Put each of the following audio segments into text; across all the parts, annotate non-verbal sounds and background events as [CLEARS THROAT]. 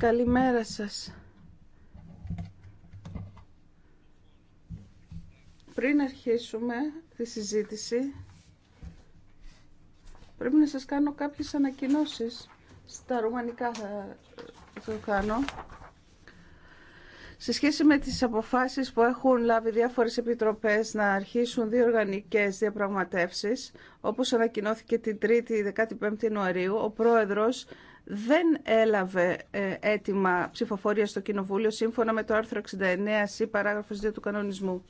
Καλημέρα σας. Πριν αρχίσουμε τη συζήτηση, πρέπει να σας κάνω κάποιες ανακοινώσεις. Στα ρουμανικά θα το κάνω. Σε σχέση με τις αποφάσεις που έχουν λάβει διάφορες επιτροπές να αρχίσουν δύο οργανικές διαπραγματεύσεις, όπως ανακοινώθηκε την 3η 15η Ιανουαρίου, ο πρόεδρος δεν έλαβε έτοιμα ε, ψηφοφορία στο Κοινοβούλιο σύμφωνα με το άρθρο 69C παράγραφος 2 του κανονισμού.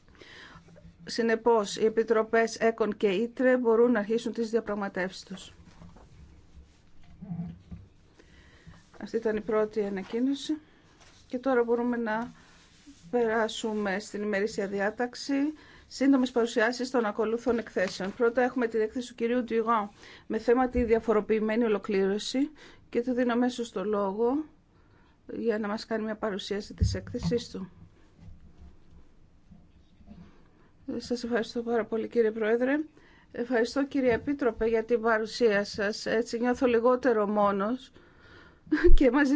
Συνεπώς, οι επιτροπές ΕΚΟΝ και Ήτρε... μπορούν να αρχίσουν τις διαπραγματεύσεις τους. Αυτή ήταν η πρώτη ανακοίνωση. Και τώρα μπορούμε να περάσουμε στην ημερήσια διάταξη. Σύντομε παρουσιάσει των ακολούθων εκθέσεων. Πρώτα έχουμε την έκθεση του κυρίου Ντουγάν με θέμα τη διαφοροποιημένη ολοκλήρωση και του δίνω μέσω το λόγο για να μας κάνει μια παρουσίαση της έκθεσής του. Σας ευχαριστώ πάρα πολύ κύριε Πρόεδρε. Ευχαριστώ κύριε Επίτροπε για την παρουσία σας. Έτσι νιώθω λιγότερο μόνος και μας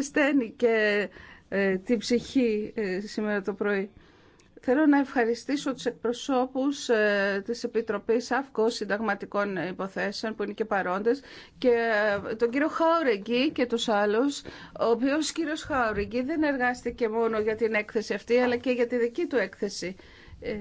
και ε, την ψυχή ε, σήμερα το πρωί. Θέλω να ευχαριστήσω τους εκπροσώπους ε, της Επιτροπής ΑΦΚΟ Συνταγματικών Υποθέσεων που είναι και παρόντες και ε, τον κύριο Χαουρεγγί και τους άλλους, ο οποίος κύριος Χαουρεγγί δεν εργάστηκε μόνο για την έκθεση αυτή αλλά και για τη δική του έκθεση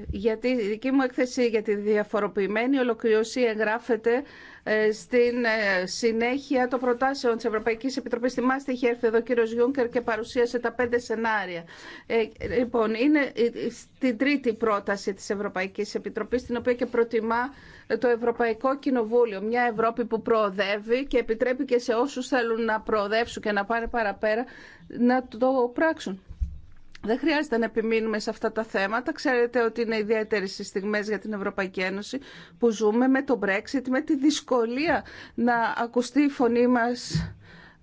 γιατί η δική μου έκθεση για τη διαφοροποιημένη ολοκληρωσία εγγράφεται ε, στην ε, συνέχεια των προτάσεων της Ευρωπαϊκής Επιτροπής. Θυμάστε, είχε έρθει εδώ ο κύριος Γιούνκερ και παρουσίασε τα πέντε σενάρια. Ε, λοιπόν, είναι ε, στην τρίτη πρόταση της Ευρωπαϊκής Επιτροπής, την οποία και προτιμά το Ευρωπαϊκό Κοινοβούλιο. Μια Ευρώπη που προοδεύει και επιτρέπει και σε όσους θέλουν να προοδεύσουν και να πάνε παραπέρα να το πράξουν. Δεν χρειάζεται να επιμείνουμε σε αυτά τα θέματα. Ξέρετε ότι είναι ιδιαίτερε οι στιγμέ για την Ευρωπαϊκή Ένωση που ζούμε με το Brexit, με τη δυσκολία να ακουστεί η φωνή μας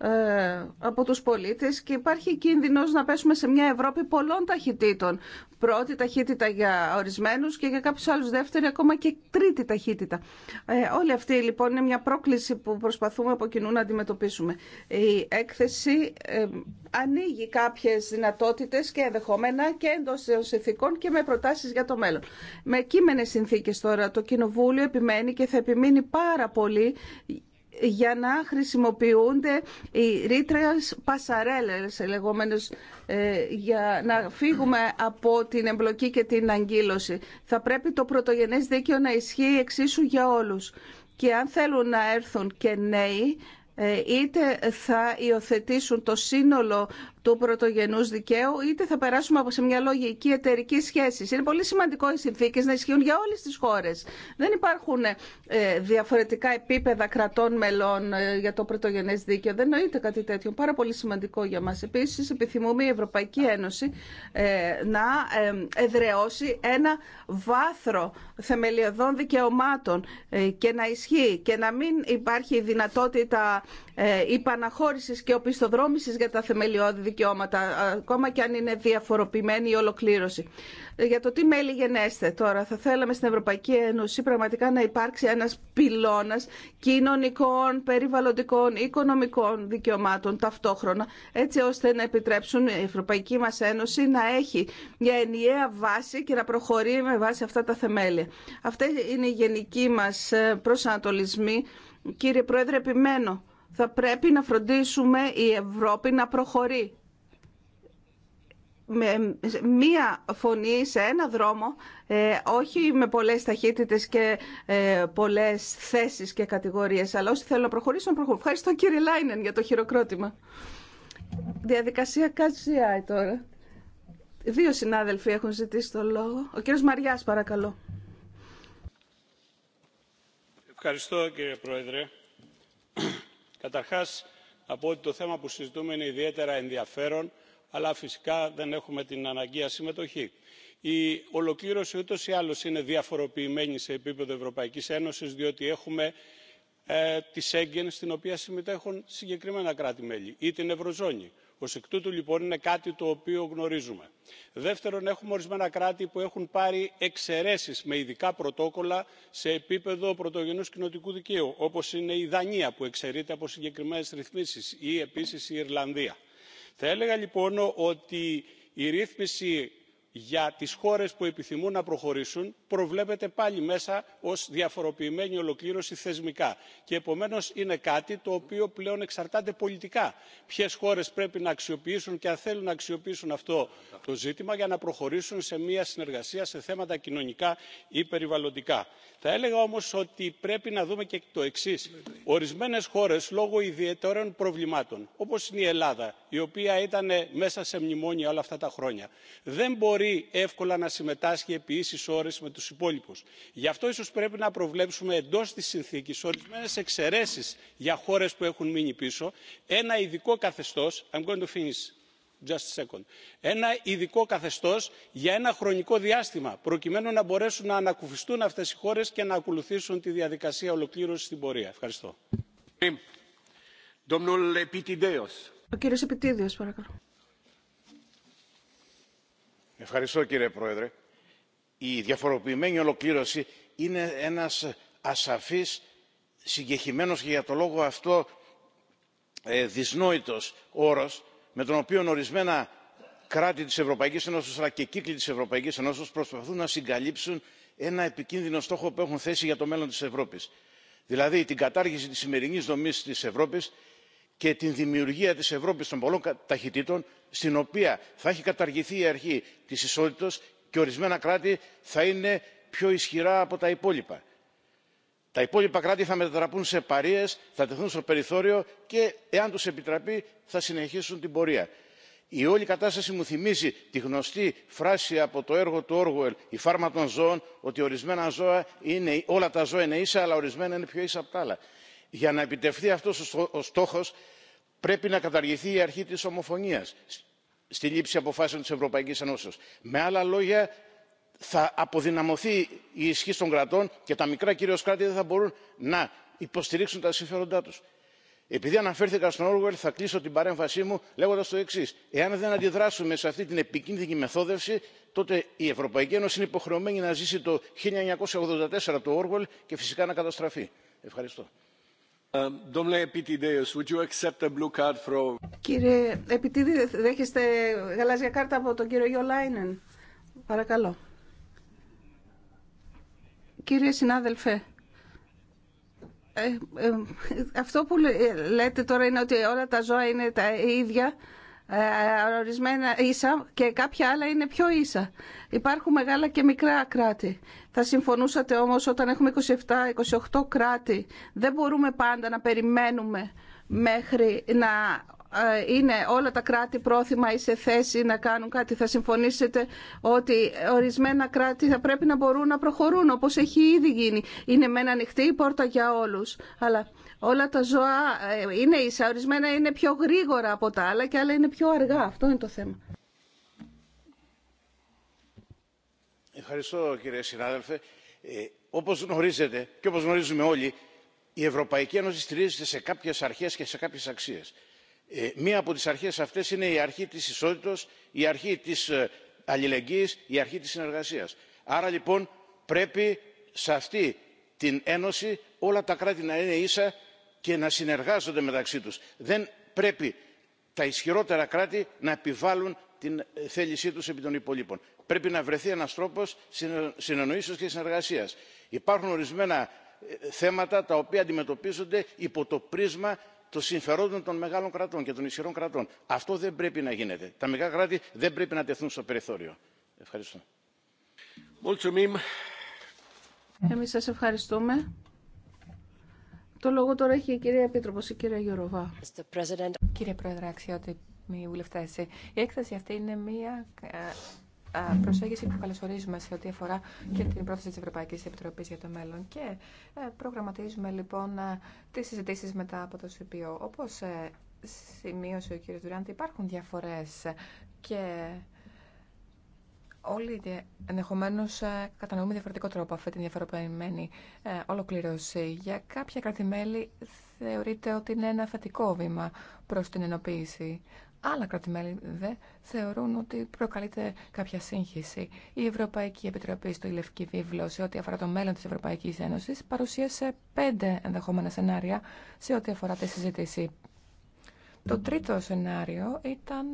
ε, από τους πολίτες και υπάρχει κίνδυνος να πέσουμε σε μια Ευρώπη πολλών ταχυτήτων. Πρώτη ταχύτητα για ορισμένους και για κάποιους άλλους δεύτερη, ακόμα και τρίτη ταχύτητα. Ε, όλη αυτή λοιπόν είναι μια πρόκληση που προσπαθούμε από κοινού να αντιμετωπίσουμε. Η έκθεση ε, ανοίγει κάποιες δυνατότητες και ενδεχόμενα και εντός συνθηκών και με προτάσεις για το μέλλον. Με κείμενες συνθήκες τώρα το Κοινοβούλιο επιμένει και θα επιμείνει πάρα πολύ για να χρησιμοποιούνται οι ρήτρες πασαρέλες λεγόμενες ε, για να φύγουμε από την εμπλοκή και την αγκύλωση. Θα πρέπει το πρωτογενές δίκαιο να ισχύει εξίσου για όλους. Και αν θέλουν να έρθουν και νέοι, ε, είτε θα υιοθετήσουν το σύνολο του πρωτογενού δικαίου, είτε θα περάσουμε από σε μια λογική εταιρική σχέση. Είναι πολύ σημαντικό οι συνθήκε να ισχύουν για όλε τι χώρε. Δεν υπάρχουν ε, διαφορετικά επίπεδα κρατών μελών ε, για το πρωτογενέ δίκαιο. Δεν νοείται κάτι τέτοιο. Πάρα πολύ σημαντικό για μα. Επίση, επιθυμούμε η Ευρωπαϊκή Ένωση ε, να εδραιώσει ένα βάθρο θεμελιωδών δικαιωμάτων και να ισχύει και να μην υπάρχει η δυνατότητα η ε, υπαναχώρηση και οπισθοδρόμηση για τα θεμελιώδη δικαιώματα, ακόμα και αν είναι διαφοροποιημένη η ολοκλήρωση. Ε, για το τι μέλη γενέστε τώρα, θα θέλαμε στην Ευρωπαϊκή Ένωση πραγματικά να υπάρξει ένα πυλώνα κοινωνικών, περιβαλλοντικών, οικονομικών δικαιωμάτων ταυτόχρονα, έτσι ώστε να επιτρέψουν η Ευρωπαϊκή μα Ένωση να έχει μια ενιαία βάση και να προχωρεί με βάση αυτά τα θεμέλια. Αυτή είναι η γενική μα ε, προσανατολισμή. Κύριε Πρόεδρε, επιμένω θα πρέπει να φροντίσουμε η Ευρώπη να προχωρεί με μία φωνή σε ένα δρόμο, ε, όχι με πολλές ταχύτητες και ε, πολλές θέσεις και κατηγορίες, αλλά όσοι θέλουν να προχωρήσουν, να προχωρήσουν. Ευχαριστώ κύριε Λάινεν για το χειροκρότημα. Διαδικασία ΚΑΤΖΙΑΙ τώρα. Δύο συνάδελφοι έχουν ζητήσει το λόγο. Ο κύριος Μαριάς παρακαλώ. Ευχαριστώ κύριε Πρόεδρε καταρχάς να πω ότι το θέμα που συζητούμε είναι ιδιαίτερα ενδιαφέρον αλλά φυσικά δεν έχουμε την αναγκαία συμμετοχή. η ολοκλήρωση ούτως ή άλλως είναι διαφοροποιημένη σε επίπεδο ευρωπαϊκής ένωσης διότι έχουμε ε, τη σέγγεν στην οποία συμμετέχουν συγκεκριμένα κράτη μέλη ή την ευρωζώνη. Ω εκ τούτου λοιπόν είναι κάτι το οποίο γνωρίζουμε. δεύτερον έχουμε ορισμένα κράτη που έχουν πάρει εξαιρέσει με ειδικά πρωτόκολλα σε επίπεδο πρωτογενούς κοινοτικού δικαίου όπως είναι η δανία που εξαιρείται από συγκεκριμένες ρυθμίσεις ή επίσης η Ιρλανδία. Θα έλεγα λοιπόν ότι η ρύθμιση για τις χώρες που επιθυμούν να προχωρήσουν προβλέπεται πάλι μέσα ως διαφοροποιημένη ολοκλήρωση θεσμικά και επομένως είναι κάτι το οποίο πλέον εξαρτάται πολιτικά ποιες χώρες πρέπει να αξιοποιήσουν και αν θέλουν να αξιοποιήσουν αυτό το ζήτημα για να προχωρήσουν σε μια συνεργασία σε θέματα κοινωνικά ή περιβαλλοντικά θα έλεγα όμως ότι πρέπει να δούμε και το εξής ορισμένες χώρες λόγω ιδιαιτέρων προβλημάτων όπως είναι η ελλάδα η οποία ήταν μέσα σε μνημόνια όλα αυτά τα χρόνια δεν μπορεί εύκολα να συμμετάσχει επί ίσης με τους υπόλοιπους. γι' αυτό ίσως πρέπει να προβλέψουμε εντός της συνθήκης ορισμένες εξαιρέσεις για χώρες που έχουν μείνει πίσω ένα ειδικό καθεστώς I'm going to finish just a second, ένα ειδικό καθεστώς για ένα χρονικό διάστημα προκειμένου να μπορέσουν να ανακουφιστούν αυτές οι χώρες και να ακολουθήσουν τη διαδικασία ολοκλήρωσης στην πορεία. Ευχαριστώ. Ευχαριστώ κύριε Πρόεδρε. Η διαφοροποιημένη ολοκλήρωση είναι ένας ασαφής, συγκεχημένος και για το λόγο αυτό ε, δυσνόητος όρος με τον οποίο ορισμένα κράτη της ευρωπαϊκής ένωσης αλλά και κύκλοι της ευρωπαϊκής Ένωσης προσπαθούν να συγκαλύψουν ένα επικίνδυνο στόχο που έχουν θέσει για το μέλλον της ευρώπης δηλαδή την κατάργηση της σημερινής δομής της ευρώπης και την δημιουργία της ευρώπης των πολλών ταχυτήτων στην οποία θα έχει καταργηθεί η αρχή της ισότητας και ορισμένα κράτη θα είναι πιο ισχυρά από τα υπόλοιπα τα υπόλοιπα κράτη θα μετατραπούν σε παρείες θα τεθούν στο περιθώριο και εάν τους επιτραπεί θα συνεχίσουν την πορεία. η όλη κατάσταση μου θυμίζει τη γνωστή φράση από το έργο του Όργουελ, η φάρμα των ζώων ότι ορισμένα ζώα είναι, όλα τα ζώα είναι ίσα αλλά ορισμένα είναι πιο ίσα από τα άλλα. για να επιτευχθεί αυτός ο στόχος πρέπει να καταργηθεί η αρχή της ομοφωνίας στη λήψη αποφάσεων της ευρωπαϊκής ενώσεως. με άλλα λόγια θα αποδυναμωθεί η ισχύ των κρατών και τα μικρά κυρίως κράτη δεν θα μπορούν να υποστηρίξουν τα συμφέροντά τους. επειδή αναφέρθηκα στον Όργουελ, θα κλείσω την παρέμβασή μου λέγοντας το εξής εάν δεν αντιδράσουμε σε αυτή την επικίνδυνη μεθόδευση τότε η ευρωπαϊκή ένωση είναι υποχρεωμένη να ζήσει το 1984 του Όργουελ και φυσικά να καταστραφεί. ευχαριστώ. Um, Κύριε Επιτίδη, δέχεστε γαλάζια κάρτα από τον κύριο Γιολάινεν. Παρακαλώ. Κύριε συνάδελφε, ε, ε, αυτό που λέτε τώρα είναι ότι όλα τα ζώα είναι τα ίδια ε, ορισμένα ίσα και κάποια άλλα είναι πιο ίσα. Υπάρχουν μεγάλα και μικρά κράτη. Θα συμφωνούσατε όμως όταν έχουμε 27-28 κράτη δεν μπορούμε πάντα να περιμένουμε μέχρι να ε, είναι όλα τα κράτη πρόθυμα ή σε θέση να κάνουν κάτι. Θα συμφωνήσετε ότι ορισμένα κράτη θα πρέπει να μπορούν να προχωρούν όπως έχει ήδη γίνει. Είναι μεν ανοιχτή η πόρτα για όλους. Αλλά όλα τα ζώα ε, είναι ίσα. Ορισμένα είναι πιο γρήγορα από τα άλλα και άλλα είναι πιο αργά. Αυτό είναι το θέμα. Ευχαριστώ κύριε συνάδελφε. Ε, όπως γνωρίζετε και όπως γνωρίζουμε όλοι η Ευρωπαϊκή Ένωση στηρίζεται σε θεση να κανουν κατι θα συμφωνησετε οτι ορισμενα κρατη θα πρεπει να μπορουν να προχωρουν οπως εχει ηδη γινει ειναι με ενα ανοιχτη η πορτα για ολους αλλα ολα τα ζωα ειναι ισα ορισμενα αρχές και σε κάποιες αξίες ε, μία από τις αρχές αυτές είναι η αρχή της ισότητας η αρχή της ε, αλληλεγγύης η αρχή της συνεργασίας. άρα λοιπόν πρέπει σε αυτή την ένωση όλα τα κράτη να είναι ίσα και να συνεργάζονται μεταξύ τους. δεν πρέπει τα ισχυρότερα κράτη να επιβάλλουν την ε, θέλησή τους επί των υπολείπων. πρέπει να βρεθεί ένας τρόπος συνεννοήσεως και συνεργασίας. υπάρχουν ορισμένα θέματα τα οποία αντιμετωπίζονται υπό το πρίσμα των συμφερόντων των μεγάλων κρατών και των ισχυρών κρατών. Αυτό δεν πρέπει να γίνεται. Τα μεγάλα κράτη δεν πρέπει να τεθούν στο περιθώριο. Ευχαριστώ. Εμείς σας ευχαριστούμε. Το λόγο τώρα έχει η κυρία Επίτροπος, η κυρία Γιωροβά. Κύριε Πρόεδρε, αξιότιμοι βουλευτές, η έκθεση αυτή είναι μία ε, προσέγγιση που καλωσορίζουμε σε ό,τι αφορά και την πρόθεση της Ευρωπαϊκής Επιτροπής για το μέλλον και ε, προγραμματίζουμε λοιπόν ε, τις συζητήσεις μετά από το ΣΥΠΙΟ. Όπως ε, σημείωσε ο κ. Δουράντη, υπάρχουν διαφορές και όλοι ενδεχομένω κατανοούμε διαφορετικό τρόπο αυτή την διαφοροποιημένη ολοκλήρωση. Για κάποια κράτη-μέλη θεωρείται ότι είναι ένα θετικό βήμα προς την ενοποίηση αλλα κρατημέλη δε θεωρούν ότι προκαλείται κάποια σύγχυση. Η Ευρωπαϊκή Επιτροπή στο Λευκή Βίβλο σε ό,τι αφορά το μέλλον της Ευρωπαϊκής Ένωσης παρουσίασε πέντε ενδεχόμενα σενάρια σε ό,τι αφορά τη συζήτηση. Το τρίτο σενάριο ήταν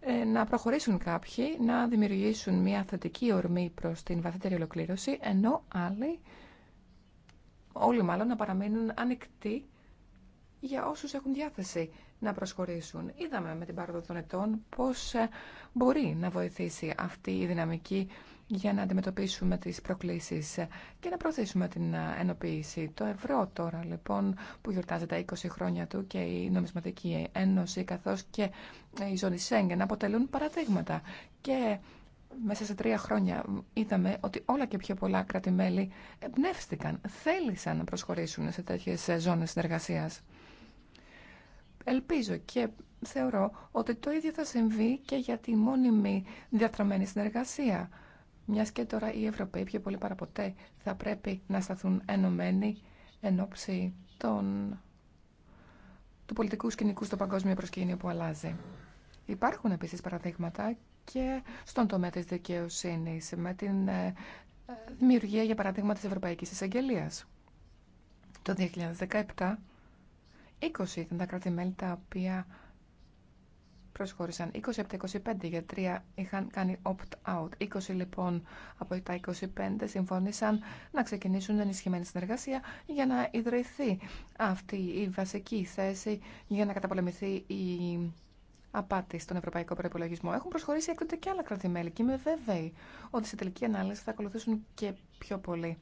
ε, να προχωρήσουν κάποιοι να δημιουργήσουν μια θετική ορμή προς την βαθύτερη ολοκλήρωση, ενώ άλλοι, όλοι μάλλον, να παραμείνουν ανοιχτοί για όσους έχουν διάθεση να προσχωρήσουν. Είδαμε με την πάροδο των ετών πώς ε, μπορεί να βοηθήσει αυτή η δυναμική για να αντιμετωπίσουμε τις προκλήσεις ε, και να προωθήσουμε την ε, ενοποίηση. Το ευρώ τώρα λοιπόν που γιορτάζεται 20 χρόνια του και η νομισματική ένωση καθώς και η ζώνη Σέγγεν αποτελούν παραδείγματα και μέσα σε τρία χρόνια είδαμε ότι όλα και πιο πολλά κράτη-μέλη εμπνεύστηκαν, θέλησαν να προσχωρήσουν σε τέτοιες ζώνες συνεργασίας. Ελπίζω και θεωρώ ότι το ίδιο θα συμβεί και για τη μόνιμη διατραμένη συνεργασία. Μια και τώρα οι Ευρωπαίοι πιο πολύ παραποτέ θα πρέπει να σταθούν ενωμένοι εν ώψη των... του πολιτικού σκηνικού στο παγκόσμιο προσκήνιο που αλλάζει. Υπάρχουν επίσης παραδείγματα και στον τομέα της δικαιοσύνης με την ε, δημιουργία για παραδείγμα της Ευρωπαϊκής Εισαγγελίας. Το 2017 20 ήταν τα κράτη-μέλη τα οποία προσχώρησαν. 20 από τα 25 για τρια είχαν κάνει opt-out. 20 λοιπόν από τα 25 συμφώνησαν να ξεκινήσουν ενισχυμένη συνεργασία για να ιδρυθεί αυτή η βασική θέση για να καταπολεμηθεί η απάτη στον ευρωπαϊκό προπολογισμό. Έχουν προσχωρήσει έκτοτε και άλλα κράτη-μέλη και είμαι βέβαιη ότι σε τελική ανάλυση θα ακολουθήσουν και πιο πολύ.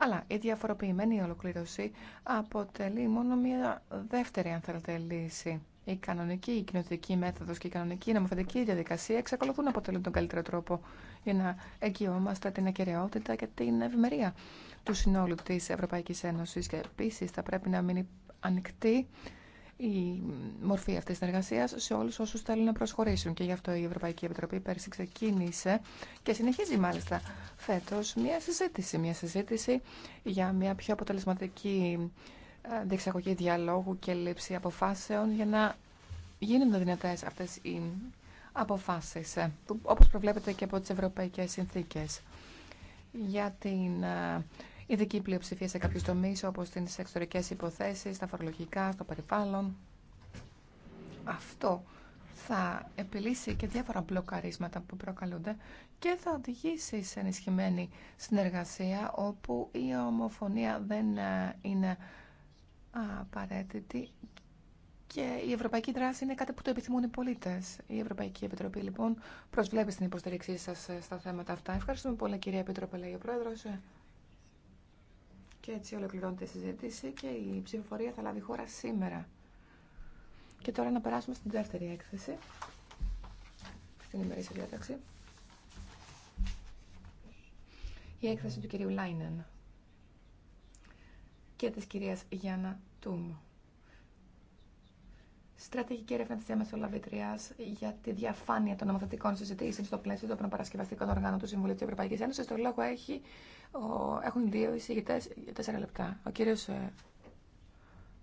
Αλλά η διαφοροποιημένη ολοκλήρωση αποτελεί μόνο μία δεύτερη, αν θέλετε, λύση. Η κανονική, η μέθοδος μέθοδο και η κανονική νομοθετική διαδικασία εξακολουθούν να αποτελούν τον καλύτερο τρόπο για να εγγυόμαστε την ακεραιότητα και την ευημερία του συνόλου τη Ευρωπαϊκή Ένωση. Και επίση θα πρέπει να μείνει ανοιχτή η μορφή αυτή τη εργασία σε όλου όσου θέλουν να προσχωρήσουν. Και γι' αυτό η Ευρωπαϊκή Επιτροπή πέρσι ξεκίνησε και συνεχίζει μάλιστα φέτο μια συζήτηση. Μια συζήτηση για μια πιο αποτελεσματική ε, διεξαγωγή διαλόγου και λήψη αποφάσεων για να γίνουν δυνατέ αυτέ οι αποφάσει, ε, όπω προβλέπεται και από τι ευρωπαϊκέ συνθήκε. Για την ε, ειδική πλειοψηφία σε κάποιου τομεί, όπω τι εξωτερικέ υποθέσει, τα φορολογικά, στο περιβάλλον. Αυτό θα επιλύσει και διάφορα μπλοκαρίσματα που προκαλούνται και θα οδηγήσει σε ενισχυμένη συνεργασία όπου η ομοφωνία δεν ε, είναι απαραίτητη και η ευρωπαϊκή δράση είναι κάτι που το επιθυμούν οι πολίτε. Η Ευρωπαϊκή Επιτροπή, λοιπόν, προσβλέπει στην υποστήριξή σα ε, στα θέματα αυτά. Ευχαριστούμε πολύ, κυρία Επιτροπή, λέει ο Πρόεδρο. Και έτσι ολοκληρώνεται η συζήτηση και η ψηφοφορία θα λάβει χώρα σήμερα. Και τώρα να περάσουμε στην δεύτερη έκθεση, στην ημερήσια διάταξη. Η έκθεση του κυρίου Λάινεν και της κυρίας Γιάννα Τούμ. Στρατηγική έρευνα τη διαμεσολαβητριά για τη διαφάνεια των νομοθετικών συζητήσεων στο πλαίσιο των προπαρασκευαστικών οργάνων του Συμβουλίου τη Ευρωπαϊκή Ένωση. Το λόγο έχει ο, έχουν δύο εισηγητέ για τέσσερα λεπτά. Ο κύριο ε,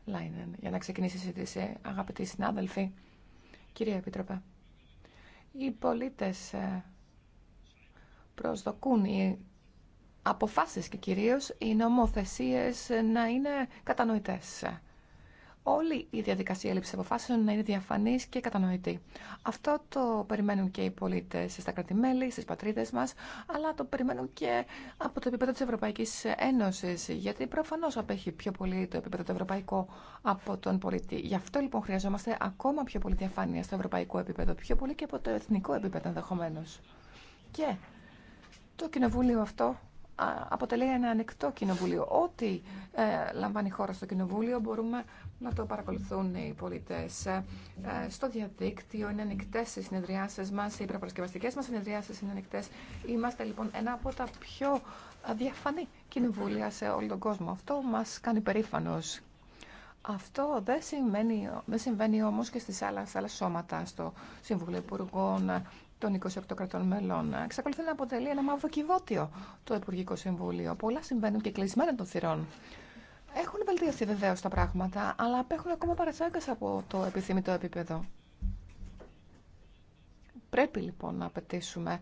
Λάινεν, για να ξεκινήσει η συζήτηση, αγαπητοί συνάδελφοι, κύριε Επίτροπε. Οι πολίτε ε, προσδοκούν οι αποφάσεις και κυρίως οι νομοθεσίες να είναι κατανοητές όλη η διαδικασία λήψη αποφάσεων να είναι διαφανή και κατανοητή. Αυτό το περιμένουν και οι πολίτε στα κρατημέλη, στι πατρίδε μα, αλλά το περιμένουν και από το επίπεδο τη Ευρωπαϊκή Ένωση, γιατί προφανώ απέχει πιο πολύ το επίπεδο το ευρωπαϊκό από τον πολίτη. Γι' αυτό λοιπόν χρειαζόμαστε ακόμα πιο πολύ διαφάνεια στο ευρωπαϊκό επίπεδο, πιο πολύ και από το εθνικό επίπεδο ενδεχομένω. Και το κοινοβούλιο αυτό αποτελεί ένα ανοιχτό κοινοβούλιο. Ό,τι ε, λαμβάνει χώρα στο κοινοβούλιο μπορούμε να το παρακολουθούν οι πολίτε. Ε, στο διαδίκτυο είναι ανοιχτέ οι συνεδριάσει μα, οι προπαρασκευαστικέ μα συνεδριάσει είναι ανοιχτέ. Είμαστε λοιπόν ένα από τα πιο διαφανή κοινοβούλια σε όλο τον κόσμο. Αυτό μα κάνει περήφανο. Αυτό δεν, συμβαίνει, δεν συμβαίνει όμως και στις άλλες, άλλες σώματα, στο Συμβούλιο Υπουργών, των 28 κρατών μελών. Εξακολουθεί να αποτελεί ένα μαύρο κυβότιο το Υπουργικό Συμβούλιο. Πολλά συμβαίνουν και κλεισμένα των θυρών. Έχουν βελτιωθεί βεβαίω τα πράγματα, αλλά απέχουν ακόμα παρασάγκα από το επιθυμητό επίπεδο. Πρέπει λοιπόν να απαιτήσουμε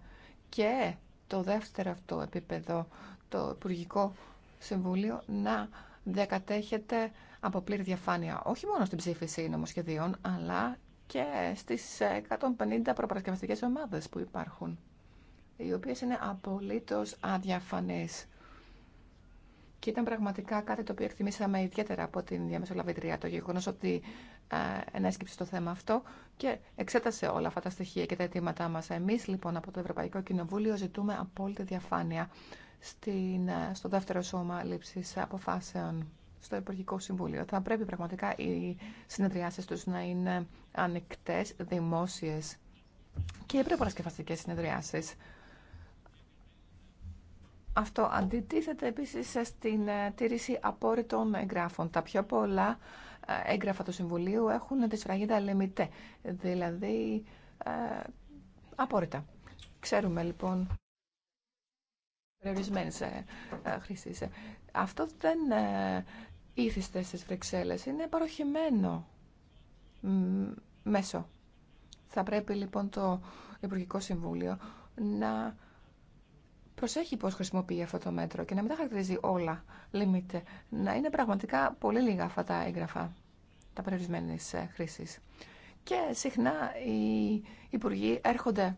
και το δεύτερο αυτό επίπεδο, το Υπουργικό Συμβούλιο, να διακατέχεται από πλήρη διαφάνεια όχι μόνο στην ψήφιση νομοσχεδίων, αλλά και στις 150 ε, προπαρασκευαστικές ομάδες που υπάρχουν, οι οποίες είναι απολύτως αδιαφανείς. Και ήταν πραγματικά κάτι το οποίο εκτιμήσαμε ιδιαίτερα από την διαμεσολαβητρία, το γεγονό ότι ε, ενέσκυψε το θέμα αυτό και εξέτασε όλα αυτά τα στοιχεία και τα αιτήματά μα. Εμεί λοιπόν από το Ευρωπαϊκό Κοινοβούλιο ζητούμε απόλυτη διαφάνεια στην, ε, στο δεύτερο σώμα λήψη αποφάσεων στο Υπουργικό Συμβούλιο. Θα πρέπει πραγματικά οι συνεδριάσεις τους να είναι ανοιχτές, δημόσιες και προπαρασκευαστικές συνεδριάσεις. Αυτό αντιτίθεται επίσης στην ε, τήρηση απόρριτων εγγράφων. Τα πιο πολλά ε, έγγραφα του Συμβουλίου έχουν τη σφραγίδα λεμιτέ, δηλαδή ε, απόρριτα. Ξέρουμε λοιπόν περιορισμένης ε, ε χρήσης. Αυτό δεν ήθιστε στις Βρυξέλλες. Είναι παροχημένο μέσο. Θα πρέπει λοιπόν το Υπουργικό Συμβούλιο να προσέχει πώς χρησιμοποιεί αυτό το μέτρο και να μην τα χαρακτηρίζει όλα να είναι πραγματικά πολύ λίγα αυτά τα έγγραφα, τα περιορισμένη ε, χρήση. Και συχνά οι υπουργοί έρχονται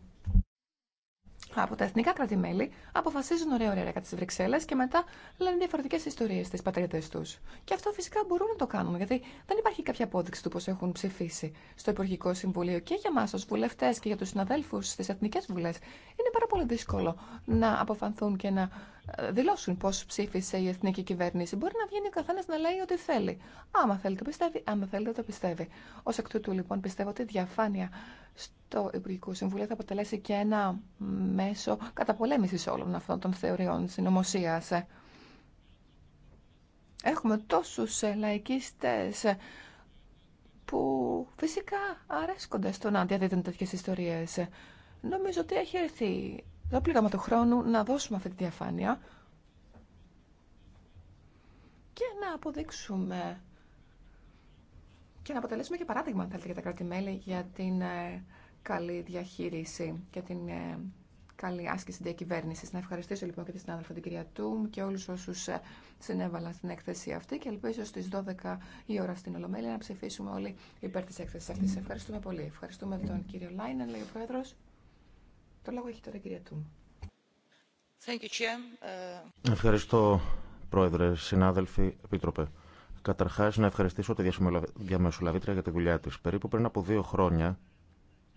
από τα εθνικά κράτη-μέλη αποφασίζουν ωραία ωραία κατά τι Βρυξέλλε και μετά λένε διαφορετικέ ιστορίε στι πατρίδε του. Και αυτό φυσικά μπορούν να το κάνουν, γιατί δεν υπάρχει κάποια απόδειξη του πώ έχουν ψηφίσει στο Υπουργικό Συμβουλίο. Και για εμά ω βουλευτέ και για του συναδέλφου στι εθνικέ βουλέ είναι πάρα πολύ δύσκολο να αποφανθούν και να δηλώσουν πώ ψήφισε η εθνική κυβέρνηση. Μπορεί να βγαίνει ο καθένα να λέει ό,τι θέλει. Άμα θέλει το πιστεύει, άμα θέλει το πιστεύει. Ω εκ τούτου, λοιπόν, πιστεύω ότι η διαφάνεια στο Υπουργικό Συμβούλιο θα αποτελέσει και ένα μέσο καταπολέμηση όλων αυτών των θεωριών συνωμοσία. Έχουμε τόσου ε, λαϊκίστε ε, που φυσικά αρέσκονται στο να διαδίδουν τέτοιε ιστορίες. Νομίζω ότι έχει έρθει δεν πλήγαμε του χρόνου να δώσουμε αυτή τη διαφάνεια και να αποδείξουμε και να αποτελέσουμε και παράδειγμα, αν θέλετε, για τα κράτη-μέλη για την ε, καλή διαχείριση και την ε, καλή άσκηση διακυβέρνηση. Να ευχαριστήσω λοιπόν και τη συνάδελφα την κυρία Τούμ και όλου όσου ε, συνέβαλαν στην έκθεση αυτή και ελπίζω στι 12 η ώρα στην Ολομέλεια να ψηφίσουμε όλοι υπέρ τη έκθεση αυτή. Mm. Ευχαριστούμε πολύ. Ευχαριστούμε τον κύριο Λάινεν, λέει ο Πρόεδρο. Το λόγο έχει τώρα η κυρία ε, Ευχαριστώ, Πρόεδρε, συνάδελφοι, Επίτροπε. Καταρχά, να ευχαριστήσω τη διαμεσολαβήτρια για τη δουλειά τη. Περίπου πριν από δύο χρόνια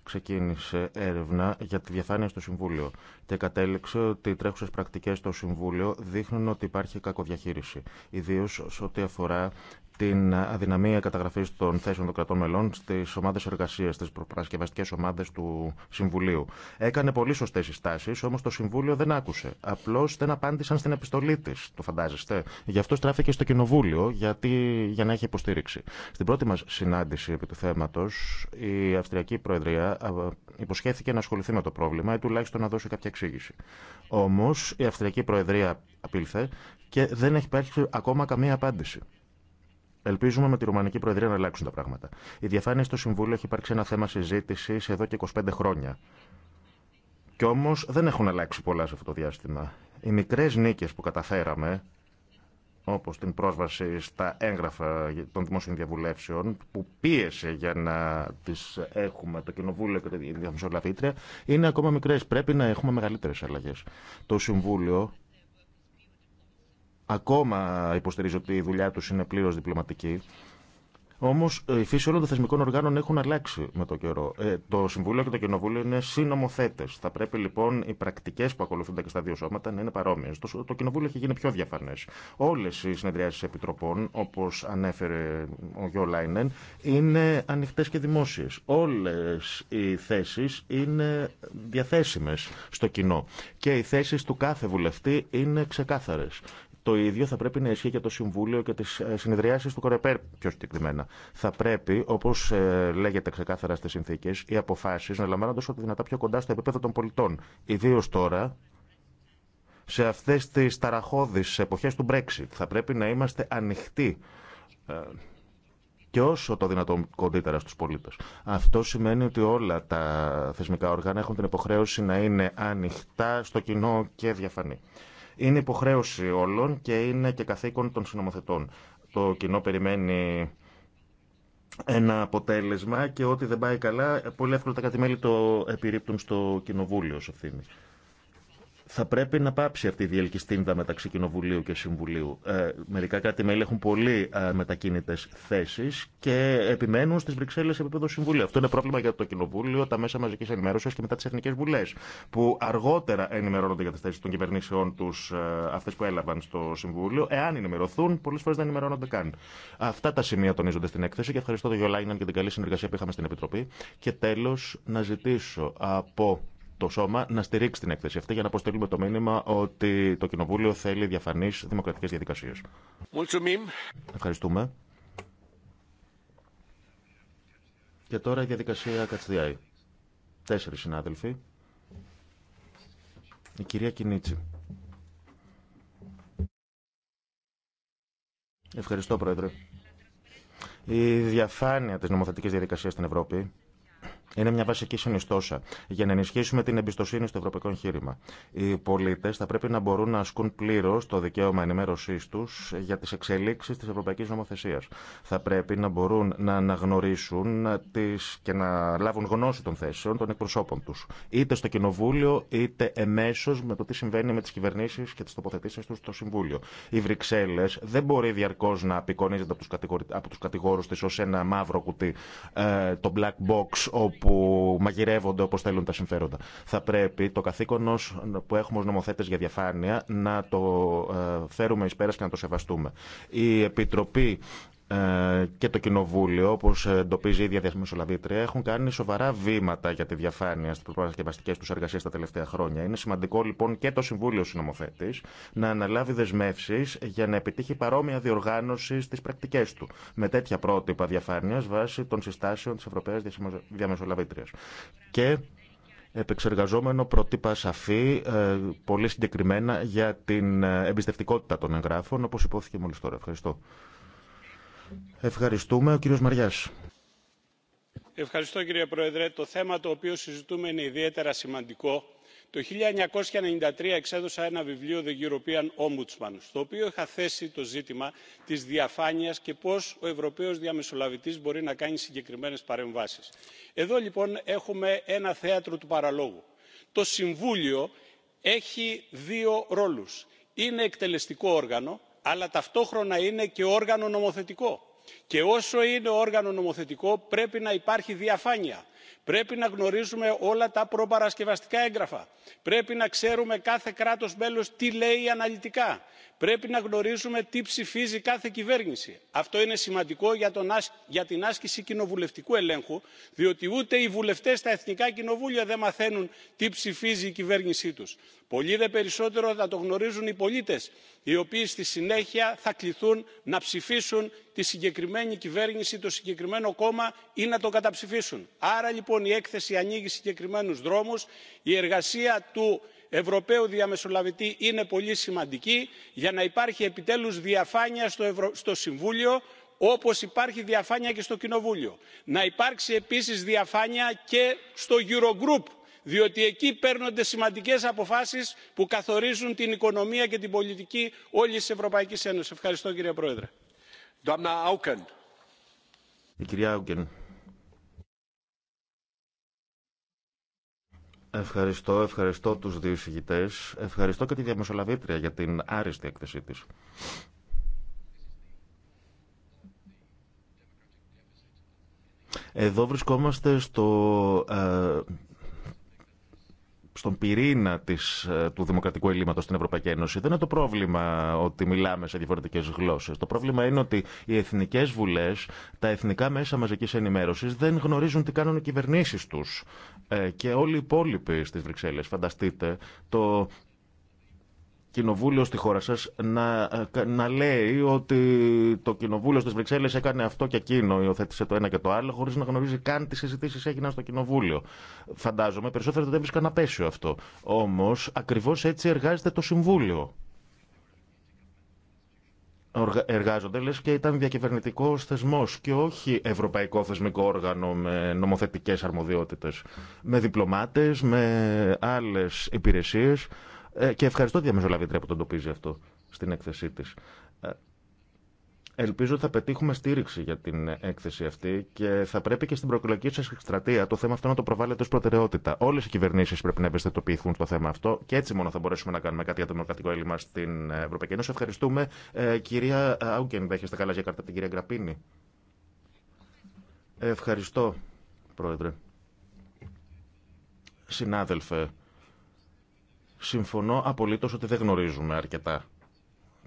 ξεκίνησε έρευνα για τη διαφάνεια στο Συμβούλιο και κατέληξε ότι οι τρέχουσε πρακτικέ στο Συμβούλιο δείχνουν ότι υπάρχει κακοδιαχείριση, ιδίω σε ό,τι αφορά την αδυναμία καταγραφή των θέσεων των κρατών μελών στι ομάδε εργασία, στι προπαρασκευαστικέ ομάδε του Συμβουλίου. Έκανε πολύ σωστέ συστάσει, όμω το Συμβούλιο δεν άκουσε. Απλώ δεν απάντησαν στην επιστολή τη, το φαντάζεστε. Γι' αυτό στράφηκε στο Κοινοβούλιο γιατί, για να έχει υποστήριξη. Στην πρώτη μα συνάντηση επί του θέματο, η Αυστριακή Προεδρία υποσχέθηκε να ασχοληθεί με το πρόβλημα ή τουλάχιστον να δώσει κάποια εξήγηση. Όμω η Αυστριακή Προεδρία απήλθε και δεν έχει υπάρξει ακόμα καμία απάντηση. Ελπίζουμε με τη Ρουμανική Προεδρία να αλλάξουν τα πράγματα. Η διαφάνεια στο Συμβούλιο έχει υπάρξει ένα θέμα συζήτηση εδώ και 25 χρόνια. Κι όμω δεν έχουν αλλάξει πολλά σε αυτό το διάστημα. Οι μικρέ νίκε που καταφέραμε, όπω την πρόσβαση στα έγγραφα των δημόσιων διαβουλεύσεων, που πίεσε για να τι έχουμε το Κοινοβούλιο και τη Διαμεσολαβήτρια, είναι ακόμα μικρέ. Πρέπει να έχουμε μεγαλύτερε αλλαγέ. Το Συμβούλιο ακόμα υποστηρίζει ότι η δουλειά του είναι πλήρω διπλωματική. Όμω η ε, φύση όλων των θεσμικών οργάνων έχουν αλλάξει με το καιρό. Ε, το Συμβούλιο και το Κοινοβούλιο είναι συνομοθέτε. Θα πρέπει λοιπόν οι πρακτικέ που ακολουθούνται και στα δύο σώματα να είναι παρόμοιε. Το, το Κοινοβούλιο έχει γίνει πιο διαφανέ. Όλε οι συνεδριάσει επιτροπών, όπω ανέφερε ο Γιώργο Λάινεν, είναι ανοιχτέ και δημόσιε. Όλε οι θέσει είναι διαθέσιμε στο κοινό. Και οι θέσει του κάθε βουλευτή είναι ξεκάθαρε. Το ίδιο θα πρέπει να ισχύει και το Συμβούλιο και τι ε, συνεδριάσει του Κορεπέρ πιο συγκεκριμένα. Θα πρέπει, όπω ε, λέγεται ξεκάθαρα στι συνθήκε, οι αποφάσει να λαμβάνονται όσο δυνατά πιο κοντά στο επίπεδο των πολιτών. Ιδίω τώρα, σε αυτέ τι ταραχώδει εποχέ του Brexit. Θα πρέπει να είμαστε ανοιχτοί ε, και όσο το δυνατόν κοντύτερα στους πολίτες. Αυτό σημαίνει ότι όλα τα θεσμικά όργανα έχουν την υποχρέωση να είναι ανοιχτά στο κοινό και διαφανή. Είναι υποχρέωση όλων και είναι και καθήκον των συνομοθετών. Το κοινό περιμένει ένα αποτέλεσμα και ό,τι δεν πάει καλά, πολύ εύκολα τα κατημέλη το επιρρύπτουν στο κοινοβούλιο σε ευθύνη θα πρέπει να πάψει αυτή η διελκυστίνδα μεταξύ Κοινοβουλίου και Συμβουλίου. Ε, μερικά κράτη-μέλη έχουν πολύ ε, μετακίνητε θέσει και επιμένουν στι Βρυξέλλε σε επίπεδο Συμβουλίου. Αυτό είναι πρόβλημα για το Κοινοβούλιο, τα μέσα μαζική ενημέρωση και μετά τι Εθνικέ Βουλέ, που αργότερα ενημερώνονται για τι θέσει των κυβερνήσεών του, ε, αυτέ που έλαβαν στο Συμβούλιο. Εάν ενημερωθούν, πολλέ φορέ δεν ενημερώνονται καν. Αυτά τα σημεία τονίζονται στην έκθεση και ευχαριστώ τον Γιολάιναν για την καλή συνεργασία που είχαμε στην Επιτροπή. Και τέλο, να ζητήσω από το Σώμα να στηρίξει την έκθεση αυτή για να αποστείλουμε το μήνυμα ότι το Κοινοβούλιο θέλει διαφανεί δημοκρατικέ διαδικασίε. Ευχαριστούμε. Και τώρα η διαδικασία Κατσδιάη. Τέσσερι συνάδελφοι. Η κυρία Κινίτσι. Ευχαριστώ, Πρόεδρε. Η διαφάνεια της νομοθετικής διαδικασίας στην Ευρώπη είναι μια βασική συνιστόσα για να ενισχύσουμε την εμπιστοσύνη στο ευρωπαϊκό εγχείρημα. Οι πολίτε θα πρέπει να μπορούν να ασκούν πλήρω το δικαίωμα ενημέρωσή του για τι εξελίξει τη ευρωπαϊκή νομοθεσία. Θα πρέπει να μπορούν να αναγνωρίσουν τις και να λάβουν γνώση των θέσεων των εκπροσώπων του. Είτε στο Κοινοβούλιο, είτε εμέσω με το τι συμβαίνει με τι κυβερνήσει και τι τοποθετήσει του στο Συμβούλιο. Οι Βρυξέλλε δεν μπορεί διαρκώ να απεικονίζεται από του κατηγορού τη ω ένα μαύρο κουτί, ε, το black box, όπου που μαγειρεύονται όπω θέλουν τα συμφέροντα. Θα πρέπει το καθήκον που έχουμε ω νομοθέτε για διαφάνεια να το ε, φέρουμε ει πέρα και να το σεβαστούμε. Η Επιτροπή ε, και το Κοινοβούλιο, όπω εντοπίζει η ίδια διαμεσολαβήτρια, έχουν κάνει σοβαρά βήματα για τη διαφάνεια στι προπαρασκευαστικέ του εργασίε τα τελευταία χρόνια. Είναι σημαντικό λοιπόν και το Συμβούλιο Συνομοθέτη να αναλάβει δεσμεύσει για να επιτύχει παρόμοια διοργάνωση στι πρακτικέ του, με τέτοια πρότυπα διαφάνεια βάσει των συστάσεων τη Ευρωπαϊκή Διαμεσολαβήτρια. Και επεξεργαζόμενο πρότυπα σαφή, ε, πολύ συγκεκριμένα για την ε, εμπιστευτικότητα των εγγράφων, όπω υπόθηκε μόλι τώρα. Ευχαριστώ. Ευχαριστούμε. Ο Μαριάς. Ευχαριστώ κύριε Πρόεδρε. Το θέμα το οποίο συζητούμε είναι ιδιαίτερα σημαντικό. Το 1993 εξέδωσα ένα βιβλίο The European Ombudsman, στο οποίο είχα θέσει το ζήτημα της διαφάνειας και πώς ο Ευρωπαίος διαμεσολαβητής μπορεί να κάνει συγκεκριμένες παρεμβάσεις. Εδώ λοιπόν έχουμε ένα θέατρο του παραλόγου. Το Συμβούλιο έχει δύο ρόλους. Είναι εκτελεστικό όργανο αλλά ταυτόχρονα είναι και όργανο νομοθετικό και όσο είναι όργανο νομοθετικό πρέπει να υπάρχει διαφάνεια πρέπει να γνωρίζουμε όλα τα προπαρασκευαστικά έγγραφα πρέπει να ξέρουμε κάθε κράτος μέλος τι λέει αναλυτικά πρέπει να γνωρίζουμε τι ψηφίζει κάθε κυβέρνηση. αυτό είναι σημαντικό για την άσκηση κοινοβουλευτικού ελέγχου διότι ούτε οι βουλευτές στα εθνικά κοινοβούλια δεν μαθαίνουν τι ψηφίζει η κυβέρνησή τους. πολύ δε περισσότερο θα το γνωρίζουν οι πολίτες οι οποίοι στη συνέχεια θα κληθούν να ψηφίσουν τη συγκεκριμένη κυβέρνηση το συγκεκριμένο κόμμα ή να το καταψηφίσουν. άρα λοιπόν η έκθεση ανοίγει συγκεκριμένου δρόμου, η εργασία του ευρωπαίου διαμεσολαβητή είναι πολύ σημαντική για να υπάρχει επιτέλους διαφάνεια στο, συμβούλιο όπως υπάρχει διαφάνεια και στο κοινοβούλιο. να υπάρξει επίσης διαφάνεια και στο eurogroup διότι εκεί παίρνονται σημαντικές αποφάσεις που καθορίζουν την οικονομία και την πολιτική όλης της ευρωπαϊκής ένωσης. ευχαριστώ κύριε πρόεδρε. Η κυρία Άουκεν. Ευχαριστώ, ευχαριστώ τους δύο συγγητές. Ευχαριστώ και τη διαμεσολαβήτρια για την άριστη έκθεσή της. Εδώ βρισκόμαστε στο ε, στον πυρήνα της, ε, του δημοκρατικού ελλείμματος στην Ευρωπαϊκή Ένωση δεν είναι το πρόβλημα ότι μιλάμε σε διαφορετικές γλώσσες. Το πρόβλημα είναι ότι οι εθνικές βουλές, τα εθνικά μέσα μαζικής ενημέρωσης δεν γνωρίζουν τι κάνουν οι κυβερνήσεις τους ε, και όλοι οι υπόλοιποι στις Βρυξέλλες. Φανταστείτε το κοινοβούλιο στη χώρα σας να, ε, να λέει ότι το κοινοβούλιο στις Βρυξέλλες έκανε αυτό και εκείνο, υιοθέτησε το ένα και το άλλο, χωρίς να γνωρίζει καν τι συζητήσεις έγιναν στο κοινοβούλιο. Φαντάζομαι, περισσότερο δεν να πέσει αυτό. Όμως, ακριβώς έτσι εργάζεται το Συμβούλιο εργάζονται, λες και ήταν διακυβερνητικό θεσμό και όχι ευρωπαϊκό θεσμικό όργανο με νομοθετικέ αρμοδιότητε. Με διπλωμάτε, με άλλε υπηρεσίε ε, και ευχαριστώ τη διαμεσολαβήτρια που το εντοπίζει αυτό στην έκθεσή τη. Ε, ελπίζω ότι θα πετύχουμε στήριξη για την έκθεση αυτή και θα πρέπει και στην προεκλογική σα εκστρατεία το θέμα αυτό να το προβάλλετε ω προτεραιότητα. Όλε οι κυβερνήσει πρέπει να ευαισθητοποιηθούν στο θέμα αυτό και έτσι μόνο θα μπορέσουμε να κάνουμε κάτι για το δημοκρατικό έλλειμμα στην Ευρωπαϊκή Ένωση. Ευχαριστούμε. Ε, κυρία Άουκεν, δέχεστε καλά για κάρτα την κυρία Γκραπίνη. Ευχαριστώ, Πρόεδρε. Συνάδελφε, Συμφωνώ απολύτως ότι δεν γνωρίζουμε αρκετά.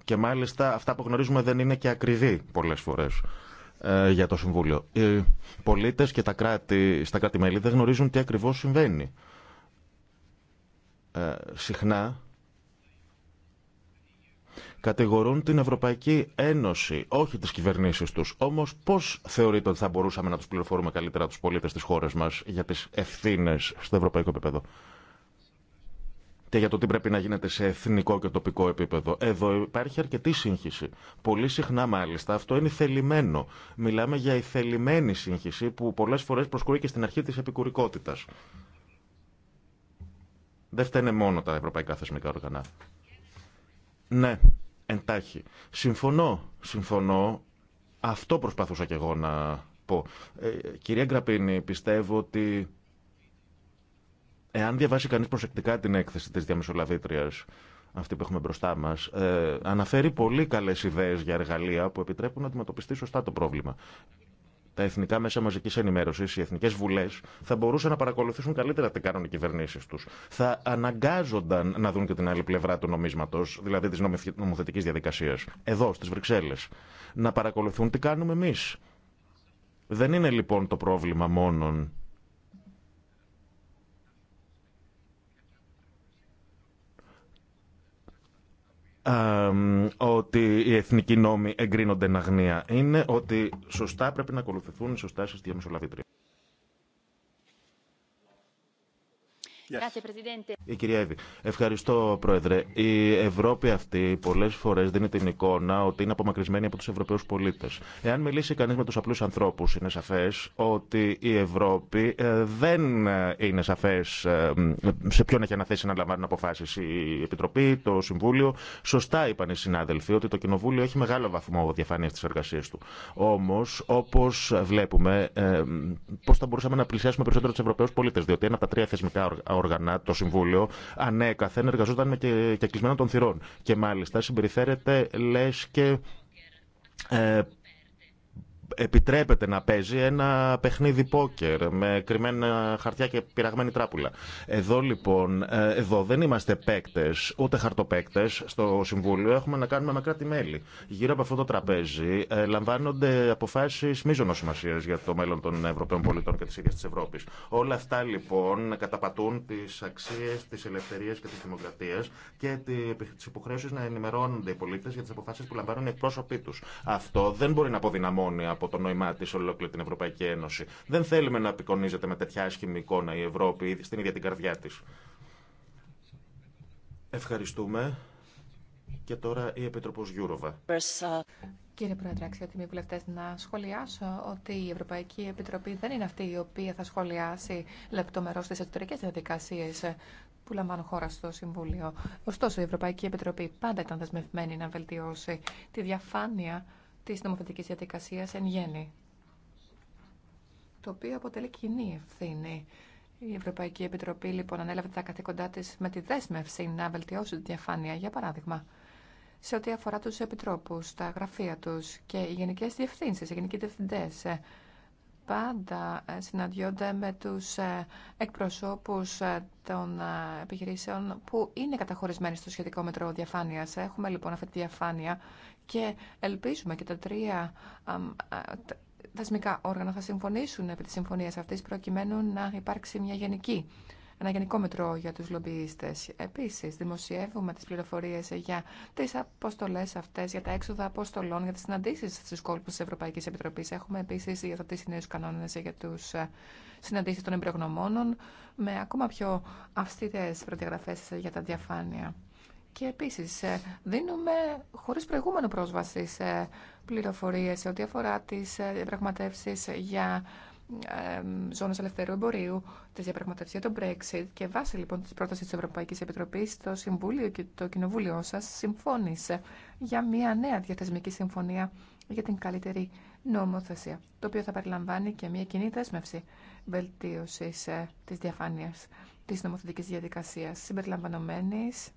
Και μάλιστα αυτά που γνωρίζουμε δεν είναι και ακριβή πολλές φορές ε, για το Συμβούλιο. Οι πολίτες και τα κράτη, στα κράτη-μέλη δεν γνωρίζουν τι ακριβώς συμβαίνει. Ε, συχνά κατηγορούν την Ευρωπαϊκή Ένωση, όχι τις κυβερνήσεις τους. Όμως πώς θεωρείτε ότι θα μπορούσαμε να τους πληροφορούμε καλύτερα τους πολίτες της χώρας μας για τις ευθύνες στο ευρωπαϊκό επίπεδο και για το τι πρέπει να γίνεται σε εθνικό και τοπικό επίπεδο. Εδώ υπάρχει αρκετή σύγχυση. Πολύ συχνά μάλιστα αυτό είναι θελημένο. Μιλάμε για η θελημένη σύγχυση που πολλέ φορέ προσκουρεί και στην αρχή τη επικούρικότητα. Δεν φταίνε μόνο τα ευρωπαϊκά θεσμικά όργανα. Ναι, εντάχει. Συμφωνώ, συμφωνώ. Αυτό προσπαθούσα και εγώ να πω. Ε, κυρία Γκραπίνη, πιστεύω ότι Εάν διαβάσει κανείς προσεκτικά την έκθεση της διαμεσολαβήτριας, αυτή που έχουμε μπροστά μα, ε, αναφέρει πολύ καλέ ιδέε για εργαλεία που επιτρέπουν να αντιμετωπιστεί σωστά το πρόβλημα. Τα εθνικά μέσα μαζική ενημέρωση, οι εθνικέ βουλέ, θα μπορούσαν να παρακολουθήσουν καλύτερα τι κάνουν οι κυβερνήσει του. Θα αναγκάζονταν να δουν και την άλλη πλευρά του νομίσματο, δηλαδή τη νομοθετική διαδικασία, εδώ, στι Βρυξέλλε. Να παρακολουθούν τι κάνουμε εμεί. Δεν είναι λοιπόν το πρόβλημα μόνον ότι οι εθνικοί νόμοι εγκρίνονται εν αγνία. Είναι ότι σωστά πρέπει να ακολουθηθούν σωστά στις διαμεσολαβήτρια. Η κυρία Εύη. Ευχαριστώ, Πρόεδρε. Η Ευρώπη αυτή πολλέ φορέ δίνει την εικόνα ότι είναι απομακρυσμένη από του Ευρωπαίου πολίτε. Εάν μιλήσει κανεί με του απλού ανθρώπου, είναι σαφέ ότι η Ευρώπη ε, δεν είναι σαφέ ε, σε ποιον έχει αναθέσει να λαμβάνουν αποφάσει η Επιτροπή, το Συμβούλιο. Σωστά είπαν οι συνάδελφοι ότι το Κοινοβούλιο έχει μεγάλο βαθμό διαφάνεια στι εργασίε του. Όμω, όπω βλέπουμε, ε, πώ θα μπορούσαμε να πλησιάσουμε περισσότερο του Ευρωπαίου πολίτε, διότι ένα από τα τρία θεσμικά όργανα, το Συμβούλιο, ανέκαθεν εργαζόταν και, και κλεισμένο των θυρών. Και μάλιστα συμπεριφέρεται λε και ε, επιτρέπεται να παίζει ένα παιχνίδι πόκερ με κρυμμένα χαρτιά και πειραγμένη τράπουλα. Εδώ λοιπόν, ε, εδώ δεν είμαστε παίκτε, ούτε χαρτοπαίκτε. Στο Συμβούλιο έχουμε να κάνουμε με κράτη-μέλη. Γύρω από αυτό το τραπέζι ε, λαμβάνονται αποφάσει μείζωνο σημασία για το μέλλον των Ευρωπαίων πολιτών και τη ίδια τη Ευρώπη. Όλα αυτά λοιπόν καταπατούν τι αξίε τη ελευθερία και τη δημοκρατία και τι υποχρέωσει να ενημερώνονται οι πολίτε για τι αποφάσει που λαμβάνουν οι εκπρόσωποι του. Αυτό δεν μπορεί να αποδυναμώνει από το νόημά τη ολόκληρη την Ευρωπαϊκή Ένωση. Δεν θέλουμε να απεικονίζεται με τέτοια άσχημη εικόνα η Ευρώπη στην ίδια την καρδιά τη. Ευχαριστούμε. Και τώρα η Επίτροπος Γιούροβα. Κύριε Πρόεδρε, αξιότιμοι βουλευτέ, να σχολιάσω ότι η Ευρωπαϊκή Επιτροπή δεν είναι αυτή η οποία θα σχολιάσει λεπτομερώ τι εσωτερικέ διαδικασίε που λαμβάνουν χώρα στο Συμβούλιο. Ωστόσο, η Ευρωπαϊκή Επιτροπή πάντα ήταν δεσμευμένη να βελτιώσει τη διαφάνεια της νομοθετικής διαδικασίας εν γέννη, το οποίο αποτελεί κοινή ευθύνη. Η Ευρωπαϊκή Επιτροπή λοιπόν ανέλαβε τα καθήκοντά της με τη δέσμευση να βελτιώσει τη διαφάνεια, για παράδειγμα, σε ό,τι αφορά τους επιτρόπους, τα γραφεία τους και οι γενικές διευθύνσεις, οι γενικοί διευθυντές, ε, πάντα ε, συναντιόνται με τους ε, εκπροσώπους των επιχειρήσεων που είναι καταχωρισμένοι στο σχετικό μετρό διαφάνειας. Έχουμε λοιπόν αυτή τη διαφάνεια και ελπίζουμε και τα τρία θεσμικά όργανα θα συμφωνήσουν επί της συμφωνίας αυτής προκειμένου να υπάρξει μια γενική ένα γενικό μετρό για τους λομπιίστες. Επίσης, δημοσιεύουμε τις πληροφορίες για τις αποστολές αυτές, για τα έξοδα αποστολών, για τις συναντήσεις στους κόλπους της Ευρωπαϊκής Επιτροπής. Έχουμε επίσης υιοθετήσει νέους κανόνες για τους ε, συναντήσεις των εμπειρογνωμόνων, με ακόμα πιο αυστηρές προδιαγραφές για τα διαφάνεια. Και επίσης ε, δίνουμε χωρίς προηγούμενο πρόσβαση σε πληροφορίες σε ό,τι αφορά τις ε, διαπραγματεύσεις για ζώνες ελευθερού εμπορίου, τις διαπραγματεύσεις για το Brexit και βάσει λοιπόν της πρότασης της Ευρωπαϊκής Επιτροπής το Συμβούλιο και το Κοινοβούλιο σας συμφώνησε για μια νέα διαθεσμική συμφωνία για την καλύτερη νομοθεσία, το οποίο θα περιλαμβάνει και μια κοινή δέσμευση βελτίωσης ε, της διαφάνειας της νομοθετικής διαδικασίας συμπεριλαμβανομένης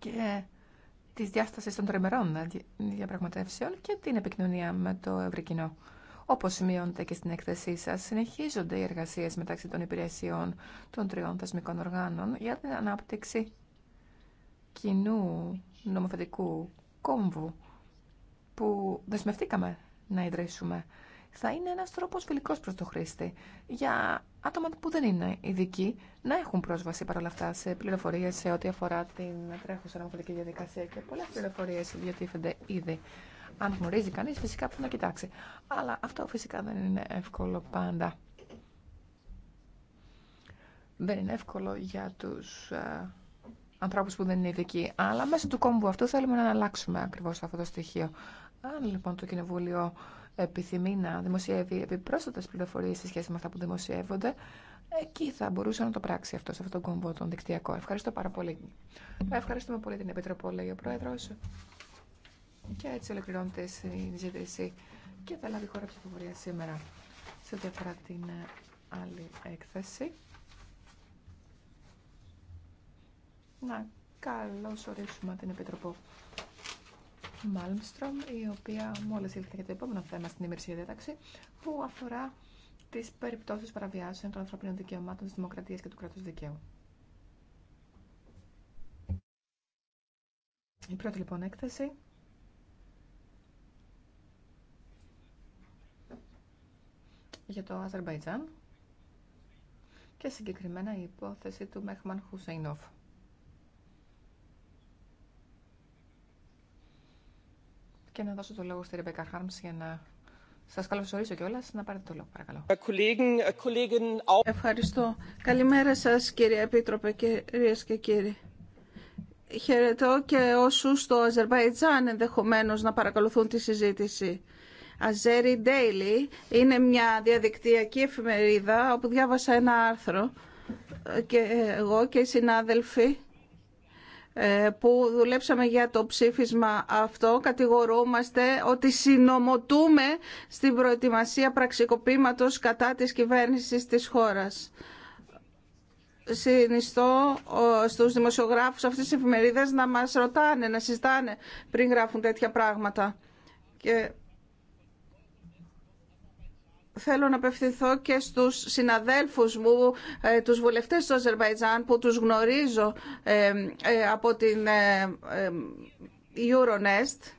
και τη διάσταση των τριμερών διαπραγματεύσεων και την επικοινωνία με το ευρύ κοινό. Όπω σημειώνεται και στην έκθεσή σα, συνεχίζονται οι εργασίε μεταξύ των υπηρεσιών των τριών θεσμικών οργάνων για την ανάπτυξη κοινού νομοθετικού κόμβου που δεσμευτήκαμε να ιδρύσουμε. Θα είναι ένας τρόπος φιλικό προ το χρήστη για άτομα που δεν είναι ειδικοί να έχουν πρόσβαση παρόλα αυτά σε πληροφορίε σε ό,τι αφορά την τρέχουσα νομοθετική διαδικασία και πολλέ πληροφορίε διατίθενται ήδη. Αν γνωρίζει κανεί, φυσικά πρέπει να κοιτάξει. Αλλά αυτό φυσικά δεν είναι εύκολο πάντα. Δεν είναι εύκολο για του ανθρώπου ανθρώπους που δεν είναι ειδικοί. Αλλά μέσω του κόμβου αυτού θέλουμε να αλλάξουμε ακριβώ αυτό το στοιχείο. Αν λοιπόν το Κοινοβούλιο επιθυμεί να δημοσιεύει επιπρόσθετες πληροφορίες σε σχέση με αυτά που δημοσιεύονται, εκεί θα μπορούσε να το πράξει αυτό, σε αυτόν τον κομβό, τον δικτυακό. Ευχαριστώ πάρα πολύ. Ευχαριστούμε πολύ την Επιτροπό, λέει ο Πρόεδρος. Και έτσι ολοκληρώνεται η συζήτηση και θα λάβει χώρα ψηφοφορία σήμερα σε ό,τι αφορά την ε, άλλη έκθεση. Να καλώς ορίσουμε την Επιτροπό. Μάλμστρομ, η οποία μόλις ήλθε για το επόμενο θέμα στην ημερησία διάταξη, που αφορά τις περιπτώσεις παραβιάσεων των ανθρωπίνων δικαιωμάτων της δημοκρατίας και του κράτους δικαίου. Η πρώτη λοιπόν έκθεση για το Αζερμπαϊτζάν και συγκεκριμένα η υπόθεση του Μέχμαν Χουσέινοφ. και να δώσω το λόγο στη Ρεμπέκα Χάρμς για να σας καλωσορίσω κιόλα Να πάρετε το λόγο, παρακαλώ. Ε, ε, Ευχαριστώ. Καλημέρα σας, κύριε Επίτροπε, κύριε και κύριοι. Χαιρετώ και όσους στο Αζερβαϊτζάν ενδεχομένως να παρακολουθούν τη συζήτηση. Αζέρι Daily είναι μια διαδικτυακή εφημερίδα όπου διάβασα ένα άρθρο ε, και εγώ και οι συνάδελφοι ε, που δουλέψαμε για το ψήφισμα αυτό κατηγορούμαστε ότι συνομωτούμε στην προετοιμασία πραξικοπήματος κατά της κυβέρνησης της χώρας. Συνιστώ στους δημοσιογράφους αυτής της εφημερίδας να μας ρωτάνε, να συζητάνε πριν γράφουν τέτοια πράγματα θέλω να απευθυνθώ και στους συναδέλφους μου, ε, τους βουλευτές του Αζερβαϊτζάν που τους γνωρίζω ε, ε, από την Euronest.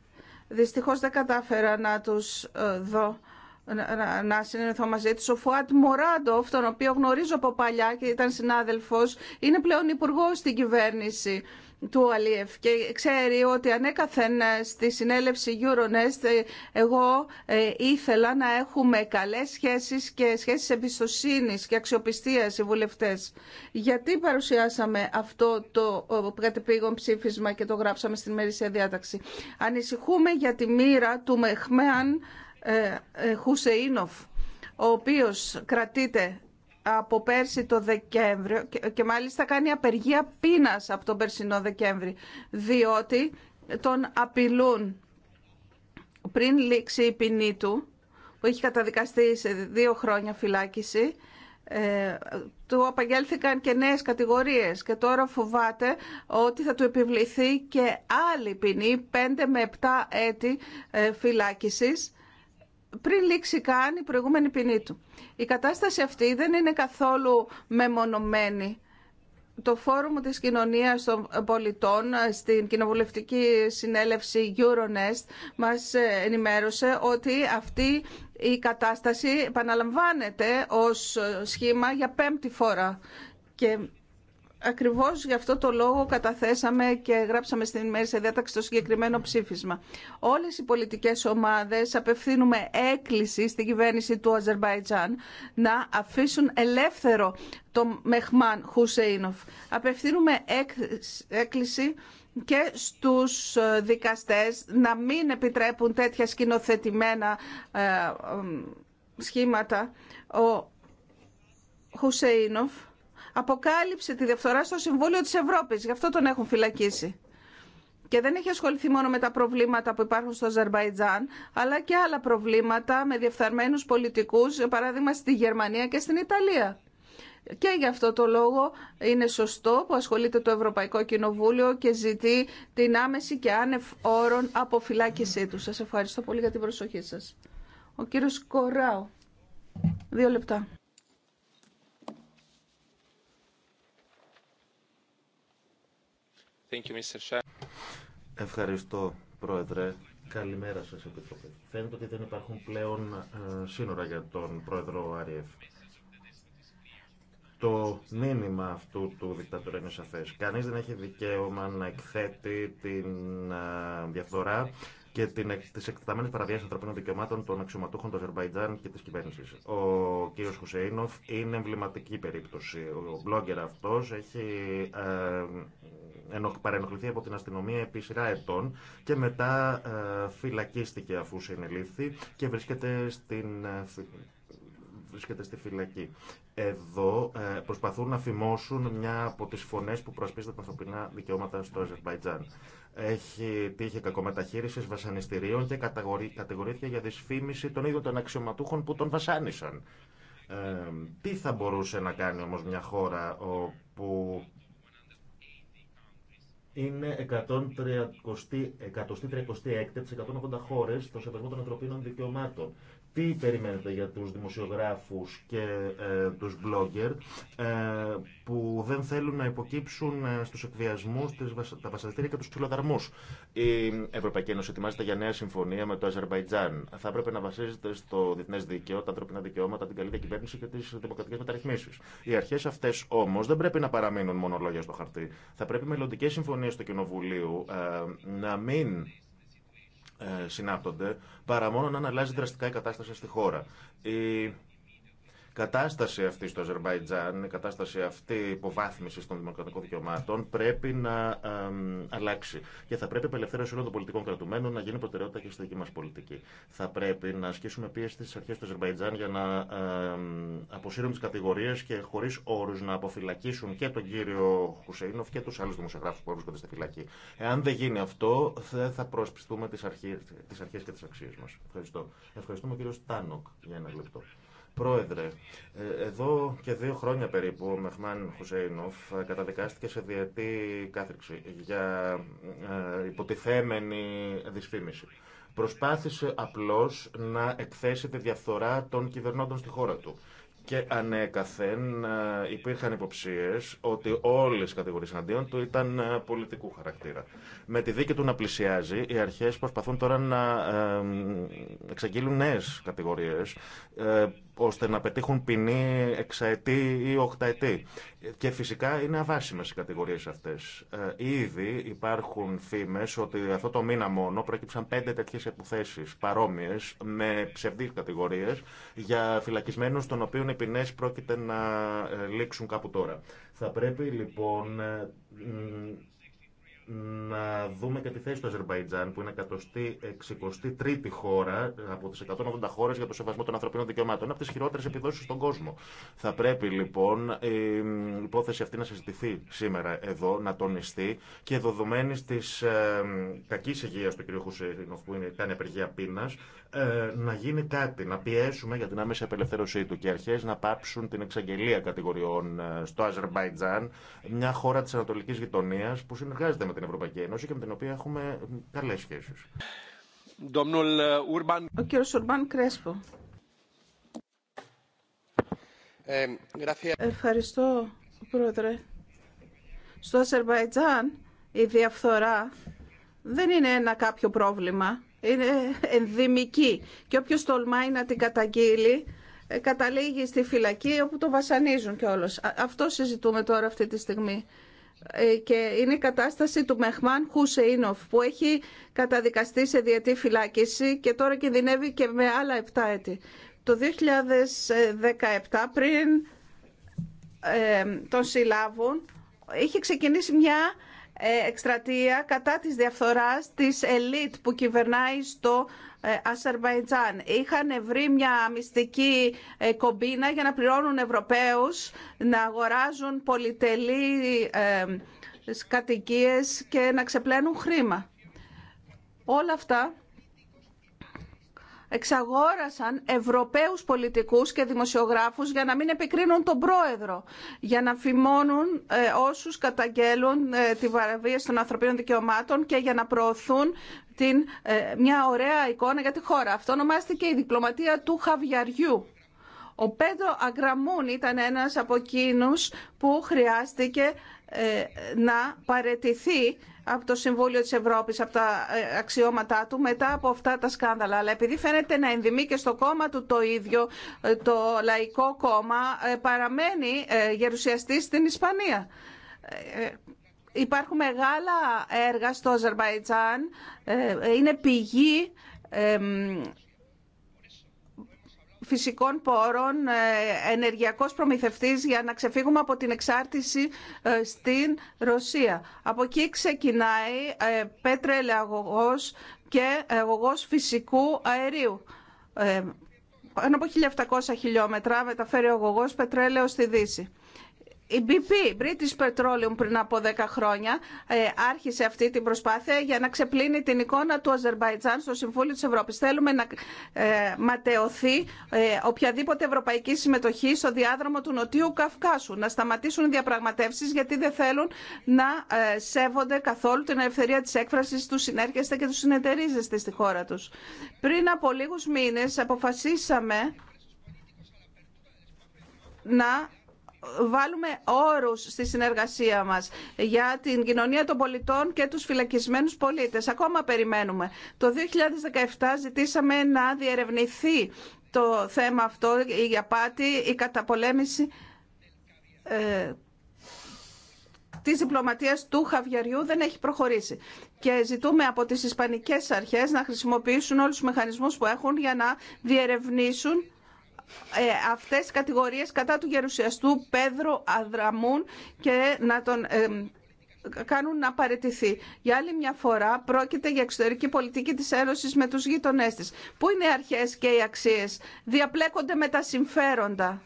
Δυστυχώς δεν κατάφερα να τους δω να συνεννοηθώ μαζί του. Ο Φουάτ Μοράντοφ, τον οποίο γνωρίζω από παλιά και ήταν συνάδελφος, είναι πλέον υπουργό στην κυβέρνηση του Αλίεφ και ξέρει ότι ανέκαθεν στη συνέλευση Euronest ε, εγώ ε, ήθελα να έχουμε καλές σχέσεις και σχέσεις εμπιστοσύνης και αξιοπιστίας οι βουλευτές. Γιατί παρουσιάσαμε αυτό το κατεπήγον ψήφισμα και το γράψαμε στην μερίσια διάταξη. Ανησυχούμε για τη μοίρα του Μεχμέαν ε, Χουσεϊνοφ ο οποίος κρατείται από πέρσι το Δεκέμβριο και μάλιστα κάνει απεργία πείνας από τον περσινό Δεκέμβρη διότι τον απειλούν πριν λήξει η ποινή του που έχει καταδικαστεί σε δύο χρόνια φυλάκιση ε, του απαγγέλθηκαν και νέες κατηγορίες και τώρα φοβάται ότι θα του επιβληθεί και άλλη ποινή 5 με 7 έτη ε, φυλάκισης πριν λήξει καν η προηγούμενη ποινή του. Η κατάσταση αυτή δεν είναι καθόλου μεμονωμένη. Το Φόρουμ της Κοινωνίας των Πολιτών ε, στην κοινοβουλευτική συνέλευση Euronest μας ε, ενημέρωσε ότι αυτή η κατάσταση επαναλαμβάνεται ως ε, σχήμα για πέμπτη φορά. Και Ακριβώς γι' αυτό το λόγο καταθέσαμε και γράψαμε στην ημέρη σε διάταξη το συγκεκριμένο ψήφισμα. Όλες οι πολιτικές ομάδες απευθύνουμε έκκληση στην κυβέρνηση του Αζερβαϊτζάν να αφήσουν ελεύθερο τον Μεχμάν Χουσέινοφ. Απευθύνουμε έκκληση και στους δικαστές να μην επιτρέπουν τέτοια σκηνοθετημένα ε, σχήματα. Ο Χουσέινοφ αποκάλυψε τη διαφθορά στο Συμβούλιο της Ευρώπης. Γι' αυτό τον έχουν φυλακίσει. Και δεν έχει ασχοληθεί μόνο με τα προβλήματα που υπάρχουν στο Αζερβαϊτζάν, αλλά και άλλα προβλήματα με διεφθαρμένους πολιτικούς, παράδειγμα στη Γερμανία και στην Ιταλία. Και γι' αυτό το λόγο είναι σωστό που ασχολείται το Ευρωπαϊκό Κοινοβούλιο και ζητεί την άμεση και άνευ όρων αποφυλάκησή του. Σας ευχαριστώ πολύ για την προσοχή σας. Ο κύριος Κοράου. Δύο λεπτά. Thank you, Mr. Ευχαριστώ, Πρόεδρε. Καλημέρα σας, Επιτροπή. Φαίνεται ότι δεν υπάρχουν πλέον ε, σύνορα για τον Πρόεδρο Άριεφ. Το μήνυμα αυτού του δικτατορία είναι σαφές. Κανείς δεν έχει δικαίωμα να εκθέτει την ε, διαφθορά και τι εκτεταμένε παραβιάσει ανθρωπίνων δικαιωμάτων των αξιωματούχων του Αζερβαϊτζάν και τη κυβέρνηση. Ο κ. Χουσέινοφ είναι εμβληματική περίπτωση. Ο blogger αυτό έχει ε, παρενοχληθεί από την αστυνομία επί σειρά ετών και μετά ε, φυλακίστηκε αφού συνελήφθη και βρίσκεται στην ε, βρίσκεται στη φυλακή. Εδώ προσπαθούν να φημώσουν μια από τις φωνές που προασπίζεται τα ανθρωπινά δικαιώματα στο Αζερβαϊτζάν έχει τύχει κακομεταχείριση βασανιστήριων και κατηγορήθηκε για δυσφήμιση των ίδιων των αξιωματούχων που τον βασάνισαν. Ε, τι θα μπορούσε να κάνει όμως μια χώρα όπου είναι 136 της 180 χώρες στο σεβασμό των ανθρωπίνων δικαιωμάτων τι περιμένετε για τους δημοσιογράφους και ε, τους blogger ε, που δεν θέλουν να υποκύψουν ε, στους εκβιασμούς, τις, τα βασανιστήρια και τους ξυλοδαρμούς. Η Ευρωπαϊκή Ένωση ετοιμάζεται για νέα συμφωνία με το Αζερβαϊτζάν. Θα έπρεπε να βασίζεται στο διεθνέ δίκαιο, τα ανθρώπινα δικαιώματα, την καλή διακυβέρνηση και τι δημοκρατικέ μεταρρυθμίσεις. Οι αρχέ αυτέ όμω δεν πρέπει να παραμείνουν μόνο λόγια στο χαρτί. Θα πρέπει μελλοντικέ συμφωνίε του Κοινοβουλίου ε, να μην ε, συνάπτονται, παρά μόνο αν αλλάζει δραστικά η κατάσταση στη χώρα κατάσταση αυτή στο Αζερβαϊτζάν, η κατάσταση αυτή υποβάθμιση των δημοκρατικών δικαιωμάτων πρέπει να αλλάξει. Και θα πρέπει η απελευθέρωση όλων των πολιτικών κρατουμένων να γίνει προτεραιότητα και στη δική μα πολιτική. Θα πρέπει να ασκήσουμε πίεση στι αρχέ του Αζερβαϊτζάν για να αποσύρουν τι κατηγορίε και χωρί όρου να αποφυλακίσουν και τον κύριο Χουσέινοφ και του άλλου δημοσιογράφου που βρίσκονται στη φυλακή. Εάν δεν γίνει αυτό, θα προσπιστούμε τι αρχέ και τι αξίε μα. Ευχαριστώ. Ευχαριστούμε κύριο Στάνοκ για ένα λεπτό. Πρόεδρε, ε, εδώ και δύο χρόνια περίπου ο Μεχμάν Χουσέινοφ καταδικάστηκε σε διετή κάθριξη για ε, υποτιθέμενη δυσφήμιση. Προσπάθησε απλώς να εκθέσει τη διαφθορά των κυβερνώντων στη χώρα του. Και ανέκαθεν ε, υπήρχαν υποψίες ότι όλες οι κατηγορίες αντίον του ήταν πολιτικού χαρακτήρα. Με τη δίκη του να πλησιάζει, οι αρχές προσπαθούν τώρα να εξαγγείλουν νέες κατηγορίες ώστε να πετύχουν ποινή εξαετή ή οχταετή. Και φυσικά είναι αβάσιμες οι κατηγορίες αυτές. Ε, ήδη υπάρχουν φήμες ότι αυτό το μήνα μόνο προκύψαν πέντε τέτοιες επιθέσεις παρόμοιες με ψευδείς κατηγορίες για φυλακισμένους των οποίων οι ποινές πρόκειται να ε, λήξουν κάπου τώρα. Θα πρέπει λοιπόν ε, να δούμε και τη θέση του Αζερβαϊτζάν, που είναι 163η χώρα από τι 180 χώρε για το σεβασμό των ανθρωπίνων δικαιωμάτων. Είναι από τι χειρότερε επιδόσει στον κόσμο. Θα πρέπει λοιπόν η υπόθεση αυτή να συζητηθεί σήμερα εδώ, να τονιστεί και δεδομένη τη ε, κακή υγεία του κ. Χουσέινοφ, που είναι, κάνει απεργία πείνα, ε, να γίνει κάτι, να πιέσουμε για την άμεση απελευθέρωσή του και αρχές να πάψουν την εξαγγελία κατηγοριών ε, στο Αζερμπαϊτζάν, μια χώρα της Ανατολικής Γειτονίας που συνεργάζεται με την Ευρωπαϊκή Ένωση και με την οποία έχουμε καλέ σχέσει. Ε, Ο κ. Ουρμπάν Κρέσπο. Ευχαριστώ, Πρόεδρε. Στο Αζερβαϊτζάν η διαφθορά δεν είναι ένα κάποιο πρόβλημα είναι ενδυμική και όποιος τολμάει να την καταγγείλει ε, καταλήγει στη φυλακή όπου το βασανίζουν και όλος. Αυτό συζητούμε τώρα αυτή τη στιγμή. Ε, και είναι η κατάσταση του Μεχμάν Χουσεϊνοφ που έχει καταδικαστεί σε διετή φυλάκιση και τώρα κινδυνεύει και με άλλα 7 έτη. Το 2017 πριν ε, τον συλλάβουν είχε ξεκινήσει μια εξτρατεία κατά της διαφθοράς της ελίτ που κυβερνάει στο ε, Αζερβαϊτζάν. Είχαν βρει μια μυστική ε, κομπίνα για να πληρώνουν Ευρωπαίους να αγοράζουν πολυτελή ε, κατοικίες και να ξεπλένουν χρήμα. Όλα αυτά εξαγόρασαν Ευρωπαίους πολιτικούς και δημοσιογράφους για να μην επικρίνουν τον πρόεδρο, για να φημώνουν ε, όσους καταγγέλουν ε, τη βαραβίαση των ανθρωπίνων δικαιωμάτων και για να προωθούν την, ε, μια ωραία εικόνα για τη χώρα. Αυτό ονομάστηκε η διπλωματία του Χαβιαριού. Ο Πέντρο Αγγραμούν ήταν ένας από εκείνου που χρειάστηκε ε, να παρετηθεί από το Συμβούλιο της Ευρώπης, από τα ε, αξιώματά του μετά από αυτά τα σκάνδαλα. Αλλά επειδή φαίνεται να ενδυμεί και στο κόμμα του το ίδιο, ε, το Λαϊκό Κόμμα παραμένει γερουσιαστής στην Ισπανία. Υπάρχουν μεγάλα έργα στο Αζερβαϊτζάν, είναι πηγή φυσικών πόρων, ε, ενεργειακός προμηθευτής για να ξεφύγουμε από την εξάρτηση ε, στην Ρωσία. Από εκεί ξεκινάει ε, πέτρελαιο και αγωγός φυσικού αερίου. Πάνω από 1.700 χιλιόμετρα μεταφέρει ο αγωγός πετρέλαιο στη Δύση. Η BP, British Petroleum, πριν από 10 χρόνια ε, άρχισε αυτή την προσπάθεια για να ξεπλύνει την εικόνα του Αζερβαϊτζάν στο Συμβούλιο της Ευρώπης. Θέλουμε να ε, ματαιωθεί ε, οποιαδήποτε ευρωπαϊκή συμμετοχή στο διάδρομο του Νοτιού Καυκάσου, να σταματήσουν οι διαπραγματεύσεις γιατί δεν θέλουν να σέβονται καθόλου την ελευθερία της έκφρασης του συνέρχεστε και του συνεταιρίζεστε στη χώρα τους. Πριν από λίγους μήνες αποφασίσαμε να βάλουμε όρους στη συνεργασία μας για την κοινωνία των πολιτών και τους φυλακισμένους πολίτες. Ακόμα περιμένουμε. Το 2017 ζητήσαμε να διερευνηθεί το θέμα αυτό, η απάτη, η καταπολέμηση ε, της διπλωματίας του Χαβιαριού δεν έχει προχωρήσει. Και ζητούμε από τις Ισπανικές αρχές να χρησιμοποιήσουν όλους τους μηχανισμούς που έχουν για να διερευνήσουν ε, αυτές οι κατηγορίες κατά του γερουσιαστού Πέδρο αδραμούν και να τον ε, κάνουν να παραιτηθεί. Για άλλη μια φορά πρόκειται για εξωτερική πολιτική της Ένωσης με τους γείτονές της. Πού είναι οι αρχές και οι αξίες. Διαπλέκονται με τα συμφέροντα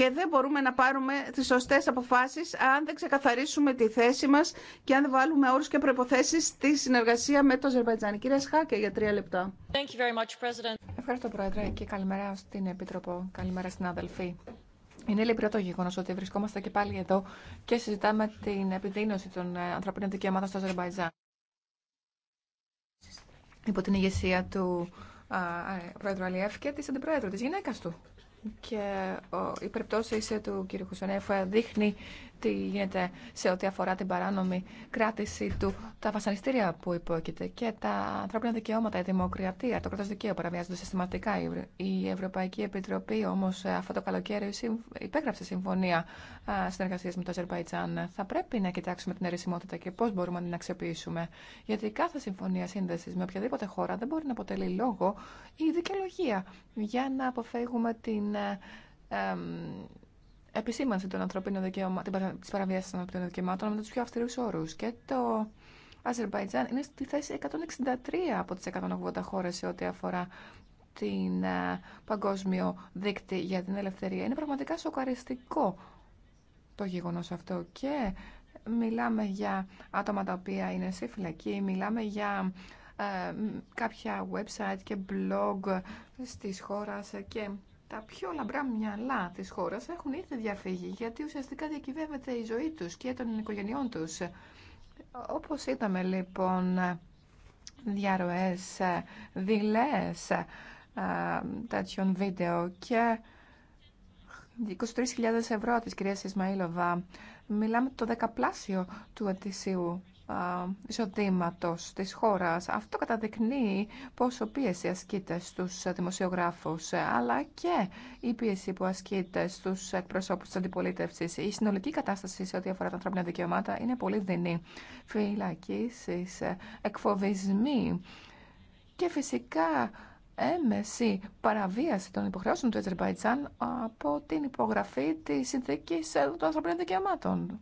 και δεν μπορούμε να πάρουμε τις σωστές αποφάσεις αν δεν ξεκαθαρίσουμε τη θέση μας και αν δεν βάλουμε όρους και προϋποθέσεις στη συνεργασία με το Αζερβαϊτζάν. Κύριε Σχάκε, για τρία λεπτά. Ευχαριστώ, Πρόεδρε, και καλημέρα στην Επίτροπο. Καλημέρα στην αδελφή. Είναι λυπηρό το γεγονό ότι βρισκόμαστε και πάλι εδώ και συζητάμε την επιδείνωση των ε, ανθρωπίνων δικαιωμάτων στο Αζερβαϊτζάν. Υπό την ηγεσία του ε, Πρόεδρου Αλιεύ και τη αντιπρόεδρου, τη γυναίκα του. Και ο, η περιπτώση του κ. Χουσονέφα ε, δείχνει τι γίνεται σε ό,τι αφορά την παράνομη κράτηση του, τα βασανιστήρια που υπόκειται και τα ανθρώπινα δικαιώματα, η δημοκρατία, το κράτο δικαίου παραβιάζονται συστηματικά. Η Ευρωπαϊκή Επιτροπή όμω ε, αυτό το καλοκαίρι υπέγραψε συμφωνία ε, συνεργασία με το Αζερβαϊτζάν. Θα πρέπει να κοιτάξουμε την αρισιμότητα και πώ μπορούμε να την αξιοποιήσουμε. Γιατί κάθε συμφωνία σύνδεση με οποιαδήποτε χώρα δεν μπορεί να αποτελεί λόγο ή δικαιολογία για να αποφεύγουμε την ε, επισήμανση των ανθρωπίνων δικαιωμάτων, της παραβίασης των ανθρωπίνων δικαιωμάτων με τους πιο αυστηρούς όρους. Και το Αζερβαϊτζάν είναι στη θέση 163 από τις 180 χώρες σε ό,τι αφορά την ε, παγκόσμιο δίκτυ για την ελευθερία. Είναι πραγματικά σοκαριστικό το γεγονός αυτό και μιλάμε για άτομα τα οποία είναι σε φυλακή, μιλάμε για ε, κάποια website και blog στις χώρες και τα πιο λαμπρά μυαλά της χώρας έχουν ήδη διαφύγει γιατί ουσιαστικά διακυβεύεται η ζωή τους και των οικογενειών τους. Όπως είδαμε λοιπόν διαρροές, δειλές ε, τέτοιων βίντεο και 23.000 ευρώ της κυρίας Ισμαήλοβα. Μιλάμε το δεκαπλάσιο του ετησίου εισοδήματος της χώρας. Αυτό καταδεικνύει πόσο πίεση ασκείται στους δημοσιογράφους, αλλά και η πίεση που ασκείται στους εκπροσώπους της αντιπολίτευσης. Η συνολική κατάσταση σε ό,τι αφορά τα ανθρώπινα δικαιωμάτα είναι πολύ δεινή. Φυλακίσεις, εκφοβισμοί και φυσικά έμεση παραβίαση των υποχρεώσεων του Αζερβαϊτζάν από την υπογραφή της συνθήκης των ανθρωπίνων δικαιωμάτων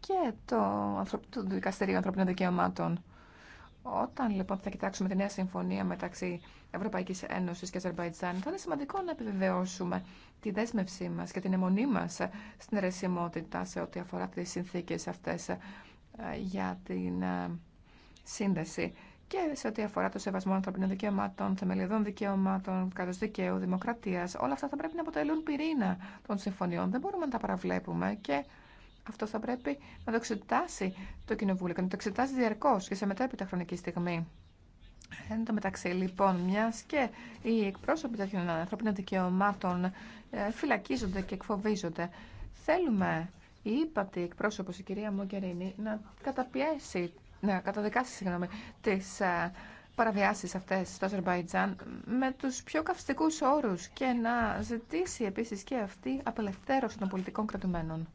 και το, το Δικαστήριο Ανθρωπίνων Δικαιωμάτων. Όταν λοιπόν θα κοιτάξουμε τη νέα συμφωνία μεταξύ Ευρωπαϊκή Ένωση και Αζερβαϊτζάν, θα είναι σημαντικό να επιβεβαιώσουμε τη δέσμευσή μα και την αιμονή μα στην αιρεσιμότητα σε ό,τι αφορά τι συνθήκε αυτέ ε, για την ε, σύνδεση και σε ό,τι αφορά το σεβασμό ανθρωπίνων δικαιωμάτων, θεμελιωδών δικαιωμάτων, κράτο δικαίου, δημοκρατία. Όλα αυτά θα πρέπει να αποτελούν πυρήνα των συμφωνιών. Δεν μπορούμε να τα παραβλέπουμε και αυτό θα πρέπει να το εξετάσει το Κοινοβούλιο και να το εξετάσει διαρκώ και σε μετέπειτα χρονική στιγμή. Εν τω μεταξύ, λοιπόν, μια και οι εκπρόσωποι τέτοιων ανθρώπινων δικαιωμάτων ε, φυλακίζονται και εκφοβίζονται, θέλουμε η ύπατη εκπρόσωπο, η κυρία Μογκερίνη, να καταπιέσει, να καταδικάσει, συγγνώμη, τις ε, παραβιάσεις αυτές στο Αζερβαϊτζάν με του πιο καυστικού όρου και να ζητήσει επίση και αυτή απελευθέρωση των πολιτικών κρατουμένων.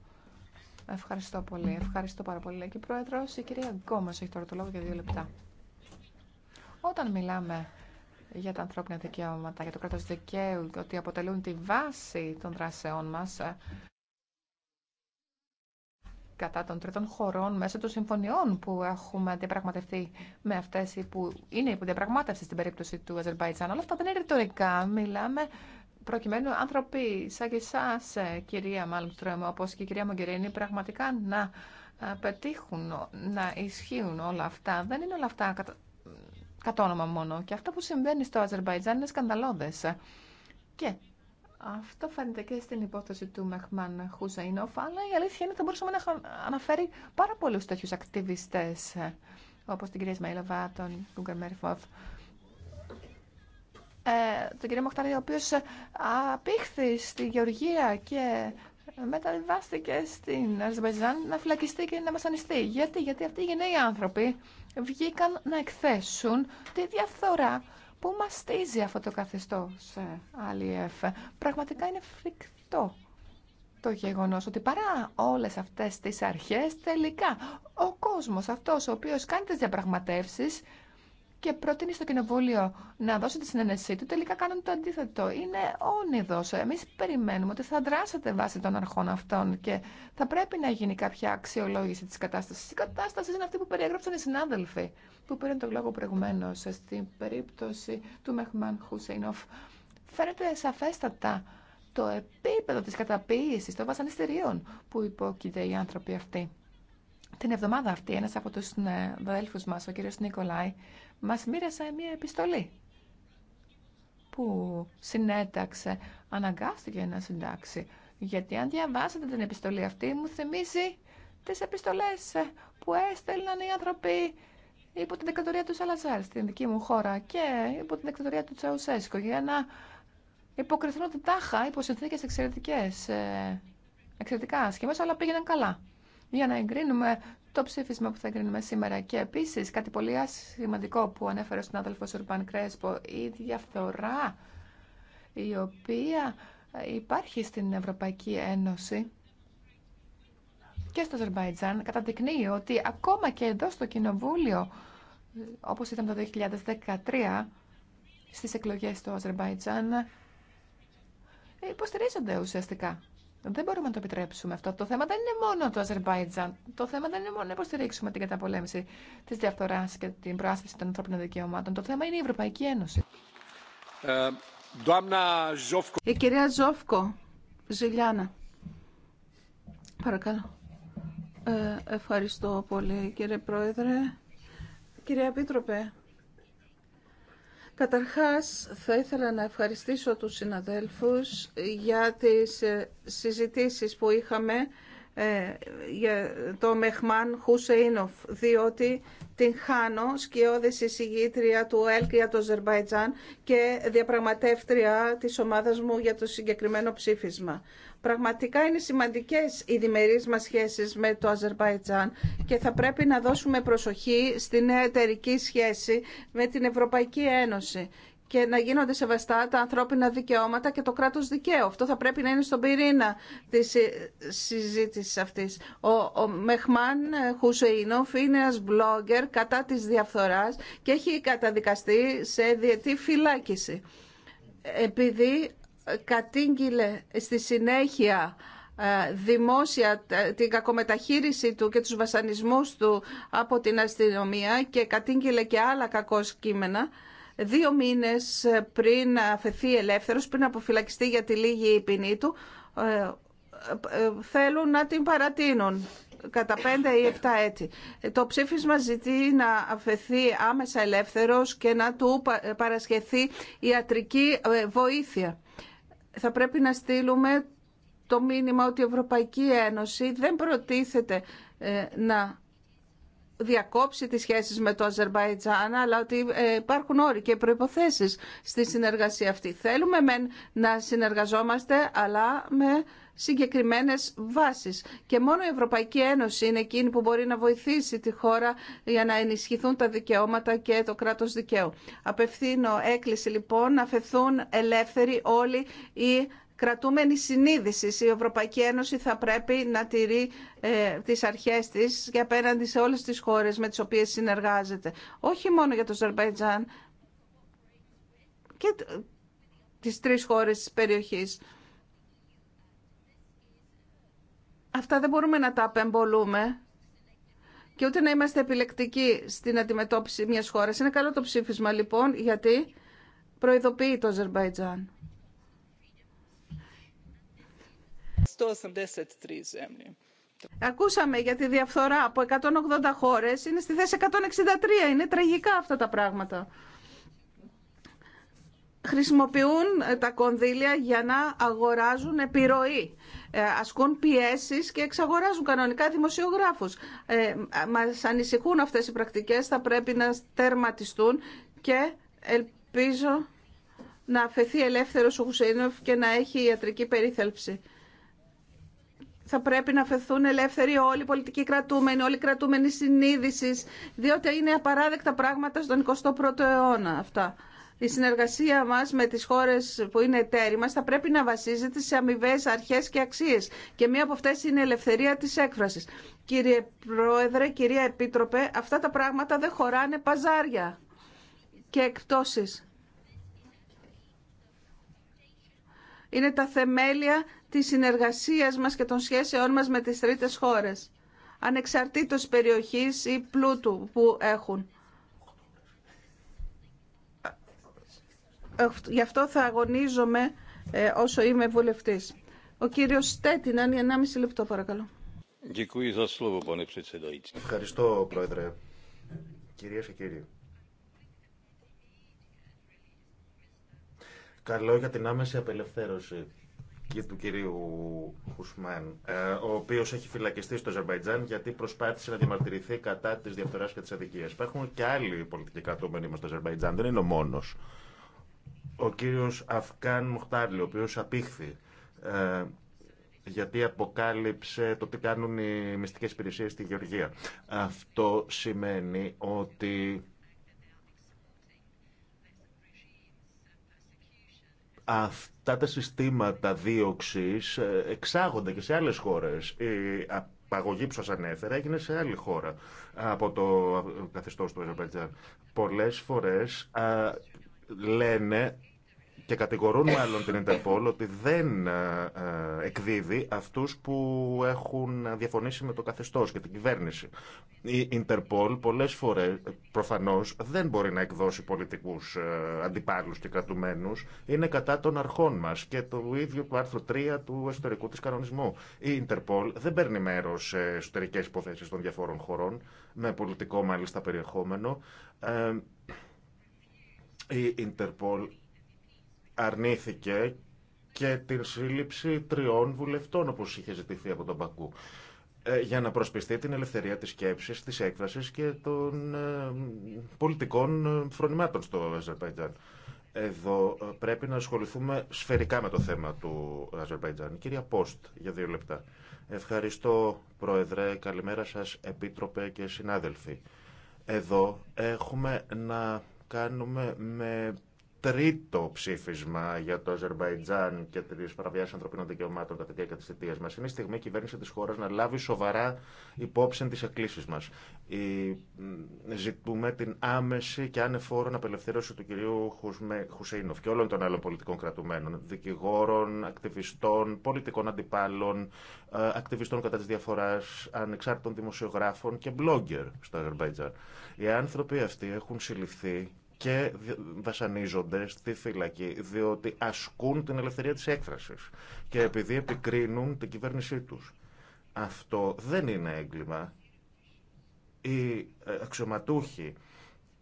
Ευχαριστώ πολύ. Ευχαριστώ πάρα πολύ, και η Πρόεδρο. Η κυρία Γκόμα έχει τώρα το λόγο για δύο λεπτά. Όταν μιλάμε για τα ανθρώπινα δικαιώματα, για το κράτο δικαίου, ότι αποτελούν τη βάση των δράσεών μας ε, κατά των τρίτων χωρών μέσω των συμφωνιών που έχουμε διαπραγματευτεί με αυτές που είναι υποδιαπραγμάτευση στην περίπτωση του Αζερβαϊτζάν. Όλα αυτά δεν είναι ρητορικά. Μιλάμε προκειμένου άνθρωποι σαν και εσά, ε, κυρία Μάλμστρομ, όπω και η κυρία Μογκερίνη, πραγματικά να ε, πετύχουν, να ισχύουν όλα αυτά. Δεν είναι όλα αυτά κατ' κατ όνομα μόνο. Και αυτό που συμβαίνει στο Αζερβαϊτζάν είναι σκανδαλώδε. Και αυτό φαίνεται και στην υπόθεση του Μεχμάν Χουζαϊνόφ, αλλά η αλήθεια είναι ότι θα μπορούσαμε να αναφέρει πάρα πολλού τέτοιου ακτιβιστέ, ε, όπω την κυρία Σμαϊλαβά, τον Γκουγκαρ Μέρφοφ. Ε, τον κύριο Μοχτάρη, ο οποίος ε, απήχθη στη Γεωργία και μεταβιβάστηκε στην Αζερβαϊτζάν να φυλακιστεί και να μασανιστεί. Γιατί, γιατί αυτοί οι γενναίοι άνθρωποι βγήκαν να εκθέσουν τη διαφθορά που μαστίζει αυτό το καθεστώς, ε, Αλιεφ. Πραγματικά είναι φρικτό το γεγονός ότι παρά όλες αυτές τις αρχές, τελικά ο κόσμος αυτό ο οποίο κάνει τι διαπραγματεύσει και πρότεινε στο κοινοβούλιο να δώσει τη συνένεσή του, τελικά κάνουν το αντίθετο. Είναι όνειδο. Εμεί περιμένουμε ότι θα δράσετε βάσει των αρχών αυτών και θα πρέπει να γίνει κάποια αξιολόγηση τη κατάσταση. Η κατάσταση είναι αυτή που περιέγραψαν οι συνάδελφοι, που πήραν τον λόγο προηγουμένω στην περίπτωση του Μεχμάν Χουσέινοφ. Φαίνεται σαφέστατα το επίπεδο της καταποίησης των βασανιστήριων που υπόκειται οι άνθρωποι αυτοί. Την εβδομάδα αυτή ένας από του αδέλφους μας, ο κύριος Νικολάη, μας μοίρασε μια επιστολή που συνέταξε, αναγκάστηκε να συντάξει. Γιατί αν διαβάσετε την επιστολή αυτή μου θυμίζει τις επιστολές που έστελναν οι άνθρωποι υπό την δικτατορία του Σαλαζάρ στην δική μου χώρα και υπό την δικτατορία του Τσαουσέσκο για να υποκριθούν ότι τάχα υπό συνθήκες εξαιρετικές, ε, εξαιρετικά άσχημες, αλλά πήγαιναν καλά για να εγκρίνουμε το ψήφισμα που θα εγκρίνουμε σήμερα. Και επίση κάτι πολύ σημαντικό που ανέφερε ο συνάδελφο Ουρμπαν Κρέσπο, η διαφθορά η οποία υπάρχει στην Ευρωπαϊκή Ένωση και στο Αζερβαϊτζάν καταδεικνύει ότι ακόμα και εδώ στο Κοινοβούλιο, όπως ήταν το 2013, στις εκλογές στο Αζερβαϊτζάν, υποστηρίζονται ουσιαστικά δεν μπορούμε να το επιτρέψουμε αυτό. Το θέμα δεν είναι μόνο το Αζερβάιτζαν. Το θέμα δεν είναι μόνο να υποστηρίξουμε την καταπολέμηση τη διαφθορά και την προάσπιση των ανθρώπινων δικαιωμάτων. Το θέμα είναι η Ευρωπαϊκή Ένωση. Ε, η κυρία Ζόφκο, Ζηλιάνα. Παρακαλώ. Ε, ευχαριστώ πολύ κύριε Πρόεδρε. Κυρία Επίτροπε, Καταρχάς, θα ήθελα να ευχαριστήσω τους συναδέλφους για τις ε, συζητήσεις που είχαμε ε, για το Μεχμάν Χουσεϊνοφ, διότι την χάνω σκιώδη εισηγήτρια του ΕΛΚ για το Ζερβαϊτζάν και διαπραγματεύτρια της ομάδας μου για το συγκεκριμένο ψήφισμα. Πραγματικά είναι σημαντικές οι διμερείς μας σχέσεις με το Αζερβαϊτζάν και θα πρέπει να δώσουμε προσοχή στη νέα εταιρική σχέση με την Ευρωπαϊκή Ένωση και να γίνονται σεβαστά τα ανθρώπινα δικαιώματα και το κράτος δικαίου. Αυτό θα πρέπει να είναι στον πυρήνα της συζήτησης αυτής. Ο, Μεχμάν Χουσεϊνόφ είναι ένας blogger κατά της διαφθοράς και έχει καταδικαστεί σε διετή φυλάκιση. Επειδή κατήγγειλε στη συνέχεια ε, δημόσια ε, την κακομεταχείριση του και τους βασανισμούς του από την αστυνομία και κατήγγειλε και άλλα κακό κείμενα δύο μήνες πριν αφαιθεί ελεύθερος, πριν αποφυλακιστεί για τη λίγη ποινή του ε, θέλουν να την παρατείνουν κατά 5 ή 7 έτη. Το ψήφισμα ζητεί να αφαιθεί άμεσα ελεύθερος και να του παρασχεθεί ιατρική βοήθεια θα πρέπει να στείλουμε το μήνυμα ότι η Ευρωπαϊκή Ένωση δεν προτίθεται ε, να διακόψει τις σχέσεις με το Αζερβαϊτζάν, αλλά ότι ε, υπάρχουν όροι και προϋποθέσεις στη συνεργασία αυτή. Θέλουμε μεν να συνεργαζόμαστε, αλλά με συγκεκριμένες βάσεις. Και μόνο η Ευρωπαϊκή Ένωση είναι εκείνη που μπορεί να βοηθήσει τη χώρα για να ενισχυθούν τα δικαιώματα και το κράτο δικαίου. Απευθύνω έκκληση λοιπόν να φεθούν ελεύθεροι όλοι οι κρατούμενοι συνείδησης. Η Ευρωπαϊκή Ένωση θα πρέπει να τηρεί ε, τις αρχές της και απέναντι σε όλες τι χώρε με τι οποίε συνεργάζεται. Όχι μόνο για το Ζερβαϊτζάν και ε, τις τρεις χώρες της περιοχής. Αυτά δεν μπορούμε να τα απεμπολούμε και ούτε να είμαστε επιλεκτικοί στην αντιμετώπιση μιας χώρας. Είναι καλό το ψήφισμα λοιπόν γιατί προειδοποιεί το Αζερβαϊτζάν. Ακούσαμε για τη διαφθορά από 180 χώρες, είναι στη θέση 163, είναι τραγικά αυτά τα πράγματα. Χρησιμοποιούν τα κονδύλια για να αγοράζουν επιρροή ε, ασκούν πιέσει και εξαγοράζουν κανονικά δημοσιογράφου. Ε, μας ανησυχούν αυτέ οι πρακτικέ, θα πρέπει να τερματιστούν και ελπίζω να αφαιθεί ελεύθερο ο Χουσέινοφ και να έχει ιατρική περίθαλψη. Θα πρέπει να αφαιθούν ελεύθεροι όλοι οι πολιτικοί κρατούμενοι, όλοι οι κρατούμενοι συνείδησης, διότι είναι απαράδεκτα πράγματα στον 21ο αιώνα αυτά η συνεργασία μας με τις χώρες που είναι εταίροι μας θα πρέπει να βασίζεται σε αμοιβέ αρχές και αξίες. Και μία από αυτές είναι η ελευθερία της έκφρασης. Κύριε Πρόεδρε, κυρία Επίτροπε, αυτά τα πράγματα δεν χωράνε παζάρια και εκπτώσεις. Είναι τα θεμέλια της συνεργασίας μας και των σχέσεών μας με τις τρίτες χώρες, ανεξαρτήτως περιοχής ή πλούτου που έχουν. Γι' αυτό θα αγωνίζομαι ε, όσο είμαι βουλευτή. Ο κύριο Στέτιν, αν 1,5 λεπτό παρακαλώ. Ευχαριστώ, Πρόεδρε. Κυρίε και κύριοι. Καλό για την άμεση απελευθέρωση και του κυρίου Χουσμάν, ε, ο οποίο έχει φυλακιστεί στο Αζερβαϊτζάν γιατί προσπάθησε να διαμαρτυρηθεί κατά τη διαφθορά και τη αδικία. Υπάρχουν και άλλοι πολιτικοί κρατούμενοι μα στο Αζερβαϊτζάν, δεν είναι ο μόνο ο κύριος Αφκάν Μουχτάρλη, ο οποίος απήχθη ε, γιατί αποκάλυψε το τι κάνουν οι μυστικές υπηρεσίες στη Γεωργία. Αυτό σημαίνει ότι αυτά τα συστήματα δίωξης ε, εξάγονται και σε άλλες χώρες. Η απαγωγή που σας ανέφερα έγινε σε άλλη χώρα από το καθεστώς του Αζερβαϊτζάν. Πολλές φορές λένε και κατηγορούν μάλλον την Ιντερπόλ ότι δεν ε, ε, εκδίδει αυτούς που έχουν διαφωνήσει με το καθεστώς και την κυβέρνηση. Η Ιντερπόλ πολλές φορές προφανώς δεν μπορεί να εκδώσει πολιτικούς ε, αντιπάλους και κρατουμένους. Είναι κατά των αρχών μας και το ίδιο του άρθρο 3 του εσωτερικού της κανονισμού. Η Ιντερπόλ δεν παίρνει μέρος σε εσωτερικές υποθέσεις των διαφόρων χωρών με πολιτικό μάλιστα περιεχόμενο η Ιντερπολ αρνήθηκε και την σύλληψη τριών βουλευτών όπως είχε ζητηθεί από τον Πακού ε, για να προσπιστεί την ελευθερία της σκέψης, της έκφρασης και των ε, πολιτικών ε, φρονημάτων στο Αζερπαϊτζάν. Εδώ πρέπει να ασχοληθούμε σφαιρικά με το θέμα του Αζερπαϊτζάν. Κυρία Πόστ, για δύο λεπτά. Ευχαριστώ, Πρόεδρε. Καλημέρα σας, Επίτροπε και συνάδελφοι. Εδώ έχουμε να κάνουμε με τρίτο ψήφισμα για το Αζερβαϊτζάν και τι παραβιάσει ανθρωπίνων δικαιωμάτων κατά τη διάρκεια τη θητεία μα. Είναι η στιγμή η κυβέρνηση τη χώρα να λάβει σοβαρά υπόψη τι εκκλήσει μα. Ζητούμε την άμεση και ανεφόρον απελευθέρωση του κυρίου Χουσέινοφ και όλων των άλλων πολιτικών κρατουμένων, δικηγόρων, ακτιβιστών, πολιτικών αντιπάλων, ε, ακτιβιστών κατά τη διαφορά, ανεξάρτητων δημοσιογράφων και μπλόγκερ στο Αζερβαϊτζάν. Οι άνθρωποι αυτοί έχουν συλληφθεί και βασανίζονται στη φυλακή διότι ασκούν την ελευθερία της έκφρασης και επειδή επικρίνουν την κυβέρνησή τους. Αυτό δεν είναι έγκλημα. Οι ε, αξιωματούχοι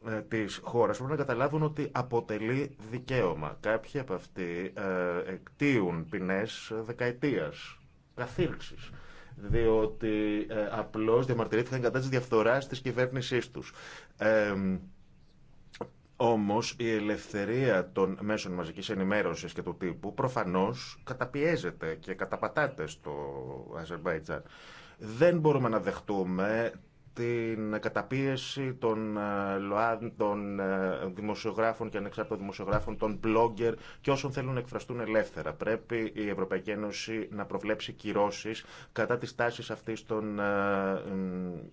ε, της χώρας πρέπει να καταλάβουν ότι αποτελεί δικαίωμα. Κάποιοι από αυτοί ε, εκτίουν ποινές δεκαετίας, καθήλξης διότι απλώς διαμαρτυρήθηκαν κατά της διαφθοράς της κυβέρνησής τους. Όμως η ελευθερία των μέσων μαζικής ενημέρωσης και του τύπου προφανώς καταπιέζεται και καταπατάται στο Αζερβαϊτζάν. Δεν μπορούμε να δεχτούμε την καταπίεση των ε, ΛΟΑΔ, των ε, δημοσιογράφων και ανεξάρτητων δημοσιογράφων, των blogger και όσων θέλουν να εκφραστούν ελεύθερα. Πρέπει η Ευρωπαϊκή Ένωση να προβλέψει κυρώσει κατά της τάση αυτής των ε,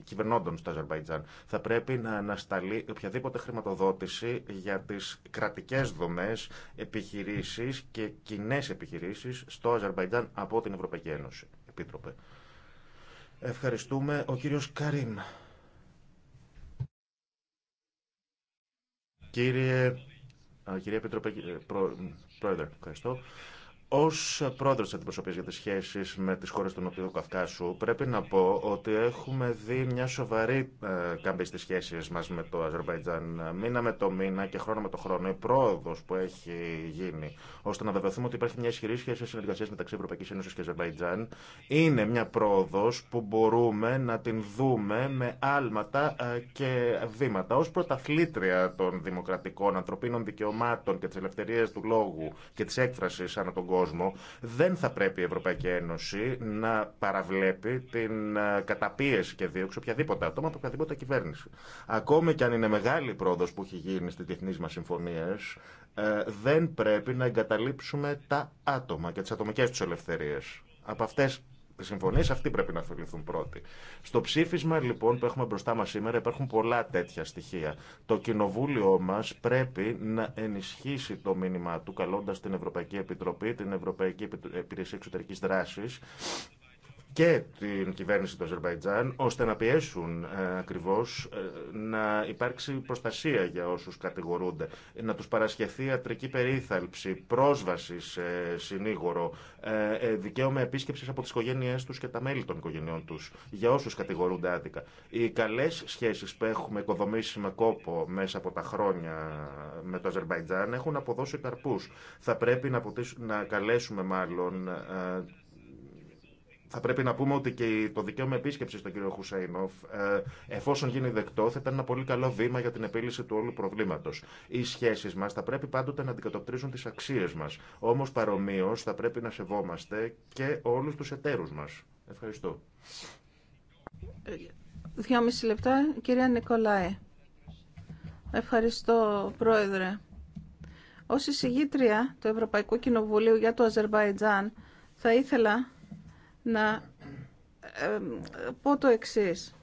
κυβερνώντων στο Αζερβαϊτζάν. Θα πρέπει να ανασταλεί οποιαδήποτε χρηματοδότηση για τις κρατικέ δομέ επιχειρήσει και κοινέ επιχειρήσει στο Αζερβαϊτζάν από την Ευρωπαϊκή Ένωση. Επίτροπε. Ευχαριστούμε. Ο κύριος Καρίν. Κύριε, κύριε Πρόεδρε, ευχαριστώ. Ω πρόεδρο τη αντιπροσωπεία για τι σχέσει με τι χώρε του Νοτιού Καυκάσου, πρέπει να πω ότι έχουμε δει μια σοβαρή ε, καμπή στι σχέσει μα με το Αζερβαϊτζάν. Μήνα με το μήνα και χρόνο με το χρόνο, η πρόοδο που έχει γίνει, ώστε να βεβαιωθούμε ότι υπάρχει μια ισχυρή σχέση συνεργασία μεταξύ Ευρωπαϊκή Ένωση και Αζερβαϊτζάν, είναι μια πρόοδο που μπορούμε να την δούμε με άλματα ε, και βήματα. Ω πρωταθλήτρια των δημοκρατικών, ανθρωπίνων δικαιωμάτων και τη ελευθερία του λόγου και τη έκφραση ανά τον κόσμο, δεν θα πρέπει η Ευρωπαϊκή Ένωση να παραβλέπει την ε, καταπίεση και δίωξη οποιαδήποτε άτομα από οποιαδήποτε κυβέρνηση. Ακόμη και αν είναι μεγάλη πρόοδο που έχει γίνει στι διεθνεί μα συμφωνίε, ε, δεν πρέπει να εγκαταλείψουμε τα άτομα και τι ατομικέ του ελευθερίε. Από αυτέ οι αυτοί πρέπει να θεωρηθούν πρώτοι. Στο ψήφισμα λοιπόν που έχουμε μπροστά μα σήμερα υπάρχουν πολλά τέτοια στοιχεία. Το κοινοβούλιο μα πρέπει να ενισχύσει το μήνυμα του, καλώντα την Ευρωπαϊκή Επιτροπή, την Ευρωπαϊκή Υπηρεσία Εξωτερική Δράση και την κυβέρνηση του Αζερβαϊτζάν ώστε να πιέσουν ε, ε, να υπάρξει προστασία για όσους κατηγορούνται, να τους παρασχεθεί ιατρική περίθαλψη, πρόσβαση σε συνήγορο, ε, ε, δικαίωμα επίσκεψης από τις οικογένειές τους και τα μέλη των οικογενειών τους για όσους κατηγορούνται άδικα. Οι καλές σχέσεις που έχουμε οικοδομήσει με κόπο μέσα από τα χρόνια με το Αζερβαϊτζάν έχουν αποδώσει καρπού. Θα πρέπει να, να καλέσουμε μάλλον ε, θα πρέπει να πούμε ότι και το δικαίωμα επίσκεψη στον κύριο Χουσέινοφ, ε, εφόσον γίνει δεκτό, θα ήταν ένα πολύ καλό βήμα για την επίλυση του όλου προβλήματο. Οι σχέσει μα θα πρέπει πάντοτε να αντικατοπτρίζουν τι αξίε μα. Όμω παρομοίω θα πρέπει να σεβόμαστε και όλου του εταίρου μα. Ευχαριστώ. Ε, δυόμιση λεπτά, κυρία Νικολάη. Ευχαριστώ, Πρόεδρε. Ως εισηγήτρια του Ευρωπαϊκού Κοινοβουλίου για το Αζερβαϊτζάν, θα ήθελα να πω το εξής.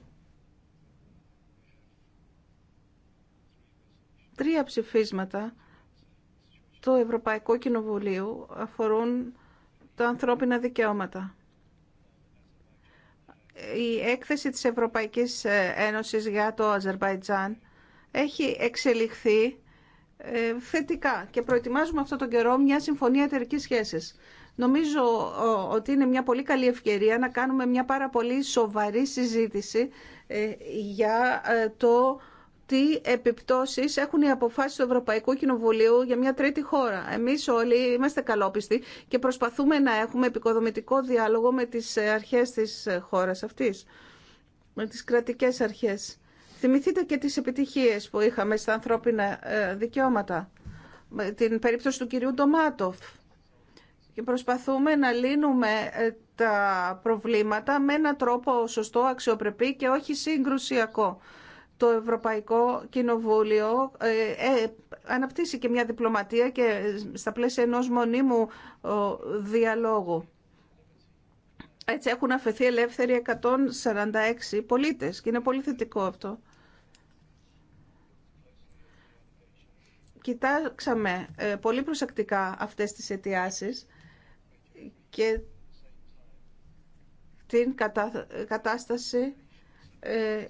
Τρία ψηφίσματα του Ευρωπαϊκού Κοινοβουλίου αφορούν τα ανθρώπινα δικαιώματα. Η έκθεση της Ευρωπαϊκής ε, Ένωσης για το Αζερβαϊτζάν έχει εξελιχθεί ε, θετικά και προετοιμάζουμε αυτόν τον καιρό μια συμφωνία εταιρικής σχέσης. Νομίζω ότι είναι μια πολύ καλή ευκαιρία να κάνουμε μια πάρα πολύ σοβαρή συζήτηση ε, για ε, το τι επιπτώσεις έχουν οι αποφάσεις του Ευρωπαϊκού Κοινοβουλίου για μια τρίτη χώρα. Εμείς όλοι είμαστε καλόπιστοι και προσπαθούμε να έχουμε επικοδομητικό διάλογο με τις ε, αρχές της χώρας αυτής, με τις κρατικές αρχές. Θυμηθείτε και τις επιτυχίες που είχαμε στα ανθρώπινα δικαιώματα. Την περίπτωση του κυρίου Ντομάτοφ και προσπαθούμε να λύνουμε ε, τα προβλήματα με έναν τρόπο σωστό, αξιοπρεπή και όχι συγκρουσιακό. Το Ευρωπαϊκό Κοινοβούλιο ε, ε, αναπτύσσει και μια διπλωματία και ε, στα πλαίσια ενός μονίμου διαλόγου. Έτσι έχουν αφαιθεί ελεύθεροι 146 πολίτες και είναι πολύ θετικό αυτό. Κοιτάξαμε πολύ προσεκτικά αυτές τις αιτιάσεις και την κατάσταση ε,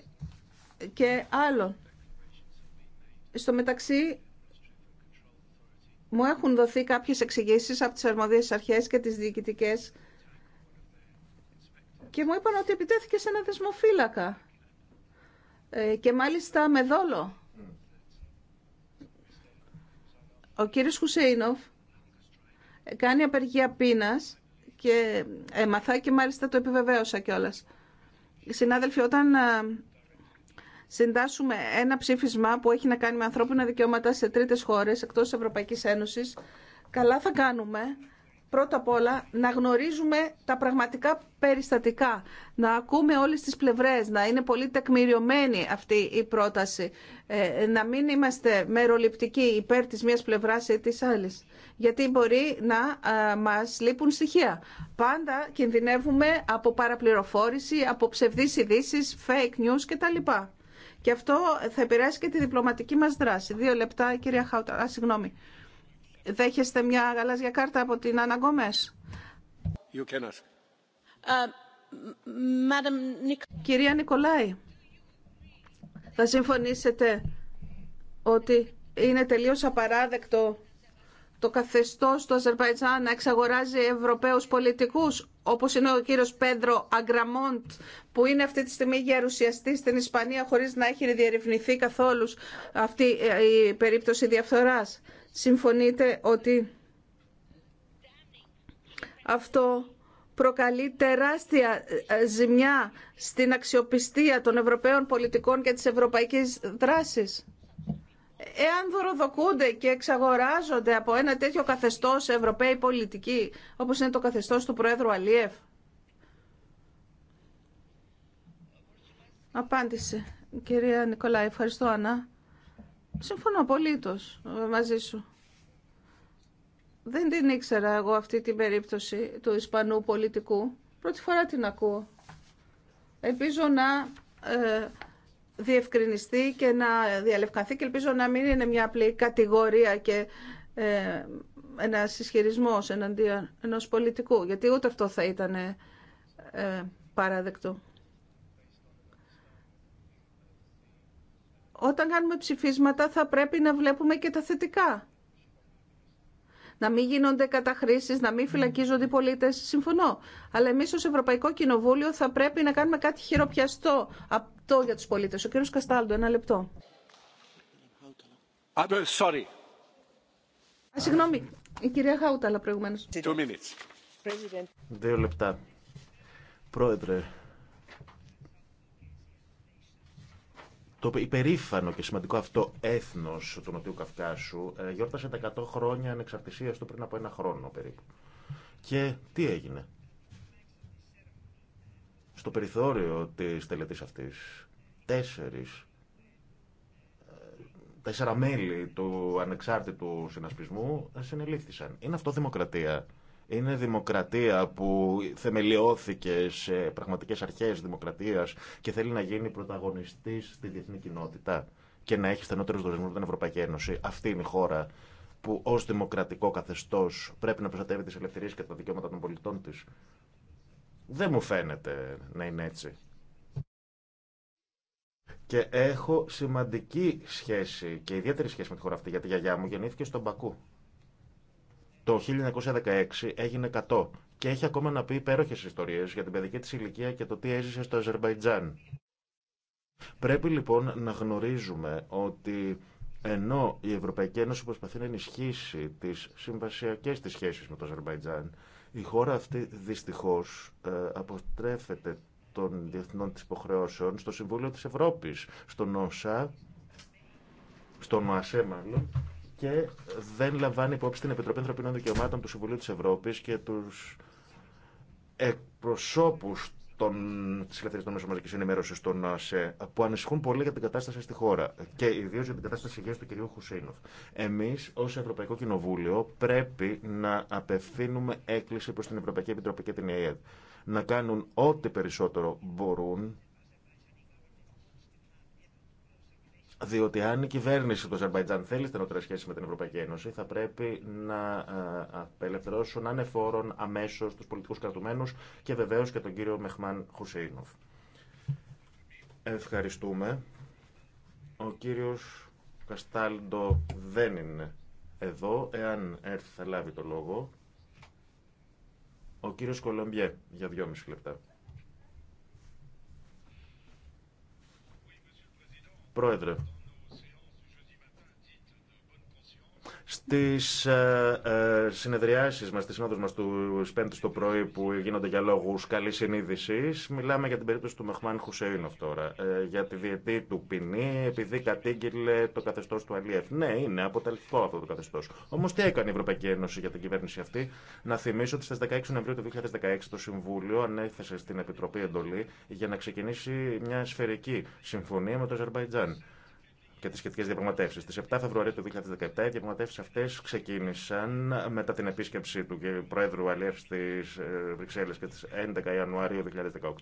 και άλλων. Στο μεταξύ, μου έχουν δοθεί κάποιες εξηγήσει από τις αρμοδίες αρχές και τις διοικητικές και μου είπαν ότι επιτέθηκε σε ένα δεσμοφύλακα ε, και μάλιστα με δόλο. Ο κύριος Χουσέινοφ κάνει απεργία πείνας και έμαθα και μάλιστα το επιβεβαίωσα κιόλα. Συνάδελφοι, όταν ε, συντάσσουμε ένα ψήφισμα που έχει να κάνει με ανθρώπινα δικαιώματα σε τρίτες χώρες εκτός Ευρωπαϊκή Ευρωπαϊκής Ένωσης, καλά θα κάνουμε πρώτα απ' όλα να γνωρίζουμε τα πραγματικά περιστατικά, να ακούμε όλες τις πλευρές, να είναι πολύ τεκμηριωμένη αυτή η πρόταση, ε, να μην είμαστε μεροληπτικοί υπέρ της μίας πλευράς ή της άλλης, γιατί μπορεί να ε, μας λείπουν στοιχεία. Πάντα κινδυνεύουμε από παραπληροφόρηση, από ψευδείς ειδήσει, fake news κτλ. Και αυτό θα επηρεάσει και τη διπλωματική μας δράση. Δύο λεπτά, κυρία Χάουτα. Α, συγγνώμη. Δέχεστε μια γαλάζια κάρτα από την Άννα ε, Κυρία Νικολάη, θα συμφωνήσετε ότι είναι τελείως απαράδεκτο το καθεστώς του Αζερβαϊτζάν να εξαγοράζει Ευρωπαίους πολιτικούς, όπως είναι ο κύριος Πέντρο Αγκραμόντ, που είναι αυτή τη στιγμή γερουσιαστή στην Ισπανία χωρίς να έχει διερευνηθεί καθόλου αυτή η περίπτωση διαφθοράς συμφωνείτε ότι αυτό προκαλεί τεράστια ε, ε, ζημιά στην αξιοπιστία των ευρωπαίων πολιτικών και της ευρωπαϊκής δράσης. Εάν δωροδοκούνται και εξαγοράζονται από ένα τέτοιο καθεστώς ευρωπαίοι πολιτικοί, όπως είναι το καθεστώς του Προέδρου Αλίεφ. Απάντησε. Κυρία Νικολάη, ευχαριστώ Ανά. Συμφωνώ απολύτω μαζί σου. Δεν την ήξερα εγώ αυτή την περίπτωση του Ισπανού πολιτικού. Πρώτη φορά την ακούω. Ελπίζω να ε, διευκρινιστεί και να διαλευκανθεί και ελπίζω να μην είναι μια απλή κατηγορία και ε, ένας ισχυρισμό εναντίον ενός πολιτικού, γιατί ούτε αυτό θα ήταν ε, παράδεκτο. όταν κάνουμε ψηφίσματα θα πρέπει να βλέπουμε και τα θετικά. Να μην γίνονται καταχρήσεις, να μην φυλακίζονται οι πολίτες, συμφωνώ. Αλλά εμείς ως Ευρωπαϊκό Κοινοβούλιο θα πρέπει να κάνουμε κάτι χειροπιαστό αυτό για τους πολίτες. Ο κύριος Καστάλντο, ένα λεπτό. sorry. συγγνώμη, η κυρία Χάουταλα προηγουμένω. Δύο λεπτά. Πρόεδρε, το υπερήφανο και σημαντικό αυτό έθνος του Νοτιού Καυκάσου ε, γιόρτασε τα 100 χρόνια ανεξαρτησίας του πριν από ένα χρόνο περίπου. Και τι έγινε. Στο περιθώριο της τελετής αυτής, τέσσερι ε, τέσσερα μέλη του ανεξάρτητου συνασπισμού ε, συνελήφθησαν. Είναι αυτό δημοκρατία. Είναι δημοκρατία που θεμελιώθηκε σε πραγματικές αρχές δημοκρατίας και θέλει να γίνει πρωταγωνιστής στη διεθνή κοινότητα και να έχει στενότερους δορισμού με την Ευρωπαϊκή Ένωση. Αυτή είναι η χώρα που ως δημοκρατικό καθεστώς πρέπει να προστατεύει τις ελευθερίες και τα δικαιώματα των πολιτών της. Δεν μου φαίνεται να είναι έτσι. Και έχω σημαντική σχέση και ιδιαίτερη σχέση με τη χώρα αυτή, γιατί η γιαγιά μου γεννήθηκε στον Πακού. Το 1916 έγινε 100 και έχει ακόμα να πει υπέροχε ιστορίε για την παιδική τη ηλικία και το τι έζησε στο Αζερβαϊτζάν. Πρέπει λοιπόν να γνωρίζουμε ότι ενώ η Ευρωπαϊκή Ένωση προσπαθεί να ενισχύσει τι συμβασιακέ τη σχέσει με το Αζερβαϊτζάν, η χώρα αυτή δυστυχώ ε, αποτρέφεται των διεθνών τη υποχρεώσεων στο Συμβούλιο τη Ευρώπη, στον ΟΣΑ, στον ΟΑΣΕ μάλλον, και δεν λαμβάνει υπόψη την Επιτροπή Ανθρωπίνων Δικαιωμάτων του Συμβουλίου της Ευρώπης και τους εκπροσώπους των, της των μέσων μαζική Ενημέρωση των ΑΣΕ που ανησυχούν πολύ για την κατάσταση στη χώρα και ιδίω για την κατάσταση υγεία του κυρίου Χουσίνοφ. Εμεί, ω Ευρωπαϊκό Κοινοβούλιο πρέπει να απευθύνουμε έκκληση προ την Ευρωπαϊκή Επιτροπή και την ΕΕΔ να κάνουν ό,τι περισσότερο μπορούν Διότι αν η κυβέρνηση του Αζερβαϊτζάν θέλει στενότερε σχέσει με την Ευρωπαϊκή Ένωση, θα πρέπει να ε, απελευθερώσουν ανεφόρον αμέσω του πολιτικού κρατουμένου και βεβαίω και τον κύριο Μεχμάν Χουσέινοφ. Ευχαριστούμε. Ο κύριος Καστάλντο δεν είναι εδώ. Εάν έρθει θα λάβει το λόγο. Ο κύριος Κολομπιέ για δυόμιση λεπτά. Πρόεδρε, Στι ε, ε, συνεδριάσει μα στι μας, στις μας του Πέμπτη το πρωί που γίνονται για λόγου καλή συνείδηση, μιλάμε για την περίπτωση του Μεχμάν Χουσέινοφ τώρα, ε, για τη διετή του ποινή, επειδή κατήγγειλε το καθεστώ του Αλίεφ. Ναι, είναι αποτελεσματικό αυτό το καθεστώ. Όμω τι έκανε η Ευρωπαϊκή Ένωση για την κυβέρνηση αυτή. Να θυμίσω ότι στι 16 Νοεμβρίου του 2016 το Συμβούλιο ανέθεσε στην Επιτροπή Εντολή για να ξεκινήσει μια σφαιρική συμφωνία με το Αζερβαϊτζάν και τι σχετικέ διαπραγματεύσει. Στι 7 Φεβρουαρίου του 2017 οι διαπραγματεύσει αυτέ ξεκίνησαν μετά την επίσκεψη του Προέδρου Αλεύ στι ε, Βρυξέλλε και τι 11 Ιανουαρίου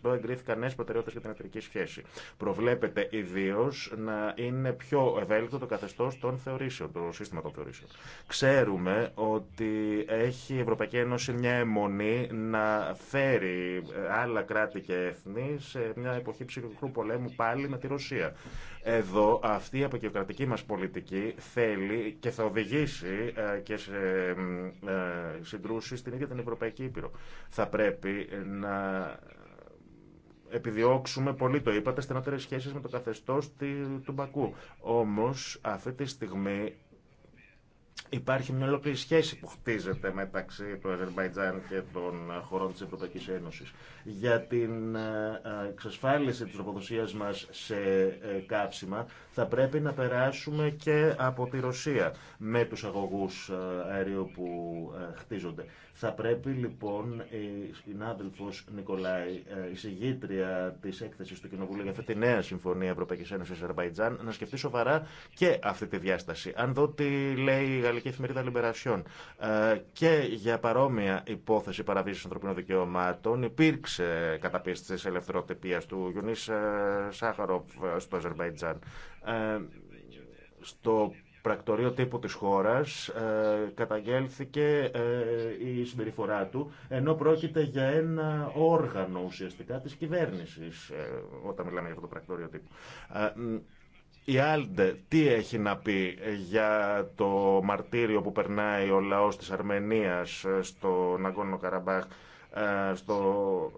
2018 εγκρίθηκαν νέε προτεραιότητε για την εταιρική σχέση. Προβλέπεται ιδίω να είναι πιο ευέλικτο το καθεστώ των θεωρήσεων, το σύστημα των θεωρήσεων. Ξέρουμε ότι έχει η Ευρωπαϊκή Ένωση μια αιμονή να φέρει ε, άλλα κράτη και έθνη σε μια εποχή ψυχρού πολέμου πάλι με τη Ρωσία. Εδώ αυτή η αποκαιοκρατική μας πολιτική θέλει και θα οδηγήσει ε, και σε ε, συντρούσει στην ίδια την Ευρωπαϊκή Ήπειρο. Θα πρέπει να επιδιώξουμε, πολύ το είπατε, στενότερες σχέσεις με το καθεστώς του Μπακού. Όμως αυτή τη στιγμή Υπάρχει μια ολόκληρη σχέση που χτίζεται μεταξύ του Αζερβαϊτζάν και των χωρών της Ευρωπαϊκής Ένωσης για την ε, εξασφάλιση της τροποδοσίας μας σε ε, κάψιμα θα πρέπει να περάσουμε και από τη Ρωσία με τους αγωγούς ε, αερίου που χτίζονται. Θα πρέπει λοιπόν η συνάδελφο Νικολάη, ε, η συγγήτρια τη έκθεση του Κοινοβουλίου για αυτή τη νέα συμφωνία Ευρωπαϊκή Ένωση Αζερβαϊτζάν, να σκεφτεί σοβαρά και αυτή τη διάσταση. Αν δω τι λέει η Γαλλική Εφημερίδα Λιμπερασιών ε, και για παρόμοια υπόθεση παραβίαση ανθρωπίνων δικαιωμάτων υπήρξε καταπίεση τη ελευθερωτυπία του Γιουνί ε, Σάχαροφ στο Αζερβαϊτζάν στο πρακτορείο τύπου της χώρας ε, καταγέλθηκε ε, η συμπεριφορά του, ενώ πρόκειται για ένα όργανο ουσιαστικά της κυβέρνησης, ε, όταν μιλάμε για αυτό το πρακτορείο τύπου. Ε, η Άλντε τι έχει να πει για το μαρτύριο που περνάει ο λαός της Αρμενίας στο Ναγκόνο Καραμπάχ ε, στο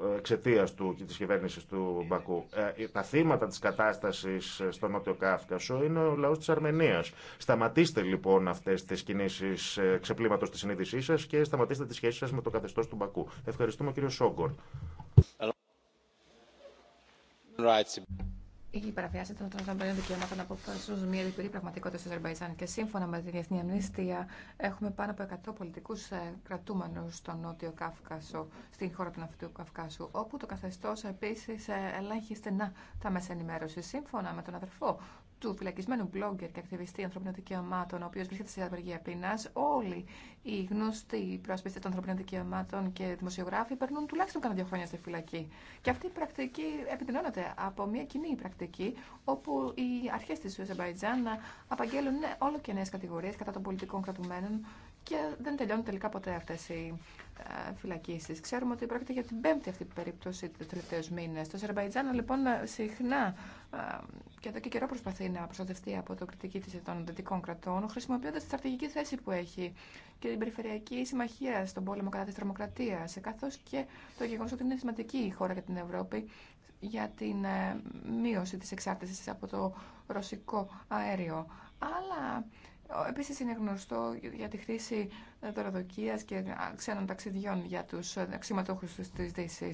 ε, εξαιτία του και τη κυβέρνηση του Μπακού. Ε, τα θύματα τη κατάσταση στο Νότιο Κάφκασο είναι ο λαό τη Αρμενία. Σταματήστε λοιπόν αυτέ τι κινήσει ξεπλήματο τη συνείδησή σα και σταματήστε τη σχέση σα με το καθεστώ του Μπακού. Ευχαριστούμε κύριο Σόγκορ η παραβιάση των ανθρωπίνων δικαιωμάτων αποφασίζουν μια λυπηρή πραγματικότητα στο Αζερβαϊτζάν και σύμφωνα με τη Διεθνή Αμνηστία έχουμε πάνω από 100 πολιτικού ε, κρατούμενου στο Νότιο Κάφκασο, στην χώρα του Ναυτικού Καυκάσου, όπου το καθεστώ επίση ε, ελέγχει στενά τα μέσα ενημέρωση. Σύμφωνα με τον αδερφό του φυλακισμένου blogger και ακτιβιστή ανθρωπίνων δικαιωμάτων, ο οποίο βρίσκεται σε απεργία πείνα, όλοι οι γνωστοί προασπιστέ των ανθρωπίνων δικαιωμάτων και δημοσιογράφοι περνούν τουλάχιστον κάνα δύο χρόνια στη φυλακή. Και αυτή η πρακτική επιδεινώνεται από μια κοινή πρακτική, όπου οι αρχέ τη Αζερβαϊτζάν απαγγέλουν όλο και νέε κατηγορίε κατά των πολιτικών κρατουμένων και δεν τελειώνουν τελικά ποτέ αυτέ οι ε, φυλακίσει. Ξέρουμε ότι πρόκειται για την πέμπτη αυτή περίπτωση του τελευταίου μήνε. Το Αζερβαϊτζάν λοιπόν συχνά ε, και εδώ και καιρό προσπαθεί να προστατευτεί από το κριτική της των δυτικών κρατών, χρησιμοποιώντας τη στρατηγική θέση που έχει και την περιφερειακή συμμαχία στον πόλεμο κατά της τρομοκρατίας, καθώς και το γεγονός ότι είναι σημαντική η χώρα για την Ευρώπη για την ε, μείωση της εξάρτησης από το ρωσικό αέριο. Αλλά Επίση είναι γνωστό για τη χρήση ε, δωροδοκία και ε, ξένων ταξιδιών για του ε, αξιωματούχου τη Δύση.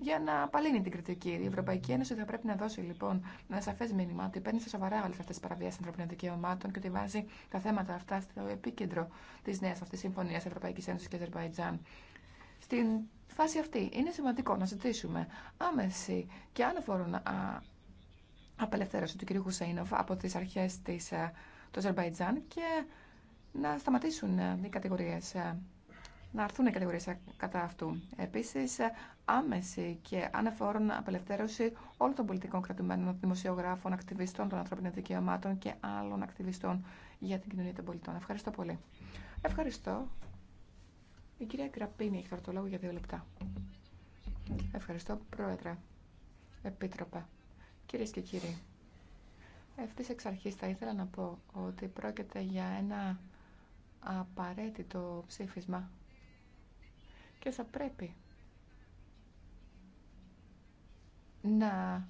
για να απαλύνει την κριτική. Η Ευρωπαϊκή Ένωση θα πρέπει να δώσει λοιπόν ένα σαφέ μήνυμα ότι παίρνει στα σοβαρά όλε αυτέ τι παραβιάσει ανθρωπίνων δικαιωμάτων και ότι βάζει τα θέματα αυτά στο επίκεντρο της νέας αυτή συμφωνία Ευρωπαϊκή Ένωση και Αζερβαϊτζάν. Στην φάση αυτή είναι σημαντικό να ζητήσουμε άμεση και αναφορών απελευθέρωση του κ. Χουσέινοφ από τις αρχές της το Αζερβαϊτζάν και να σταματήσουν ε, οι κατηγορίες, ε, να αρθούν οι κατηγορίες ε, κατά αυτού. Επίσης, άμεση και ανεφόρον απελευθέρωση όλων των πολιτικών κρατουμένων, δημοσιογράφων, ακτιβιστών των ανθρώπινων δικαιωμάτων και άλλων ακτιβιστών για την κοινωνία των πολιτών. Ευχαριστώ πολύ. Ευχαριστώ. Η κυρία Κραπίνη έχει τώρα το λόγο για δύο λεπτά. Ευχαριστώ, Πρόεδρε, Επίτροπε, κυρίες και κύριοι. Ευθύς εξ αρχής θα ήθελα να πω ότι πρόκειται για ένα απαραίτητο ψήφισμα και θα πρέπει να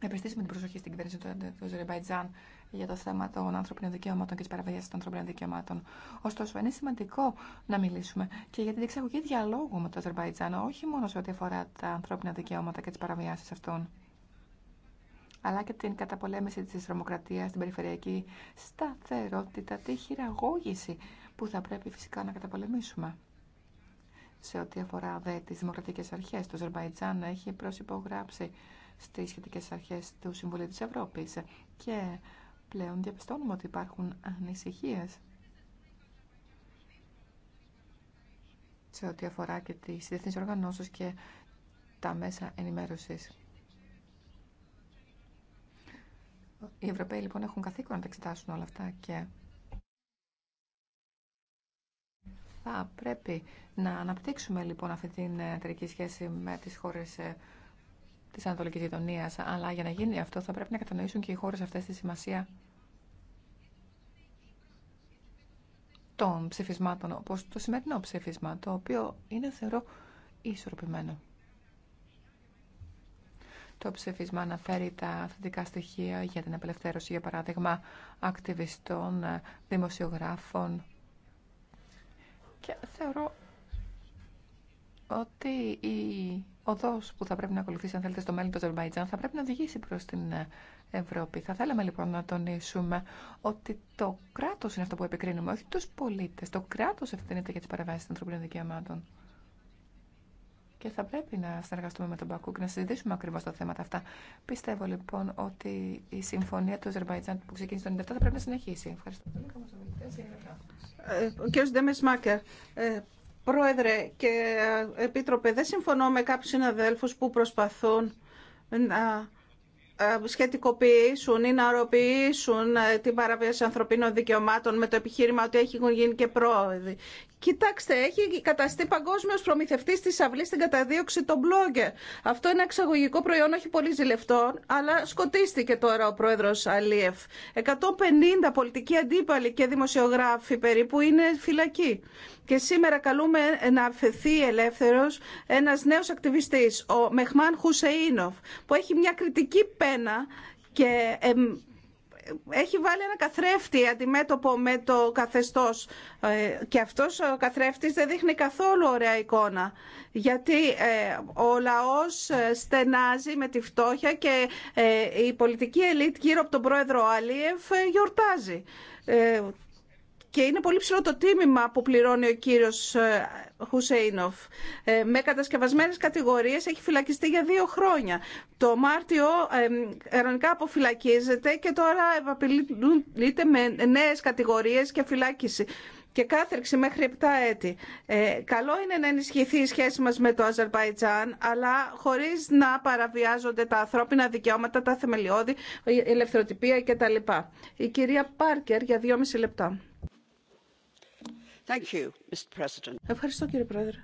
επιστήσουμε την προσοχή στην κυβέρνηση του Αζερβαϊτζάν για το θέμα των ανθρωπίνων δικαιωμάτων και τη παραβίαση των ανθρωπίνων δικαιωμάτων. Ωστόσο, είναι σημαντικό να μιλήσουμε και για την εξαγωγή διαλόγου με το Αζερβαϊτζάν, όχι μόνο σε ό,τι αφορά τα ανθρώπινα δικαιώματα και τι παραβιάσει αυτών αλλά και την καταπολέμηση της δημοκρατίας στην περιφερειακή σταθερότητα, τη χειραγώγηση που θα πρέπει φυσικά να καταπολεμήσουμε. Σε ό,τι αφορά δε τις δημοκρατικές αρχές, το Ζερβαϊτζάν έχει προσυπογράψει στις σχετικές αρχές του Συμβουλίου της Ευρώπης και πλέον διαπιστώνουμε ότι υπάρχουν ανησυχίες σε ό,τι αφορά και τις διεθνείς οργανώσεις και τα μέσα ενημέρωσης. Οι Ευρωπαίοι λοιπόν έχουν καθήκον να τα εξετάσουν όλα αυτά και θα πρέπει να αναπτύξουμε λοιπόν αυτή την εταιρική σχέση με τις χώρες ε, της Ανατολικής Γειτονίας. Αλλά για να γίνει αυτό θα πρέπει να κατανοήσουν και οι χώρες αυτές τη σημασία των ψηφισμάτων όπως το σημερινό ψήφισμα, το οποίο είναι θεωρώ ισορροπημένο. Το ψηφίσμα αναφέρει τα θετικά στοιχεία για την απελευθέρωση, για παράδειγμα, ακτιβιστών, δημοσιογράφων. Και θεωρώ ότι η οδός που θα πρέπει να ακολουθήσει, αν θέλετε, στο μέλλον του Αζερβαϊτζάν, θα πρέπει να οδηγήσει προς την Ευρώπη. Θα θέλαμε λοιπόν να τονίσουμε ότι το κράτος είναι αυτό που επικρίνουμε, όχι τους πολίτες. Το κράτος ευθύνεται για τις παρεμβάσεις των ανθρωπίνων δικαιωμάτων και θα πρέπει να συνεργαστούμε με τον Πακού και να συζητήσουμε ακριβώ τα θέματα αυτά. Πιστεύω λοιπόν ότι η συμφωνία του Αζερβαϊτζάν που ξεκίνησε το 1997 θα πρέπει να συνεχίσει. Ευχαριστώ. Ε, ο κ. Ντέμε Μάκερ. Ε, πρόεδρε και ε, Επίτροπε, δεν συμφωνώ με κάποιου συναδέλφου που προσπαθούν να σχετικοποιήσουν ή να οροποιήσουν την παραβίαση ανθρωπίνων δικαιωμάτων με το επιχείρημα ότι έχει γίνει και πρόοδοι. Κοιτάξτε, έχει καταστεί παγκόσμιο προμηθευτή τη αυλή στην καταδίωξη των blogger. Αυτό είναι εξαγωγικό προϊόν, όχι πολύ ζηλευτό, αλλά σκοτίστηκε τώρα ο πρόεδρο Αλίεφ. 150 πολιτικοί αντίπαλοι και δημοσιογράφοι περίπου είναι φυλακοί. Και σήμερα καλούμε να αφαιθεί ελεύθερο ένα νέο ακτιβιστή, ο Μεχμάν Χουσεϊνοφ, που έχει μια κριτική πένα και έχει βάλει ένα καθρέφτη αντιμέτωπο με το καθεστώς ε, και αυτός ο καθρέφτης δεν δείχνει καθόλου ωραία εικόνα γιατί ε, ο λαός ε, στενάζει με τη φτώχεια και η πολιτική ελίτ γύρω από τον πρόεδρο Αλίεφ γιορτάζει και είναι πολύ ψηλό το τίμημα που πληρώνει ο κύριος ε, Χουσέινοφ. Ε, με κατασκευασμένες κατηγορίες έχει φυλακιστεί για δύο χρόνια. Το Μάρτιο κανονικά αποφυλακίζεται και τώρα ευαπηλείται με νέες κατηγορίες και φυλάκιση και κάθερξη μέχρι 7 έτη. Ε, καλό είναι να ενισχυθεί η σχέση μας με το Αζερβαϊτζάν, αλλά χωρίς να παραβιάζονται τα ανθρώπινα δικαιώματα, τα θεμελιώδη, η ελευθεροτυπία κτλ. Η κυρία Πάρκερ για 2,5 λεπτά. Ευχαριστώ κύριε Πρόεδρε.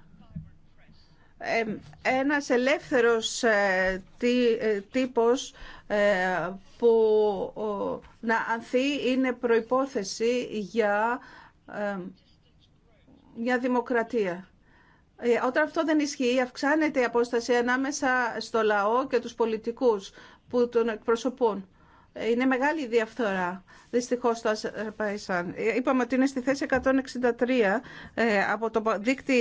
Ε, ένας ελεύθερος ε, ε, τύπος ε, που να ανθεί είναι προϋπόθεση για μια δημοκρατία. Όταν αυτό δεν ισχύει, αυξάνεται η απόσταση ανάμεσα στο λαό και τους πολιτικούς που τον εκπροσωπούν. Είναι μεγάλη διαφθορά, δυστυχώς, στο Αζερπαϊτζάν. Είπαμε ότι είναι στη θέση 163 ε, από το δίκτυ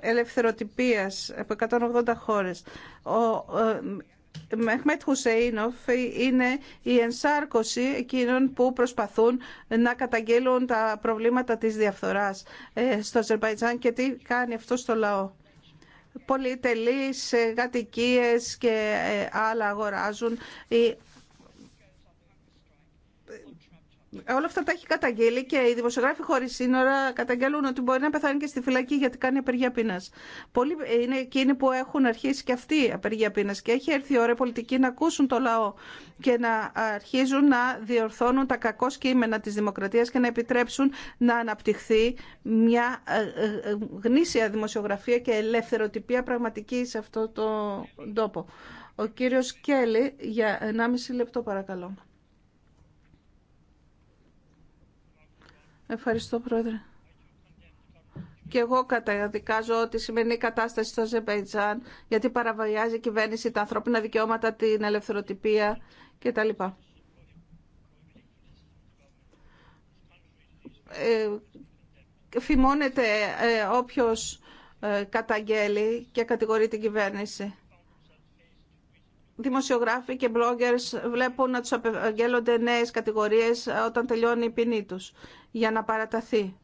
ελευθεροτυπίας από 180 χώρες. Ο ε, Μεχμέτ Χουσέινοφ είναι η ενσάρκωση εκείνων που προσπαθούν να καταγγέλουν τα προβλήματα της διαφθοράς ε, στο Αζερπαϊτζάν και τι κάνει αυτό στο λαό πολυτελείς κατοικίε και άλλα αγοράζουν Όλα αυτά τα έχει καταγγείλει και οι δημοσιογράφοι χωρί σύνορα καταγγέλουν ότι μπορεί να πεθάνει και στη φυλακή γιατί κάνει απεργία πείνα. Πολλοί ε, είναι εκείνοι που έχουν αρχίσει και αυτοί απεργία πείνα και έχει έρθει η ώρα πολιτική πολιτικοί να ακούσουν το λαό και να αρχίζουν να διορθώνουν τα κακό σκήμενα τη δημοκρατία και να επιτρέψουν να αναπτυχθεί μια ε, ε, γνήσια δημοσιογραφία και ελευθεροτυπία πραγματική σε αυτό το τόπο. Ο κύριος Κέλλη για 1,5 λεπτό παρακαλώ. Ευχαριστώ, Πρόεδρε. Και εγώ καταδικάζω ότι η κατάσταση στο Αζερβαϊτζάν γιατί παραβιάζει η κυβέρνηση τα ανθρώπινα δικαιώματα, την ελευθεροτυπία κτλ. Ε, φημώνεται ε, όποιος ε, καταγγέλει και κατηγορεί την κυβέρνηση δημοσιογράφοι και bloggers βλέπουν να τους απεγγέλλονται νέες κατηγορίες όταν τελειώνει η ποινή τους για να παραταθεί.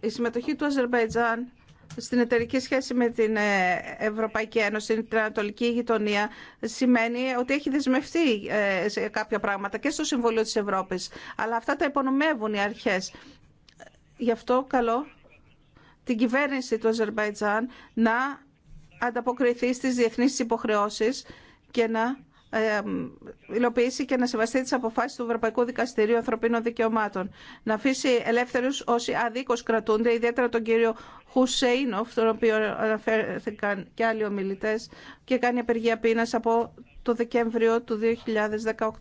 Η συμμετοχή του Αζερβαϊτζάν στην εταιρική σχέση με την ε, Ευρωπαϊκή Ένωση, την Ανατολική Γειτονία, σημαίνει ότι έχει δεσμευτεί ε, σε κάποια πράγματα και στο Συμβουλίο της Ευρώπης. Αλλά αυτά τα υπονομεύουν οι αρχές. Γι' αυτό καλό την κυβέρνηση του Αζερβαϊτζάν να ανταποκριθεί στις διεθνείς υποχρεώσεις και να υλοποιήσει και να σεβαστεί τι αποφάσεις του Ευρωπαϊκού Δικαστηρίου Ανθρωπίνων Δικαιωμάτων. Να αφήσει ελεύθερου όσοι αδίκως κρατούνται, ιδιαίτερα τον κύριο Χουσέινοφ, τον οποίο αναφέρθηκαν και άλλοι ομιλητές, και κάνει απεργία πείνα από το Δεκέμβριο του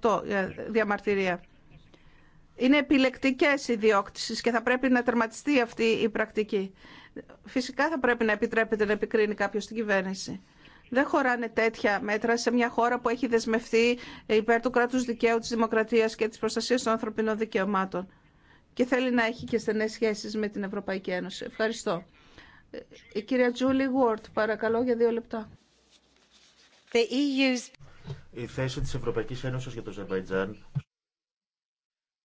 2018 διαμαρτυρία. Είναι επιλεκτικέ οι διώκτησει και θα πρέπει να τερματιστεί αυτή η πρακτική. Φυσικά θα πρέπει να επιτρέπεται να επικρίνει κάποιο την κυβέρνηση. Δεν χωράνε τέτοια μέτρα σε μια χώρα που έχει δεσμευτεί υπέρ του κράτους δικαίου, της δημοκρατίας και της προστασίας των ανθρωπινών δικαιωμάτων και θέλει να έχει και στενές σχέσεις με την Ευρωπαϊκή Ένωση. Ευχαριστώ. Ε, η κυρία Τζούλι Γουόρτ, παρακαλώ για δύο λεπτά. The EU's... Η θέση της Ευρωπαϊκής Ένωσης για το Ζερβαϊτζάν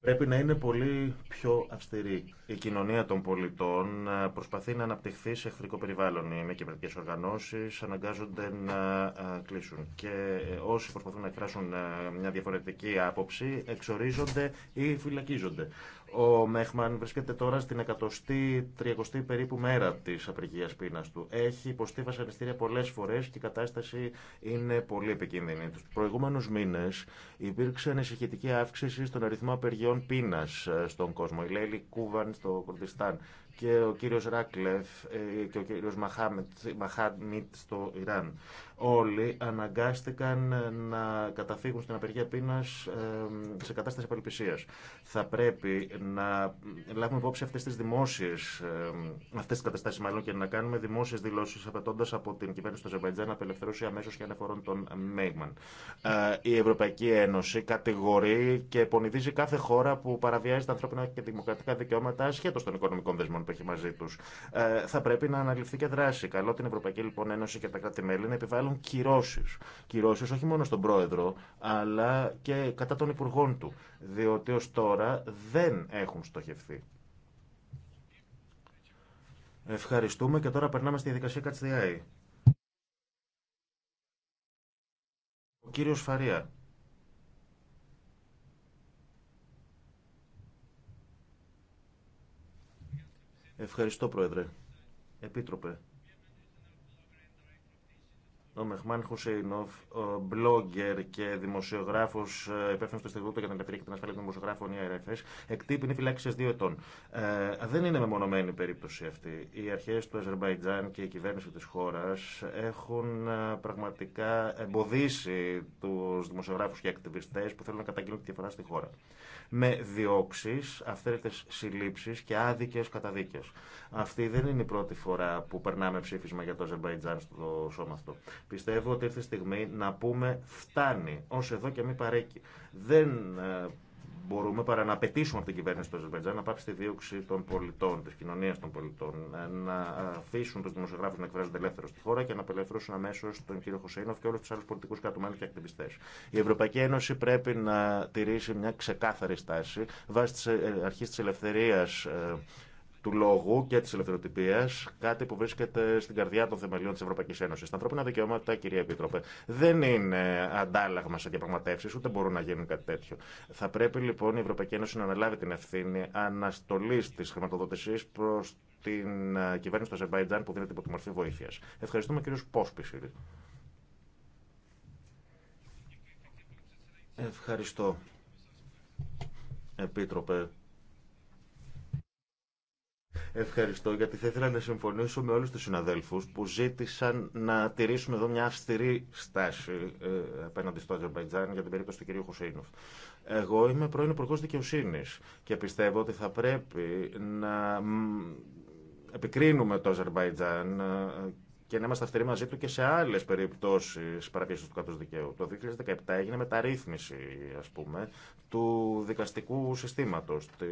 Πρέπει να είναι πολύ πιο αυστηρή. Η κοινωνία των πολιτών ε, προσπαθεί να αναπτυχθεί σε εχθρικό περιβάλλον. Οι μη κυβερνητικέ οργανώσει αναγκάζονται να ε, κλείσουν. Και ε, όσοι προσπαθούν να εκφράσουν μια διαφορετική άποψη εξορίζονται ή φυλακίζονται. Ο Μέχμαν βρίσκεται τώρα στην 130η περίπου μέρα τη απεργία πείνα του. Έχει υποστεί βασανιστήρια πολλέ φορέ και η κατάσταση είναι πολύ επικίνδυνη. Του προηγούμενου μήνε υπήρξε ανησυχητική αύξηση στον αριθμό απεργιών πείνα ε, στον κόσμο. Η Λέιλι Κούβαν στο Κουρδιστάν, και ο κύριος Ράκλεφ ε, και ο κύριος Μαχάμιτ στο Ιράν. Όλοι αναγκάστηκαν να καταφύγουν στην απεργία πείνας ε, σε κατάσταση απελπισίας. Θα πρέπει να λάβουμε υπόψη αυτές τις δημόσιες, ε, αυτές τις καταστάσεις μάλλον και να κάνουμε δημόσιες δηλώσεις απαιτώντας από την κυβέρνηση του Αζερβαϊτζάν να απελευθερώσει αμέσως και ανεφορών τον Μέιγμαν. Η Ευρωπαϊκή Ένωση κατηγορεί και πονηδίζει κάθε χώρα που παραβιάζει τα ανθρώπινα και δημοκρατικά δικαιώματα ασχέτως των οικονομικών δεσμών που έχει μαζί του. Ε, θα πρέπει να αναλυφθεί και δράση. Καλό την Ευρωπαϊκή λοιπόν, Ένωση και τα κράτη-μέλη να επιβάλλουν κυρώσει. Κυρώσει όχι μόνο στον πρόεδρο, αλλά και κατά των υπουργών του. Διότι ω τώρα δεν έχουν στοχευθεί. Ευχαριστούμε και τώρα περνάμε στη διαδικασία Κατσδιάη. Ο κύριος Φαρία. Ευχαριστώ, Πρόεδρε. Επίτροπε. Ο Μεχμάν Χουσέινοφ, blogger και δημοσιογράφο, ε, υπεύθυνο του Ινστιτούτου για την Ελευθερία και την Ασφάλεια των Δημοσιογράφων, η ΑΕΡΕΦΕΣ, εκτύπηνε φυλάξει δύο ετών. Ε, δεν είναι μεμονωμένη η περίπτωση αυτή. Οι αρχέ του Αζερβαϊτζάν και η κυβέρνηση τη χώρα έχουν ε, πραγματικά εμποδίσει του δημοσιογράφου και ακτιβιστέ που θέλουν να καταγγείλουν τη διαφορά στη χώρα με διώξει, αυθαίρετε συλλήψει και άδικε καταδίκες. Αυτή δεν είναι η πρώτη φορά που περνάμε ψήφισμα για το Αζερβαϊτζάν στο σώμα αυτό. Πιστεύω ότι ήρθε η στιγμή να πούμε φτάνει, ω εδώ και μη παρέκει. Δεν ε, μπορούμε παρά να απαιτήσουμε από την κυβέρνηση του Αζερβαϊτζάν να πάψει τη δίωξη των πολιτών, τη κοινωνία των πολιτών, ε, να αφήσουν του δημοσιογράφου να εκφράζονται ελεύθερο στη χώρα και να απελευθερώσουν αμέσω τον κύριο Χωσέινοφ και όλου του άλλου πολιτικού κρατουμένου και ακτιβιστέ. Η Ευρωπαϊκή Ένωση πρέπει να τηρήσει μια ξεκάθαρη στάση βάσει τη ε, αρχή τη ελευθερία ε, του λόγου και τη ελευθεροτυπία, κάτι που βρίσκεται στην καρδιά των θεμελιών τη Ευρωπαϊκή Ένωση. Τα ανθρώπινα δικαιώματα, κυρία Επίτροπε, δεν είναι αντάλλαγμα σε διαπραγματεύσει, ούτε μπορούν να γίνουν κάτι τέτοιο. Θα πρέπει λοιπόν η Ευρωπαϊκή Ένωση να αναλάβει την ευθύνη αναστολή τη χρηματοδότηση προ την ε, κυβέρνηση του Αζερβαϊτζάν που δίνεται υπό τη μορφή βοήθεια. Ευχαριστούμε κύριο Πόσπισιλ. Ευχαριστώ. Επίτροπε, Ευχαριστώ γιατί θα ήθελα να συμφωνήσω με όλους τους συναδέλφους που ζήτησαν να τηρήσουμε εδώ μια αυστηρή στάση ε, απέναντι στο Αζερβαϊτζάν για την περίπτωση του κυρίου Χουσέινοφ. Εγώ είμαι πρώην Υπουργός Δικαιοσύνης και πιστεύω ότι θα πρέπει να επικρίνουμε το Αζερβαϊτζάν και να είμαστε αυτοί μαζί του και σε άλλε περιπτώσει παραβίαση του κράτου δικαίου. Το 2017 έγινε μεταρρύθμιση, α πούμε, του δικαστικού συστήματο, τη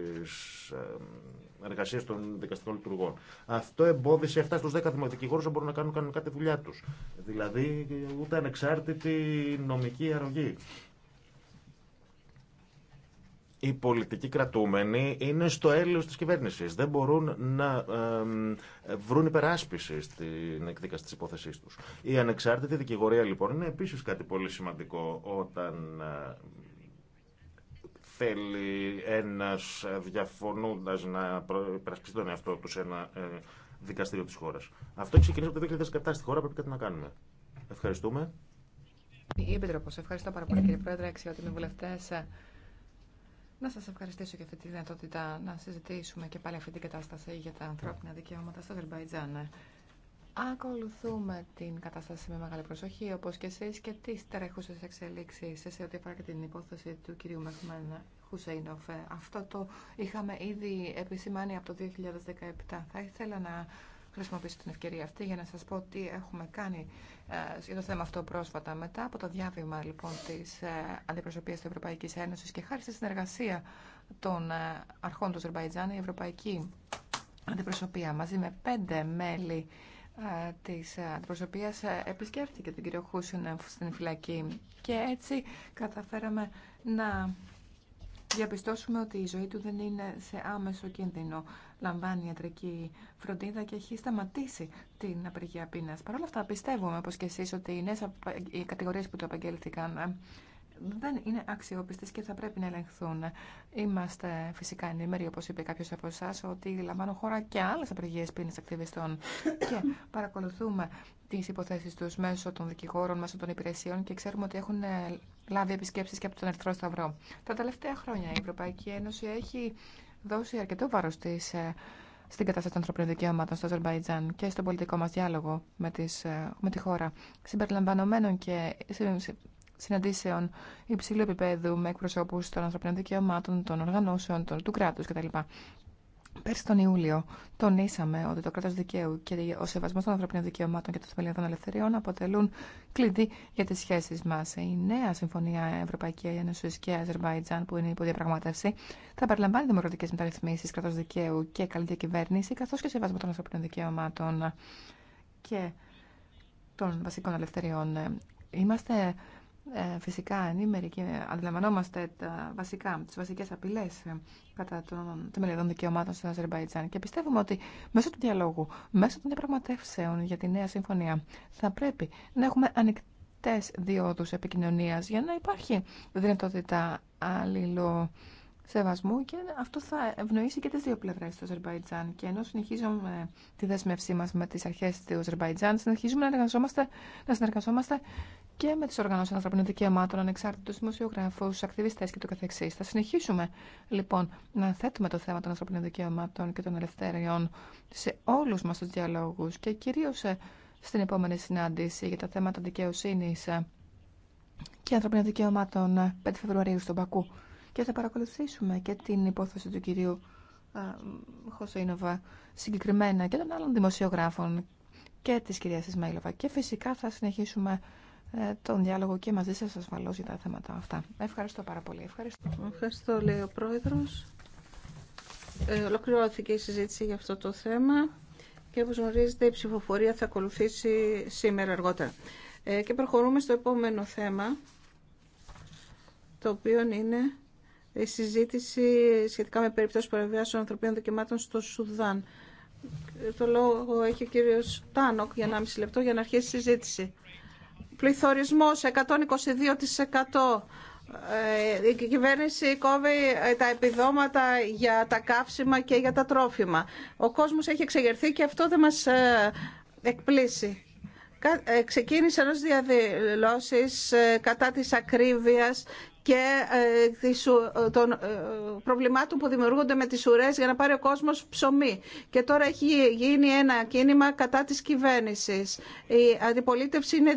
εργασία των δικαστικών λειτουργών. Αυτό εμπόδισε 7 στου 10 δημοτικηγόρου να μπορούν να κάνουν κανονικά τη δουλειά του. Δηλαδή, ούτε ανεξάρτητη νομική αρρωγή οι πολιτικοί κρατούμενοι είναι στο έλεος της κυβέρνησης. Δεν μπορούν να βρουν υπεράσπιση στην εκδίκαση της υπόθεσής τους. Η ανεξάρτητη δικηγορία λοιπόν είναι επίσης κάτι πολύ σημαντικό όταν ε, θέλει ένα διαφωνούντας να υπερασπιστεί τον εαυτό του σε ένα ε, δικαστήριο τη χώρα. Αυτό έχει ξεκινήσει από το 2017 στη χώρα, πρέπει κάτι να κάνουμε. Ευχαριστούμε. Η Επιτροπός, ευχαριστώ πάρα πολύ κύριε Πρόεδρε, αξιότιμοι βουλευτέ. Να σας ευχαριστήσω και αυτή τη δυνατότητα να συζητήσουμε και πάλι αυτή την κατάσταση για τα ανθρώπινα δικαιώματα στο Αζερμπαϊτζάν. Ακολουθούμε την κατάσταση με μεγάλη προσοχή, όπως και εσείς, και τις τρέχουσες εξελίξεις σε ό,τι αφορά και την υπόθεση του κυρίου Μαχμένα Χουσέινοφ. Αυτό το είχαμε ήδη επισημάνει από το 2017. Θα ήθελα να χρησιμοποιήσω την ευκαιρία αυτή για να σας πω τι έχουμε κάνει ε, για το θέμα αυτό πρόσφατα. Μετά από το διάβημα λοιπόν της ε, αντιπροσωπείας της Ευρωπαϊκής Ένωσης και χάρη στη συνεργασία των ε, αρχών του Αζερβαϊτζάν, η Ευρωπαϊκή Αντιπροσωπεία μαζί με πέντε μέλη της αντιπροσωπείας επισκέφθηκε τον κύριο Χούσινεφ στην φυλακή και έτσι καταφέραμε να διαπιστώσουμε ότι η ζωή του δεν είναι σε άμεσο κίνδυνο. Λαμβάνει ιατρική φροντίδα και έχει σταματήσει την απεργία πείνα. Παρ' όλα αυτά, πιστεύουμε, όπω και εσεί, ότι οι κατηγορίε που του απαγγέλθηκαν ε, δεν είναι αξιόπιστε και θα πρέπει να ελεγχθούν. Είμαστε φυσικά ενήμεροι, όπω είπε κάποιο από εσά, ότι λαμβάνουν χώρα και άλλε απεργίε πείνα ακτιβιστών. και παρακολουθούμε τι υποθέσει του μέσω των δικηγόρων, μέσω των υπηρεσιών και ξέρουμε ότι έχουν ε, λάβει επισκέψει και από τον Ερθρό Σταυρό. Τα τελευταία χρόνια η Ευρωπαϊκή Ένωση έχει δώσει αρκετό βάρο ε, στην κατάσταση των ανθρωπίνων δικαιωμάτων στο Αζερβαϊτζάν και στον πολιτικό μα διάλογο με, τις, ε, με τη χώρα, συμπεριλαμβανομένων και συναντήσεων υψηλού επίπεδου με εκπροσώπου των ανθρωπίνων δικαιωμάτων, των οργανώσεων, του κράτου κτλ. Πέρσι τον Ιούλιο τονίσαμε ότι το κράτος δικαίου και ο σεβασμός των ανθρωπίνων δικαιωμάτων και των θεμελιωδών ελευθεριών αποτελούν κλειδί για τις σχέσεις μας. Η νέα Συμφωνία Ευρωπαϊκή Ένωση και Αζερβαϊτζάν που είναι υπό διαπραγμάτευση θα περιλαμβάνει δημοκρατικές μεταρρυθμίσεις, κράτος δικαίου και καλή διακυβέρνηση καθώς και σεβασμό των ανθρωπίνων δικαιωμάτων και των βασικών ελευθεριών. Είμαστε ε, φυσικά ενήμεροι και αντιλαμβανόμαστε τα βασικά, τις βασικές απειλές ε, κατά των θεμελιωδών δικαιωμάτων στην Αζερμπαϊτζάν και πιστεύουμε ότι μέσω του διαλόγου, μέσω των διαπραγματεύσεων για τη νέα συμφωνία θα πρέπει να έχουμε ανοιχτές διόδους επικοινωνίας για να υπάρχει δυνατότητα αλληλό σεβασμού και αυτό θα ευνοήσει και τις δύο πλευρές του Αζερμπαϊτζάν. Και ενώ συνεχίζουμε τη δέσμευσή μας με τις αρχές του Αζερμπαϊτζάν, συνεχίζουμε να, να συνεργαζόμαστε και με τις οργανώσεις ανθρωπίνων δικαιωμάτων, ανεξάρτητους δημοσιογράφους, ακτιβιστές και το καθεξής. Θα συνεχίσουμε λοιπόν να θέτουμε το θέμα των ανθρωπίνων δικαιωμάτων και των ελευθεριών σε όλους μας τους διαλόγους και κυρίως ε, στην επόμενη συνάντηση για τα θέματα δικαιοσύνη ε, και ανθρωπίνων δικαιωμάτων 5 ε, Φεβρουαρίου στον Πακού. Και θα παρακολουθήσουμε και την υπόθεση του κυρίου Χωσέινοβα συγκεκριμένα και των άλλων δημοσιογράφων και της κυρίας Ισμαήλοβα. Και φυσικά θα συνεχίσουμε ε, τον διάλογο και μαζί σας ασφαλώς για τα θέματα αυτά. Ευχαριστώ πάρα πολύ. Ευχαριστώ. Ευχαριστώ, λέει ο Πρόεδρος. Ε, ολοκληρώθηκε η συζήτηση για αυτό το θέμα και όπως γνωρίζετε η ψηφοφορία θα ακολουθήσει σήμερα αργότερα. Ε, και προχωρούμε στο επόμενο θέμα, το οποίο είναι η συζήτηση σχετικά με περιπτώσεις παραβιάσεων ανθρωπίνων δικαιωμάτων στο Σουδάν. Ε, το λόγο έχει ο κύριος Τάνοκ για 1,5 λεπτό για να αρχίσει η συζήτηση. Πληθωρισμός 122%. Ε, η κυβέρνηση κόβει ε, τα επιδόματα για τα καύσιμα και για τα τρόφιμα. Ο κόσμος έχει εξεγερθεί και αυτό δεν μας ε, εκπλήσει. Ξεκίνησε ενός διαδηλώσεις κατά της ακρίβειας και ε, ε, των ε, προβλημάτων που δημιουργούνται με τις ουρές για να πάρει ο κόσμος ψωμί. Και τώρα έχει γίνει ένα κίνημα κατά της κυβέρνησης. Η αντιπολίτευση είναι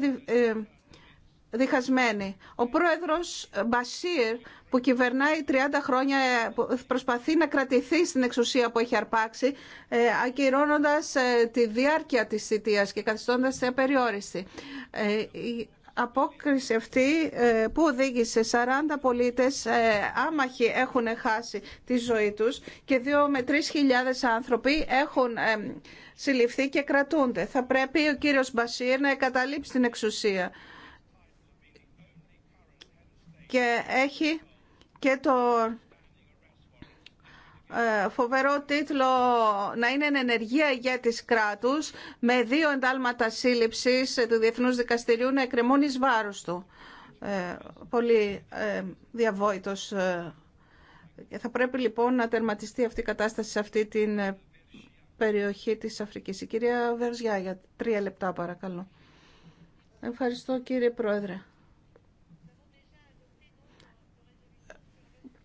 διχασμένη. Ο πρόεδρος Μπασίρ που κυβερνάει 30 χρόνια προσπαθεί να κρατηθεί στην εξουσία που έχει αρπάξει ακυρώνοντας τη διάρκεια της θητείας και καθιστώντας την απεριόριστη απόκριση αυτή ε, που οδήγησε 40 πολίτες ε, άμαχοι έχουν χάσει τη ζωή τους και 2 με 3 χιλιάδες άνθρωποι έχουν ε, συλληφθεί και κρατούνται. Θα πρέπει ο κύριος Μπασίρ να εγκαταλείψει την εξουσία και έχει και το ε, φοβερό τίτλο να είναι εν ενεργεία ηγέτης κράτους με δύο εντάλματα σύλληψης του Διεθνούς Δικαστηρίου να εκκρεμούν εις βάρος του. Ε, πολύ ε, διαβόητος. Θα πρέπει λοιπόν να τερματιστεί αυτή η κατάσταση σε αυτή την περιοχή της Αφρικής. Η κυρία Βερζιά για τρία λεπτά παρακαλώ. Ευχαριστώ κύριε Πρόεδρε.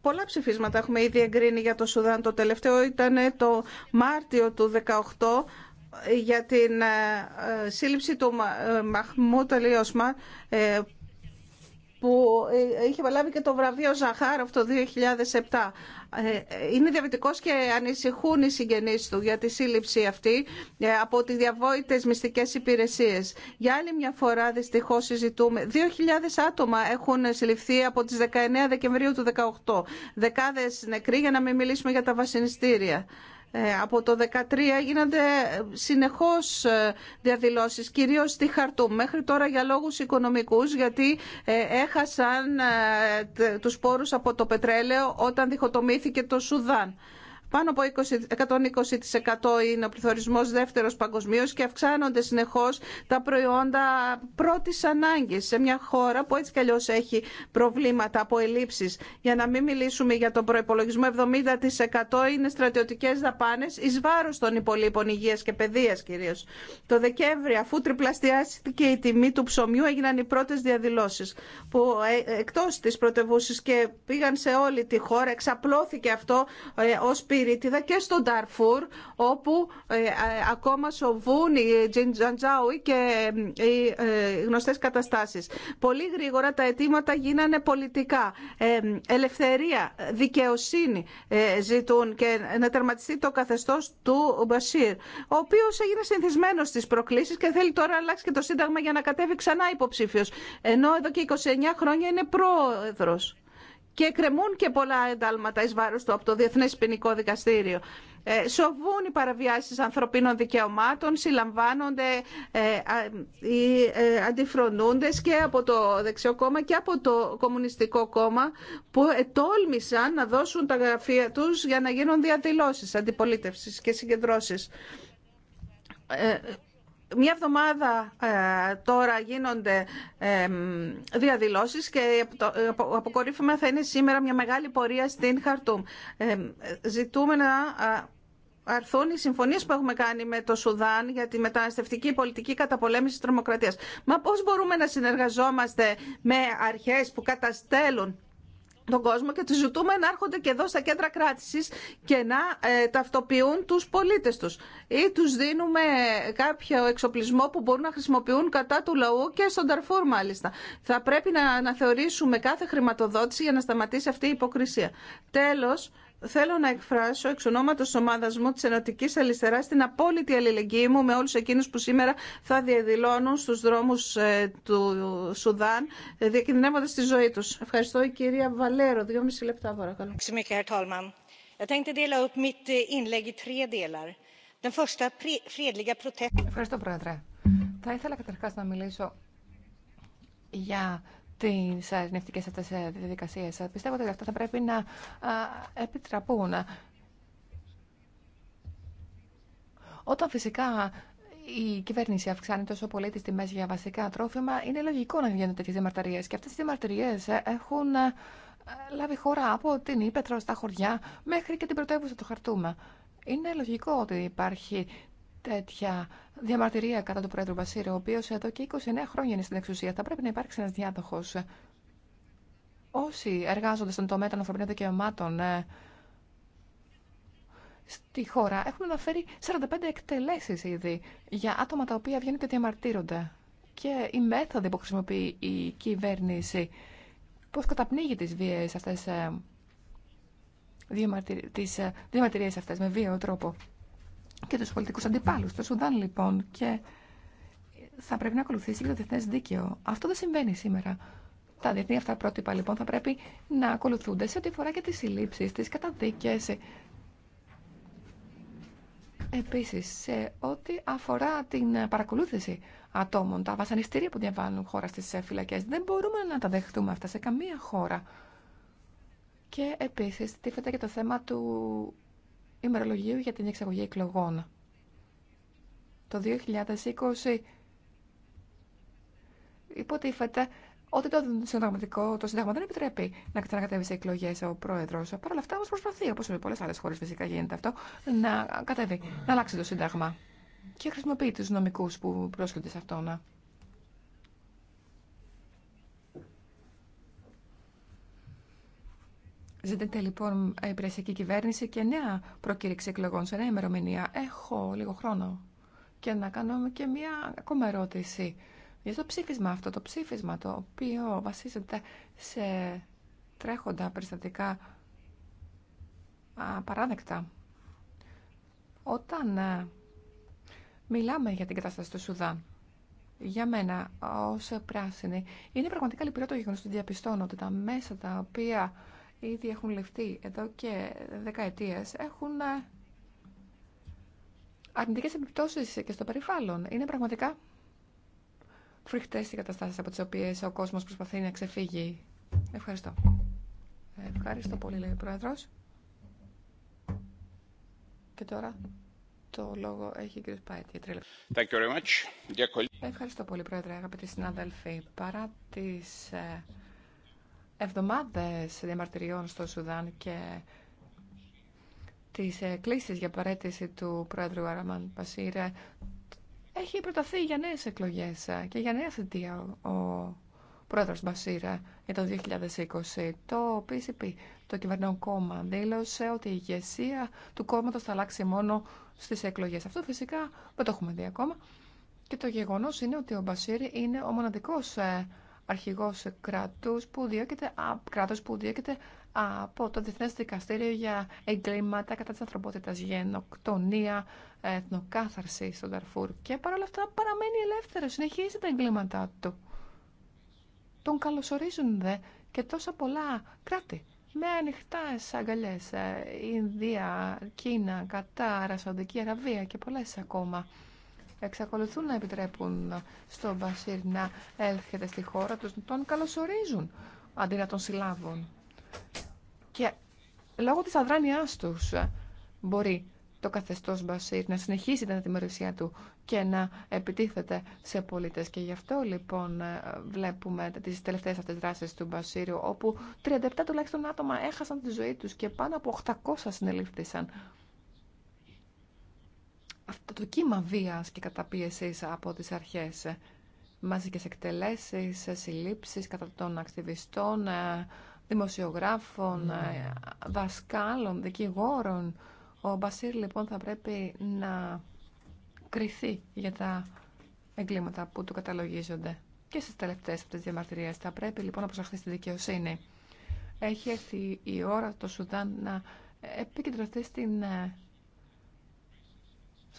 Πολλά ψηφίσματα έχουμε ήδη εγκρίνει για το Σουδάν. Το τελευταίο ήταν το Μάρτιο του 2018 για την ε, ε, σύλληψη του ε, Μαχμούτ Αλιώσμα που ε, είχε παλάβει και το βραβείο Ζαχάροφ το 2007. Ε, ε, είναι διαβητικός και ανησυχούν οι συγγενείς του για τη σύλληψη αυτή από τις διαβόητες μυστικές υπηρεσίες. Για άλλη μια φορά δυστυχώς συζητούμε. 2.000 άτομα έχουν συλληφθεί από τις 19 Δεκεμβρίου του 2018. Δεκάδες νεκροί για να μην μιλήσουμε για τα βασινιστήρια. Ε, από το 2013 γίνονται ε, συνεχώς ε, διαδηλώσεις, κυρίως στη Χαρτούμ. Μέχρι τώρα για λόγους οικονομικούς, γιατί έχασαν τους πόρους από το πετρέλαιο όταν διχοτομήθηκε το Σουδάν. Πάνω από 120% είναι ο πληθωρισμός δεύτερος παγκοσμίω και αυξάνονται συνεχώς τα προϊόντα πρώτης ανάγκης σε μια χώρα που έτσι κι έχει προβλήματα από ελλείψεις. Για να μην μιλήσουμε για τον προϋπολογισμό, 70% είναι στρατιωτικές δαπάνες εις βάρος των υπολείπων υγεία και παιδείας κυρίως. Το Δεκέμβρη, αφού τριπλαστιάστηκε η τιμή του ψωμιού, έγιναν οι πρώτες διαδηλώσεις που ε, εκτός της πρωτεύουση και πήγαν σε όλη τη χώρα, εξαπλώθηκε αυτό ε, ως και στον Ταρφούρ όπου ε, ε, ακόμα σοβούν οι Τζιντζαντζάουι και ε, οι γνωστές καταστάσεις. Πολύ γρήγορα τα αιτήματα γίνανε πολιτικά. Ελευθερία, δικαιοσύνη ζητούν και να τερματιστεί το καθεστώς του Μπασίρ ο οποίος έγινε συνηθισμένος στις προκλήσεις και θέλει τώρα να αλλάξει και το Σύνταγμα για να κατέβει ξανά υποψήφιος. Ενώ εδώ και 29 χρόνια είναι πρόεδρος και κρεμούν και πολλά εντάλματα εις βάρος του από το Διεθνές Ποινικό Δικαστήριο. Ε, σοβούν οι παραβιάσεις ανθρωπίνων δικαιωμάτων, συλλαμβάνονται ε, οι ε, και από το Δεξιό Κόμμα και από το Κομμουνιστικό Κόμμα που ε, τόλμησαν να δώσουν τα γραφεία τους για να γίνουν διαδηλώσεις, αντιπολίτευσης και συγκεντρώσεις μια εβδομάδα ε, τώρα γίνονται ε, και απο, αποκορύφωμα θα είναι σήμερα μια μεγάλη πορεία στην Χαρτούμ. ζητούμε να αρθούν οι συμφωνίες που έχουμε κάνει με το Σουδάν για τη μεταναστευτική πολιτική καταπολέμηση της τρομοκρατίας. Μα πώς μπορούμε να συνεργαζόμαστε με αρχές που καταστέλουν τον κόσμο και του ζητούμε να έρχονται και εδώ στα κέντρα κράτησης και να ε, ταυτοποιούν τους πολίτες τους ή τους δίνουμε κάποιο εξοπλισμό που μπορούν να χρησιμοποιούν κατά του λαού και στον Ταρφούρ μάλιστα. Θα πρέπει να αναθεωρήσουμε κάθε χρηματοδότηση για να σταματήσει αυτή η υποκρισία. Τέλος, Θέλω να εκφράσω εξ ονόματο ομάδα μου τη Ενωτική Αριστερά την απόλυτη αλληλεγγύη μου με όλου εκείνου που σήμερα θα διαδηλώνουν στου δρόμου ε, του Σουδάν, ε, διακινδυνεύοντα τη ζωή του. Ευχαριστώ, η κυρία Βαλέρο. Δύο μισή λεπτά, παρακαλώ. Ευχαριστώ, Πρόεδρε. Θα ήθελα καταρχά να μιλήσω για τι αρνητικές αυτέ ε, διαδικασίε. Πιστεύω ότι αυτά θα πρέπει να επιτραπούν. Όταν φυσικά η κυβέρνηση αυξάνει τόσο πολύ τι τιμέ για βασικά τρόφιμα, είναι λογικό να γίνονται τέτοιε διαμαρτυρίε. Και αυτέ οι διαμαρτυρίε ε, έχουν ε, λάβει χώρα από την Ήπετρο στα χωριά μέχρι και την πρωτεύουσα του Χαρτούμα. Είναι λογικό ότι υπάρχει τέτοια διαμαρτυρία κατά του Πρόεδρου Μπασίρη, ο οποίο εδώ και 29 χρόνια είναι στην εξουσία. Θα πρέπει να υπάρξει ένα διάδοχο. Όσοι εργάζονται στον τομέα των ανθρωπίνων δικαιωμάτων ε, στη χώρα έχουν αναφέρει 45 εκτελέσει ήδη για άτομα τα οποία βγαίνουν και διαμαρτύρονται. Και η μέθοδοι που χρησιμοποιεί η κυβέρνηση, πώ καταπνίγει τι βίες αυτέ ε, τις ε, διαμαρτυρίες αυτές με βίαιο τρόπο και τους πολιτικούς αντιπάλους. Το Σουδάν λοιπόν και θα πρέπει να ακολουθήσει και το διεθνές δίκαιο. Αυτό δεν συμβαίνει σήμερα. Τα διεθνή αυτά πρότυπα λοιπόν θα πρέπει να ακολουθούνται σε ό,τι αφορά και τις συλλήψεις, τις καταδίκες. Επίσης, σε ό,τι αφορά την παρακολούθηση ατόμων, τα βασανιστήρια που διαβάλλουν χώρα στις φυλακές, δεν μπορούμε να τα δεχτούμε αυτά σε καμία χώρα. Και επίσης, τίθεται και το θέμα του ημερολογίου για την εξαγωγή εκλογών. Το 2020 υποτίθεται ότι το συνταγματικό, το συνταγμα δεν επιτρέπει να ξανακατεύει σε εκλογέ ο πρόεδρο. Παρ' όλα αυτά, όμω προσπαθεί, όπω σε πολλέ άλλε χώρε φυσικά γίνεται αυτό, να κατέβει, να αλλάξει το σύνταγμα. Και χρησιμοποιεί του νομικού που πρόσχονται σε αυτό να Ζητείτε λοιπόν η ε, υπηρεσιακή κυβέρνηση και νέα προκήρυξη εκλογών σε νέα ημερομηνία. Έχω λίγο χρόνο και να κάνω και μία ακόμα ερώτηση για το ψήφισμα αυτό, το ψήφισμα το οποίο βασίζεται σε τρέχοντα περιστατικά παράδεκτα. Όταν ε, μιλάμε για την κατάσταση του Σουδάν, για μένα ως πράσινη, είναι πραγματικά λυπηρό το γεγονός ότι διαπιστώνω ότι τα μέσα τα οποία ήδη έχουν ληφθεί εδώ και δεκαετίες έχουν ε, αρνητικές επιπτώσεις και στο περιβάλλον. Είναι πραγματικά φρικτές οι καταστάσεις από τις οποίες ο κόσμος προσπαθεί να ξεφύγει. Ευχαριστώ. Ευχαριστώ πολύ, λέει ο Πρόεδρος. Και τώρα το λόγο έχει ο κ. Πάετ για Ευχαριστώ πολύ, Πρόεδρε, αγαπητοί συνάδελφοι. Παρά τις ε, εβδομάδες διαμαρτυριών στο Σουδάν και τις κλήσεις για παρέτηση του πρόεδρου Αραμάν Πασίρε έχει προταθεί για νέες εκλογές ε, και για νέα θητεία ο πρόεδρος Μπασίρα ε, για το 2020. Το PCP, το κυβερνόν κόμμα, δήλωσε ότι η ηγεσία του κόμματος θα αλλάξει μόνο στις εκλογές. Αυτό φυσικά δεν το έχουμε δει ακόμα. Και το γεγονός είναι ότι ο Μπασίρη είναι ο μοναδικός ε, αρχηγός κράτους που διώκεται, κράτος που διώκεται από το Διεθνές Δικαστήριο για εγκλήματα κατά της ανθρωπότητας, γενοκτονία, εθνοκάθαρση στον Ταρφούρ και παρόλα αυτά παραμένει ελεύθερος, συνεχίζει τα εγκλήματά του. Τον καλωσορίζουν δε και τόσα πολλά κράτη. Με ανοιχτά αγκαλίε. Ινδία, Κίνα, Κατάρα, Σαουδική Αραβία και πολλέ ακόμα εξακολουθούν να επιτρέπουν στον Μπασίρ να έρχεται στη χώρα τους, τον καλωσορίζουν αντί να τον συλλάβουν. Και λόγω της αδράνειάς τους ε, μπορεί το καθεστώς Μπασίρ να συνεχίσει την ατιμορρυσία του και να επιτίθεται σε πολίτες. Και γι' αυτό λοιπόν ε, βλέπουμε τις τελευταίες αυτές δράσεις του Μπασίρ, όπου 37 τουλάχιστον άτομα έχασαν τη ζωή τους και πάνω από 800 συνελήφθησαν αυτό το κύμα βίας και καταπίεσης από τις αρχές. Μαζικές εκτελέσεις, συλλήψεις κατά των ακτιβιστών, ε, δημοσιογράφων, ε, δασκάλων, δικηγόρων. Ο Μπασίρ λοιπόν θα πρέπει να κριθεί για τα εγκλήματα που του καταλογίζονται. Και στις τελευταίες από τις διαμαρτυρίες θα πρέπει λοιπόν να προσαχθεί στη δικαιοσύνη. Έχει έρθει η ώρα το Σουδάν να επικεντρωθεί στην ε,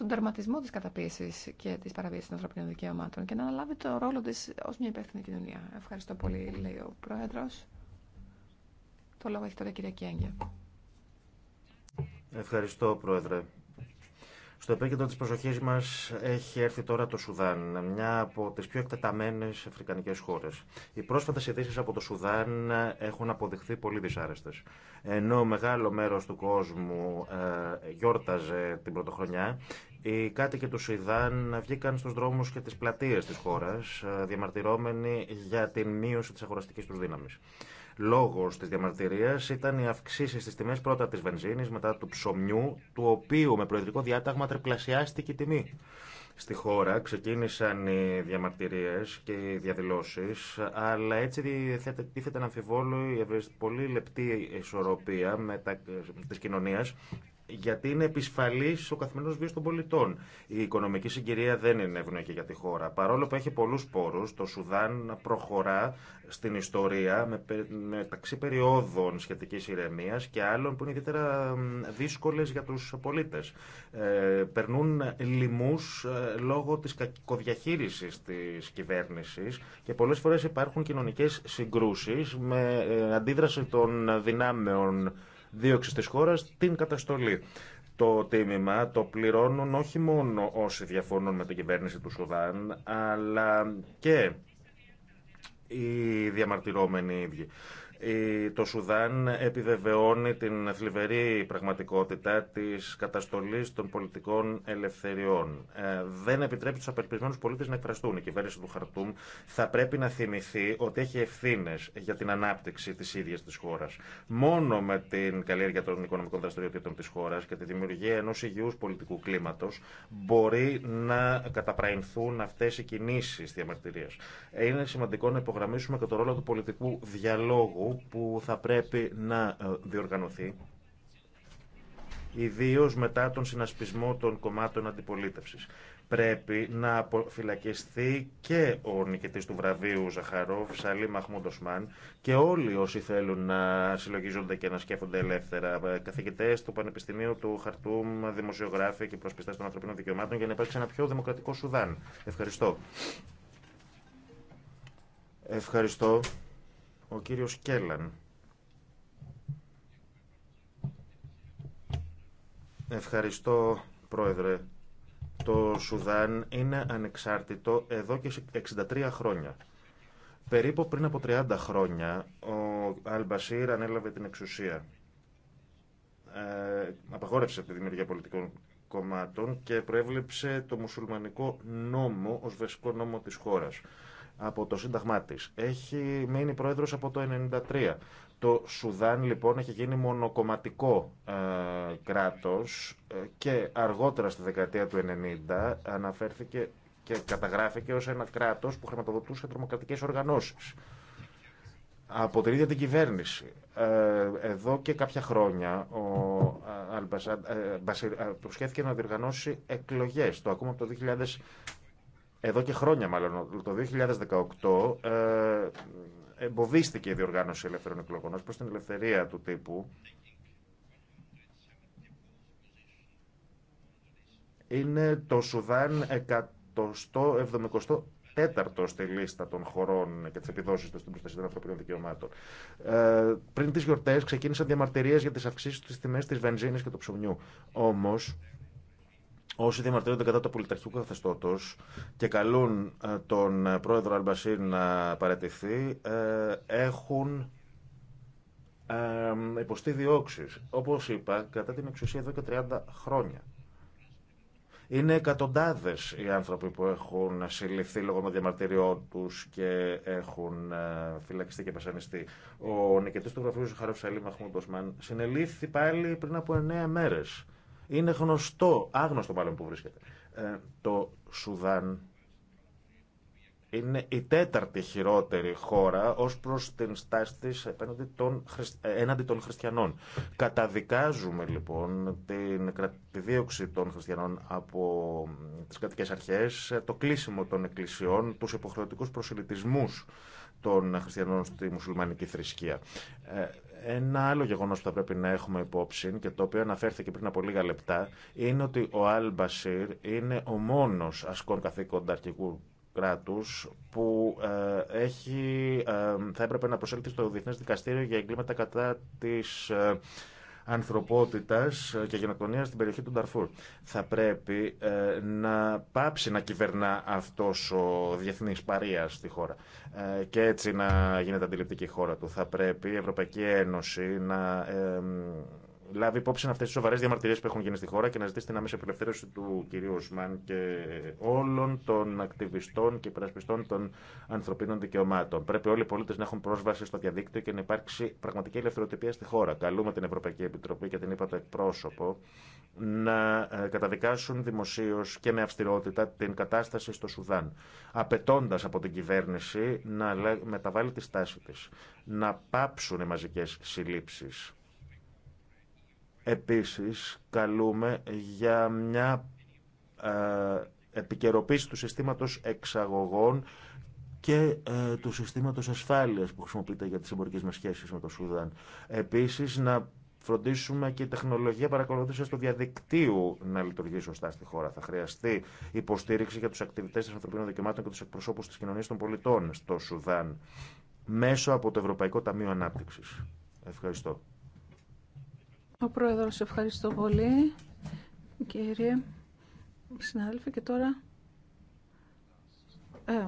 στον τερματισμό τη καταπίεση και τη παραβίαση των ανθρωπίνων δικαιωμάτων και να αναλάβει το ρόλο τη ω μια υπεύθυνη κοινωνία. Ευχαριστώ πολύ, λέει ο πρόεδρο. Το λόγο έχει τώρα η κυρία Κιέγγια. Ευχαριστώ, Πρόεδρε. Στο επίκεντρο της προσοχής μας έχει έρθει τώρα το Σουδάν, μια από τις πιο εκτεταμένες αφρικανικές χώρες. Οι πρόσφατες ειδήσει από το Σουδάν έχουν αποδειχθεί πολύ δυσάρεστες. Ενώ μεγάλο μέρο του κόσμου ε, γιόρταζε την πρωτοχρονιά, οι κάτοικοι του Σιδάν βγήκαν στους δρόμους και τις πλατείες της χώρας, ε, διαμαρτυρώμενοι για την μείωση της αγοραστικής τους δύναμης. Λόγος της διαμαρτυρίας ήταν οι αυξήσεις στις τιμές πρώτα της βενζίνης, μετά του ψωμιού, του οποίου με προεδρικό διάταγμα τριπλασιάστηκε η τιμή. Στη χώρα ξεκίνησαν οι διαμαρτυρίες και οι διαδηλώσεις, αλλά έτσι τίθεται να αμφιβόλω η πολύ λεπτή ισορροπία με τα, της κοινωνίας γιατί είναι επισφαλή ο καθημερινό βίο των πολιτών. Η οικονομική συγκυρία δεν είναι ευνοϊκή για τη χώρα. Παρόλο που έχει πολλού πόρου, το Σουδάν προχωρά στην ιστορία με, μεταξύ περιόδων σχετική ηρεμία και άλλων που είναι ιδιαίτερα δύσκολε για του πολίτε. Ε, περνούν λοιμού ε, λόγω τη κακοδιαχείριση τη κυβέρνηση και πολλέ φορέ υπάρχουν κοινωνικέ συγκρούσει με ε, αντίδραση των δυνάμεων δίωξη τη χώρα την καταστολή. Το τίμημα το πληρώνουν όχι μόνο όσοι διαφωνούν με την κυβέρνηση του Σουδάν, αλλά και οι διαμαρτυρώμενοι ίδιοι. Το Σουδάν επιβεβαιώνει την θλιβερή πραγματικότητα της καταστολής των πολιτικών ελευθεριών. Ε, δεν επιτρέπει τους απελπισμένους πολίτες να εκφραστούν. Η κυβέρνηση του Χαρτούμ θα πρέπει να θυμηθεί ότι έχει ευθύνε για την ανάπτυξη της ίδιας της χώρας. Μόνο με την καλλιέργεια των οικονομικών δραστηριοτήτων της χώρας και τη δημιουργία ενός υγιούς πολιτικού κλίματος μπορεί να καταπραϊνθούν αυτές οι κινήσεις διαμαρτυρίας. Είναι σημαντικό να υπογραμμίσουμε και το ρόλο του πολιτικού διαλόγου που θα πρέπει να ε, διοργανωθεί ιδίω μετά τον συνασπισμό των κομμάτων αντιπολίτευσης. Πρέπει να αποφυλακιστεί και ο νικητής του βραβείου Ζαχαρόφ, Σαλή Μαχμούντοσμάν και όλοι όσοι θέλουν να συλλογίζονται και να σκέφτονται ελεύθερα. Ε, καθηγητές του Πανεπιστημίου του Χαρτούμ, δημοσιογράφοι και προσπιστές των ανθρωπίνων δικαιωμάτων για να υπάρξει ένα πιο δημοκρατικό Σουδάν. Ευχαριστώ. Ευχαριστώ. Ο κύριος Κέλλαν. Ευχαριστώ, Πρόεδρε. Το Σουδάν είναι ανεξάρτητο εδώ και 63 χρόνια. Περίπου πριν από 30 χρόνια ο Αλμπασίρ ανέλαβε την εξουσία. Ε, απαγόρευσε τη δημιουργία πολιτικών κομμάτων και προέβλεψε το μουσουλμανικό νόμο ως βασικό νόμο της χώρας από το Σύνταγμά της. Έχει μείνει πρόεδρος από το 1993. Το Σουδάν λοιπόν έχει γίνει μονοκομματικό ε, κράτος ε, και αργότερα στη δεκαετία του 1990 αναφέρθηκε και καταγράφηκε ως ένα κράτος που χρηματοδοτούσε τρομοκρατικές οργανώσεις. Από την ίδια την κυβέρνηση. Ε, εδώ και κάποια χρόνια ο ε, Μπασίρ προσχέθηκε να διοργανώσει εκλογές. Το ακούμε από το εδώ και χρόνια μάλλον, το 2018 ε, εμποδίστηκε η διοργάνωση ελεύθερων εκλογών ως προς την ελευθερία του τύπου. Είναι το Σουδάν 174ο στη λίστα των χωρών και τι επιδόσει του στην προστασία των ανθρωπίνων δικαιωμάτων. Ε, πριν τι γιορτέ ξεκίνησαν διαμαρτυρίε για τι αυξήσει τη τιμέ τη βενζίνη και του ψωμιού. Όμω, όσοι διαμαρτύρονται κατά το πολιταρχικού καθεστώτο και καλούν ε, τον ε, πρόεδρο Αλμπασίρ να παρατηθεί, ε, έχουν υποστεί διώξει. Όπω είπα, κατά την εξουσία εδώ και 30 χρόνια. Είναι εκατοντάδε οι άνθρωποι που έχουν συλληφθεί λόγω των διαμαρτυριών του και έχουν φυλακιστεί και πασανιστεί. Ο νικητή του γραφείου Ζουχάρεφ Σαλή συνελήφθη πάλι πριν από 9 μέρε. Είναι γνωστό, άγνωστο μάλλον που βρίσκεται. Ε, το Σουδάν είναι η τέταρτη χειρότερη χώρα ως προς την στάση της ε, έναντι των χριστιανών. Καταδικάζουμε λοιπόν την, τη δίωξη των χριστιανών από τις κρατικές αρχές, το κλείσιμο των εκκλησιών, τους υποχρεωτικούς προσελητισμούς των χριστιανών στη μουσουλμανική θρησκεία. Ε, ένα άλλο γεγονό που θα πρέπει να έχουμε υπόψη και το οποίο αναφέρθηκε πριν από λίγα λεπτά είναι ότι ο Αλ Μπασίρ είναι ο μόνο ασκών καθήκοντα αρχικού κράτου που ε, έχει, ε, θα έπρεπε να προσέλθει στο Διεθνέ Δικαστήριο για εγκλήματα κατά τη ε, ανθρωπότητας και γενοκτονίας στην περιοχή του Νταρφούρ. Θα πρέπει ε, να πάψει να κυβερνά αυτός ο διεθνής παρείας στη χώρα ε, και έτσι να γίνεται αντιληπτική χώρα του. Θα πρέπει η Ευρωπαϊκή Ένωση να ε, λάβει υπόψη αυτέ τι σοβαρέ διαμαρτυρίε που έχουν γίνει στη χώρα και να ζητήσει την άμεση απελευθέρωση του κυρίου Οσμάν και όλων των ακτιβιστών και υπερασπιστών των ανθρωπίνων δικαιωμάτων. Πρέπει όλοι οι πολίτε να έχουν πρόσβαση στο διαδίκτυο και να υπάρξει πραγματική ελευθεροτυπία στη χώρα. Καλούμε την Ευρωπαϊκή Επιτροπή και την είπατε πρόσωπο να ε, καταδικάσουν δημοσίω και με αυστηρότητα την κατάσταση στο Σουδάν, απαιτώντα από την κυβέρνηση να μεταβάλει τη στάση τη, να πάψουν οι μαζικέ συλλήψει Επίσης, καλούμε για μια ε, επικαιροποίηση του συστήματος εξαγωγών και ε, του συστήματος ασφάλειας που χρησιμοποιείται για τις εμπορικές μας σχέσεις με το Σουδάν. Επίσης, να φροντίσουμε και η τεχνολογία παρακολούθησης του διαδικτύου να λειτουργεί σωστά στη χώρα. Θα χρειαστεί υποστήριξη για τους ακτιβιτές των ανθρωπίνων δικαιωμάτων και του εκπροσώπους τη κοινωνία των πολιτών στο Σουδάν μέσω από το Ευρωπαϊκό Ταμείο Ανάπτυξη. Ευχαριστώ. Ο Πρόεδρος, ευχαριστώ πολύ. Κύριε συνάδελφε, και τώρα... Ε, ε,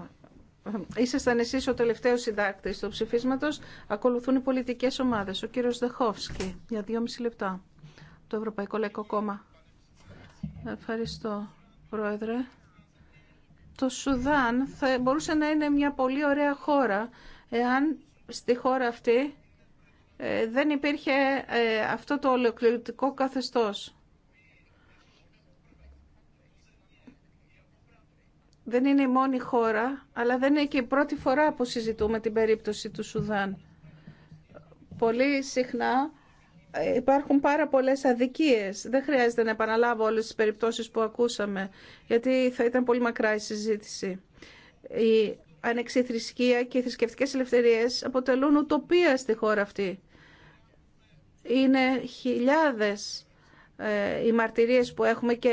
ήσασταν εσείς ο τελευταίος συντάκτης του ψηφίσματος. Ακολουθούν οι πολιτικές ομάδες. Ο κύριος Δεχόφσκι, για δύο μισή λεπτά, το Ευρωπαϊκό Λαϊκό Κόμμα. Ευχαριστώ, Πρόεδρε. Το Σουδάν θα μπορούσε να είναι μια πολύ ωραία χώρα, εάν στη χώρα αυτή ε, δεν υπήρχε ε, αυτό το ολοκληρωτικό καθεστώς. Δεν είναι η μόνη χώρα, αλλά δεν είναι και η πρώτη φορά που συζητούμε την περίπτωση του Σουδάν. Πολύ συχνά ε, υπάρχουν πάρα πολλές αδικίες. Δεν χρειάζεται να επαναλάβω όλες τις περιπτώσεις που ακούσαμε, γιατί θα ήταν πολύ μακρά η συζήτηση. Η ανεξιθρησκεία και οι θρησκευτικέ ελευθερίες αποτελούν ουτοπία στη χώρα αυτή. Είναι χιλιάδες ε, οι μαρτυρίες που έχουμε και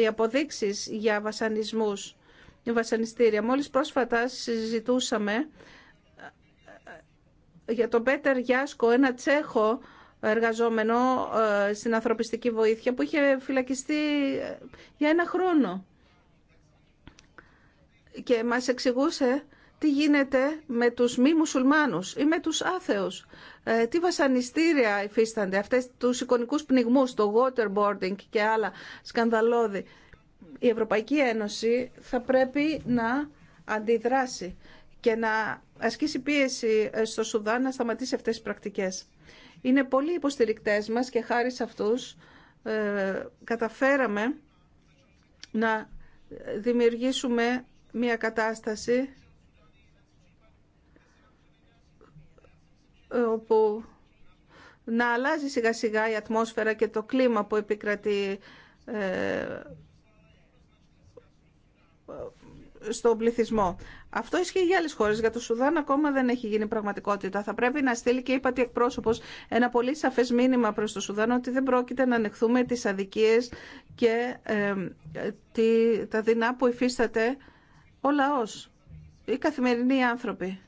οι αποδείξεις για βασανισμούς, οι βασανιστήρια. Μόλις πρόσφατα συζητούσαμε ε, για τον Πέτερ Γιάσκο, ένα Τσέχο εργαζόμενο ε, στην ανθρωπιστική βοήθεια που είχε φυλακιστεί για ένα χρόνο. Και μας εξηγούσε τι γίνεται με τους μη μουσουλμάνους ή με τους άθεους. Ε, τι βασανιστήρια υφίστανται, αυτές τους εικονικούς πνιγμούς, το waterboarding και άλλα σκανδαλώδη. Η Ευρωπαϊκή Ένωση θα πρέπει να αντιδράσει και να ασκήσει πίεση ε, στο Σουδάν να σταματήσει αυτές τις πρακτικές. Είναι πολλοί υποστηρικτές μας και χάρη σε αυτούς ε, καταφέραμε να δημιουργήσουμε μια κατάσταση όπου να αλλάζει σιγά σιγά η ατμόσφαιρα και το κλίμα που επικρατεί ε, στον πληθυσμό. Αυτό ισχύει για άλλε χώρε. Για το Σουδάν ακόμα δεν έχει γίνει πραγματικότητα. Θα πρέπει να στείλει και είπατε εκπρόσωπο ένα πολύ σαφέ μήνυμα προ το Σουδάν ότι δεν πρόκειται να ανεχθούμε τι αδικίε και ε, τα δεινά που υφίσταται ο λαό. Οι καθημερινοί άνθρωποι.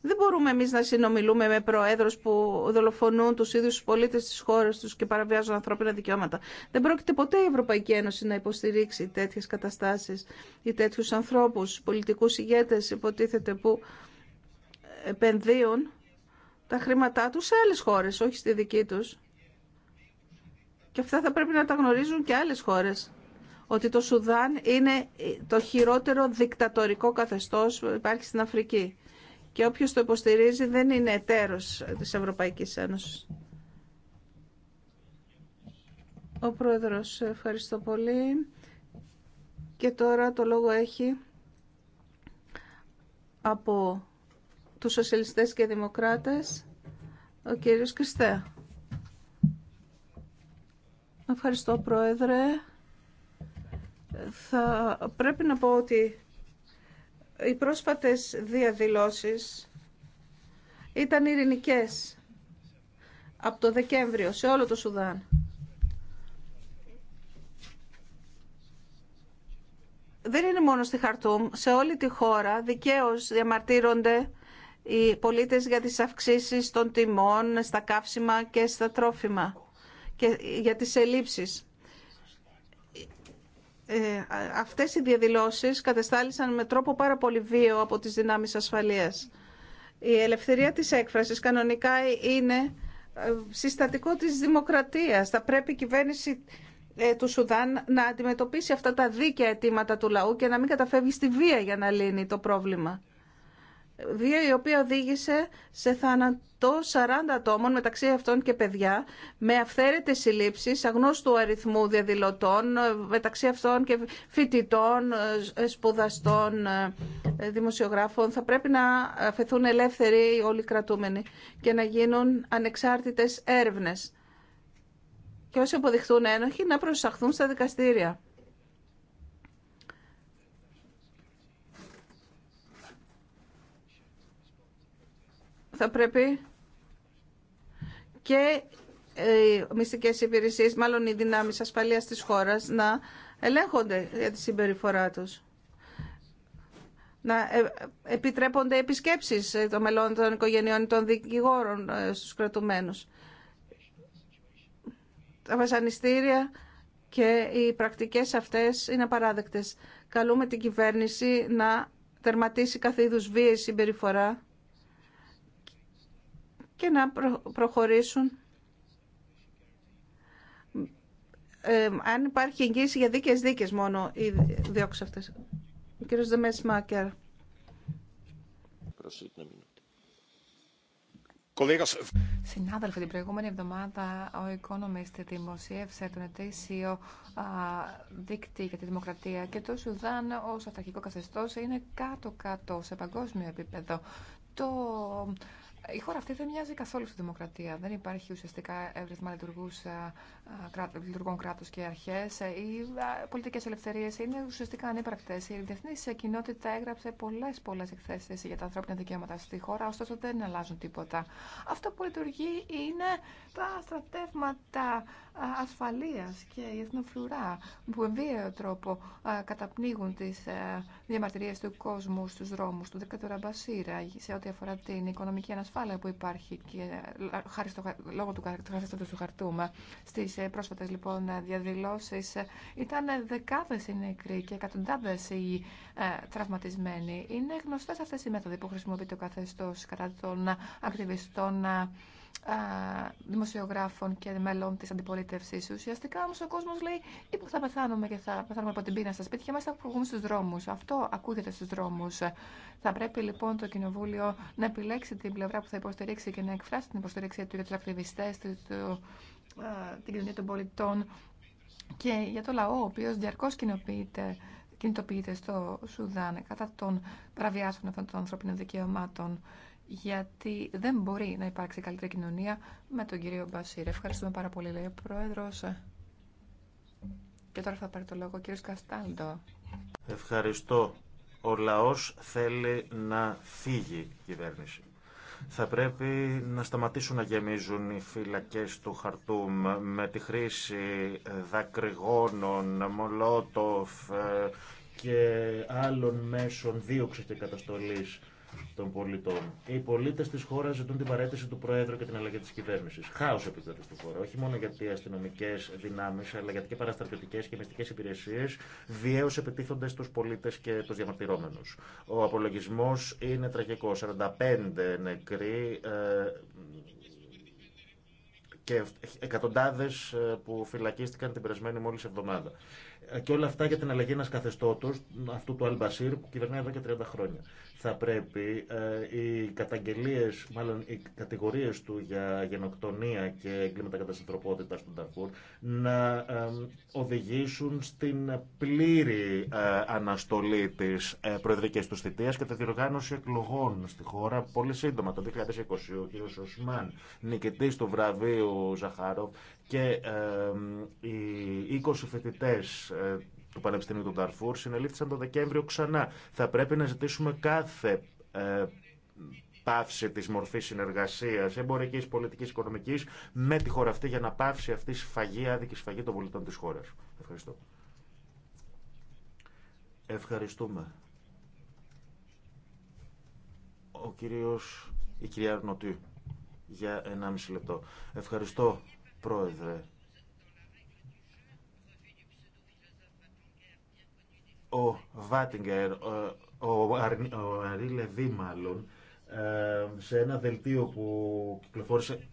Δεν μπορούμε εμείς να συνομιλούμε με προέδρους που δολοφονούν τους ίδιους τους πολίτες της χώρας τους και παραβιάζουν ανθρώπινα δικαιώματα. Δεν πρόκειται ποτέ η Ευρωπαϊκή Ένωση να υποστηρίξει τέτοιες καταστάσεις ή τέτοιους ανθρώπους, πολιτικούς ηγέτες υποτίθεται που επενδύουν τα χρήματά τους σε άλλες χώρες, όχι στη δική τους. Και αυτά θα πρέπει να τα γνωρίζουν και άλλες χώρες. Ότι το Σουδάν είναι το χειρότερο δικτατορικό καθεστώς που υπάρχει στην Αφρική και όποιος το υποστηρίζει δεν είναι εταίρος της Ευρωπαϊκής Ένωσης. Ο Πρόεδρος, ευχαριστώ πολύ. Και τώρα το λόγο έχει από τους Σοσιαλιστές και Δημοκράτες ο κύριος Κριστέα. Ευχαριστώ, Πρόεδρε. Θα πρέπει να πω ότι οι πρόσφατες διαδηλώσεις ήταν ειρηνικές από το Δεκέμβριο σε όλο το Σουδάν. Δεν είναι μόνο στη Χαρτούμ, σε όλη τη χώρα δικαίως διαμαρτύρονται οι πολίτες για τις αυξήσεις των τιμών στα καύσιμα και στα τρόφιμα και για τις ελλείψεις. Ε, αυτές οι διαδηλώσεις κατεστάλησαν με τρόπο πάρα πολύ βίαιο από τις δυνάμεις ασφαλείας. Η ελευθερία της έκφρασης κανονικά είναι ε, συστατικό της δημοκρατίας. Θα πρέπει η κυβέρνηση ε, του Σουδάν να αντιμετωπίσει αυτά τα δίκαια αιτήματα του λαού και να μην καταφεύγει στη βία για να λύνει το πρόβλημα βία η οποία οδήγησε σε θάνατο 40 ατόμων, μεταξύ αυτών και παιδιά, με αυθαίρετες συλλήψεις αγνώστου αριθμού διαδηλωτών, ε, μεταξύ αυτών και φοιτητών, ε, σπουδαστών, ε, δημοσιογράφων. Θα πρέπει να φεθούν ελεύθεροι όλοι οι κρατούμενοι και να γίνουν ανεξάρτητες έρευνες. Και όσοι αποδειχθούν ένοχοι να προσαχθούν στα δικαστήρια. θα πρέπει και οι μυστικές υπηρεσίες, μάλλον οι δυνάμεις ασφαλείας της χώρας, να ελέγχονται για τη συμπεριφορά τους. Να ε, επιτρέπονται επισκέψεις ε, των μελών των οικογενειών των δικηγόρων ε, στους κρατουμένους. Τα βασανιστήρια και οι πρακτικές αυτές είναι απαράδεκτες. Καλούμε την κυβέρνηση να τερματίσει κάθε είδους βίαιη συμπεριφορά και να προχωρήσουν ε, αν υπάρχει εγγύηση για δίκαιες δίκες μόνο οι διώξεις αυτές. Ο κύριος Δεμές Μάκερ. Ε, Συνάδελφοι, την προηγούμενη εβδομάδα ο Economist δημοσίευσε τον ετήσιο δίκτυο για τη δημοκρατία και το Σουδάν ως αυταρχικό καθεστώς είναι κάτω-κάτω σε παγκόσμιο επίπεδο. Το η χώρα αυτή δεν μοιάζει καθόλου στη δημοκρατία. Δεν υπάρχει ουσιαστικά εύρυθμα ε, ε, λειτουργών κράτου και αρχέ. Ε, οι πολιτικέ ελευθερίε είναι ουσιαστικά ανύπαρκτε. Η διεθνή κοινότητα έγραψε πολλέ πολλέ εκθέσει για τα ανθρώπινα δικαιώματα στη χώρα, ωστόσο δεν αλλάζουν τίποτα. Αυτό που λειτουργεί είναι τα στρατεύματα ασφαλεία και η εθνοφρουρά που με βίαιο τρόπο καταπνίγουν τι διαμαρτυρίε του κόσμου στου δρόμου του 14ου Μπασίρα σε ό,τι αφορά την οικονομική ανασφάλεια ασφάλεια που υπάρχει και ε, χάρη στο, λόγω του καθεστώτος του χαρτούμα. Στις ε, πρόσφατες λοιπόν ε, διαδηλώσεις ήταν δεκάδες οι νεκροί και εκατοντάδες οι τραυματισμένοι. Είναι γνωστές αυτές οι μέθοδοι που χρησιμοποιεί το καθεστώς κατά των ακτιβιστών δημοσιογράφων και μελών της αντιπολίτευσης. Ουσιαστικά όμω ο κόσμο λέει ή «Λοιπόν, που θα πεθάνουμε και θα πεθάνουμε από την πείνα στα σπίτια μα, θα βγούμε στου δρόμου. Αυτό ακούγεται στου δρόμου. Θα πρέπει λοιπόν το Κοινοβούλιο να επιλέξει την πλευρά που θα υποστηρίξει και να εκφράσει την υποστηρίξη του για τους του, του, την κοινωνία των πολιτών και για το λαό, ο οποίο διαρκώ κοινοποιείται κινητοποιείται στο Σουδάν κατά των παραβιάσεων αυτών των ανθρώπινων δικαιωμάτων γιατί δεν μπορεί να υπάρξει καλύτερη κοινωνία με τον κύριο Μπασίρ. Ευχαριστούμε πάρα πολύ, λέει ο Πρόεδρος. Και τώρα θα πάρει το λόγο ο κύριο Καστάλντο. Ευχαριστώ. Ο λαός θέλει να φύγει η κυβέρνηση. Θα πρέπει να σταματήσουν να γεμίζουν οι φυλακές του Χαρτούμ με τη χρήση ε, δακρυγόνων, μολότοφ ε, και άλλων μέσων δίωξη και καταστολής των πολιτών. Οι πολίτε τη χώρα ζητούν την παρέτηση του Προέδρου και την αλλαγή τη κυβέρνηση. Χάο επικρατεί στη χώρα. Όχι μόνο γιατί οι αστυνομικέ δυνάμει, αλλά γιατί και παραστρατιωτικέ και μυστικέ υπηρεσίε βιαίω επιτίθονται στου πολίτε και του διαμαρτυρόμενου. Ο απολογισμό είναι τραγικό. 45 νεκροί. Ε, και εκατοντάδε ε, που φυλακίστηκαν την περασμένη μόλι εβδομάδα. Ε, και όλα αυτά για την αλλαγή ένα καθεστώτο, αυτού του Αλμπασίρ, που κυβερνάει εδώ και 30 χρόνια θα πρέπει ε, οι καταγγελίες, μάλλον οι κατηγορίες του για γενοκτονία και εγκλήματα κατά ανθρωπότητα στον Ταρφούρ να οδηγήσουν στην πλήρη ε, αναστολή της ε, προεδρικής του θητείας και τη διοργάνωση εκλογών στη χώρα πολύ σύντομα. Το 2020 ο κ. Οσμάν, νικητής του βραβείου Ζαχάροφ και οι 20 φοιτητές ε, του Πανεπιστημίου του Νταρφούρ συνελήφθησαν τον Δεκέμβριο ξανά. Θα πρέπει να ζητήσουμε κάθε ε, πάυση τη μορφή συνεργασία εμπορική, πολιτική, οικονομική με τη χώρα αυτή για να πάυσει αυτή η σφαγή, άδικη σφαγή των πολιτών τη χώρα. Ευχαριστώ. Ευχαριστούμε. Ο κύριος, η κυρία Αρνωτή, για 1,5 λεπτό. Ευχαριστώ, Πρόεδρε. ο Βάτιγκερ, ο Αρή Λεβί μάλλον, ε, σε ένα δελτίο που κυκλοφόρησε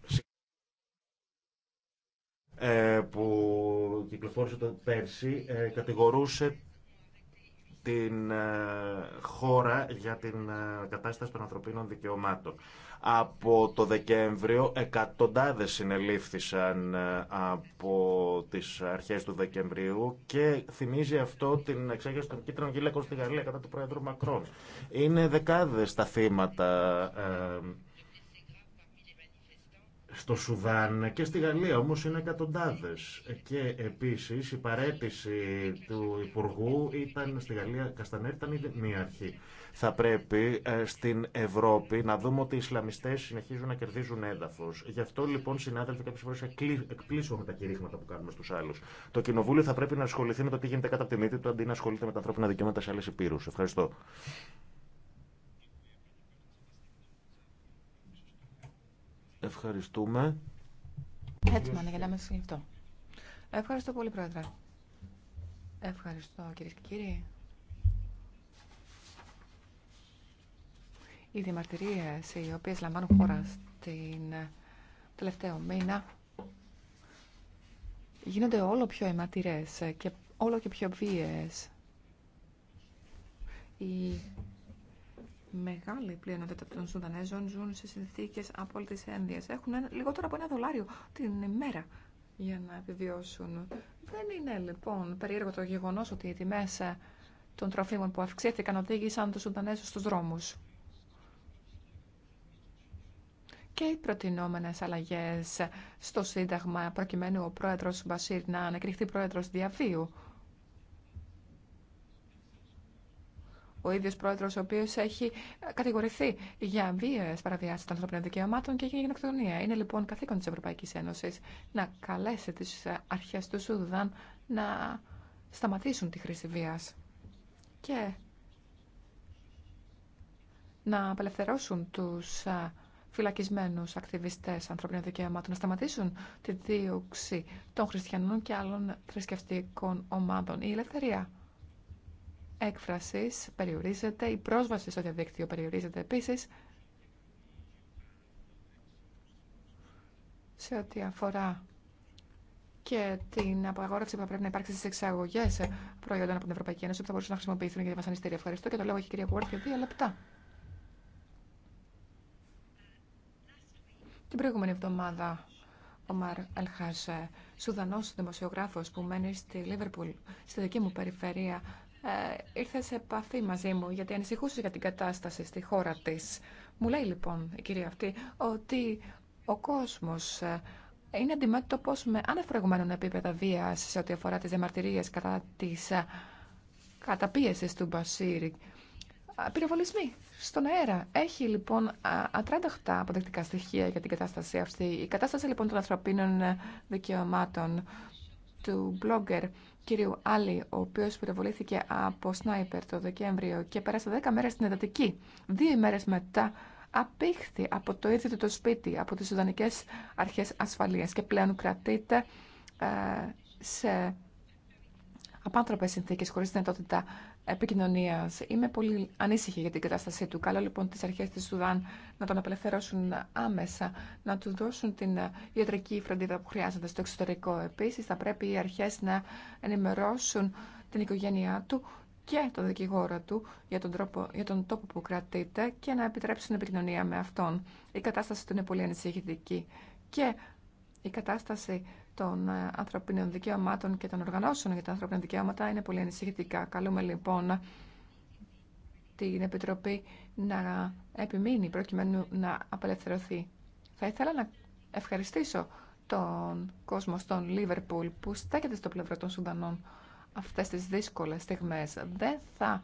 ε, που κυκλοφόρησε το πέρσι ε, κατηγορούσε την ε, χώρα για την ε, κατάσταση των ανθρωπίνων δικαιωμάτων. Από το Δεκέμβριο εκατοντάδες συνελήφθησαν ε, από τις αρχές του Δεκεμβρίου και θυμίζει αυτό την εξέγερση των κίτρων γυλαίκων στη Γαλλία κατά του Πρόεδρου Μακρόν. Είναι δεκάδες τα θύματα στο Σουδάν και στη Γαλλία όμως είναι εκατοντάδες. Και επίσης η παρέτηση του Υπουργού ήταν στη Γαλλία, Καστανέρη ήταν μία αρχή. Θα πρέπει ε, στην Ευρώπη να δούμε ότι οι Ισλαμιστές συνεχίζουν να κερδίζουν έδαφος. Γι' αυτό λοιπόν συνάδελφοι κάποιε φορές εκπλήσω με τα κηρύγματα που κάνουμε στους άλλους. Το Κοινοβούλιο θα πρέπει να ασχοληθεί με το τι γίνεται κάτω από τη μύτη του αντί να ασχολείται με τα ανθρώπινα δικαιώματα σε άλλες υπήρους. Ευχαριστώ. Ευχαριστούμε. Χέτσμαν, για να είμαι Ευχαριστώ πολύ, Πρόεδρε. Ευχαριστώ, κυρίε και κύριοι. Οι διαμαρτυρίε οι οποίε λαμβάνουν χώρα στην ε, τελευταίο μήνα γίνονται όλο πιο αιματηρέ και όλο και πιο βίαιες. Η μεγάλη πλειονότητα των Σουδανέζων ζουν σε συνθήκες απόλυτης ένδυα. Έχουν λιγότερο από ένα δολάριο την ημέρα για να επιβιώσουν. Δεν είναι λοιπόν περίεργο το γεγονό ότι οι τιμέ των τροφίμων που αυξήθηκαν οδήγησαν του Σουδανέζους στου δρόμου. Και οι προτινόμενε αλλαγέ στο Σύνταγμα προκειμένου ο πρόεδρο Μπασίρ να ανακριχθεί πρόεδρο διαβίου ο ίδιο πρόεδρο, ο οποίο έχει κατηγορηθεί για βίαιε παραβιάσει των ανθρωπίνων δικαιωμάτων και για γενοκτονία. Είναι λοιπόν καθήκον τη Ευρωπαϊκή Ένωση να καλέσει τι αρχέ του Σουδάν να σταματήσουν τη χρήση βία και να απελευθερώσουν τους φυλακισμένους ακτιβιστές ανθρωπίνων δικαιωμάτων, να σταματήσουν τη δίωξη των χριστιανών και άλλων θρησκευτικών ομάδων. Η ελευθερία έκφρασης περιορίζεται, η πρόσβαση στο διαδίκτυο περιορίζεται επίσης σε ό,τι αφορά και την απαγόρευση που πρέπει να υπάρξει στι εξαγωγέ προϊόντων από την Ευρωπαϊκή Ένωση που θα μπορούσαν να χρησιμοποιηθούν για τη βασανιστήρια. Ευχαριστώ και το λέω έχει η κυρία Κουόρτ για δύο λεπτά. Την προηγούμενη εβδομάδα ο Μαρ Ελχάζε, Σουδανό δημοσιογράφος που μένει στη Λίβερπουλ, στη δική μου περιφέρεια, ε, ήρθε σε επαφή μαζί μου γιατί ανησυχούσε για την κατάσταση στη χώρα της. Μου λέει λοιπόν η κυρία αυτή ότι ο κόσμος ε, είναι αντιμέτωπος με ανεφρεγμένων επίπεδα βίας σε ό,τι αφορά τις διαμαρτυρίες κατά της ε, καταπίεσης του Μπασίρη. Πυροβολισμοί στον αέρα. Έχει λοιπόν ατράνταχτα αποδεκτικά στοιχεία για την κατάσταση αυτή. Η κατάσταση λοιπόν των ανθρωπίνων δικαιωμάτων του blogger κυρίου Άλλη, ο οποίο πυροβολήθηκε από σνάιπερ το Δεκέμβριο και πέρασε 10 μέρε στην εντατική. Δύο ημέρε μετά απήχθη από το ίδιο του το σπίτι, από τι ιδανικέ Αρχέ Ασφαλεία και πλέον κρατείται ε, σε απάνθρωπες συνθήκες χωρίς δυνατότητα Είμαι πολύ ανήσυχη για την κατάστασή του. Καλό λοιπόν τι αρχέ τη Σουδάν να τον απελευθερώσουν άμεσα, να του δώσουν την ιατρική φροντίδα που χρειάζεται στο εξωτερικό. Επίση, θα πρέπει οι αρχές να ενημερώσουν την οικογένειά του και τον δικηγόρο του για τον, τρόπο, για τον τόπο που κρατείται και να επιτρέψουν επικοινωνία με αυτόν. Η κατάσταση του είναι πολύ ανησυχητική και η κατάσταση των ε, ανθρωπίνων δικαιωμάτων και των οργανώσεων για τα ανθρώπινα δικαιώματα είναι πολύ ανησυχητικά. Καλούμε λοιπόν την Επιτροπή να επιμείνει προκειμένου να απελευθερωθεί. Θα ήθελα να ευχαριστήσω τον κόσμο στον Λίβερπουλ που στέκεται στο πλευρό των Σουδανών αυτές τις δύσκολες στιγμές. Δεν θα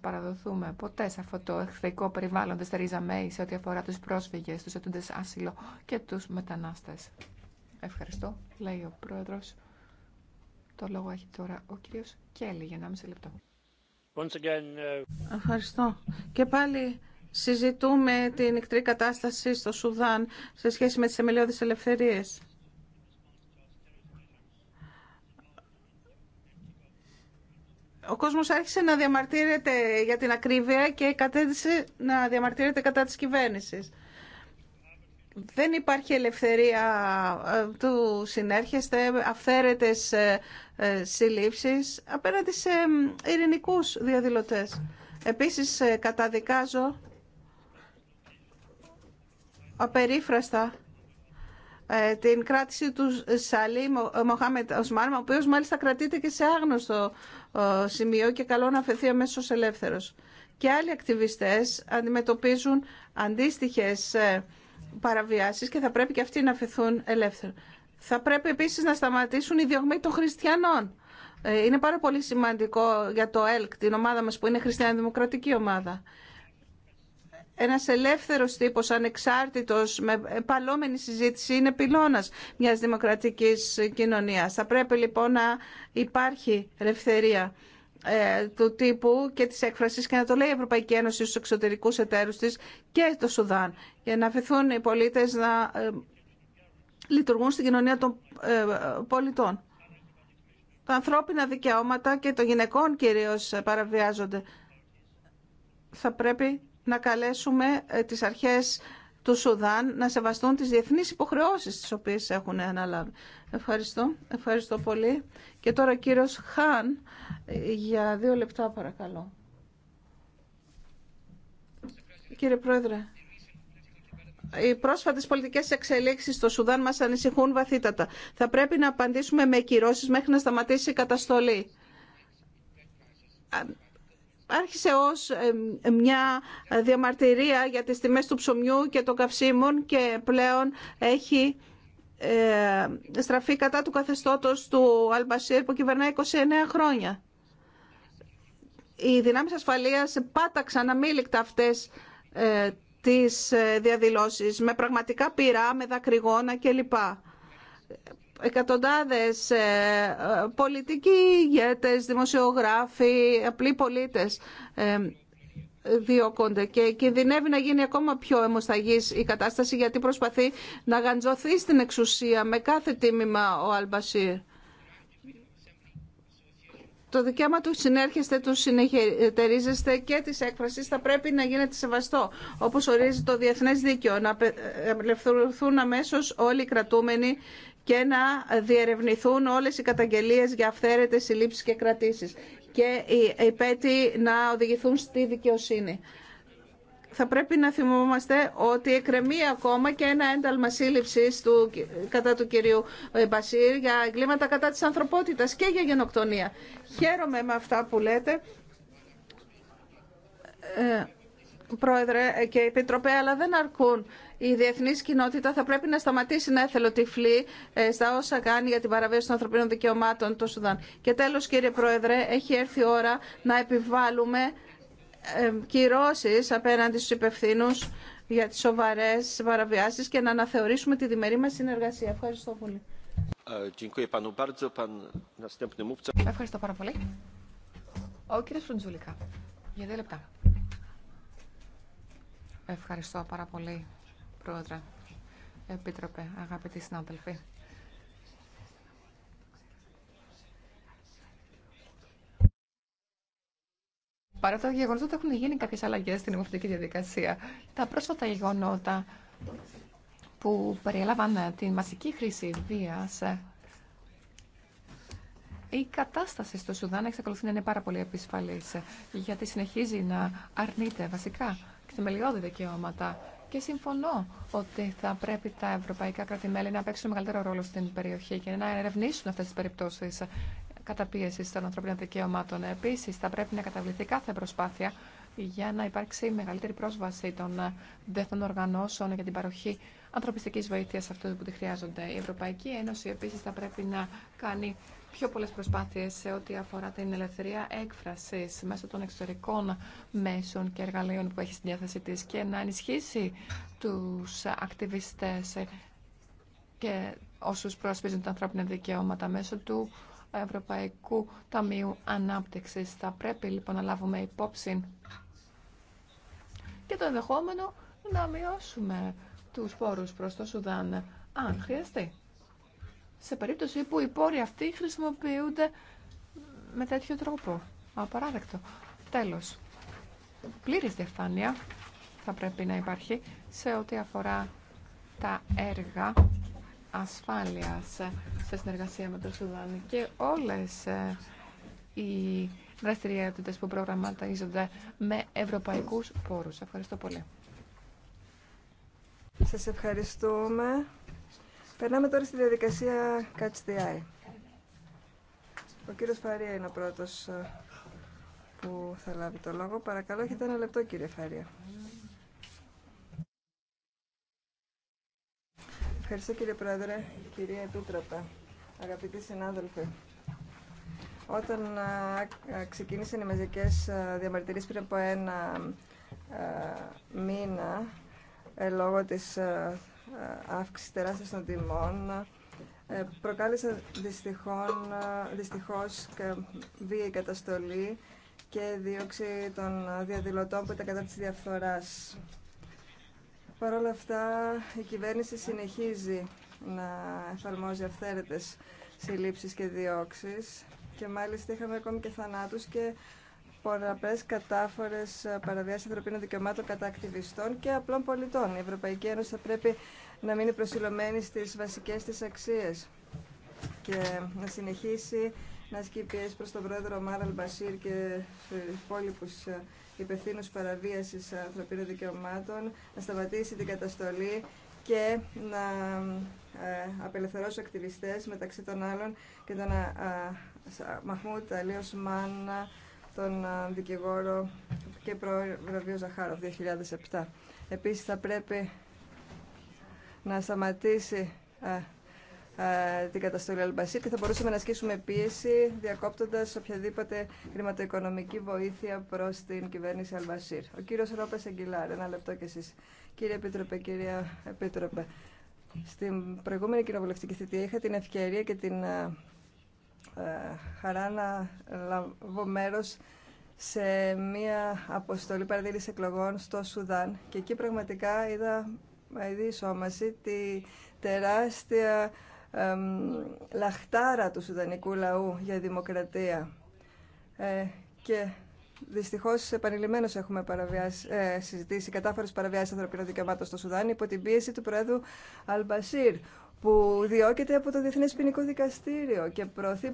παραδοθούμε ποτέ σε αυτό το εχθρικό περιβάλλον της Τερίζα Μέη σε ό,τι αφορά τους πρόσφυγες, τους αιτούντες άσυλο και τους μετανάστες. Ευχαριστώ, λέει ο Πρόεδρος. Το λόγο έχει τώρα ο κύριος Κέλλη για 1,5 λεπτό. Uh, Ευχαριστώ. Και πάλι συζητούμε την νυχτρή κατάσταση στο Σουδάν σε σχέση με τις εμελιώδεις ελευθερίες. Ο κόσμος άρχισε να διαμαρτύρεται για την ακρίβεια και κατέδυσε να διαμαρτύρεται κατά της κυβέρνησης δεν υπάρχει ελευθερία ε, του συνέρχεστε, αυθαίρετες ε, ε, συλλήψεις απέναντι σε ειρηνικούς διαδηλωτές. Επίσης καταδικάζω απερίφραστα την κράτηση του Σαλή Μοχάμετ Οσμάν, ο οποίος μάλιστα κρατείται και σε άγνωστο σημείο και καλό να αφαιθεί αμέσως ελεύθερος. Και άλλοι ακτιβιστές αντιμετωπίζουν αντίστοιχες παραβιάσεις και θα πρέπει και αυτοί να αφαιθούν ελεύθεροι. Θα πρέπει επίση να σταματήσουν οι διωγμοί των χριστιανών. Ε, είναι πάρα πολύ σημαντικό για το ΕΛΚ, την ομάδα μας που είναι χριστιανοδημοκρατική ομάδα. Ένας ελεύθερος τύπος, ανεξάρτητος, με παλόμενη συζήτηση είναι πυλώνας μιας δημοκρατικής κοινωνία. Θα πρέπει λοιπόν να υπάρχει ελευθερία. Ε, του τύπου και της έκφρασης και να το λέει η Ευρωπαϊκή Ένωση στους εξωτερικούς εταίρους της και το Σουδάν για να αφαιθούν οι πολίτες να ε, λειτουργούν στην κοινωνία των ε, πολιτών. Τα ανθρώπινα δικαιώματα και των γυναικών κυρίως παραβιάζονται. Θα πρέπει να καλέσουμε τις αρχές του Σουδάν να σεβαστούν τις διεθνείς υποχρεώσεις τις οποίες έχουν αναλάβει. Ευχαριστώ. Ευχαριστώ πολύ. Και τώρα κύριος Χάν για δύο λεπτά παρακαλώ. Κύριε Πρόεδρε. Οι πρόσφατες πολιτικές εξελίξεις στο Σουδάν μας ανησυχούν βαθύτατα. Θα πρέπει να απαντήσουμε με κυρώσεις μέχρι να σταματήσει η καταστολή άρχισε ως μια διαμαρτυρία για τις τιμές του ψωμιού και των καυσίμων και πλέον έχει ε, στραφεί κατά του καθεστώτος του Αλμπασίρ που κυβερνάει 29 χρόνια. Οι δυνάμεις ασφαλείας πάταξαν αμήλικτα αυτές ε, τις ε, διαδηλώσεις με πραγματικά πυρά, με δακρυγόνα κλπ εκατοντάδες ε, ε, πολιτικοί ηγέτες, δημοσιογράφοι, απλοί πολίτες ε, διώκονται και κινδυνεύει να γίνει ακόμα πιο αιμοσταγής η κατάσταση γιατί προσπαθεί να γαντζωθεί στην εξουσία με κάθε τίμημα ο Αλμπασίρ. Το δικαίωμα του συνέρχεστε, του συνεχερίζεστε και τη έκφρασης θα πρέπει να γίνεται σεβαστό, Όπω ορίζει το διεθνέ Δίκαιο, να απελευθερωθούν αμέσω όλοι οι κρατούμενοι και να διερευνηθούν όλες οι καταγγελίες για αυθαίρετες συλλήψεις και κρατήσεις και οι να οδηγηθούν στη δικαιοσύνη. Θα πρέπει να θυμόμαστε ότι εκκρεμεί ακόμα και ένα ένταλμα σύλληψη του, κατά του κυρίου ε, Μπασίρ για εγκλήματα κατά της ανθρωπότητας και για γενοκτονία. Χαίρομαι με αυτά που λέτε. Ε, πρόεδρε ε, και Επιτροπέ, αλλά δεν αρκούν η διεθνή κοινότητα θα πρέπει να σταματήσει να εθελοτυφλεί στα όσα κάνει για την παραβίαση των ανθρωπίνων δικαιωμάτων το Σουδάν. Και τέλος κύριε Πρόεδρε, έχει έρθει η ώρα να επιβάλλουμε ε, κυρώσει απέναντι στους υπευθύνου για τις σοβαρέ παραβιάσεις και να αναθεωρήσουμε τη διμερή μας συνεργασία. Ευχαριστώ πολύ. Ε, Ευχαριστώ πάρα πολύ. για δύο λεπτά. Ευχαριστώ πάρα πολύ, Πρόεδρε, Επίτροπε, αγαπητοί συνάδελφοι. Παρά τα γεγονότα ότι έχουν γίνει κάποιες αλλαγές στην νομοθετική διαδικασία, τα πρόσφατα γεγονότα που περιέλαβαν τη μασική χρήση βίας, η κατάσταση στο Σουδάν εξακολουθεί να είναι πάρα πολύ επισφαλής, γιατί συνεχίζει να αρνείται βασικά και θεμελιώδη δικαιώματα και συμφωνώ ότι θα πρέπει τα ευρωπαϊκά κράτη-μέλη να παίξουν μεγαλύτερο ρόλο στην περιοχή και να ερευνήσουν αυτέ τι περιπτώσει καταπίεση των ανθρωπίνων δικαιωμάτων. Επίση, θα πρέπει να καταβληθεί κάθε προσπάθεια για να υπάρξει μεγαλύτερη πρόσβαση των δεύτερων οργανώσεων για την παροχή ανθρωπιστική βοήθεια σε αυτού που τη χρειάζονται. Η Ευρωπαϊκή Ένωση επίση θα πρέπει να κάνει πιο πολλές προσπάθειες σε ό,τι αφορά την ελευθερία έκφρασης μέσω των εξωτερικών μέσων και εργαλείων που έχει στη διάθεσή της και να ενισχύσει τους ακτιβιστές και όσους προσπίζουν τα ανθρώπινα δικαιώματα μέσω του Ευρωπαϊκού Ταμείου Ανάπτυξης. Θα πρέπει λοιπόν να λάβουμε υπόψη και το ενδεχόμενο να μειώσουμε τους πόρους προς το Σουδάν αν χρειαστεί σε περίπτωση που οι πόροι αυτοί χρησιμοποιούνται με τέτοιο τρόπο. Απαράδεκτο. Τέλος. Πλήρης διαφάνεια θα πρέπει να υπάρχει σε ό,τι αφορά τα έργα ασφάλειας σε συνεργασία με το Σουδάν και όλες ε, οι δραστηριότητε που προγραμματίζονται με ευρωπαϊκούς πόρους. Ευχαριστώ πολύ. Σας ευχαριστούμε. Περνάμε τώρα στη διαδικασία Catch the Eye. Ο κύριος Φαρία είναι ο πρώτος ε, που θα λάβει το λόγο. Παρακαλώ, έχετε ένα λεπτό κύριε Φαρία. Ευχαριστώ κύριε Πρόεδρε, κυρία Επίτροπε, αγαπητοί συνάδελφοι. Όταν ε, ξεκίνησαν οι μαζικές ε, διαμαρτυρίες πριν από ένα μήνα, λόγω της αύξηση τεράστια των τιμών ε, Προκάλεσε δυστυχών, ε, δυστυχώς η καταστολή και δίωξη των διαδηλωτών που ήταν κατά της διαφθοράς. Παρ' όλα αυτά, η κυβέρνηση συνεχίζει να εφαρμόζει αυθαίρετες συλλήψεις και διώξεις και μάλιστα είχαμε ακόμη και θανάτους και πολλαπλές κατάφορε παραβιάσει ανθρωπίνων δικαιωμάτων κατά ακτιβιστών και απλών πολιτών. Η Ευρωπαϊκή Ένωση θα πρέπει να μείνει προσιλωμένη στι βασικέ τη αξίε. και να συνεχίσει να ασκεί πιέσει προς τον πρόεδρο Μάραλ Μπασίρ και στους υπόλοιπου ε, υπευθύνου παραβίαση ανθρωπίνων δικαιωμάτων, να σταματήσει την καταστολή και να ε, απελευθερώσει ακτιβιστές μεταξύ των άλλων και τον ε, Μαχμούτ Αλίος Μάνα, τον δικηγόρο και προβραβείο Ζαχάροφ 2007. Επίσης θα πρέπει να σταματήσει την καταστολή Αλμπασίρ και θα μπορούσαμε να ασκήσουμε πίεση διακόπτοντας οποιαδήποτε χρηματοοικονομική βοήθεια προς την κυβέρνηση Αλμπασίρ. Ο κύριος Ρόπες Αγγιλάρ, ένα λεπτό κι εσείς. Κύριε Επίτροπε, κύριε Επίτροπε, στην προηγούμενη κοινοβουλευτική θητεία είχα την ευκαιρία και την ε, χαρά να λάβω μέρος σε μία αποστολή παρατήρηση εκλογών στο Σουδάν και εκεί πραγματικά είδα η σώμαση τη τεράστια λαχτάρα του Σουδανικού λαού για δημοκρατία. Ε, και δυστυχώς επανειλημμένως έχουμε ε, συζητήσει κατάφορες παραβιάσεις ανθρωπίνων δικαιωμάτων στο Σουδάν υπό την πίεση του Πρόεδρου Αλμπασίρ, που διώκεται από το Διεθνές Ποινικό Δικαστήριο και προωθεί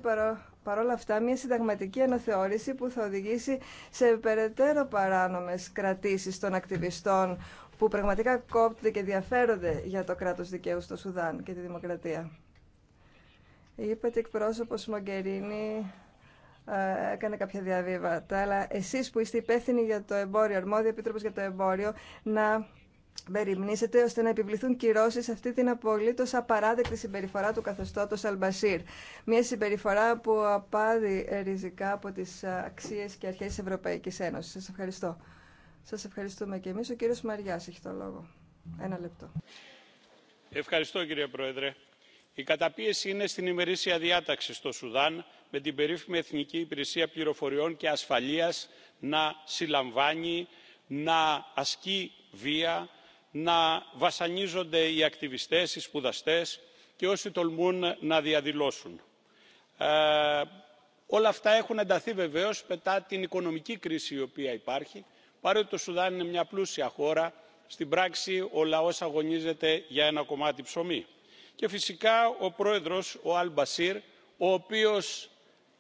παρόλα αυτά μια συνταγματική αναθεώρηση που θα οδηγήσει σε περαιτέρω παράνομες κρατήσεις των ακτιβιστών που πραγματικά κόπτονται και διαφέρονται για το κράτος δικαίου στο Σουδάν και τη δημοκρατία. Είπατε ότι εκπρόσωπος Μογκερίνη ε, έκανε κάποια διαβίβατα, αλλά εσείς που είστε υπεύθυνοι για το εμπόριο, αρμόδιο επίτροπος για το εμπόριο, να Μεριμνήσεται ώστε να επιβληθούν κυρώσει σε αυτή την απολύτω απαράδεκτη συμπεριφορά του καθεστώτο Αλμπασίρ. Μια συμπεριφορά που απάδει ριζικά από τι ε, αξίε και αρχέ τη Ευρωπαϊκή Ένωση. Σα ευχαριστώ. Σα ευχαριστούμε και εμεί. Ο κύριο Μαριά έχει το λόγο. Ένα λεπτό. Ευχαριστώ κύριε Πρόεδρε. Η καταπίεση είναι στην ημερήσια διάταξη στο Σουδάν με την περίφημη Εθνική Υπηρεσία Πληροφοριών και Ασφαλείας να συλλαμβάνει, να ασκεί βία, να βασανίζονται οι ακτιβιστές οι σπουδαστές και όσοι τολμούν να διαδηλώσουν. Ε, όλα αυτά έχουν ενταθεί βεβαίως μετά την οικονομική κρίση η οποία υπάρχει παρότι το σουδάν είναι μια πλούσια χώρα στην πράξη ο λαός αγωνίζεται για ένα κομμάτι ψωμί. και φυσικά ο πρόεδρος ο αλ μπασίρ ο οποίος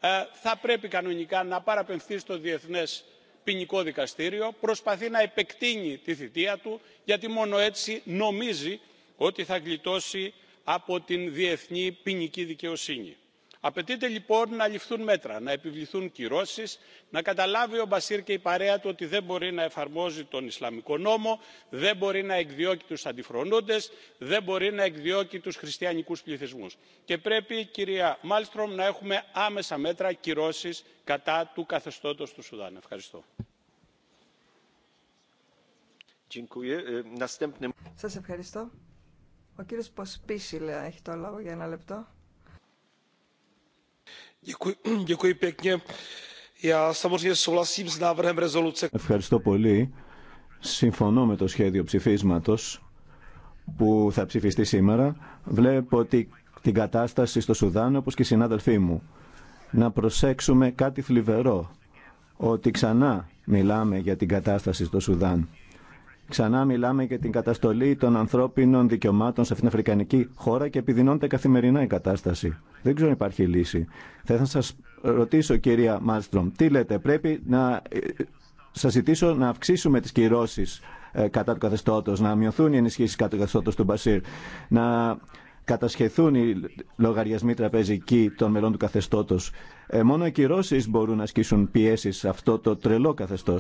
ε, θα πρέπει κανονικά να παραπεμφθεί στο διεθνές ποινικό δικαστήριο προσπαθεί να επεκτείνει τη θητεία του γιατί μόνο έτσι νομίζει ότι θα γλιτώσει από την διεθνή ποινική δικαιοσύνη απαιτείται λοιπόν να ληφθούν μέτρα να επιβληθούν κυρώσεις να καταλάβει ο μπασίρ και η παρέα του ότι δεν μπορεί να εφαρμόζει τον ισλαμικό νόμο δεν μπορεί να εκδιώκει τους αντιφρονούντες δεν μπορεί να εκδιώκει τους χριστιανικούς πληθυσμούς και πρέπει κυρία μάλμστρομ να έχουμε άμεσα μέτρα κυρώσεις κατά του καθεστώτος του σουδάν. ευχαριστώ. [CLEARS THROAT] Ευχαριστώ πολύ. Συμφωνώ με το σχέδιο ψηφίσματος που θα ψηφιστεί σήμερα. Βλέπω ότι την κατάσταση στο Σουδάν όπως και οι συνάδελφοί μου. Να προσέξουμε κάτι θλιβερό, ότι ξανά μιλάμε για την κατάσταση στο Σουδάν. Ξανά μιλάμε για την καταστολή των ανθρώπινων δικαιωμάτων σε αυτήν την Αφρικανική χώρα και επιδεινώνεται καθημερινά η κατάσταση. Δεν ξέρω αν υπάρχει λύση. Θα ήθελα να σα ρωτήσω, κυρία Μάλστρομ, τι λέτε, πρέπει να ε, σα ζητήσω να αυξήσουμε τι κυρώσει ε, κατά του καθεστώτο, να μειωθούν οι ενισχύσει κατά του καθεστώτο του Μπασίρ, να κατασχεθούν οι λογαριασμοί τραπεζικοί των μελών του καθεστώτο. Ε, μόνο οι κυρώσει μπορούν να ασκήσουν πιέσει σε αυτό το τρελό καθεστώ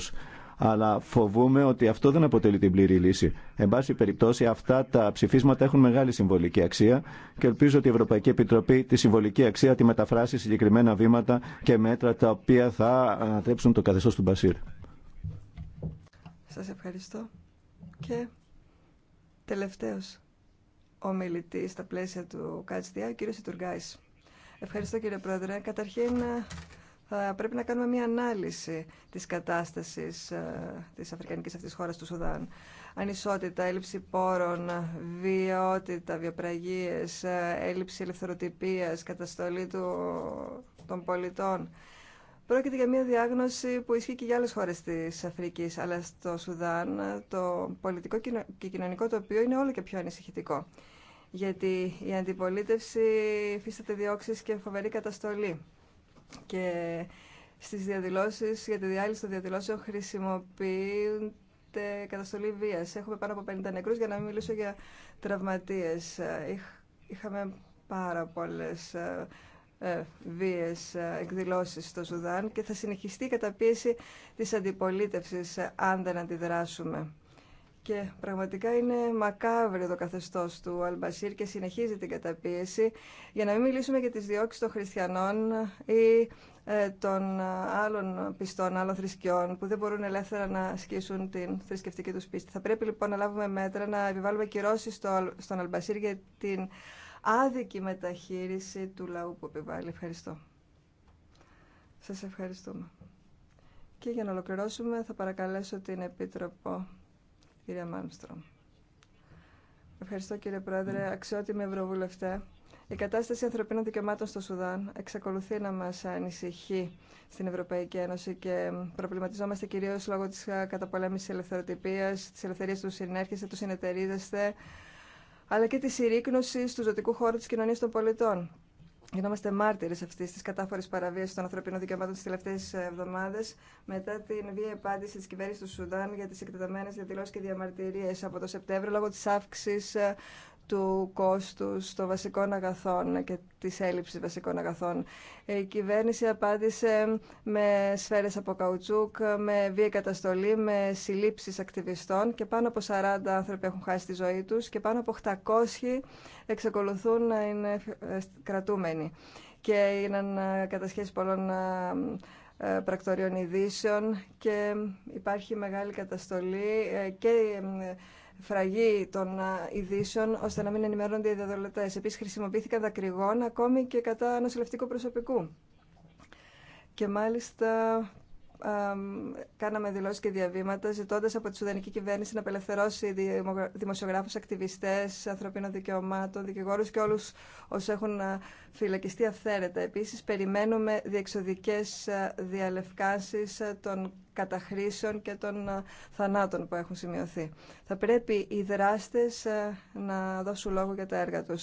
αλλά φοβούμε ότι αυτό δεν αποτελεί την πλήρη λύση. Εν πάση περιπτώσει, αυτά τα ψηφίσματα έχουν μεγάλη συμβολική αξία και ελπίζω ότι η Ευρωπαϊκή Επιτροπή τη συμβολική αξία τη μεταφράσει συγκεκριμένα βήματα και μέτρα τα οποία θα ανατρέψουν το καθεστώ του Μπασίρ. Σα ευχαριστώ. Και τελευταίο ο στα πλαίσια του ΚΑΤΣΤΙΑ, ο κύριο Ιτουργάη. Ευχαριστώ κύριε Πρόεδρε. Καταρχήν θα πρέπει να κάνουμε μια ανάλυση της κατάστασης ε, της αφρικανικής αυτής χώρας του Σουδάν. Ανισότητα, έλλειψη πόρων, βιαιότητα, βιοπραγίες, ε, έλλειψη ελευθεροτυπίας, καταστολή του, των πολιτών. Πρόκειται για μια διάγνωση που ισχύει και για άλλες χώρες της Αφρικής, αλλά στο Σουδάν ε, το πολιτικό και κοινωνικό τοπίο είναι όλο και πιο ανησυχητικό. Γιατί η αντιπολίτευση υφίσταται διώξεις και φοβερή καταστολή. Και στις διαδηλώσεις, για τη διάλυση των διαδηλώσεων χρησιμοποιούνται καταστολή βίας. Έχουμε πάνω από 50 νεκρούς, για να μην μιλήσω για τραυματίες. Είχαμε πάρα πολλές ε, ε, βίες ε, εκδηλώσεις στο Σουδάν και θα συνεχιστεί η καταπίεση της αντιπολίτευσης αν δεν αντιδράσουμε. Και πραγματικά είναι μακάβριο το καθεστώ του Αλμπασίρ και συνεχίζει την καταπίεση. Για να μην μιλήσουμε για τι διώξει των χριστιανών ή ε, των ε, άλλων πιστών, άλλων θρησκειών που δεν μπορούν ελεύθερα να ασκήσουν την θρησκευτική του πίστη. Θα πρέπει λοιπόν να λάβουμε μέτρα να επιβάλλουμε κυρώσει στο, στον Αλμπασίρ για την άδικη μεταχείριση του λαού που επιβάλλει. Ευχαριστώ. Σας ευχαριστούμε. Και για να ολοκληρώσουμε θα παρακαλέσω την Επίτροπο κυρία Μάλμστρομ. Ευχαριστώ κύριε Πρόεδρε. Ναι. Αξιότιμη Ευρωβουλευτέ. Η κατάσταση ανθρωπίνων δικαιωμάτων στο Σουδάν εξακολουθεί να μας ανησυχεί στην Ευρωπαϊκή Ένωση και προβληματιζόμαστε κυρίως λόγω της ε, καταπολέμησης ελευθεροτυπίας, της ελευθερίας του συνέρχεστε, του συνεταιρίζεστε, αλλά και της συρρήκνωσης του ζωτικού χώρου της κοινωνίας των πολιτών. Γινόμαστε μάρτυρες αυτής της κατάφορης παραβίασης των ανθρωπίνων δικαιωμάτων τις τελευταίες εβδομάδες μετά την βία επάντηση της κυβέρνησης του Σουδάν για τις εκτεταμένες διαδηλώσει και διαμαρτυρίες από το Σεπτέμβριο λόγω της αύξησης του κόστου των βασικών αγαθών και της έλλειψης βασικών αγαθών. Η κυβέρνηση απάντησε με σφαίρες από καουτσούκ, με βία καταστολή, με συλλήψεις ακτιβιστών και πάνω από 40 άνθρωποι έχουν χάσει τη ζωή τους και πάνω από 800 εξακολουθούν να είναι κρατούμενοι και είναι ε, κατασχέσει πολλών ε, ε, πρακτοριών ειδήσεων και υπάρχει μεγάλη καταστολή και φραγή των ειδήσεων ώστε να μην ενημερώνονται οι διαδολωτέ. Επίση, χρησιμοποιήθηκαν δακρυγόνα ακόμη και κατά νοσηλευτικού προσωπικού. Και μάλιστα κάναμε δηλώσει και διαβήματα ζητώντα από τη Σουδανική κυβέρνηση να απελευθερώσει δημοσιογράφου, ακτιβιστέ ανθρωπίνων δικαιωμάτων, δικηγόρου και όλου όσου έχουν ε, φυλακιστεί αυθαίρετα. Επίση, περιμένουμε διεξοδικέ ε, διαλευκάνσει ε, των καταχρήσεων και των θανάτων που έχουν σημειωθεί. Θα πρέπει οι δράστε να δώσουν λόγο για τα έργα του.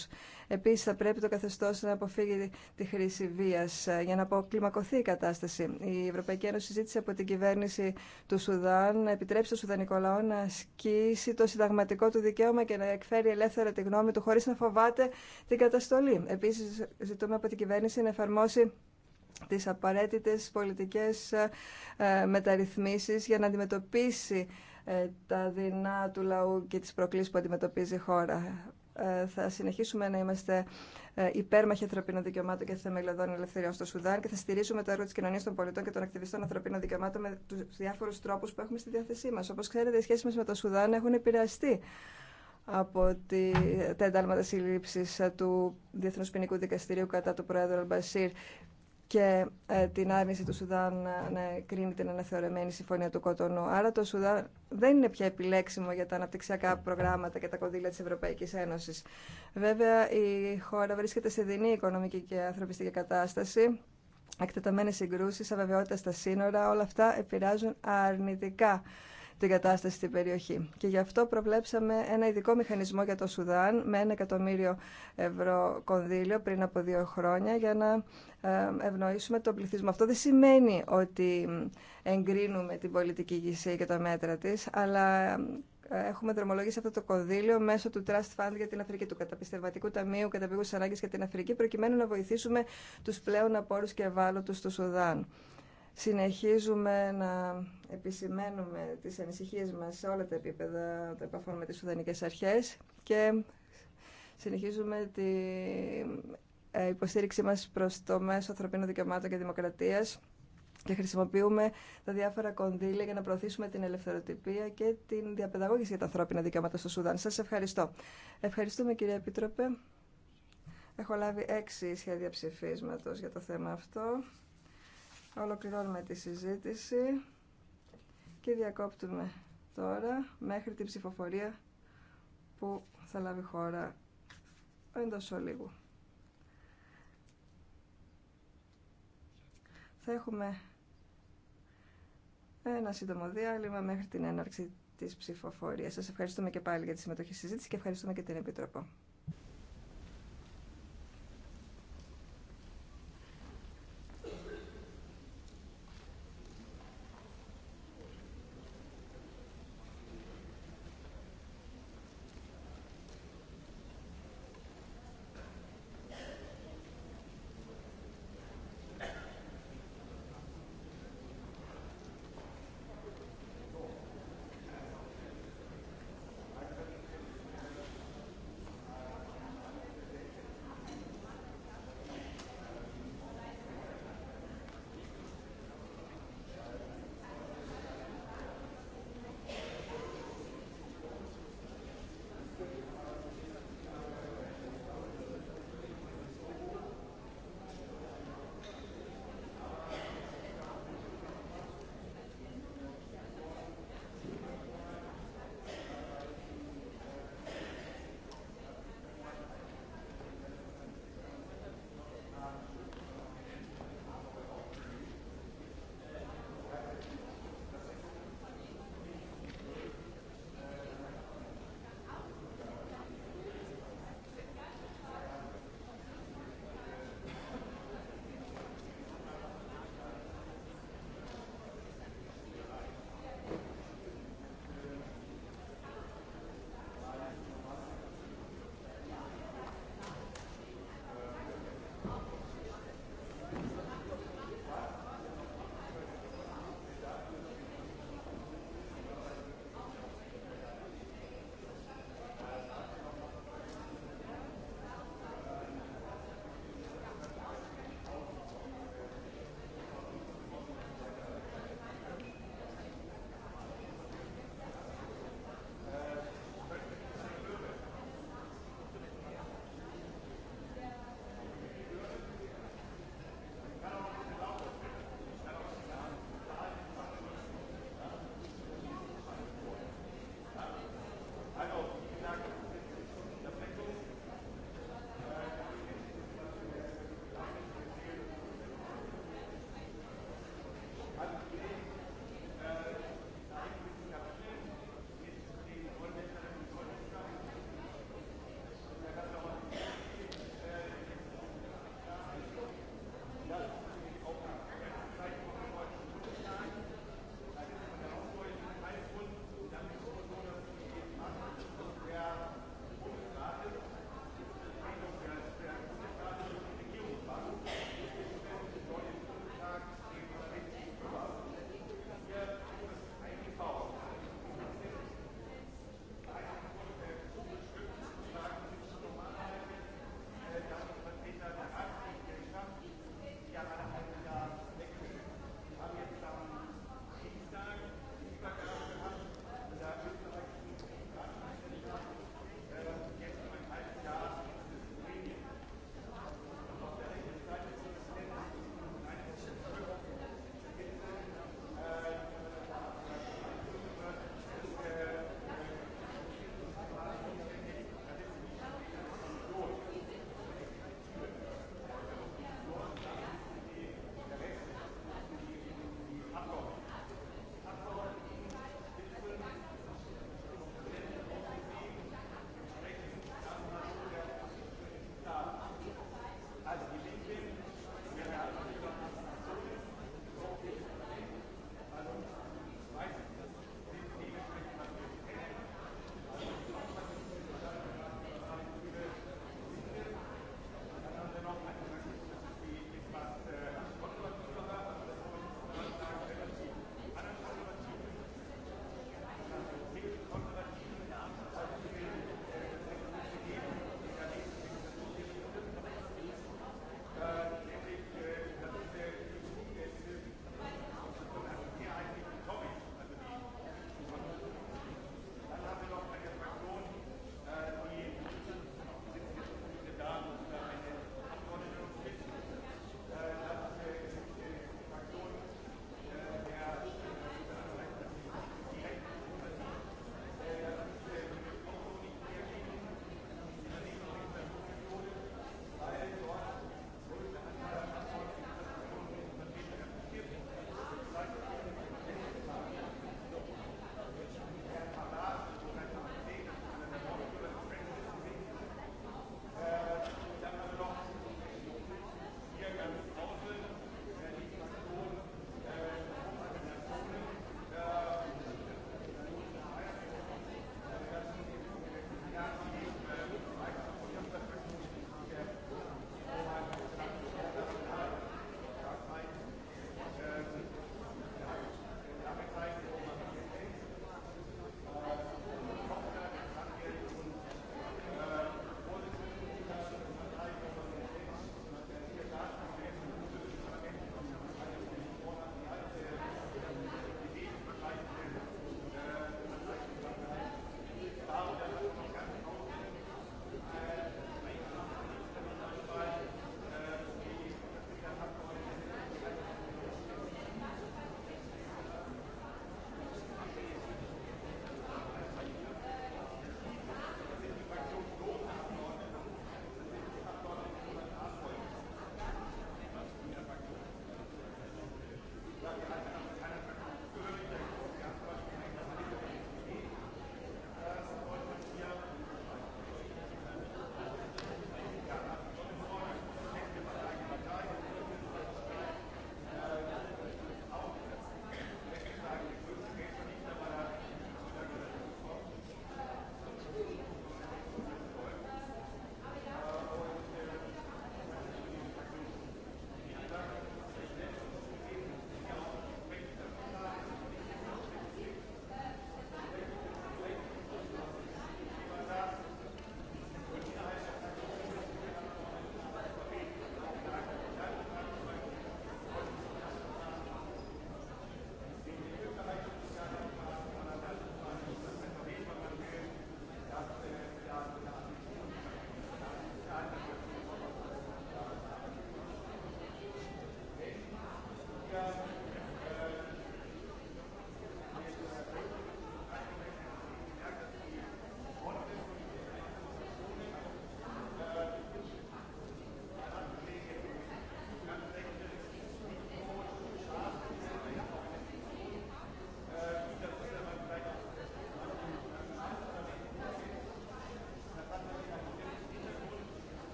Επίση, θα πρέπει το καθεστώ να αποφύγει τη χρήση βία ε, για να αποκλιμακωθεί η κατάσταση. Η Ευρωπαϊκή Ένωση ζήτησε από την κυβέρνηση του Σουδάν να επιτρέψει το Σουδανικό λαό να ασκήσει το συνταγματικό του δικαίωμα και να εκφέρει ελεύθερα τη γνώμη του χωρί να φοβάται την καταστολή. Επίση, ζητούμε από την κυβέρνηση να εφαρμόσει τις απαραίτητες πολιτικές ε, ε, μεταρρυθμίσεις για να αντιμετωπίσει τα δεινά του λαού και τις προκλήσεις που αντιμετωπίζει η χώρα. Ε, θα συνεχίσουμε να είμαστε ε, υπέρμαχοι ανθρωπίνων δικαιωμάτων και θεμελιωδών ελευθεριών στο Σουδάν και θα στηρίζουμε το έργο τη κοινωνία των πολιτών και των ακτιβιστών ανθρωπίνων δικαιωμάτων με του διάφορου τρόπου που έχουμε στη διάθεσή μα. Όπω ξέρετε, οι σχέσει μα με το Σουδάν έχουν επηρεαστεί από τη, τα εντάλματα συλλήψη ε, του Διεθνού Ποινικού Δικαστηρίου κατά του Πρόεδρου Αλμπασίρ και ε, την άρνηση του Σουδάν ε, να κρίνει την αναθεωρημένη συμφωνία του Κοτονού. Άρα το Σουδάν δεν είναι πια επιλέξιμο για τα αναπτυξιακά προγράμματα και τα κονδύλια της Ευρωπαϊκής Ένωσης. Βέβαια η χώρα βρίσκεται σε δεινή οικονομική και ανθρωπιστική κατάσταση. Εκτεταμένες συγκρούσεις, αβεβαιότητα στα σύνορα, όλα αυτά επηρεάζουν αρνητικά την κατάσταση στην περιοχή. Και γι' αυτό προβλέψαμε ένα ειδικό μηχανισμό για το Σουδάν με ένα εκατομμύριο ευρώ κονδύλιο πριν από δύο χρόνια για να ε, ευνοήσουμε τον πληθυσμό. Αυτό δεν σημαίνει ότι εγκρίνουμε την πολιτική ηγεσία και τα μέτρα της, αλλά ε, έχουμε δρομολογήσει αυτό το κονδύλιο μέσω του Trust Fund για την Αφρική, του Καταπιστευματικού Ταμείου Καταπήγου Ανάγκη για την Αφρική, προκειμένου να βοηθήσουμε του πλέον απόρου και ευάλωτου του Σουδάν. Συνεχίζουμε να επισημαίνουμε τις ανησυχίες μας σε όλα τα επίπεδα των επαφών με τις Σουδανικές Αρχές και συνεχίζουμε την ε, υποστήριξή μας προς το μέσο ανθρωπίνων δικαιωμάτων και δημοκρατίας και χρησιμοποιούμε τα διάφορα κονδύλια για να προωθήσουμε την ελευθεροτυπία και την διαπαιδαγώγηση για τα ανθρώπινα δικαιώματα στο Σουδάν. Σας ευχαριστώ. Ευχαριστούμε κύριε Επίτροπε. Έχω λάβει έξι σχέδια ψηφίσματος για το θέμα αυτό. Ολοκληρώνουμε τη συζήτηση και διακόπτουμε τώρα μέχρι την ψηφοφορία που θα λάβει χώρα εντός ολίγου. Θα έχουμε ένα σύντομο διάλειμμα μέχρι την έναρξη της ψηφοφορίας. Σας ευχαριστούμε και πάλι για τη συμμετοχή στη συζήτηση και ευχαριστούμε και την Επιτροπό.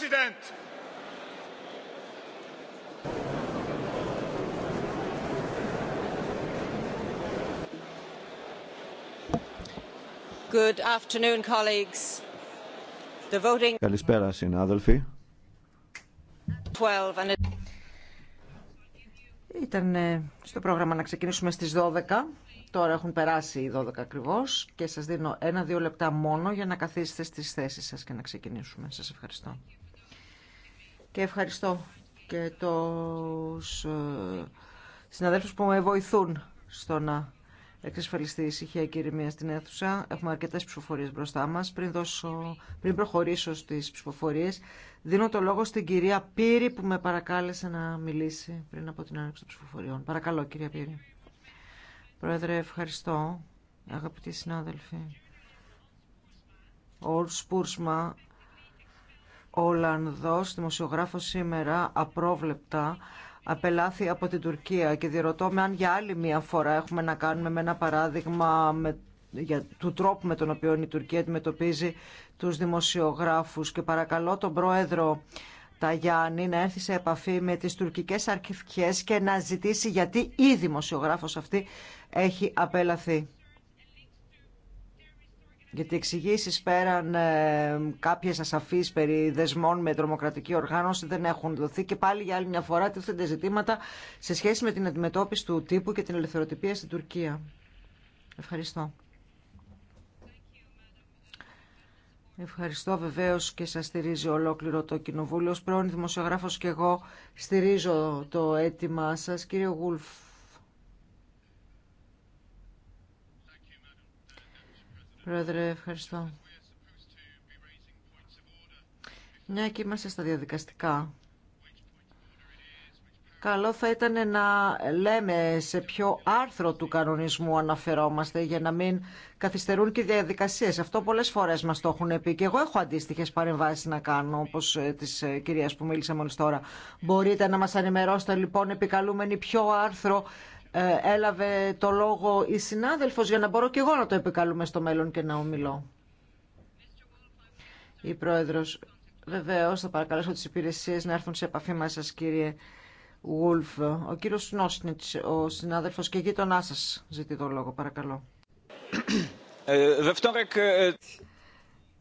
Good afternoon, colleagues. The voting... Καλησπέρα, συνάδελφοι. 12 Ήταν ε, στο πρόγραμμα να ξεκινήσουμε στις 12. Τώρα έχουν περάσει οι 12 ακριβώ και σας δίνω ένα-δύο λεπτά μόνο για να καθίσετε στις θέσεις σας και να ξεκινήσουμε. Σας ευχαριστώ και ευχαριστώ και τους ε, συναδέλφους που με βοηθούν στο να εξασφαλιστεί η ησυχία και η ηρεμία στην αίθουσα. Έχουμε αρκετές ψηφοφορίες μπροστά μας. Πριν, δώσω, πριν προχωρήσω στις ψηφοφορίες, δίνω το λόγο στην κυρία Πύρη που με παρακάλεσε να μιλήσει πριν από την άνοιξη των ψηφοφοριών. Παρακαλώ κυρία Πύρη. Πρόεδρε, ευχαριστώ. Αγαπητοί συνάδελφοι. Ο Ολλανδός δημοσιογράφος σήμερα απρόβλεπτα απελάθη από την Τουρκία και διερωτώ με αν για άλλη μία φορά έχουμε να κάνουμε με ένα παράδειγμα για, του τρόπου με τον οποίο η Τουρκία αντιμετωπίζει τους δημοσιογράφους και παρακαλώ τον Πρόεδρο Ταγιάννη να έρθει σε επαφή με τις τουρκικές αρχικές και να ζητήσει γιατί η δημοσιογράφος αυτή έχει απέλαθει. Γιατί εξηγήσει πέραν ε, κάποιε ασαφεί περί δεσμών με τρομοκρατική οργάνωση δεν έχουν δοθεί και πάλι για άλλη μια φορά τίθενται ζητήματα σε σχέση με την αντιμετώπιση του τύπου και την ελευθεροτυπία στην Τουρκία. Ευχαριστώ. Ευχαριστώ βεβαίως και σας στηρίζει ολόκληρο το Κοινοβούλιο. Ως πρώην δημοσιογράφος και εγώ στηρίζω το αίτημά σας. Κύριε Γουλφ, Πρόεδρε, ευχαριστώ. Μια και είμαστε στα διαδικαστικά. Καλό θα ήταν να λέμε σε ποιο άρθρο του κανονισμού αναφερόμαστε για να μην καθυστερούν και οι διαδικασίες. Αυτό πολλές φορές μας το έχουν πει και εγώ έχω αντίστοιχες παρεμβάσεις να κάνω όπως ε, της ε, κυρίας που μίλησε μόλις τώρα. Μπορείτε να μας ανημερώσετε λοιπόν επικαλούμενοι ποιο άρθρο ε, έλαβε το λόγο η συνάδελφος για να μπορώ και εγώ να το επικαλούμε στο μέλλον και να ομιλώ. Η Πρόεδρος, βεβαίως θα παρακαλέσω τις υπηρεσίες να έρθουν σε επαφή μαζί σας κύριε Γουλφ. Ο κύριος Νόσνιτς, ο συνάδελφος και γείτονά σας ζητεί το λόγο, παρακαλώ. Ε, ε,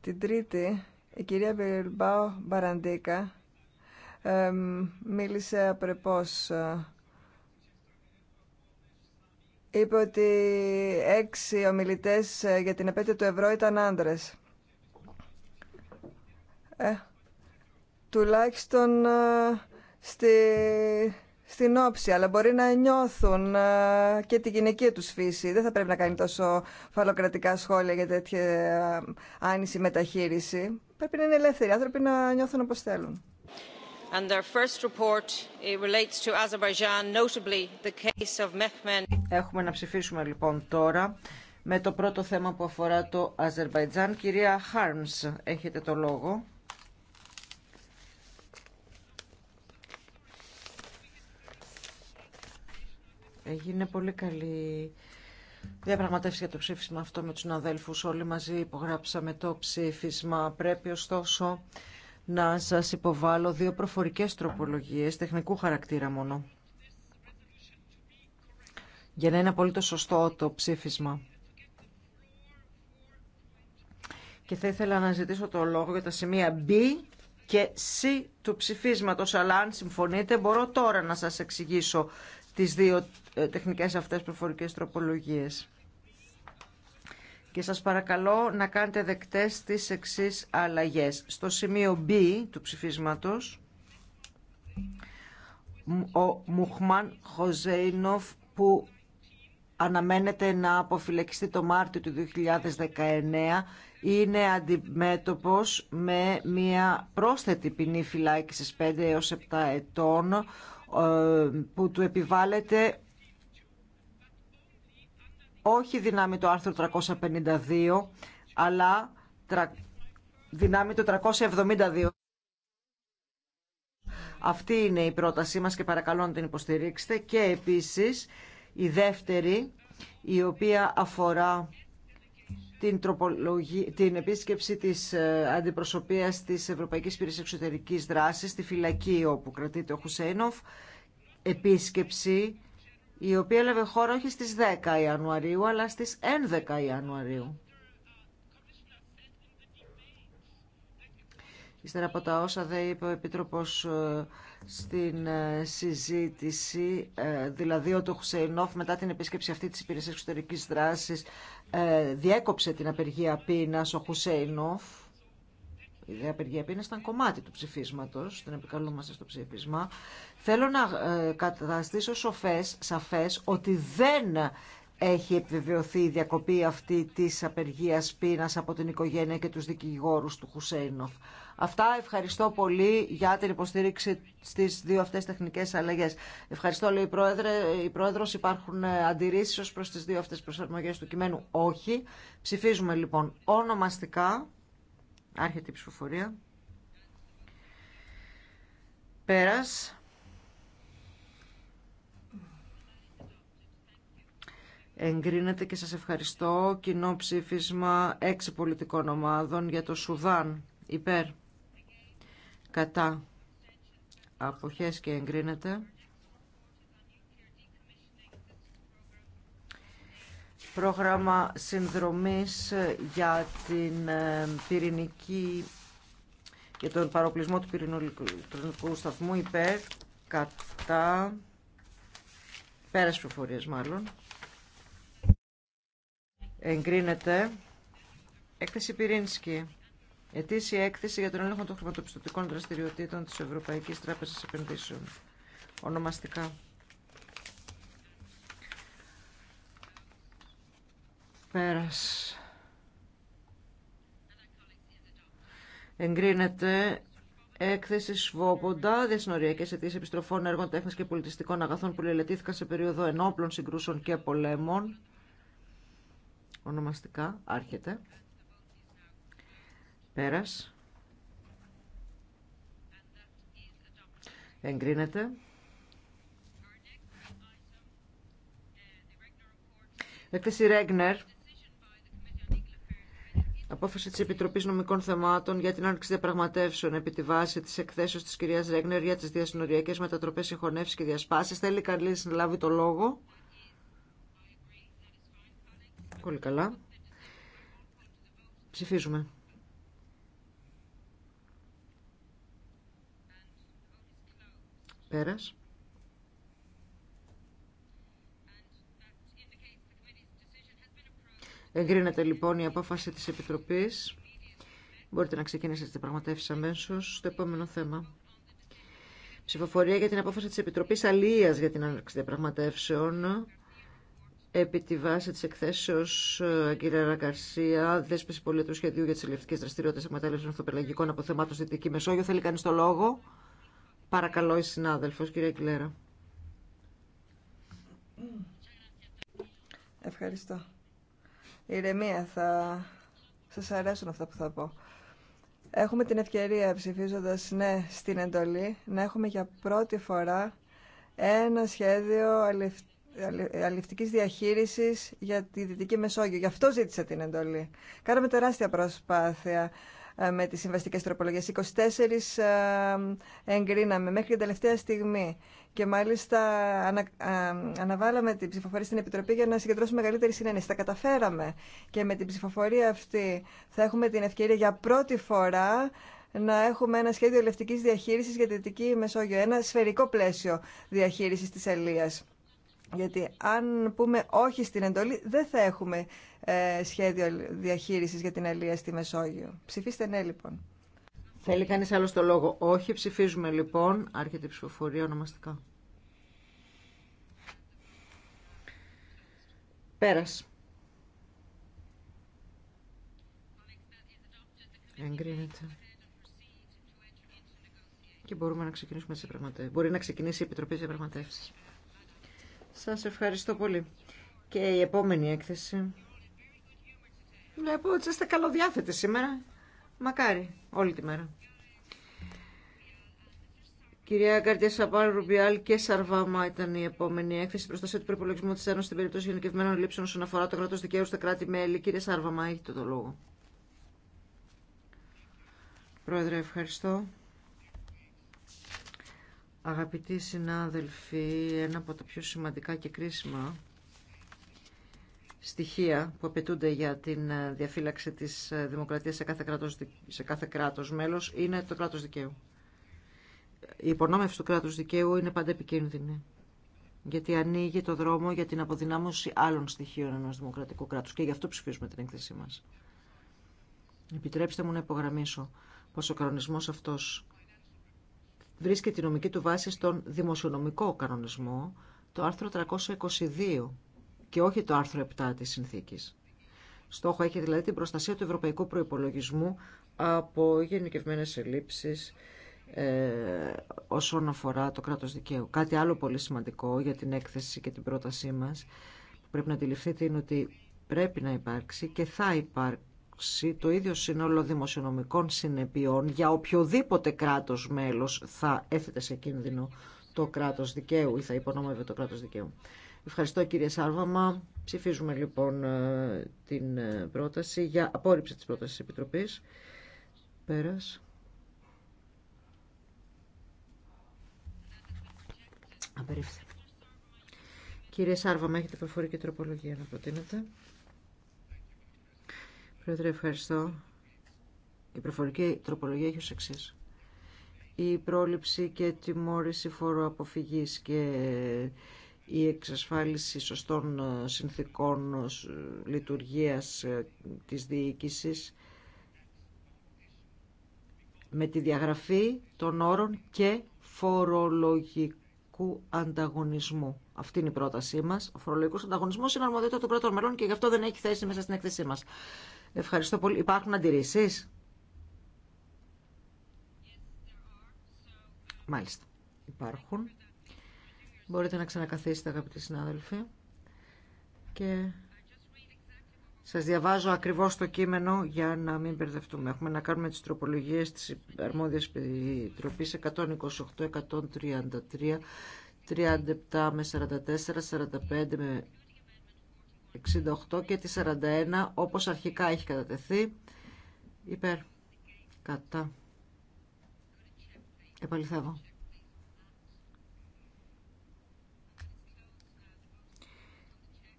Την Τρίτη, η κυρία Μπιλμπάο Μπαραντίκα μίλησε απρεπώς είπε ότι έξι ομιλητές ε, για την επέτειο του ευρώ ήταν άντρες. Ε, τουλάχιστον ε, στη, στην όψη, αλλά μπορεί να νιώθουν ε, και τη γυναική τους φύση. Δεν θα πρέπει να κάνει τόσο φαλοκρατικά σχόλια για τέτοια άνηση μεταχείριση. Πρέπει να είναι ελεύθεροι άνθρωποι να νιώθουν όπως θέλουν and their first report relates to Azerbaijan, notably the case of Έχουμε να ψηφίσουμε λοιπόν τώρα με το πρώτο θέμα που αφορά το Αζερβαϊτζάν. Κυρία Χάρμς, έχετε το λόγο. Έγινε πολύ καλή διαπραγματεύση για το ψήφισμα αυτό με τους αδέλφους. Όλοι μαζί υπογράψαμε το ψήφισμα. Πρέπει ωστόσο να σας υποβάλω δύο προφορικές τροπολογίες, τεχνικού χαρακτήρα μόνο, για να είναι απολύτως σωστό το ψήφισμα. Και θα ήθελα να ζητήσω το λόγο για τα σημεία B και C του ψηφίσματος, αλλά αν συμφωνείτε μπορώ τώρα να σας εξηγήσω τις δύο ε, τεχνικές αυτές προφορικές τροπολογίες και σας παρακαλώ να κάνετε δεκτές τις εξής αλλαγές. Στο σημείο B του ψηφίσματος, ο Μουχμάν Χοζέινοφ που αναμένεται να αποφυλακιστεί το Μάρτιο του 2019 είναι αντιμέτωπος με μια πρόσθετη ποινή φυλάκισης 5 έως 7 ετών ε, που του επιβάλλεται όχι δυνάμει το άρθρο 352, αλλά δυνάμει το 372. Αυτή είναι η πρότασή μας και παρακαλώ να την υποστηρίξετε. Και επίσης η δεύτερη, η οποία αφορά την, την επίσκεψη της ε, αντιπροσωπείας της Ευρωπαϊκής Υπηρεσίας Εξωτερικής Δράσης στη φυλακή όπου κρατείται ο Χουσέινοφ, επίσκεψη η οποία έλαβε χώρα όχι στις 10 Ιανουαρίου, αλλά στις 11 Ιανουαρίου. Ύστερα από τα όσα δεν είπε ο Επίτροπος ε, στην ε, συζήτηση, ε, δηλαδή ότι ο Χουσεϊνόφ μετά την επίσκεψη αυτή της υπηρεσίας εξωτερικής δράσης διέκοψε την απεργία πείνας ο Χουσεϊνόφ, η απεργία απεργία ήταν κομμάτι του ψηφίσματο. την επικαλούμαστε στο ψήφισμα, θέλω να ε, καταστήσω σοφέ, σαφές ότι δεν έχει επιβεβαιωθεί η διακοπή αυτή τη απεργία πείνα από την οικογένεια και του δικηγόρου του Χουσέινοφ. Αυτά ευχαριστώ πολύ για την υποστήριξη στι δύο αυτέ τεχνικέ αλλαγέ. Ευχαριστώ λέει η, Πρόεδρε, Οι Πρόεδρος. Υπάρχουν ε, αντιρρήσει ω προ τι δύο αυτέ προσαρμογέ του κειμένου. Όχι. Ψηφίζουμε λοιπόν ονομαστικά. Άρχεται η ψηφοφορία. Πέρας. Εγκρίνεται και σας ευχαριστώ κοινό ψήφισμα έξι πολιτικών ομάδων για το Σουδάν. Υπέρ. Κατά. Αποχές και εγκρίνεται. πρόγραμμα συνδρομής για την ε, πυρηνική για τον παροπλισμό του πυρηνικού σταθμού υπέρ κατά πέρας προφορίας μάλλον εγκρίνεται έκθεση πυρήνσκη ετήσια έκθεση για τον έλεγχο των χρηματοπιστωτικών δραστηριοτήτων της Ευρωπαϊκής Τράπεζας Επενδύσεων ονομαστικά Πέρας. Εγκρίνεται έκθεση Σβόποντα, διασυνοριακέ αιτήσει επιστροφών έργων τέχνη και πολιτιστικών αγαθών που λελετήθηκαν σε περίοδο ενόπλων συγκρούσεων και πολέμων. Ονομαστικά, άρχεται. Πέρας. Εγκρίνεται. Έκθεση Ρέγνερ Απόφαση τη Επιτροπή Νομικών Θεμάτων για την άνοιξη διαπραγματεύσεων επί τη βάση τη εκθέσεω τη κυρία Ρέγνερ για τι διασυνοριακέ μετατροπέ συγχωνεύσει και διασπάσει. Θέλει καλή να λάβει το λόγο. Πολύ καλά. Ψηφίζουμε. Πέρας. Εγκρίνεται λοιπόν η απόφαση της Επιτροπής. Μπορείτε να ξεκινήσετε τις πραγματεύσεις αμέσως στο επόμενο θέμα. Ψηφοφορία για την απόφαση της Επιτροπής Αλίας για την άνοιξη διαπραγματεύσεων επί τη βάση της εκθέσεως κύριε Ρακαρσία, δέσπιση πολιτικού σχεδίου για τις ελευθερικές δραστηριότητες εκμετάλλευσης αυτοπελαγικών αποθεμάτων στη Δυτική Μεσόγειο. Θέλει κανεί το λόγο. Παρακαλώ η συνάδελφος, κυρία Κιλέρα. Ευχαριστώ ηρεμία. Θα σας αρέσουν αυτά που θα πω. Έχουμε την ευκαιρία, ψηφίζοντα ναι στην εντολή, να έχουμε για πρώτη φορά ένα σχέδιο αληφ... διαχείριση διαχείρισης για τη Δυτική Μεσόγειο. Γι' αυτό ζήτησα την εντολή. Κάναμε τεράστια προσπάθεια ε, με τις συμβαστικές τροπολογίες. 24 ε, εγκρίναμε μέχρι την τελευταία στιγμή και μάλιστα ανα, αναβάλαμε την ψηφοφορία στην Επιτροπή για να συγκεντρώσουμε μεγαλύτερη συνένεση. Τα καταφέραμε και με την ψηφοφορία αυτή θα έχουμε την ευκαιρία για πρώτη φορά να έχουμε ένα σχέδιο ελευτική διαχείρισης για τη Δυτική Μεσόγειο, ένα σφαιρικό πλαίσιο διαχείρισης της Ελίας. Γιατί αν πούμε όχι στην εντολή, δεν θα έχουμε ε, σχέδιο διαχείρισης για την Ελία στη Μεσόγειο. Ψηφίστε ναι λοιπόν. Θέλει κανείς άλλο το λόγο. Όχι, ψηφίζουμε λοιπόν. Άρχεται η ψηφοφορία ονομαστικά. Πέρας. Εγκρίνεται. Και μπορούμε να ξεκινήσουμε σε Μπορεί να ξεκινήσει η Επιτροπή Διαπραγματεύσεις. Σας ευχαριστώ πολύ. Και η επόμενη έκθεση. Βλέπω ότι είστε καλοδιάθετοι σήμερα. Μακάρι, όλη τη μέρα. Κυρία Γκάρτια Σαπάρ, Ρουμπιάλ και Σαρβάμα ήταν η επόμενη έκθεση. Προστασία του προπολογισμού τη Ένωση στην περίπτωση γενικευμένων λήψεων όσον αφορά το κράτο δικαίου στα κράτη-μέλη. Κύριε Σαρβάμα, έχετε το λόγο. Πρόεδρε, ευχαριστώ. Αγαπητοί συνάδελφοι, ένα από τα πιο σημαντικά και κρίσιμα στοιχεία που απαιτούνται για την ε, διαφύλαξη της ε, δημοκρατίας σε κάθε κράτος, σε κάθε κράτος μέλος είναι το κράτος δικαίου. Η υπονόμευση του κράτους δικαίου είναι πάντα επικίνδυνη γιατί ανοίγει το δρόμο για την αποδυνάμωση άλλων στοιχείων ενός δημοκρατικού κράτους και γι' αυτό ψηφίζουμε την έκθεσή μας. Επιτρέψτε μου να υπογραμμίσω πως ο κανονισμός αυτός βρίσκεται τη νομική του βάση στον δημοσιονομικό κανονισμό, το άρθρο 322 και όχι το άρθρο 7 της συνθήκης. Στόχο έχει δηλαδή την προστασία του ευρωπαϊκού προϋπολογισμού από γενικευμένες ελλείψεις ε, όσον αφορά το κράτος δικαίου. Κάτι άλλο πολύ σημαντικό για την έκθεση και την πρότασή μας που πρέπει να αντιληφθείτε είναι ότι πρέπει να υπάρξει και θα υπάρξει το ίδιο σύνολο δημοσιονομικών συνεπειών για οποιοδήποτε κράτος μέλος θα έθετε σε κίνδυνο το κράτος δικαίου ή θα υπονόμευε το κράτος δικαίου. Ευχαριστώ κύριε Σάρβαμα. Ψηφίζουμε λοιπόν ε, την ε, πρόταση για απόρριψη της πρότασης Επιτροπής. Πέρας. Απερίφθη. Κύριε Σάρβαμα, έχετε προφορική τροπολογία να προτείνετε. Πρόεδρε, ευχαριστώ. Η προφορική τροπολογία έχει ως εξής η πρόληψη και τιμώρηση φοροαποφυγής και η εξασφάλιση σωστών ε, συνθήκων ε, λειτουργίας ε, της διοίκησης με τη διαγραφή των όρων και φορολογικού ανταγωνισμού. Αυτή είναι η πρότασή μας. Ο φορολογικός ανταγωνισμός είναι αρμοδιότητα των πρώτων μελών και γι' αυτό δεν έχει θέση μέσα στην έκθεσή μας. Ευχαριστώ πολύ. Υπάρχουν αντιρρήσεις? Μάλιστα. Υπάρχουν. Μπορείτε να ξανακαθίσετε αγαπητοί συνάδελφοι. Και σας διαβάζω ακριβώς το κείμενο για να μην μπερδευτούμε. Έχουμε να κάνουμε τις τροπολογίες της αρμόδιας επιτροπής 128, 133, 37 με 44, 45 με 68 και τη 41 όπως αρχικά έχει κατατεθεί υπέρ κατά επαληθεύω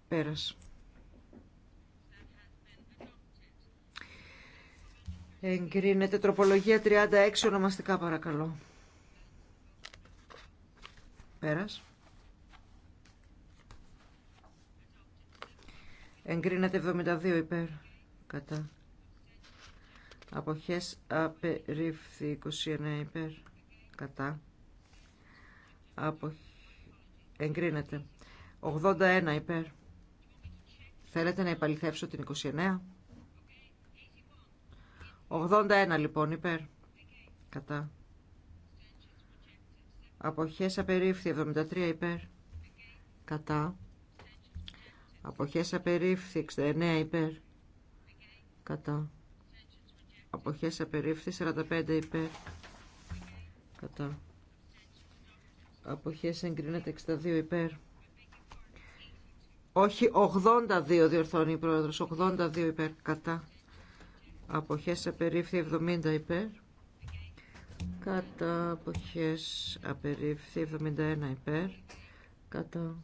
Πέρας. Εγκρίνεται τροπολογία 36 ονομαστικά παρακαλώ. Πέρας. Εγκρίνεται 72 υπέρ. Κατά. Αποχές απερίφθη 29 υπέρ. Κατά. Αποχ... Εγκρίνεται. 81 υπέρ. Θέλετε να επαληθεύσω την 29. 81 λοιπόν υπέρ. Κατά. Αποχές απερίφθη 73 υπέρ. Κατά. Αποχές απερίφθη 69 υπέρ. Κατά. Αποχές απερίφθη 45 υπέρ. Κατά. Αποχές εγκρίνεται 62 υπέρ όχι 82 διορθώνει η πρόεδρος, 82 υπέρ κατά. Αποχές απερίφθη 70 υπέρ. Κατά αποχές απερίφθη 71 υπέρ. Κατά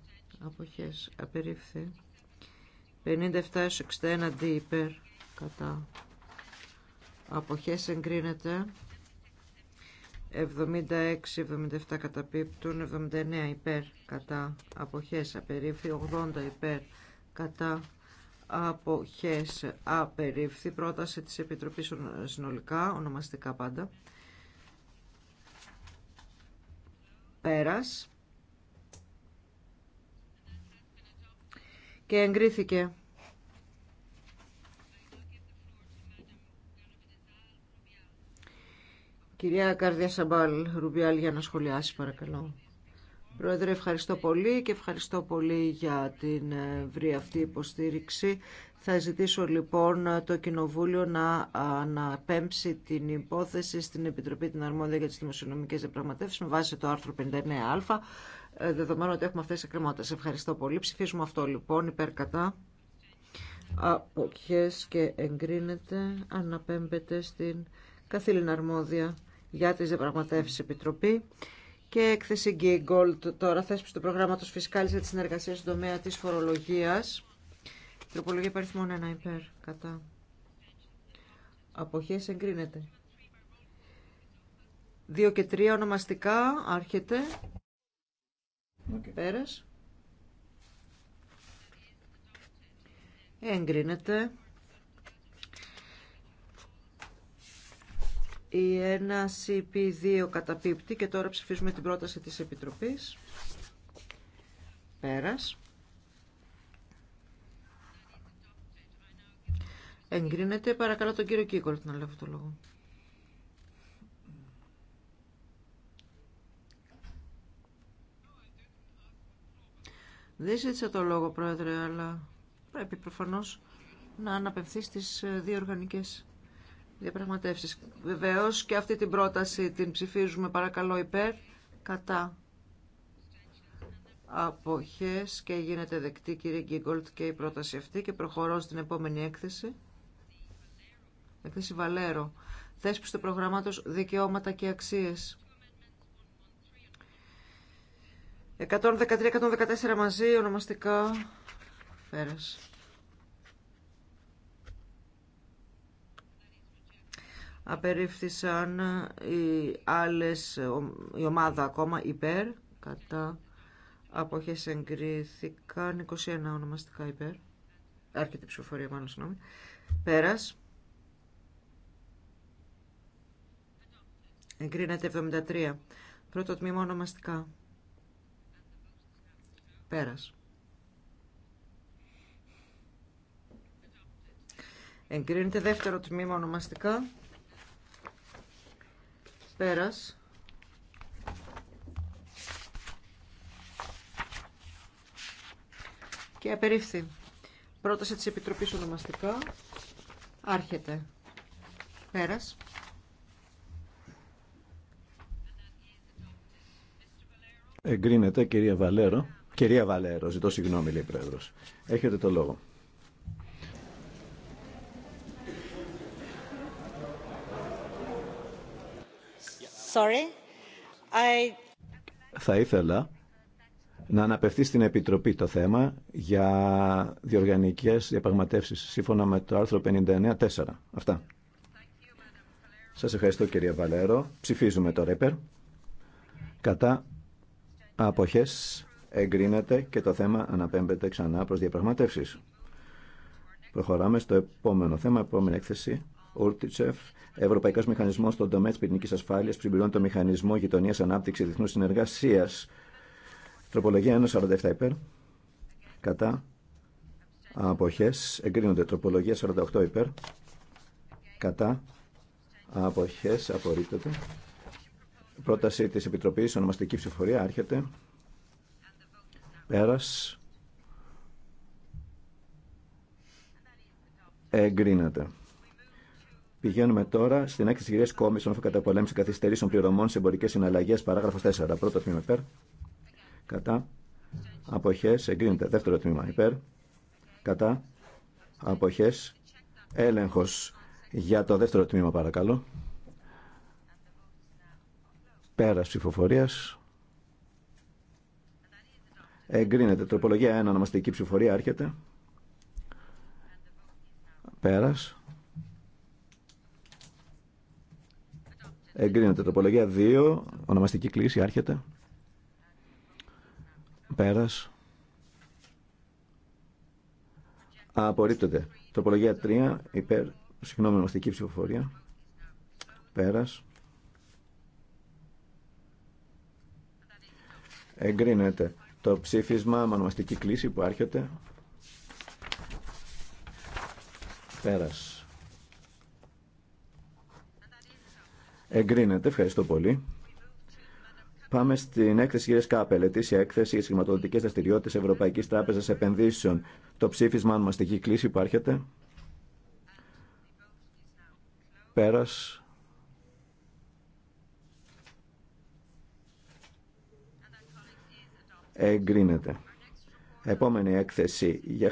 αποχές απερίφθη 57-61 αντί υπέρ. Κατά αποχές εγκρίνεται 76, 77 καταπίπτουν, 79 υπέρ κατά αποχές απερίφθη, 80 υπέρ κατά αποχές απερίφθη. Πρόταση της Επιτροπής συνολικά, ονομαστικά πάντα. Πέρας. Και εγκρίθηκε. Κυρία Καρδιά Σαμπάλ Ρουμπιάλ για να σχολιάσει παρακαλώ. Πρόεδρε, ευχαριστώ πολύ και ευχαριστώ πολύ για την βρή ε, αυτή υποστήριξη. Θα ζητήσω λοιπόν το Κοινοβούλιο να αναπέμψει την υπόθεση στην Επιτροπή την Αρμόδια για τις Δημοσιονομικές Διαπραγματεύσεις με βάση το άρθρο 59α, ε, δεδομένου ότι έχουμε αυτές τις εκκρεμότητες. Ευχαριστώ πολύ. Ψηφίζουμε αυτό λοιπόν υπέρ κατά. Αποχές και εγκρίνεται, αναπέμπεται στην καθήλυνα αρμόδια για τις διαπραγματεύσεις επιτροπή και έκθεση Giggold τώρα θέσπιση του προγράμματος φυσικάλης για τη συνεργασία στον τομέα της φορολογίας τροπολογία παριθμών 1 υπέρ κατά αποχές εγκρίνεται 2 και 3 ονομαστικά άρχεται okay. πέρας εγκρίνεται Η 1CP2 καταπίπτει και τώρα ψηφίζουμε την πρόταση της Επιτροπής. Πέρας. Εγκρίνεται. Παρακαλώ τον κύριο Κίκολτ να λέω το λόγο. Δεν ζήτησα το λόγο, Πρόεδρε, αλλά πρέπει προφανώς να αναπευθεί στις δύο οργανικές διαπραγματεύσεις. Βεβαίως και αυτή την πρόταση την ψηφίζουμε παρακαλώ υπέρ, κατά αποχές και γίνεται δεκτή κύριε Γκίγκολτ και η πρόταση αυτή και προχωρώ στην επόμενη έκθεση. Έκθεση Βαλέρο. Θέσπιση του προγράμματος Δικαιώματα και Αξίες. 113-114 μαζί ονομαστικά. Πέρασε. απερίφθησαν οι άλλες, η ομάδα ακόμα υπέρ, κατά αποχές εγκρίθηκαν 21 ονομαστικά υπέρ, άρχεται ψηφοφορία μάλλον συγγνώμη, πέρας. Εγκρίνεται 73. Πρώτο τμήμα ονομαστικά. Πέρας. Εγκρίνεται δεύτερο τμήμα ονομαστικά. Πέρας. Και απερίφθη. Πρόταση της Επιτροπής ονομαστικά. Άρχεται. Πέρας. Εγκρίνεται κυρία Βαλέρο. Κυρία Βαλέρο, ζητώ συγγνώμη λέει πρόεδρος. Έχετε το λόγο. Θα ήθελα να αναπευθεί στην Επιτροπή το θέμα για διοργανικές διαπραγματεύσεις σύμφωνα με το άρθρο 59.4. Αυτά. Σας ευχαριστώ κυρία Βαλέρο. Ψηφίζουμε το ΡΕΠΕΡ. Κατά αποχές εγκρίνεται και το θέμα αναπέμπεται ξανά προς διαπραγματεύσεις. Προχωράμε στο επόμενο θέμα, επόμενη έκθεση. Ούρτιτσεφ, Ευρωπαϊκό Μηχανισμό στον τομέα τη ποινική ασφάλεια, συμπληρώνει το μηχανισμό γειτονία ανάπτυξη διεθνού συνεργασία. Τροπολογία 1.47 υπέρ. Κατά. Αποχέ. Εγκρίνονται. Τροπολογία 48 υπέρ. Κατά. Αποχέ. Απορρίπτεται. Πρόταση τη Επιτροπή. Ονομαστική ψηφορία. Άρχεται. Πέρα. Εγκρίνεται. Πηγαίνουμε τώρα στην έκθεση τη κυρία Κόμισον αφού καταπολέμηση καθυστερήσεων πληρωμών σε εμπορικέ συναλλαγέ, παράγραφο 4. Πρώτο τμήμα υπέρ. Κατά. Αποχέ. Εγκρίνεται. Δεύτερο τμήμα υπέρ. Κατά. Αποχέ. Έλεγχο για το δεύτερο τμήμα, παρακαλώ. Πέρα ψηφοφορία. Εγκρίνεται. Τροπολογία 1. Ονομαστική ψηφοφορία. Άρχεται. Πέρας. Εγκρίνεται. Τροπολογία 2. Ονομαστική κλίση. Άρχεται. Πέρας. Απορρίπτεται. Τροπολογία 3. Υπέρ. Συγγνώμη, ονομαστική ψηφοφορία. Πέρας. Εγκρίνεται. Το ψήφισμα με ονομαστική κλίση που άρχεται. Πέρας. Εγκρίνεται. Ευχαριστώ πολύ. Πάμε στην έκθεση κυρία Κάπελ, ετήσια έκθεση για τι χρηματοδοτικέ δραστηριότητε Ευρωπαϊκή Τράπεζα Επενδύσεων. Το ψήφισμα, αν κλίση» που υπάρχετε. Πέρα. Εγκρίνεται. Επόμενη έκθεση για,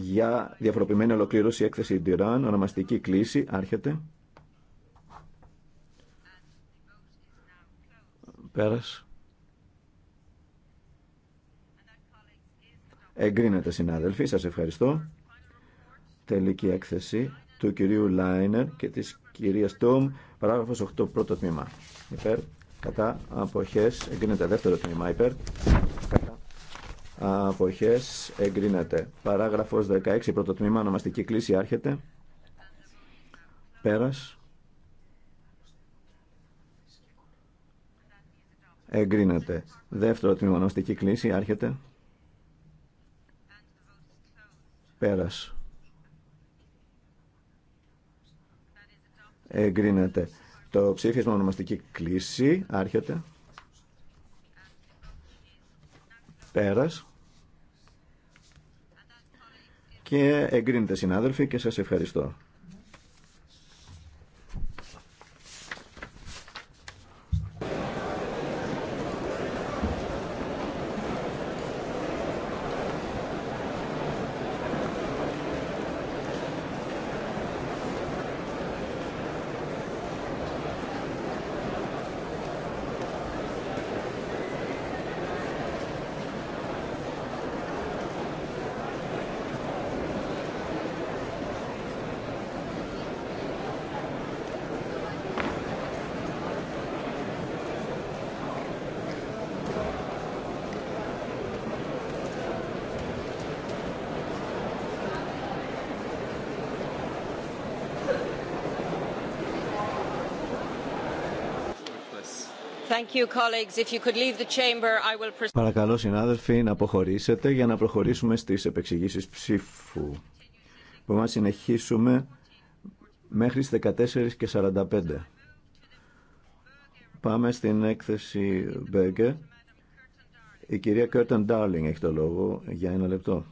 για διαφοροποιημένη ολοκλήρωση, έκθεση Ντιράν, ονομαστική κλίση, άρχεται. Πέρας. Εγκρίνεται συνάδελφοι, σας ευχαριστώ. Τελική έκθεση του κυρίου Λάινερ και της κυρίας Τόμ, παράγραφος 8, πρώτο τμήμα. Υπέρ, κατά, αποχές, εγκρίνεται δεύτερο τμήμα, υπέρ, κατά, αποχές, εγκρίνεται. Παράγραφος 16, πρώτο τμήμα, ονομαστική κλίση, άρχεται. Πέρας. εγκρίνεται. Δεύτερο τμήμα ονομαστική κλίση άρχεται. Πέρας. Εγκρίνεται. Το ψήφισμα ονομαστική κλίση άρχεται. Πέρας. Και εγκρίνεται συνάδελφοι και σας ευχαριστώ. Παρακαλώ συνάδελφοι να αποχωρήσετε για να προχωρήσουμε στις επεξηγήσεις ψήφου. Μπορούμε να συνεχίσουμε μέχρι στις 14 και 45. Πάμε στην έκθεση Μπέγκε. Η κυρία Κέρτον Ντάρλινγκ έχει το λόγο για ένα λεπτό.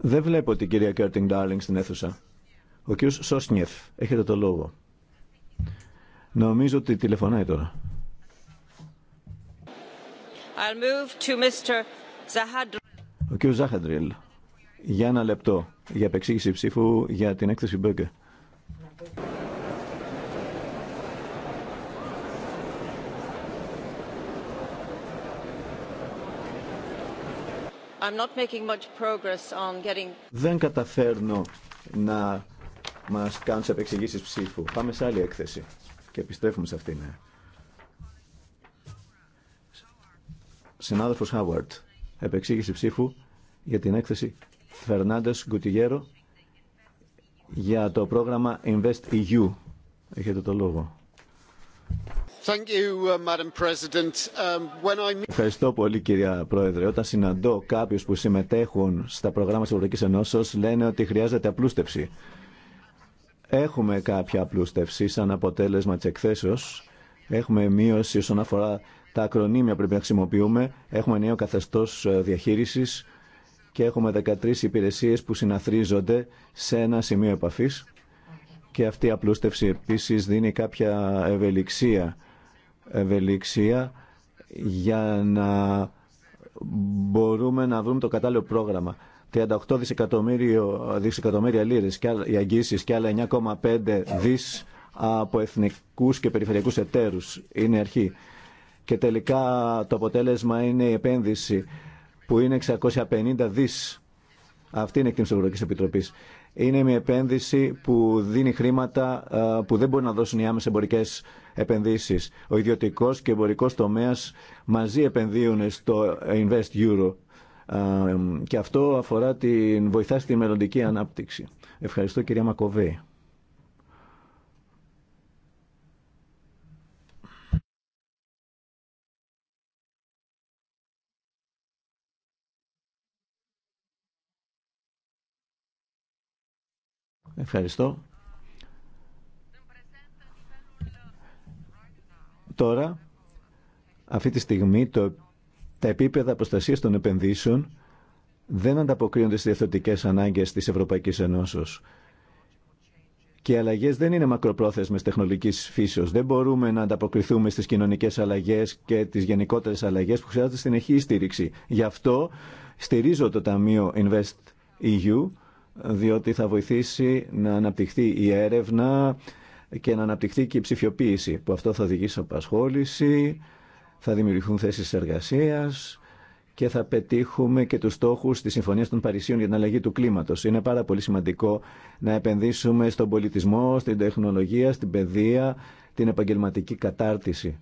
Δεν βλέπω την κυρία Κέρτινγκ Ντάρλινγκ στην αίθουσα. Ο κύριος Σόσνιεφ, έχετε το λόγο. Νομίζω ότι τηλεφωνάει τώρα. Ο κύριος Ζάχαντριλ, για ένα λεπτό, για επεξήγηση ψήφου για την έκθεση Μπέγκε. Δεν καταφέρνω να μας κάνουν σε επεξηγήσεις ψήφου. Πάμε σε άλλη έκθεση και επιστρέφουμε σε αυτήν. Ναι. Συνάδελφος Χάουαρτ, επεξήγηση ψήφου για την έκθεση Φερνάντες Γκουτιγέρο για το πρόγραμμα Invest EU. Έχετε το λόγο. Uh, um, Ευχαριστώ πολύ κυρία Πρόεδρε. Όταν συναντώ κάποιου που συμμετέχουν στα προγράμματα τη Ευρωπαϊκή Ενώσεως λένε ότι χρειάζεται απλούστευση. Έχουμε κάποια απλούστευση σαν αποτέλεσμα τη εκθέσεως. Έχουμε μείωση όσον αφορά τα ακρονίμια πρέπει να χρησιμοποιούμε. Έχουμε νέο καθεστώ ε, διαχείριση και έχουμε 13 υπηρεσίε που συναθρίζονται σε ένα σημείο επαφή. και αυτή η απλούστευση επίση δίνει κάποια ευελιξία ευελιξία για να μπορούμε να βρούμε το κατάλληλο πρόγραμμα. 38 δισεκατομμύρια λίρες και οι αγγίσεις και άλλα 9,5 δις από εθνικούς και περιφερειακούς εταίρους είναι αρχή. Και τελικά το αποτέλεσμα είναι η επένδυση που είναι 650 δις. Αυτή είναι η εκτίμηση της Ευρωπαϊκής Επιτροπής. Είναι μια επένδυση που δίνει χρήματα ε, που δεν μπορεί να δώσουν οι άμεσες εμπορικές επενδύσεις. Ο ιδιωτικό και εμπορικός τομέας μαζί επενδύουν στο Invest Euro και αυτό αφορά την βοηθά στη μελλοντική ανάπτυξη. Ευχαριστώ κυρία Μακοβέη. Ευχαριστώ. Τώρα, αυτή τη στιγμή, το, τα επίπεδα προστασία των επενδύσεων δεν ανταποκρίνονται στις διευθυντικές ανάγκες τη ευρωπαϊκή Ενώσεως. Και οι αλλαγέ δεν είναι μακροπρόθεσμες τεχνολογική φύσεω. Δεν μπορούμε να ανταποκριθούμε στις κοινωνικές αλλαγέ και τις γενικότερες αλλαγέ που χρειάζονται συνεχή στήριξη. Γι' αυτό στηρίζω το Ταμείο Invest EU, διότι θα βοηθήσει να αναπτυχθεί η έρευνα, και να αναπτυχθεί και η ψηφιοποίηση, που αυτό θα οδηγήσει σε απασχόληση, θα δημιουργηθούν θέσεις εργασίας και θα πετύχουμε και τους στόχους της Συμφωνία των Παρισίων για την αλλαγή του κλίματος. Είναι πάρα πολύ σημαντικό να επενδύσουμε στον πολιτισμό, στην τεχνολογία, στην παιδεία, την επαγγελματική κατάρτιση.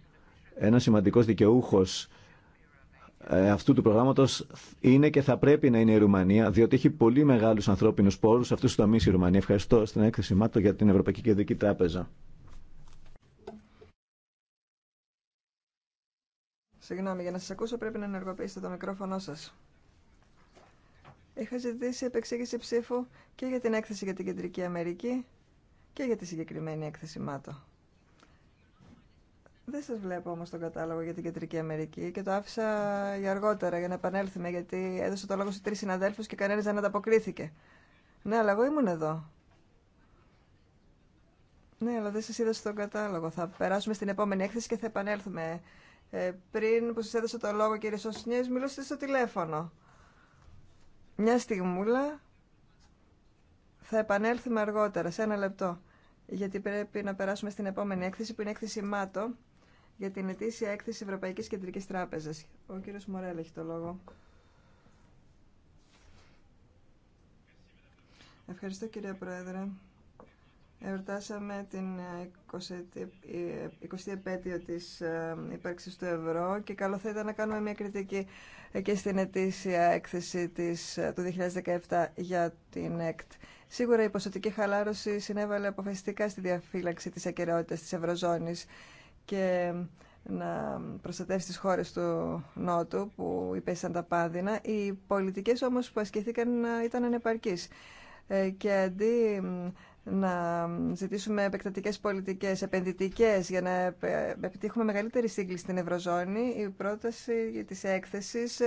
Ένα σημαντικό δικαιούχο. Ε, αυτού του προγράμματο είναι και θα πρέπει να είναι η Ρουμανία, διότι έχει πολύ μεγάλου ανθρώπινου πόρου. Αυτού του τομεί η Ρουμανία. Ευχαριστώ στην έκθεση ΜΑΤΟ για την Ευρωπαϊκή Κεντρική Τράπεζα. Συγγνώμη, για να σα ακούσω πρέπει να ενεργοποιήσετε το μικρόφωνο σα. Είχα ζητήσει επεξήγηση ψήφου και για την έκθεση για την Κεντρική Αμερική και για τη συγκεκριμένη έκθεση ΜΑΤΟ. Δεν σα βλέπω όμω τον κατάλογο για την Κεντρική Αμερική και το άφησα για αργότερα για να επανέλθουμε γιατί έδωσα το λόγο σε τρει συναδέλφου και κανένα δεν ανταποκρίθηκε. Ναι, αλλά εγώ ήμουν εδώ. Ναι, αλλά δεν σα είδα στον κατάλογο. Θα περάσουμε στην επόμενη έκθεση και θα επανέλθουμε. Ε, πριν που σα έδωσα το λόγο κύριε Σωσνιές, μιλούσατε στο τηλέφωνο. Μια στιγμούλα θα επανέλθουμε αργότερα, σε ένα λεπτό. Γιατί πρέπει να περάσουμε στην επόμενη έκθεση που είναι έκθεση ΜΑΤΟ για την ετήσια έκθεση Ευρωπαϊκής Κεντρικής Τράπεζας. Ο κύριος Μορέλ έχει το λόγο. Ευχαριστώ κύριε Πρόεδρε. Εορτάσαμε την 20η ε, ε, επέτειο της ε, ύπαρξης του ευρώ και καλό θα ήταν να κάνουμε μια κριτική και στην ετήσια έκθεση της, του 2017 για την ΕΚΤ. Σίγουρα η ποσοτική χαλάρωση συνέβαλε αποφασιστικά στη διαφύλαξη της ακεραιότητας της Ευρωζώνης και ε, να προστατεύσει τις χώρες του Νότου που υπέστησαν τα πάδινα. Οι πολιτικές όμως που ασκηθήκαν ε, ήταν ανεπαρκείς. Ε, και αντί να ζητήσουμε επεκτατικές πολιτικές, επενδυτικές, για να επιτύχουμε μεγαλύτερη σύγκληση στην Ευρωζώνη, η πρόταση της έκθεσης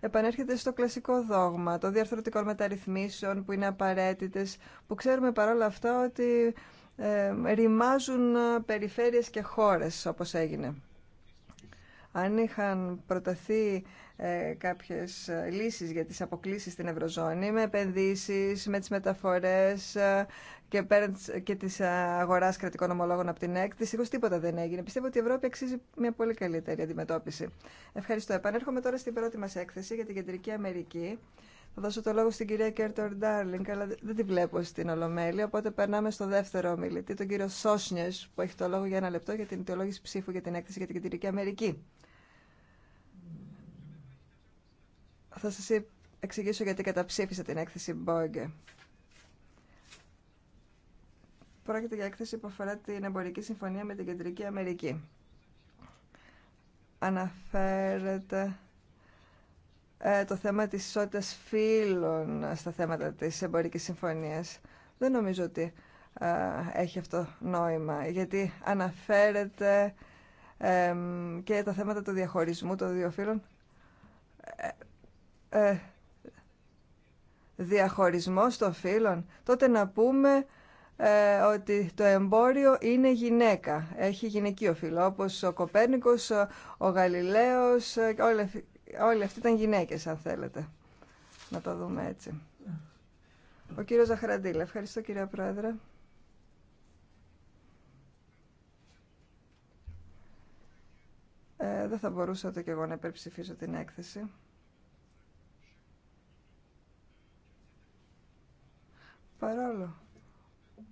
επανέρχεται στο κλασικό δόγμα το διαρθρωτικών μεταρρυθμίσεων που είναι απαραίτητες, που ξέρουμε παρόλα αυτά ότι ε, ρημάζουν ε, περιφέρειες και χώρες όπως έγινε. Αν είχαν προταθεί ε, κάποιες λύσεις για τις αποκλήσεις στην Ευρωζώνη με επενδύσεις, με τις μεταφορές και, πέραν, και αγοράς κρατικών ομολόγων από την ΕΚ, δυστυχώς τίποτα δεν έγινε. Πιστεύω ότι η Ευρώπη αξίζει μια πολύ καλύτερη αντιμετώπιση. Ευχαριστώ. Επανέρχομαι τώρα στην πρώτη μας έκθεση για την Κεντρική Αμερική θα δώσω το λόγο στην κυρία Κέρτορ Ντάρλινγκ, αλλά δεν τη βλέπω στην Ολομέλεια. Οπότε περνάμε στο δεύτερο ομιλητή, τον κύριο Σόσνιε, που έχει το λόγο για ένα λεπτό για την αιτιολόγηση ψήφου για την έκθεση για την Κεντρική Αμερική. Θα σα ε- εξηγήσω γιατί καταψήφισα την έκθεση Μπόγκε. Πρόκειται για έκθεση που αφορά την εμπορική συμφωνία με την Κεντρική Αμερική. Αναφέρεται ε, το θέμα της ισότητας φύλων στα θέματα της εμπορικής συμφωνίας. Δεν νομίζω ότι ε, έχει αυτό νόημα, γιατί αναφέρεται και τα θέματα του διαχωρισμού των δύο φύλων. Ε, διαχωρισμός των φύλων. Τότε να πούμε ότι το εμπόριο είναι γυναίκα. Έχει γυναικείο φίλο, όπως ο Κοπέρνικος, ο Γαλιλαίος όλοι αυτοί ήταν γυναίκες, αν θέλετε. Να το δούμε έτσι. Ο κύριος Ζαχαραντήλα Ευχαριστώ, κύριε Πρόεδρε. Ε, δεν θα μπορούσα ούτε και εγώ να υπερψηφίσω την έκθεση. Παρόλο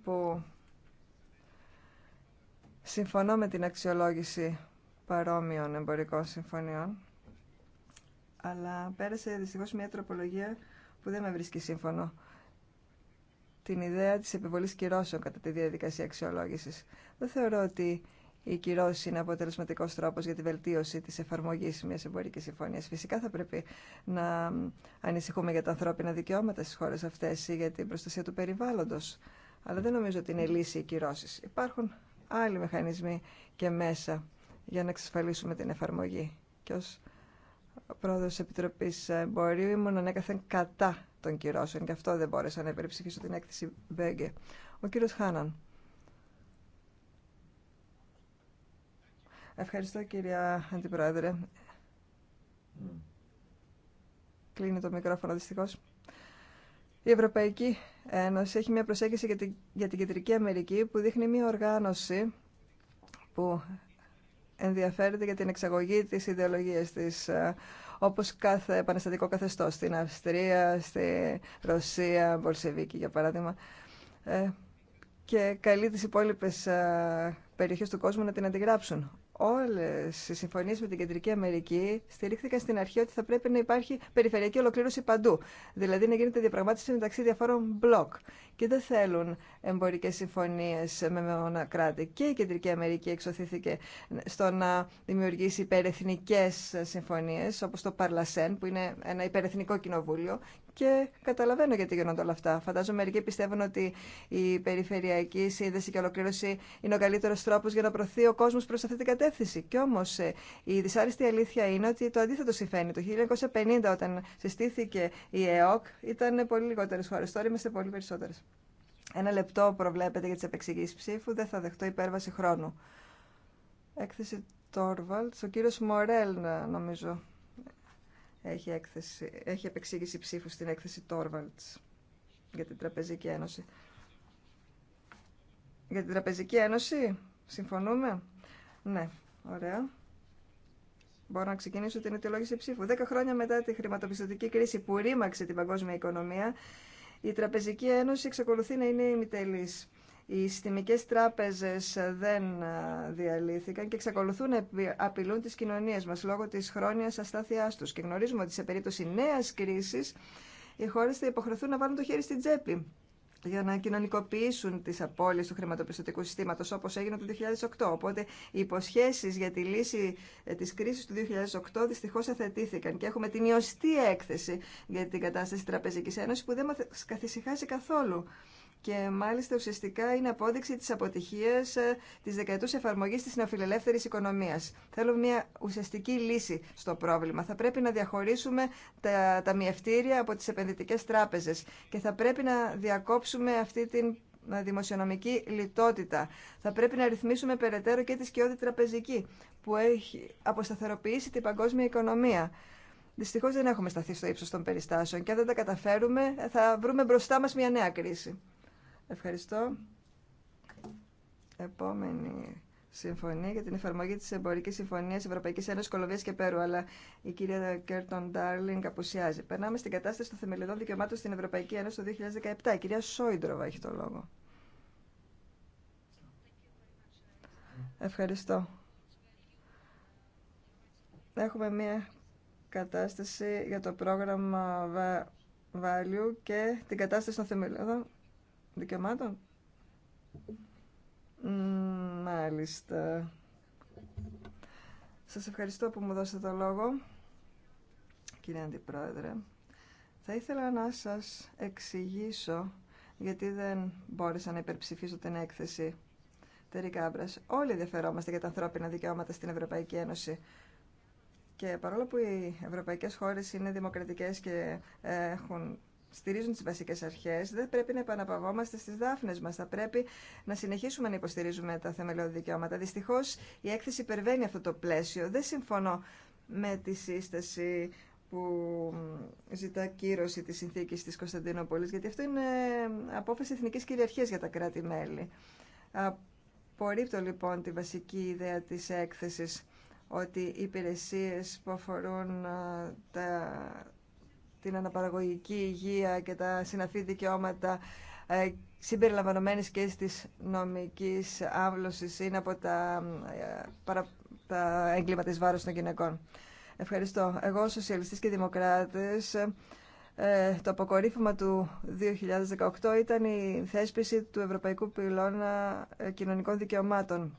που συμφωνώ με την αξιολόγηση παρόμοιων εμπορικών συμφωνιών, αλλά πέρασε δυστυχώ μια τροπολογία που δεν με βρίσκει σύμφωνο. Την ιδέα τη επιβολή κυρώσεων κατά τη διαδικασία αξιολόγηση. Δεν θεωρώ ότι η κυρώσει είναι αποτελεσματικό τρόπο για τη βελτίωση τη εφαρμογή μια εμπορική συμφωνία. Φυσικά θα πρέπει να ανησυχούμε για τα ανθρώπινα δικαιώματα στι χώρε αυτέ ή για την προστασία του περιβάλλοντο. Αλλά δεν νομίζω ότι είναι λύση οι κυρώσει. Υπάρχουν άλλοι μηχανισμοί και μέσα για να εξασφαλίσουμε την εφαρμογή. Και πρόεδρο τη Επιτροπή Εμπορίου. Ήμουν ανέκαθεν κατά των κυρώσεων και αυτό δεν μπόρεσα να υπερψηφίσω την έκθεση Βέγκε. Ο κύριο Χάναν. Ευχαριστώ κυρία Αντιπρόεδρε. Κλείνει το μικρόφωνο δυστυχώ. Η Ευρωπαϊκή Ένωση έχει μια προσέγγιση για για την Κεντρική Αμερική που δείχνει μια οργάνωση που ενδιαφέρεται για την εξαγωγή της ιδεολογίας της, ε, όπως κάθε επαναστατικό καθεστώς, στην Αυστρία, στη Ρωσία, Μπολσεβίκη για παράδειγμα, ε, και καλεί τις υπόλοιπες ε, περιοχές του κόσμου να την αντιγράψουν όλες οι συμφωνίες με την Κεντρική Αμερική στηρίχθηκαν στην αρχή ότι θα πρέπει να υπάρχει περιφερειακή ολοκλήρωση παντού. Δηλαδή να γίνεται διαπραγμάτευση μεταξύ διαφόρων μπλοκ. Και δεν θέλουν εμπορικές συμφωνίες με μεμονά κράτη. Και η Κεντρική Αμερική εξωθήθηκε στο να δημιουργήσει υπερεθνικές συμφωνίε, όπω το Παρλασέν, που είναι ένα υπερεθνικό κοινοβούλιο, και καταλαβαίνω γιατί γίνονται όλα αυτά. Φαντάζομαι μερικοί πιστεύουν ότι η περιφερειακή σύνδεση και ολοκλήρωση είναι ο καλύτερο τρόπο για να προωθεί ο κόσμο προ αυτή την κατεύθυνση. Κι όμω ε, η δυσάρεστη αλήθεια είναι ότι το αντίθετο συμβαίνει. Το 1950 όταν συστήθηκε η ΕΟΚ ήταν πολύ λιγότερε χώρε. Τώρα είμαστε πολύ περισσότερε. Ένα λεπτό προβλέπεται για τι επεξηγήσει ψήφου. Δεν θα δεχτώ υπέρβαση χρόνου. Έκθεση Τόρβαλτ. Ο κύριο Μορέλ, νομίζω, έχει, έκθεση, έχει επεξήγηση ψήφου στην έκθεση Τόρβαλτς για την Τραπεζική Ένωση. Για την Τραπεζική Ένωση, συμφωνούμε. Ναι, ωραία. Μπορώ να ξεκινήσω την αιτιολόγηση ψήφου. Δέκα χρόνια μετά τη χρηματοπιστωτική κρίση που ρήμαξε την παγκόσμια οικονομία, η Τραπεζική Ένωση εξακολουθεί να είναι ημιτελής. Οι συστημικές τράπεζες δεν διαλύθηκαν και εξακολουθούν να απειλούν τις κοινωνίες μας λόγω της χρόνιας αστάθειάς τους. Και γνωρίζουμε ότι σε περίπτωση νέας κρίσης οι χώρες θα υποχρεωθούν να βάλουν το χέρι στην τσέπη για να κοινωνικοποιήσουν τις απώλειες του χρηματοπιστωτικού συστήματος όπως έγινε το 2008. Οπότε οι υποσχέσεις για τη λύση ε, της κρίσης του 2008 δυστυχώς αθετήθηκαν και έχουμε τη μειωστή έκθεση για την κατάσταση της Τραπεζικής Ένωσης που δεν μας καθησυχάζει καθόλου και μάλιστα ουσιαστικά είναι απόδειξη της αποτυχίας ε, της δεκαετούς εφαρμογής της νεοφιλελεύθερης οικονομίας. Θέλουμε μια ουσιαστική λύση στο πρόβλημα. Θα πρέπει να διαχωρίσουμε τα μιευτήρια από τις επενδυτικές τράπεζες και θα πρέπει να διακόψουμε αυτή την ε, δημοσιονομική λιτότητα. Θα πρέπει να ρυθμίσουμε περαιτέρω και τη σκιώδη τραπεζική που έχει αποσταθεροποιήσει την παγκόσμια οικονομία. Δυστυχώ δεν έχουμε σταθεί στο ύψο των περιστάσεων και αν δεν τα καταφέρουμε θα βρούμε μπροστά μα μια νέα κρίση. Ευχαριστώ. Επόμενη συμφωνία για την εφαρμογή της Εμπορικής Συμφωνίας Ευρωπαϊκής Ένωσης Κολοβίας και Πέρου, αλλά η κυρία Κέρτον Ντάρλινγκ απουσιάζει. Περνάμε στην κατάσταση των θεμελιωδών δικαιωμάτων στην Ευρωπαϊκή Ένωση το 2017. Η κυρία Σόιντροβα έχει το λόγο. Ευχαριστώ. Έχουμε μία κατάσταση για το πρόγραμμα Value και την κατάσταση των θεμελιωδών δικαιωμάτων. Μάλιστα. Σας ευχαριστώ που μου δώσατε το λόγο, κύριε Αντιπρόεδρε. Θα ήθελα να σας εξηγήσω γιατί δεν μπόρεσα να υπερψηφίσω την έκθεση Τερή Όλοι ενδιαφερόμαστε για τα ανθρώπινα δικαιώματα στην Ευρωπαϊκή Ένωση. Και παρόλο που οι ευρωπαϊκές χώρες είναι δημοκρατικές και έχουν στηρίζουν τις βασικές αρχές, δεν πρέπει να επαναπαυόμαστε στις δάφνες μας. Θα πρέπει να συνεχίσουμε να υποστηρίζουμε τα θεμελιώδη δικαιώματα. Δυστυχώς η έκθεση υπερβαίνει αυτό το πλαίσιο. Δεν συμφωνώ με τη σύσταση που ζητά κύρωση της συνθήκης της Κωνσταντινούπολης, γιατί αυτό είναι απόφαση εθνικής κυριαρχίας για τα κράτη-μέλη. Απορρίπτω λοιπόν τη βασική ιδέα της έκθεσης ότι οι υπηρεσίες που αφορούν ε, τα την αναπαραγωγική υγεία και τα συναφή δικαιώματα ε, συμπεριλαμβανομένης και της νομικής άμβλωσης είναι από τα, ε, τα έγκληματα της βάρος των γυναικών. Ευχαριστώ. Εγώ, σοσιαλιστής και ε, το αποκορύφωμα του 2018 ήταν η θέσπιση του Ευρωπαϊκού Πυλώνα ε, Κοινωνικών Δικαιωμάτων.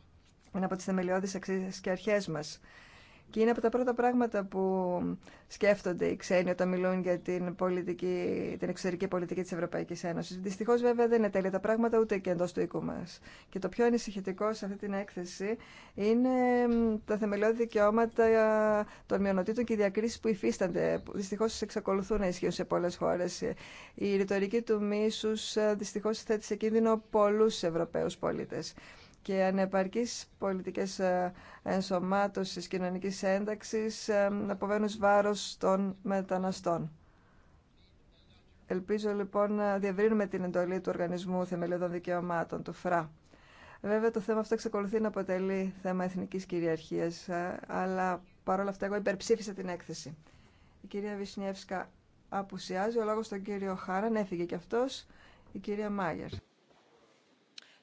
Είναι από τις θεμελιώδεις αξίες και αρχές μας. Και είναι από τα πρώτα πράγματα που σκέφτονται οι ξένοι όταν μιλούν για την, πολιτική, την εξωτερική πολιτική της Ευρωπαϊκής Ένωσης. Δυστυχώ, βέβαια δεν είναι τέλεια τα πράγματα ούτε και εντό του οίκου μα. Και το πιο ανησυχητικό σε αυτή την έκθεση είναι τα θεμελιώδη δικαιώματα ε, των μειονοτήτων και οι διακρίσεις που υφίστανται. Δυστυχώ, εξακολουθούν να ισχύουν σε πολλέ χώρε. Η ρητορική του μίσου, ε, δυστυχώ, θέτει σε κίνδυνο πολλού Ευρωπαίου πολίτε και ανεπαρκείς πολιτικές ε, ενσωμάτωσης κοινωνικής ένταξης ε, να αποβαίνουν βάρος των μεταναστών. Ελπίζω λοιπόν να διαβρύνουμε την εντολή του Οργανισμού Θεμελιωδών Δικαιωμάτων, του ΦΡΑ. Βέβαια το θέμα αυτό εξακολουθεί να αποτελεί θέμα εθνικής κυριαρχίας, ε, αλλά παρόλα αυτά εγώ υπερψήφισα την έκθεση. Η κυρία Βυσνιεύσκα απουσιάζει, ο λόγος τον κύριο Χάραν έφυγε και αυτός, η κυρία Μάγερ.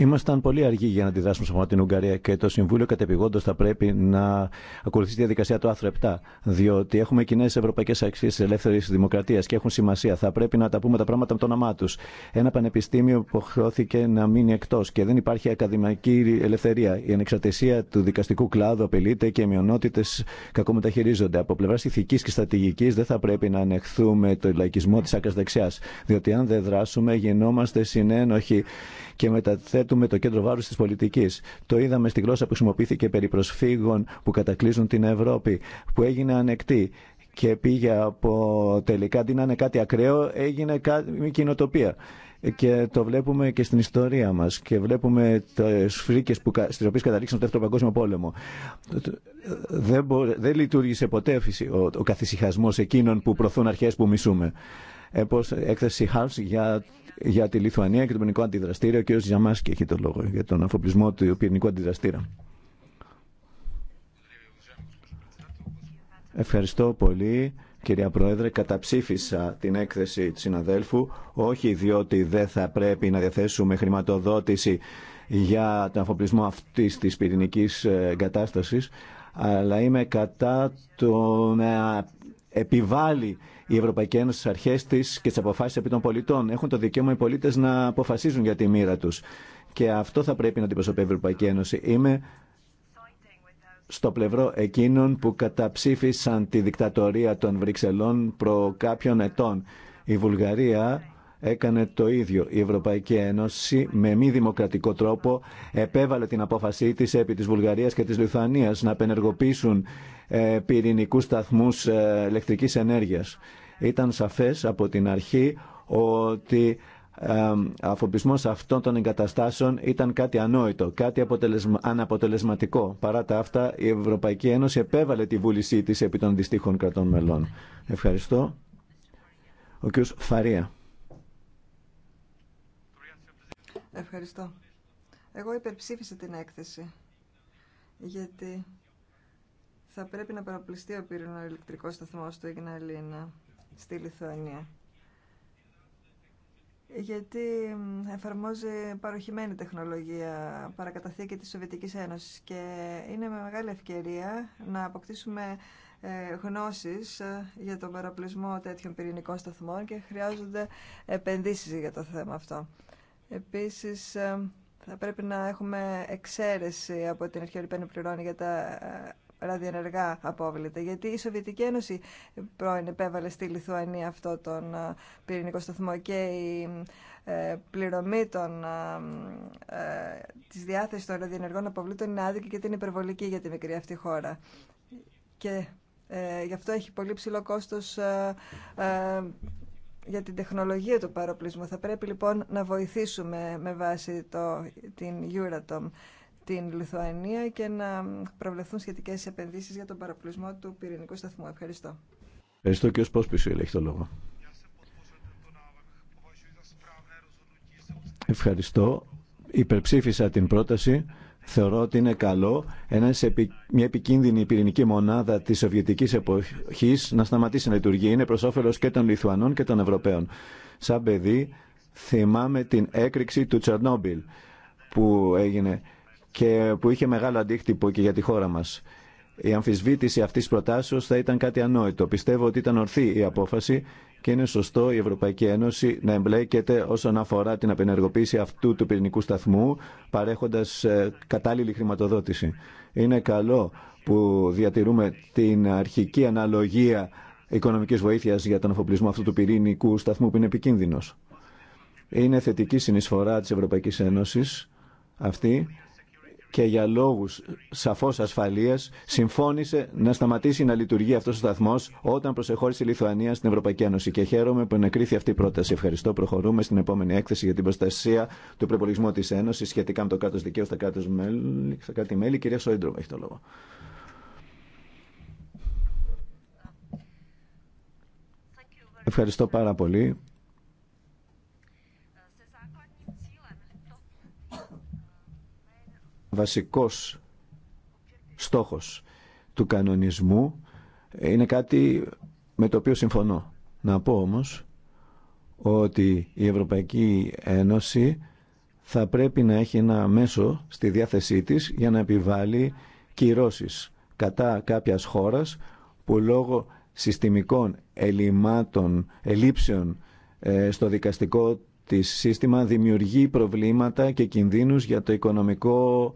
Ήμασταν πολύ αργοί για να αντιδράσουμε σε αυτό την Ουγγαρία και το Συμβούλιο κατεπηγόντω θα πρέπει να ακολουθήσει τη διαδικασία του άρθρου 7. Διότι έχουμε κοινέ ευρωπαϊκέ αξίε ελεύθερη δημοκρατία και έχουν σημασία. Θα πρέπει να τα πούμε τα πράγματα με το όνομά του. Ένα πανεπιστήμιο υποχρεώθηκε να μείνει εκτό και δεν υπάρχει ακαδημαϊκή ελευθερία. Η ανεξαρτησία του δικαστικού κλάδου απειλείται και οι μειονότητε κακομεταχειρίζονται. Από πλευρά ηθική και στρατηγική δεν θα πρέπει να ανεχθούμε το λαϊκισμό τη άκρα δεξιά. Διότι αν δεν δράσουμε γινόμαστε συνένοχοι και μεταθέτουμε το κέντρο βάρους τη πολιτική. Το είδαμε στη γλώσσα που χρησιμοποιήθηκε περί προσφύγων που κατακλείζουν την Ευρώπη, που έγινε ανεκτή και πήγε από τελικά αντί να είναι κάτι ακραίο έγινε μια κοινοτοπία και το βλέπουμε και στην ιστορία μας και βλέπουμε τι φρίκε που, στις οποίες καταλήξαν το δεύτερο παγκόσμιο πόλεμο δεν, δεν λειτουργήσε ποτέ ο, ο καθησυχασμός εκείνων που προθούν αρχέ που μισούμε ε, έκθεση Χάλς για, για τη Λιθουανία και το ποινικό αντιδραστήριο. και Ο κ. Ζαμάσκη έχει το λόγο για τον αφοπλισμό του ποινικού αντιδραστήρα. Ευχαριστώ πολύ. Κυρία Πρόεδρε, καταψήφισα την έκθεση του συναδέλφου, όχι διότι δεν θα πρέπει να διαθέσουμε χρηματοδότηση για τον αφοπλισμό αυτής της πυρηνικής ε, εγκατάστασης, αλλά είμαι κατά το να επιβάλλει η Ευρωπαϊκή Ένωση, στι αρχέ τη και τι αποφάσει επί των πολιτών. Έχουν το δικαίωμα οι πολίτε να αποφασίζουν για τη μοίρα του. Και αυτό θα πρέπει να αντιπροσωπεύει η Ευρωπαϊκή Ένωση. Είμαι στο πλευρό εκείνων που καταψήφισαν τη δικτατορία των Βρυξελών προ κάποιων ετών. Η Βουλγαρία έκανε το ίδιο. Η Ευρωπαϊκή Ένωση με μη δημοκρατικό τρόπο επέβαλε την απόφασή της επί της Βουλγαρίας και της Λιθουανίας να απενεργοποιήσουν ε, πυρηνικούς σταθμούς ε, ηλεκτρικής ενέργειας. Ήταν σαφές από την αρχή ότι ε, αφοπισμός αυτών των εγκαταστάσεων ήταν κάτι ανόητο, κάτι αποτελεσμα... αναποτελεσματικό. Παρά τα αυτά, η Ευρωπαϊκή Ένωση επέβαλε τη βούλησή της επί των δυστύχων κρατών μελών. Ευχαριστώ. Ο κ. Φαρία. Ευχαριστώ. Εγώ υπερψήφισα την έκθεση, γιατί θα πρέπει να παραπληστεί ο πυρηνοελεκτρικό σταθμό του Ιγναλίνα στη Λιθουανία. Γιατί εφαρμόζει παροχημένη τεχνολογία, παρακαταθήκη της Σοβιετικής Ένωσης και είναι με μεγάλη ευκαιρία να αποκτήσουμε ε, γνώσεις ε, για τον παραπλησμό τέτοιων πυρηνικών σταθμών και χρειάζονται επενδύσεις για το θέμα αυτό. Επίσης, ε, θα πρέπει να έχουμε εξαίρεση από την αρχαιορυπένη πληρώνει για τα ε, ραδιενεργά απόβλητα. Γιατί η Σοβιετική Ένωση πρώην επέβαλε στη Λιθουανία αυτό τον ε, πυρηνικό σταθμό και η πληρωμή των, της διάθεσης των ραδιενεργών αποβλήτων είναι άδικη και την υπερβολική για τη μικρή αυτή χώρα. Και γι' αυτό έχει πολύ ψηλό κόστος για την τεχνολογία του παροπλισμού. Θα πρέπει λοιπόν να βοηθήσουμε με βάση το, την Euratom την Λιθουανία και να προβλεφθούν σχετικές επενδύσεις για τον παροπλισμό του πυρηνικού σταθμού. Ευχαριστώ. Ευχαριστώ και ως πισω έχει το λόγο. Ευχαριστώ. Υπερψήφισα την πρόταση Θεωρώ ότι είναι καλό ένα, μια επικίνδυνη πυρηνική μονάδα τη Σοβιετική εποχή να σταματήσει να λειτουργεί. Είναι προ όφελο και των Λιθουανών και των Ευρωπαίων. Σαν παιδί, θυμάμαι την έκρηξη του Τσερνόμπιλ που έγινε και που είχε μεγάλο αντίκτυπο και για τη χώρα μας. Η αμφισβήτηση αυτής της προτάσεω θα ήταν κάτι ανόητο. Πιστεύω ότι ήταν ορθή η απόφαση και είναι σωστό η Ευρωπαϊκή Ένωση να εμπλέκεται όσον αφορά την απενεργοποίηση αυτού του πυρηνικού σταθμού παρέχοντας ε, κατάλληλη χρηματοδότηση. Είναι καλό που διατηρούμε την αρχική αναλογία οικονομικής βοήθειας για τον αφοπλισμό αυτού του πυρηνικού σταθμού που είναι επικίνδυνος. Είναι θετική συνεισφορά της Ευρωπαϊκής Ένωσης αυτή και για λόγους σαφώς ασφαλείας συμφώνησε να σταματήσει να λειτουργεί αυτός ο σταθμός όταν προσεχώρησε η Λιθουανία στην Ευρωπαϊκή Ένωση. Και χαίρομαι που ενεκρίθη αυτή η πρόταση. Ευχαριστώ. Προχωρούμε στην επόμενη έκθεση για την προστασία του προπολογισμού της Ένωσης σχετικά με το κράτος δικαίου στα, κράτος μέλη, κράτη μέλη. Κυρία Σόιντρομ έχει το λόγο. Ευχαριστώ πάρα πολύ. βασικός στόχος του κανονισμού είναι κάτι με το οποίο συμφωνώ. Να πω όμως ότι η Ευρωπαϊκή Ένωση θα πρέπει να έχει ένα μέσο στη διάθεσή της για να επιβάλλει κυρώσεις κατά κάποιας χώρας που λόγω συστημικών ελιμάτων ελλείψεων ε, στο δικαστικό τη σύστημα δημιουργεί προβλήματα και κινδύνους για, το οικονομικό,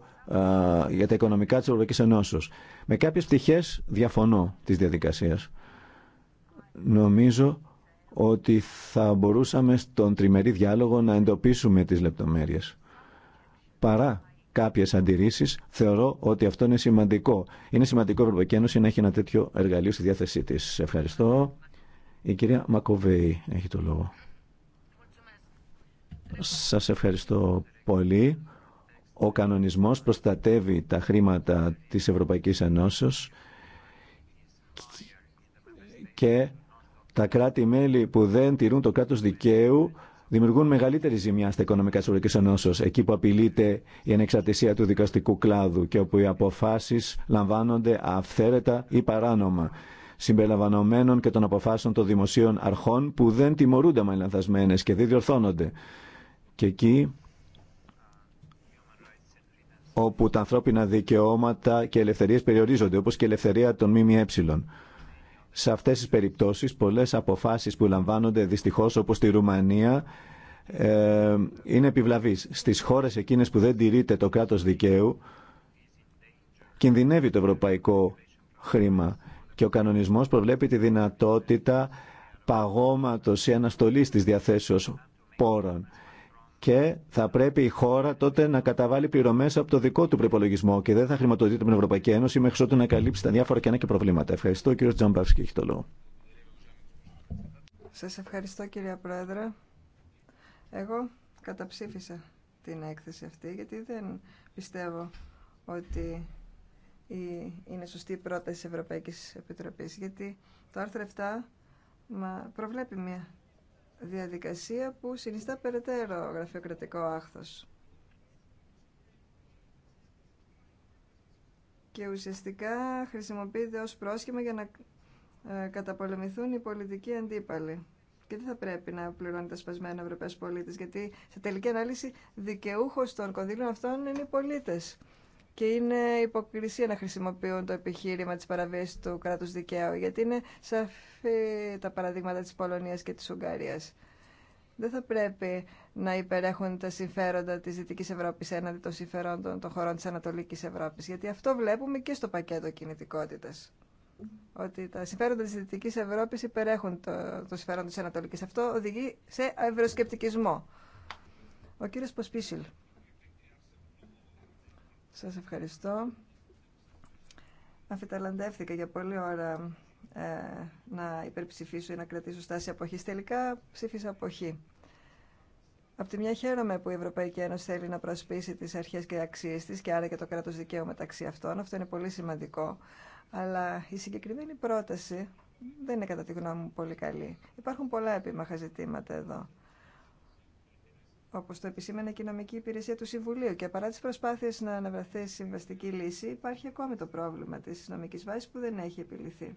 για τα οικονομικά της Ευρωπαϊκής Ενώσεως. Με κάποιες πτυχές διαφωνώ της διαδικασίας. Νομίζω ότι θα μπορούσαμε στον τριμερή διάλογο να εντοπίσουμε τις λεπτομέρειες. Παρά κάποιες αντιρρήσεις, θεωρώ ότι αυτό είναι σημαντικό. Είναι σημαντικό η Ευρωπαϊκή Ένωση να έχει ένα τέτοιο εργαλείο στη διάθεσή της. Ευχαριστώ. Η κυρία Μακοβέη έχει το λόγο. Σας ευχαριστώ πολύ. Ο κανονισμός προστατεύει τα χρήματα της Ευρωπαϊκής Ενώσεως και τα κράτη-μέλη που δεν τηρούν το κράτος δικαίου δημιουργούν μεγαλύτερη ζημιά στα οικονομικά τη Ευρωπαϊκή Ενώσεω, εκεί που απειλείται η ανεξαρτησία του δικαστικού κλάδου και όπου οι αποφάσει λαμβάνονται αυθαίρετα ή παράνομα, συμπεριλαμβανομένων και των αποφάσεων των δημοσίων αρχών που δεν τιμωρούνται μαλλιανθασμένε και δεν διορθώνονται και εκεί όπου τα ανθρώπινα δικαιώματα και ελευθερίες περιορίζονται, όπως και η ελευθερία των ΜΜΕ. Σε αυτές τις περιπτώσεις, πολλές αποφάσεις που λαμβάνονται δυστυχώς, όπως στη Ρουμανία, ε, είναι επιβλαβείς. Στις χώρες εκείνες που δεν τηρείται το κράτος δικαίου, κινδυνεύει το ευρωπαϊκό χρήμα. Και ο κανονισμός προβλέπει τη δυνατότητα παγώματος ή αναστολής της διαθέσεως πόρων και θα πρέπει η χώρα τότε να καταβάλει πληρωμέ από το δικό του προπολογισμό και δεν θα χρηματοδοτείται με την Ευρωπαϊκή Ένωση μέχρι ότου να καλύψει τα διάφορα κενά και προβλήματα. Ευχαριστώ, κύριο Τζαμπάφσκι, έχει το λόγο. Σα ευχαριστώ, κύριε Πρόεδρε. Εγώ καταψήφισα την έκθεση αυτή γιατί δεν πιστεύω ότι είναι σωστή η πρόταση της Ευρωπαϊκής Επιτροπής γιατί το άρθρο 7 προβλέπει μια διαδικασία που συνιστά περαιτέρω γραφειοκρατικό άχθος. Και ουσιαστικά χρησιμοποιείται ως πρόσχημα για να ε, καταπολεμηθούν οι πολιτικοί αντίπαλοι. Και δεν θα πρέπει να πληρώνει τα σπασμένα ευρωπαίες πολίτες γιατί σε τελική ανάλυση δικαιούχος των κονδύλων αυτών είναι οι πολίτες. Και είναι υποκρισία να χρησιμοποιούν το επιχείρημα τη παραβίαση του κράτου δικαίου, γιατί είναι σαφή τα παραδείγματα τη Πολωνία και τη Ουγγαρίας. Δεν θα πρέπει να υπερέχουν τα συμφέροντα της Δυτικής Ευρώπης έναντι των συμφερόντων των χωρών τη Ανατολική Ευρώπη. γιατί αυτό βλέπουμε και στο πακέτο κινητικότητας. Ότι τα συμφέροντα τη Δυτικής Ευρώπη υπερέχουν το, το συμφέρον της Ανατολικής. Αυτό οδηγεί σε ευρωσκεπτικισμό. Ο κύριο Ποσπίσιλ. Σας ευχαριστώ. Αφιταλαντεύτηκα για πολλή ώρα ε, να υπερψηφίσω ή να κρατήσω στάση αποχής. Τελικά ψήφισα αποχή. Απ' τη μια χαίρομαι που η Ευρωπαϊκή Ένωση θέλει να προσπίσει τις αρχές και αξίες της και άρα και το κράτος δικαίου μεταξύ αυτών. Αυτό είναι πολύ σημαντικό. Αλλά η συγκεκριμένη πρόταση δεν είναι κατά τη γνώμη μου πολύ καλή. Υπάρχουν πολλά επίμαχα ζητήματα εδώ. Όπω το επισήμανε και η νομική υπηρεσία του Συμβουλίου. Και παρά τι προσπάθειες να αναβραθεί συμβαστική λύση, υπάρχει ακόμη το πρόβλημα τη νομική βάση που δεν έχει επιληθεί.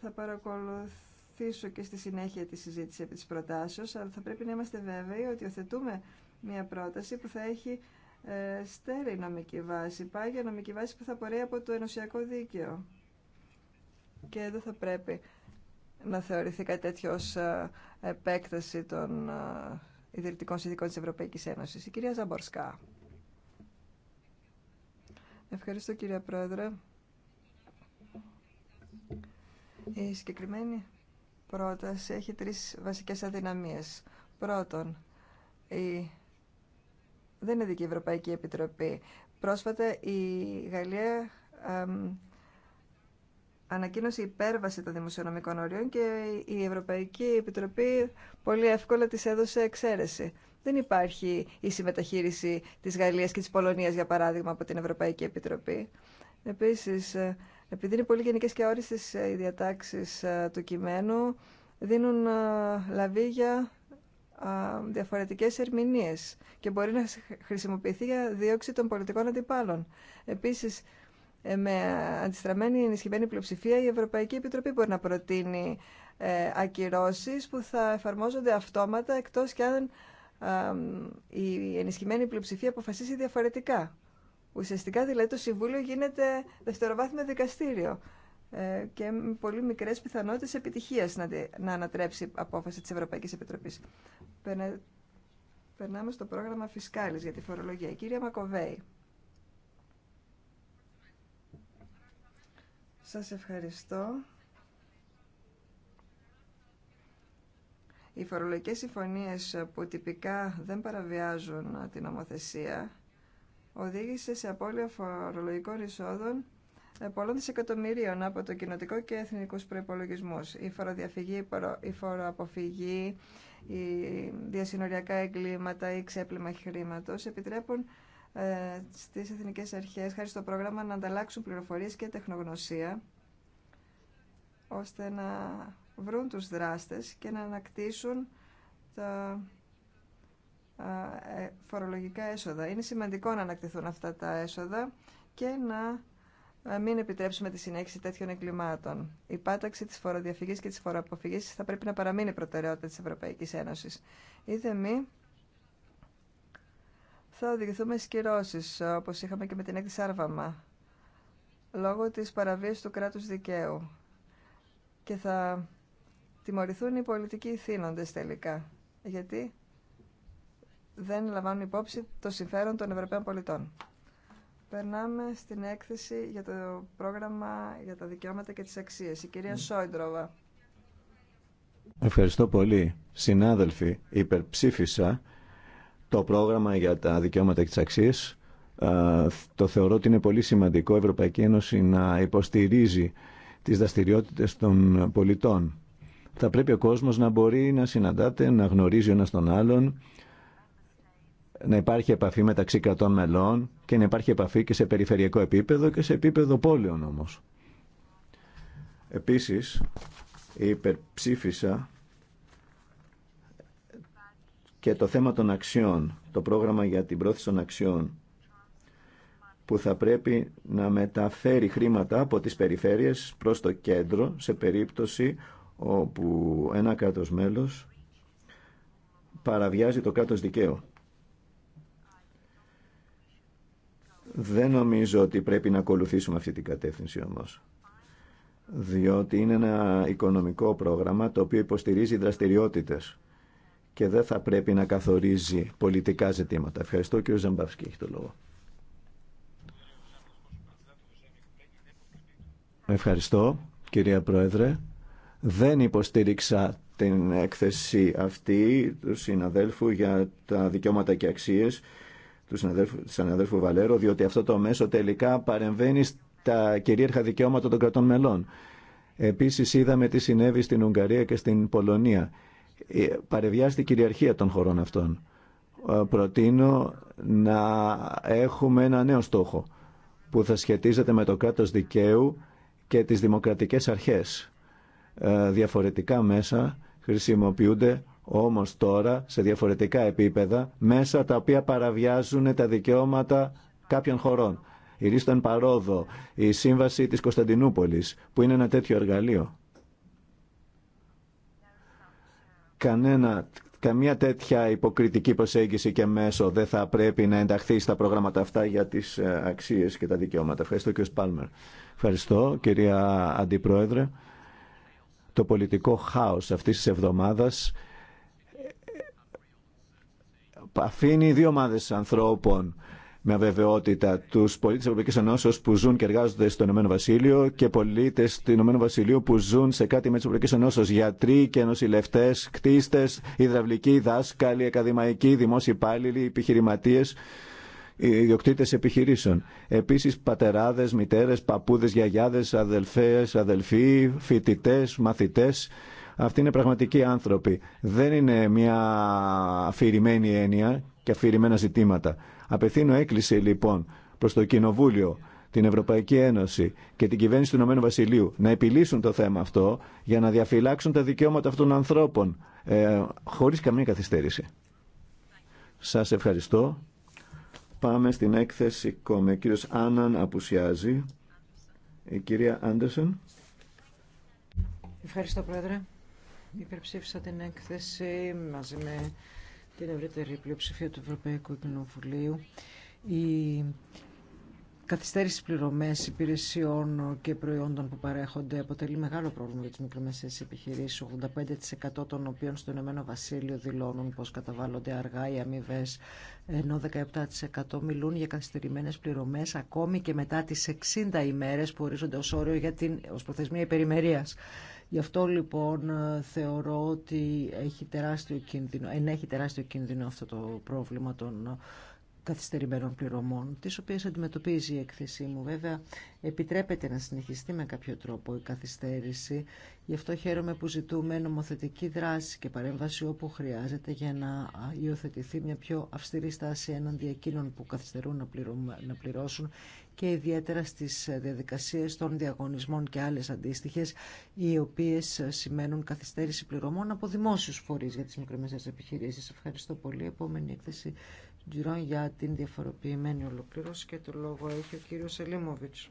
Θα παρακολουθήσω και στη συνέχεια τη συζήτηση επί τη προτάσεω, αλλά θα πρέπει να είμαστε βέβαιοι ότι οθετούμε μια πρόταση που θα έχει ε, στέρεη νομική βάση, πάγια νομική βάση που θα πορεύει από το ενωσιακό δίκαιο. Και δεν θα πρέπει να θεωρηθεί κάτι τέτοιο ως ε, επέκταση των ε, ιδρυτικών συνδικών της Ευρωπαϊκής Ένωσης. Η κυρία Ζαμπορσκά. Ευχαριστώ κύριε Πρόεδρε. Η συγκεκριμένη πρόταση έχει τρεις βασικές αδυναμίες. Πρώτον, η... δεν είναι δική Ευρωπαϊκή Επιτροπή. Πρόσφατα η Γαλλία ανακοίνωσε υπέρβαση των δημοσιονομικών ορίων και η Ευρωπαϊκή Επιτροπή πολύ εύκολα τη έδωσε εξαίρεση. Δεν υπάρχει η συμμεταχείριση της Γαλλίας και της Πολωνίας, για παράδειγμα, από την Ευρωπαϊκή Επιτροπή. Επίσης, επειδή είναι πολύ γενικές και όριστε οι διατάξει ε, του κειμένου, δίνουν ε, λαβή για ε, διαφορετικές ερμηνείες και μπορεί να χρησιμοποιηθεί για δίωξη των πολιτικών αντιπάλων. Επίσης, ε, με αντιστραμμένη ενισχυμένη πλειοψηφία η Ευρωπαϊκή Επιτροπή μπορεί να προτείνει ε, ακυρώσεις που θα εφαρμόζονται αυτόματα εκτός και αν η ενισχυμένη πλειοψηφία αποφασίσει διαφορετικά. Ουσιαστικά δηλαδή το Συμβούλιο γίνεται δευτεροβάθμιο δικαστήριο ε, και με πολύ μικρές πιθανότητες επιτυχίας να ανατρέψει απόφαση της Ευρωπαϊκής Επιτροπής. Περνάμε στο πρόγραμμα Φισκάλης για τη φορολογία. Κύριε Μακοβέη. Σας ευχαριστώ. Οι φορολογικές συμφωνίες που τυπικά δεν παραβιάζουν την νομοθεσία οδήγησε σε απώλεια φορολογικών εισόδων ε, πολλών δισεκατομμυρίων από το κοινοτικό και εθνικούς προϋπολογισμούς. Η φοροδιαφυγή, η φοροαποφυγή, οι διασυνοριακά εγκλήματα ή ξέπλυμα χρήματος επιτρέπουν ε, στις εθνικές αρχές, χάρη στο πρόγραμμα, να ανταλλάξουν πληροφορίες και τεχνογνωσία, ώστε να βρουν τους δράστες και να ανακτήσουν τα ε, φορολογικά έσοδα. Είναι σημαντικό να ανακτηθούν αυτά τα έσοδα και να ε, μην επιτρέψουμε τη συνέχιση τέτοιων εγκλημάτων. Η πάταξη της φοροδιαφυγής και της φοροαποφυγής θα πρέπει να παραμείνει προτεραιότητα τη Ευρωπαϊκή Ένωση. Είδε μη, θα οδηγηθούμε στις κυρώσεις, όπως είχαμε και με την έκθεση Άρβαμα, λόγω της παραβίας του κράτους δικαίου. Και θα τιμωρηθούν οι πολιτικοί θύνοντες τελικά, γιατί δεν λαμβάνουν υπόψη το συμφέρον των Ευρωπαίων πολιτών. Περνάμε στην έκθεση για το πρόγραμμα για τα δικαιώματα και τις αξίες. Η κυρία Σόιντροβα. Ευχαριστώ πολύ. Συνάδελφοι, υπερψήφισα το πρόγραμμα για τα δικαιώματα και τις αξίες. Ε, το θεωρώ ότι είναι πολύ σημαντικό η Ευρωπαϊκή Ένωση να υποστηρίζει τις δραστηριότητε των πολιτών. Θα πρέπει ο κόσμος να μπορεί να συναντάται, να γνωρίζει ο ένας τον άλλον, να υπάρχει επαφή μεταξύ κρατών μελών και να υπάρχει επαφή και σε περιφερειακό επίπεδο και σε επίπεδο πόλεων όμως. Επίσης, υπερψήφισα και το θέμα των αξιών, το πρόγραμμα για την πρόθεση των αξιών που θα πρέπει να μεταφέρει χρήματα από τις περιφέρειες προς το κέντρο σε περίπτωση όπου ένα κράτος μέλος παραβιάζει το κράτος δικαίου. Δεν νομίζω ότι πρέπει να ακολουθήσουμε αυτή την κατεύθυνση όμως. Διότι είναι ένα οικονομικό πρόγραμμα το οποίο υποστηρίζει δραστηριότητες και δεν θα πρέπει να καθορίζει πολιτικά ζητήματα. Ευχαριστώ κύριο Ζαμπαύσκη, έχει το λόγο. Ευχαριστώ κυρία Πρόεδρε. Δεν υποστήριξα την έκθεση αυτή του συναδέλφου για τα δικαιώματα και αξίες του συναδέλφου, του συναδέλφου Βαλέρο, διότι αυτό το μέσο τελικά παρεμβαίνει στα κυρίαρχα δικαιώματα των κρατών μελών. Επίσης είδαμε τι συνέβη στην Ουγγαρία και στην Πολωνία. Ε, παρεβιάζει την κυριαρχία των χωρών αυτών. Ε, προτείνω να έχουμε ένα νέο στόχο που θα σχετίζεται με το κράτος δικαίου και τις δημοκρατικές αρχές. Ε, διαφορετικά μέσα χρησιμοποιούνται όμως τώρα σε διαφορετικά επίπεδα μέσα τα οποία παραβιάζουν τα δικαιώματα κάποιων χωρών. Η Ρίστον Παρόδο, η Σύμβαση της Κωνσταντινούπολης που είναι ένα τέτοιο εργαλείο κανένα, καμία τέτοια υποκριτική προσέγγιση και μέσο δεν θα πρέπει να ενταχθεί στα προγράμματα αυτά για τις ε, αξίες και τα δικαιώματα. Ευχαριστώ κύριε Σπάλμερ. Ευχαριστώ κυρία Αντιπρόεδρε. Το πολιτικό χάος αυτής της εβδομάδας ε, ε, αφήνει δύο ομάδες ανθρώπων με αβεβαιότητα του πολίτε τη Ευρωπαϊκή Ενώσεω που ζουν και εργάζονται στο Ηνωμένο Βασίλειο και πολίτε του Ηνωμένου Βασιλείου που ζουν σε κάτι με τη Ευρωπαϊκή Ενώσεω. Γιατροί και νοσηλευτέ, κτίστε, υδραυλικοί, δάσκαλοι, ακαδημαϊκοί, δημόσιοι υπάλληλοι, επιχειρηματίε, ιδιοκτήτε επιχειρήσεων. Επίση πατεράδε, μητέρε, παππούδε, γιαγιάδε, αδελφέ, αδελφοί, φοιτητέ, μαθητέ. Αυτοί είναι πραγματικοί άνθρωποι. Δεν είναι μια αφηρημένη έννοια και αφηρημένα ζητήματα. Απευθύνω έκκληση λοιπόν προς το Κοινοβούλιο, την Ευρωπαϊκή Ένωση και την κυβέρνηση του Ηνωμένου Βασιλείου να επιλύσουν το θέμα αυτό για να διαφυλάξουν τα δικαιώματα αυτών των ανθρώπων ε, χωρίς καμία καθυστέρηση. Σας ευχαριστώ. Πάμε στην έκθεση Ο Κύριος Άνναν απουσιάζει. Η κυρία Άντερσον. Ευχαριστώ, Πρόεδρε. Υπερψήφισα την έκθεση μαζί με την ευρύτερη πλειοψηφία του Ευρωπαϊκού Κοινοβουλίου η καθυστέρηση πληρωμέ υπηρεσιών και προϊόντων που παρέχονται αποτελεί μεγάλο πρόβλημα για τις μικρομεσαίε επιχειρήσεις, 85% των οποίων στον Ηνωμένο Βασίλειο δηλώνουν πως καταβάλλονται αργά οι αμοιβέ, ενώ 17% μιλούν για καθυστερημένε πληρωμές ακόμη και μετά τι 60 ημέρε που ορίζονται ω όριο για την προθεσμία υπερημερίας. Γι' αυτό λοιπόν ε, θεωρώ ότι έχει τεράστιο κίνδυνο, ενέχει ναι, τεράστιο κίνδυνο αυτό το πρόβλημα των ε, καθυστερημένων πληρωμών, τις οποίες αντιμετωπίζει η έκθεσή μου. Βέβαια, επιτρέπεται να συνεχιστεί με κάποιο τρόπο η καθυστέρηση. Γι' αυτό χαίρομαι που ζητούμε νομοθετική δράση και παρέμβαση όπου χρειάζεται για να υιοθετηθεί μια πιο αυστηρή στάση έναντι εκείνων που καθυστερούν να, πληρώσουν και ιδιαίτερα στις διαδικασίες των διαγωνισμών και άλλες αντίστοιχες οι οποίες σημαίνουν καθυστέρηση πληρωμών από δημόσιους φορείς για τις μικρομεσαίες επιχειρήσεις. Ευχαριστώ πολύ. Επόμενη έκθεση Τζιρόν για την διαφοροποιημένη ολοκλήρωση και το λόγο έχει ο κύριος Ελίμωβιτς.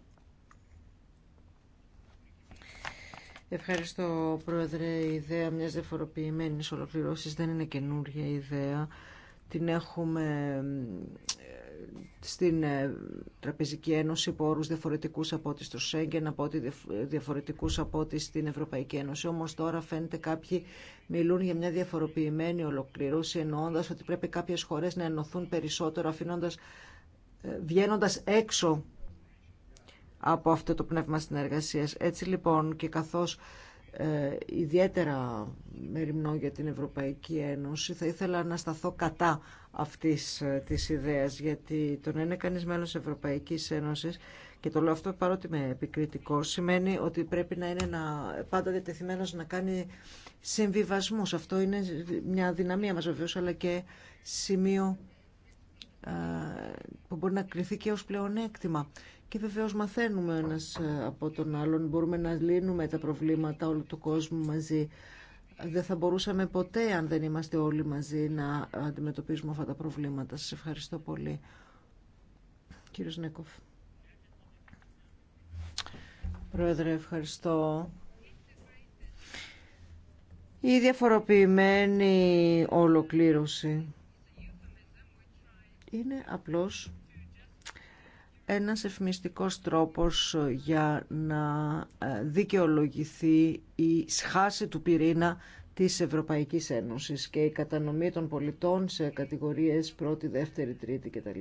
Ευχαριστώ, Πρόεδρε. Η ιδέα μια διαφοροποιημένη ολοκληρώσης δεν είναι καινούργια ιδέα. Την έχουμε στην ε, Τραπεζική Ένωση υπό όρους διαφορετικούς από ό,τι στο Σέγγεν, από ό,τι διαφορετικούς από ό,τι στην Ευρωπαϊκή Ένωση. Όμως τώρα φαίνεται κάποιοι μιλούν για μια διαφοροποιημένη ολοκλήρωση, εννοώντας ότι πρέπει κάποιες χώρες να ενωθούν περισσότερο, αφήνοντας, ε, βγαίνοντας έξω από αυτό το πνεύμα συνεργασίας. Έτσι λοιπόν και καθώς ε, ιδιαίτερα μεριμνό για την Ευρωπαϊκή Ένωση. Θα ήθελα να σταθώ κατά αυτής ε, της ιδέας, γιατί το να είναι κανείς μέλος Ευρωπαϊκής Ένωσης και το λέω αυτό παρότι είμαι επικριτικό, σημαίνει ότι πρέπει να είναι να, πάντα διατεθειμένος να κάνει συμβιβασμούς. Αυτό είναι μια δυναμία μας βεβαίως, αλλά και σημείο που μπορεί να κρυθεί και ως πλεονέκτημα. Και βεβαίως μαθαίνουμε ένας ε, από τον άλλον, μπορούμε να λύνουμε τα προβλήματα όλου του κόσμου μαζί. Δεν θα μπορούσαμε ποτέ, αν δεν είμαστε όλοι μαζί, να αντιμετωπίζουμε αυτά τα προβλήματα. Σας ευχαριστώ πολύ. Κύριος Νέκοφ. Πρόεδρε, ευχαριστώ. Η διαφοροποιημένη ολοκλήρωση είναι απλώς ένας ευμιστικός τρόπος για να ε, δικαιολογηθεί η σχάση του πυρήνα της Ευρωπαϊκής Ένωσης και η κατανομή των πολιτών σε κατηγορίες πρώτη, δεύτερη, τρίτη κτλ.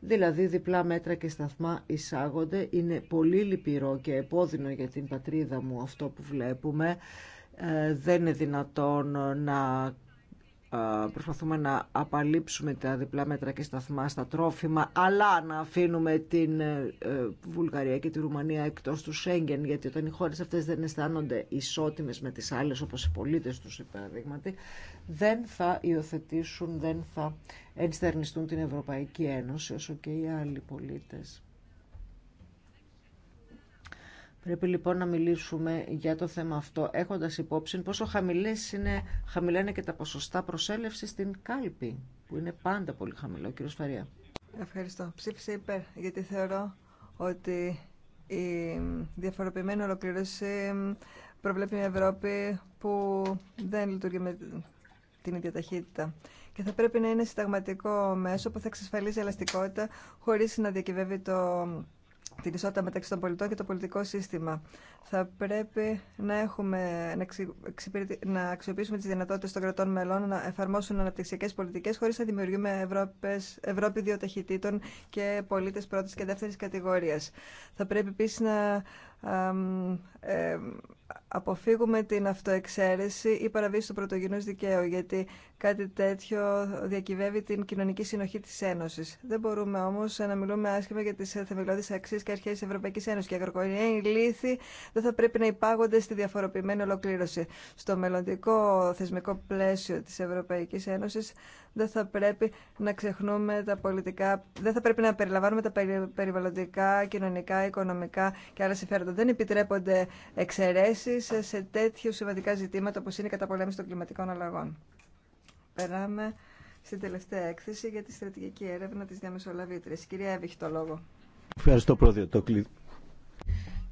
Δηλαδή διπλά μέτρα και σταθμά εισάγονται. Είναι πολύ λυπηρό και επώδυνο για την πατρίδα μου αυτό που βλέπουμε. Ε, δεν είναι δυνατόν να προσπαθούμε να απαλείψουμε τα διπλά μέτρα και σταθμά στα τρόφιμα, αλλά να αφήνουμε την ε, ε, Βουλγαρία και τη Ρουμανία εκτός του Σέγγεν, γιατί όταν οι χώρες αυτές δεν αισθάνονται ισότιμες με τις άλλες, όπως οι πολίτες τους, παραδείγματι, δεν θα υιοθετήσουν, δεν θα ενστερνιστούν την Ευρωπαϊκή Ένωση, όσο και οι άλλοι πολίτες. Πρέπει λοιπόν να μιλήσουμε για το θέμα αυτό έχοντας υπόψη πόσο χαμηλές είναι, χαμηλά και τα ποσοστά προσέλευσης στην κάλπη που είναι πάντα πολύ χαμηλό. Κύριο Σφαρία. Ευχαριστώ. Ψήφισε υπέρ γιατί θεωρώ ότι η διαφοροποιημένη ολοκλήρωση προβλέπει μια Ευρώπη που δεν λειτουργεί με την ίδια ταχύτητα. Και θα πρέπει να είναι συνταγματικό μέσο που θα εξασφαλίζει ελαστικότητα χωρίς να διακυβεύει το την ισότητα μεταξύ των πολιτών και το πολιτικό σύστημα. Θα πρέπει να, έχουμε, να αξιοποιήσουμε τις δυνατότητες των κρατών μελών να εφαρμόσουν αναπτυξιακέ πολιτικές χωρίς να δημιουργούμε Ευρώπες, Ευρώπη δύο ταχυτήτων και πολίτε πρώτης και δεύτερης κατηγορίας. Θα πρέπει επίσης να αποφύγουμε την αυτοεξαίρεση ή παραβίαση του πρωτογενούς δικαίου, γιατί κάτι τέτοιο διακυβεύει την κοινωνική συνοχή της Ένωσης. Δεν μπορούμε όμως να μιλούμε άσχημα για τι θεμελιώδεις αξίες και αρχέ της Ευρωπαϊκής Ένωσης και η λύθη δεν θα πρέπει να υπάγονται στη διαφοροποιημένη ολοκλήρωση. Στο μελλοντικό θεσμικό πλαίσιο τη Ευρωπαϊκή Ένωση δεν θα πρέπει να ξεχνούμε τα πολιτικά, δεν θα πρέπει να περιλαμβάνουμε τα περιβαλλοντικά, κοινωνικά, οικονομικά και άλλα συμφέροντα. Δεν επιτρέπονται εξαιρέσει σε τέτοιου σημαντικά ζητήματα όπω είναι η καταπολέμηση των κλιματικών αλλαγών. Περάμε στην τελευταία έκθεση για τη στρατηγική έρευνα τη διαμεσολαβήτρια. Κυρία Εύη, το λόγο. Ευχαριστώ, Πρόεδρε. Το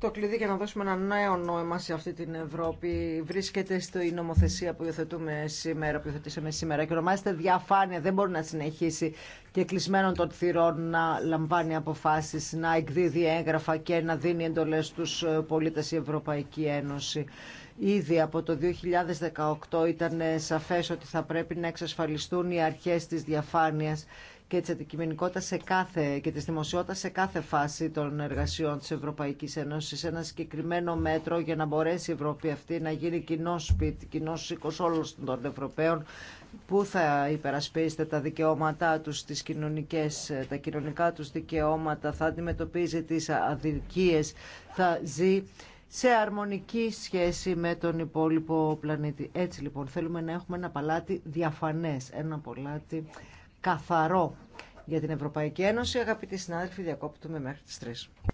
το κλειδί για να δώσουμε ένα νέο νόημα σε αυτή την Ευρώπη βρίσκεται στη νομοθεσία που υιοθετούμε σήμερα, που υιοθετήσαμε σήμερα και ονομάζεται διαφάνεια. Δεν μπορεί να συνεχίσει και κλεισμένον των θυρών να λαμβάνει αποφάσεις, να εκδίδει έγγραφα και να δίνει εντολές στους πολίτε η Ευρωπαϊκή Ένωση. Ήδη από το 2018 ήταν σαφές ότι θα πρέπει να εξασφαλιστούν οι αρχές της διαφάνειας και τη αντικειμενικότητας σε κάθε, και της δημοσιότητα σε κάθε φάση των εργασιών τη Ευρωπαϊκή Ένωση, Ένα συγκεκριμένο μέτρο για να μπορέσει η Ευρώπη αυτή να γίνει κοινό σπίτι, κοινό οίκο όλων των Ευρωπαίων που θα υπερασπίστε τα δικαιώματά του, τις κοινωνικέ, τα κοινωνικά του δικαιώματα, θα αντιμετωπίζει τι αδικίες, θα ζει σε αρμονική σχέση με τον υπόλοιπο πλανήτη. Έτσι λοιπόν θέλουμε να έχουμε ένα παλάτι διαφανές, ένα παλάτι καθαρό για την Ευρωπαϊκή Ένωση. Αγαπητοί συνάδελφοι, διακόπτουμε μέχρι τις 3.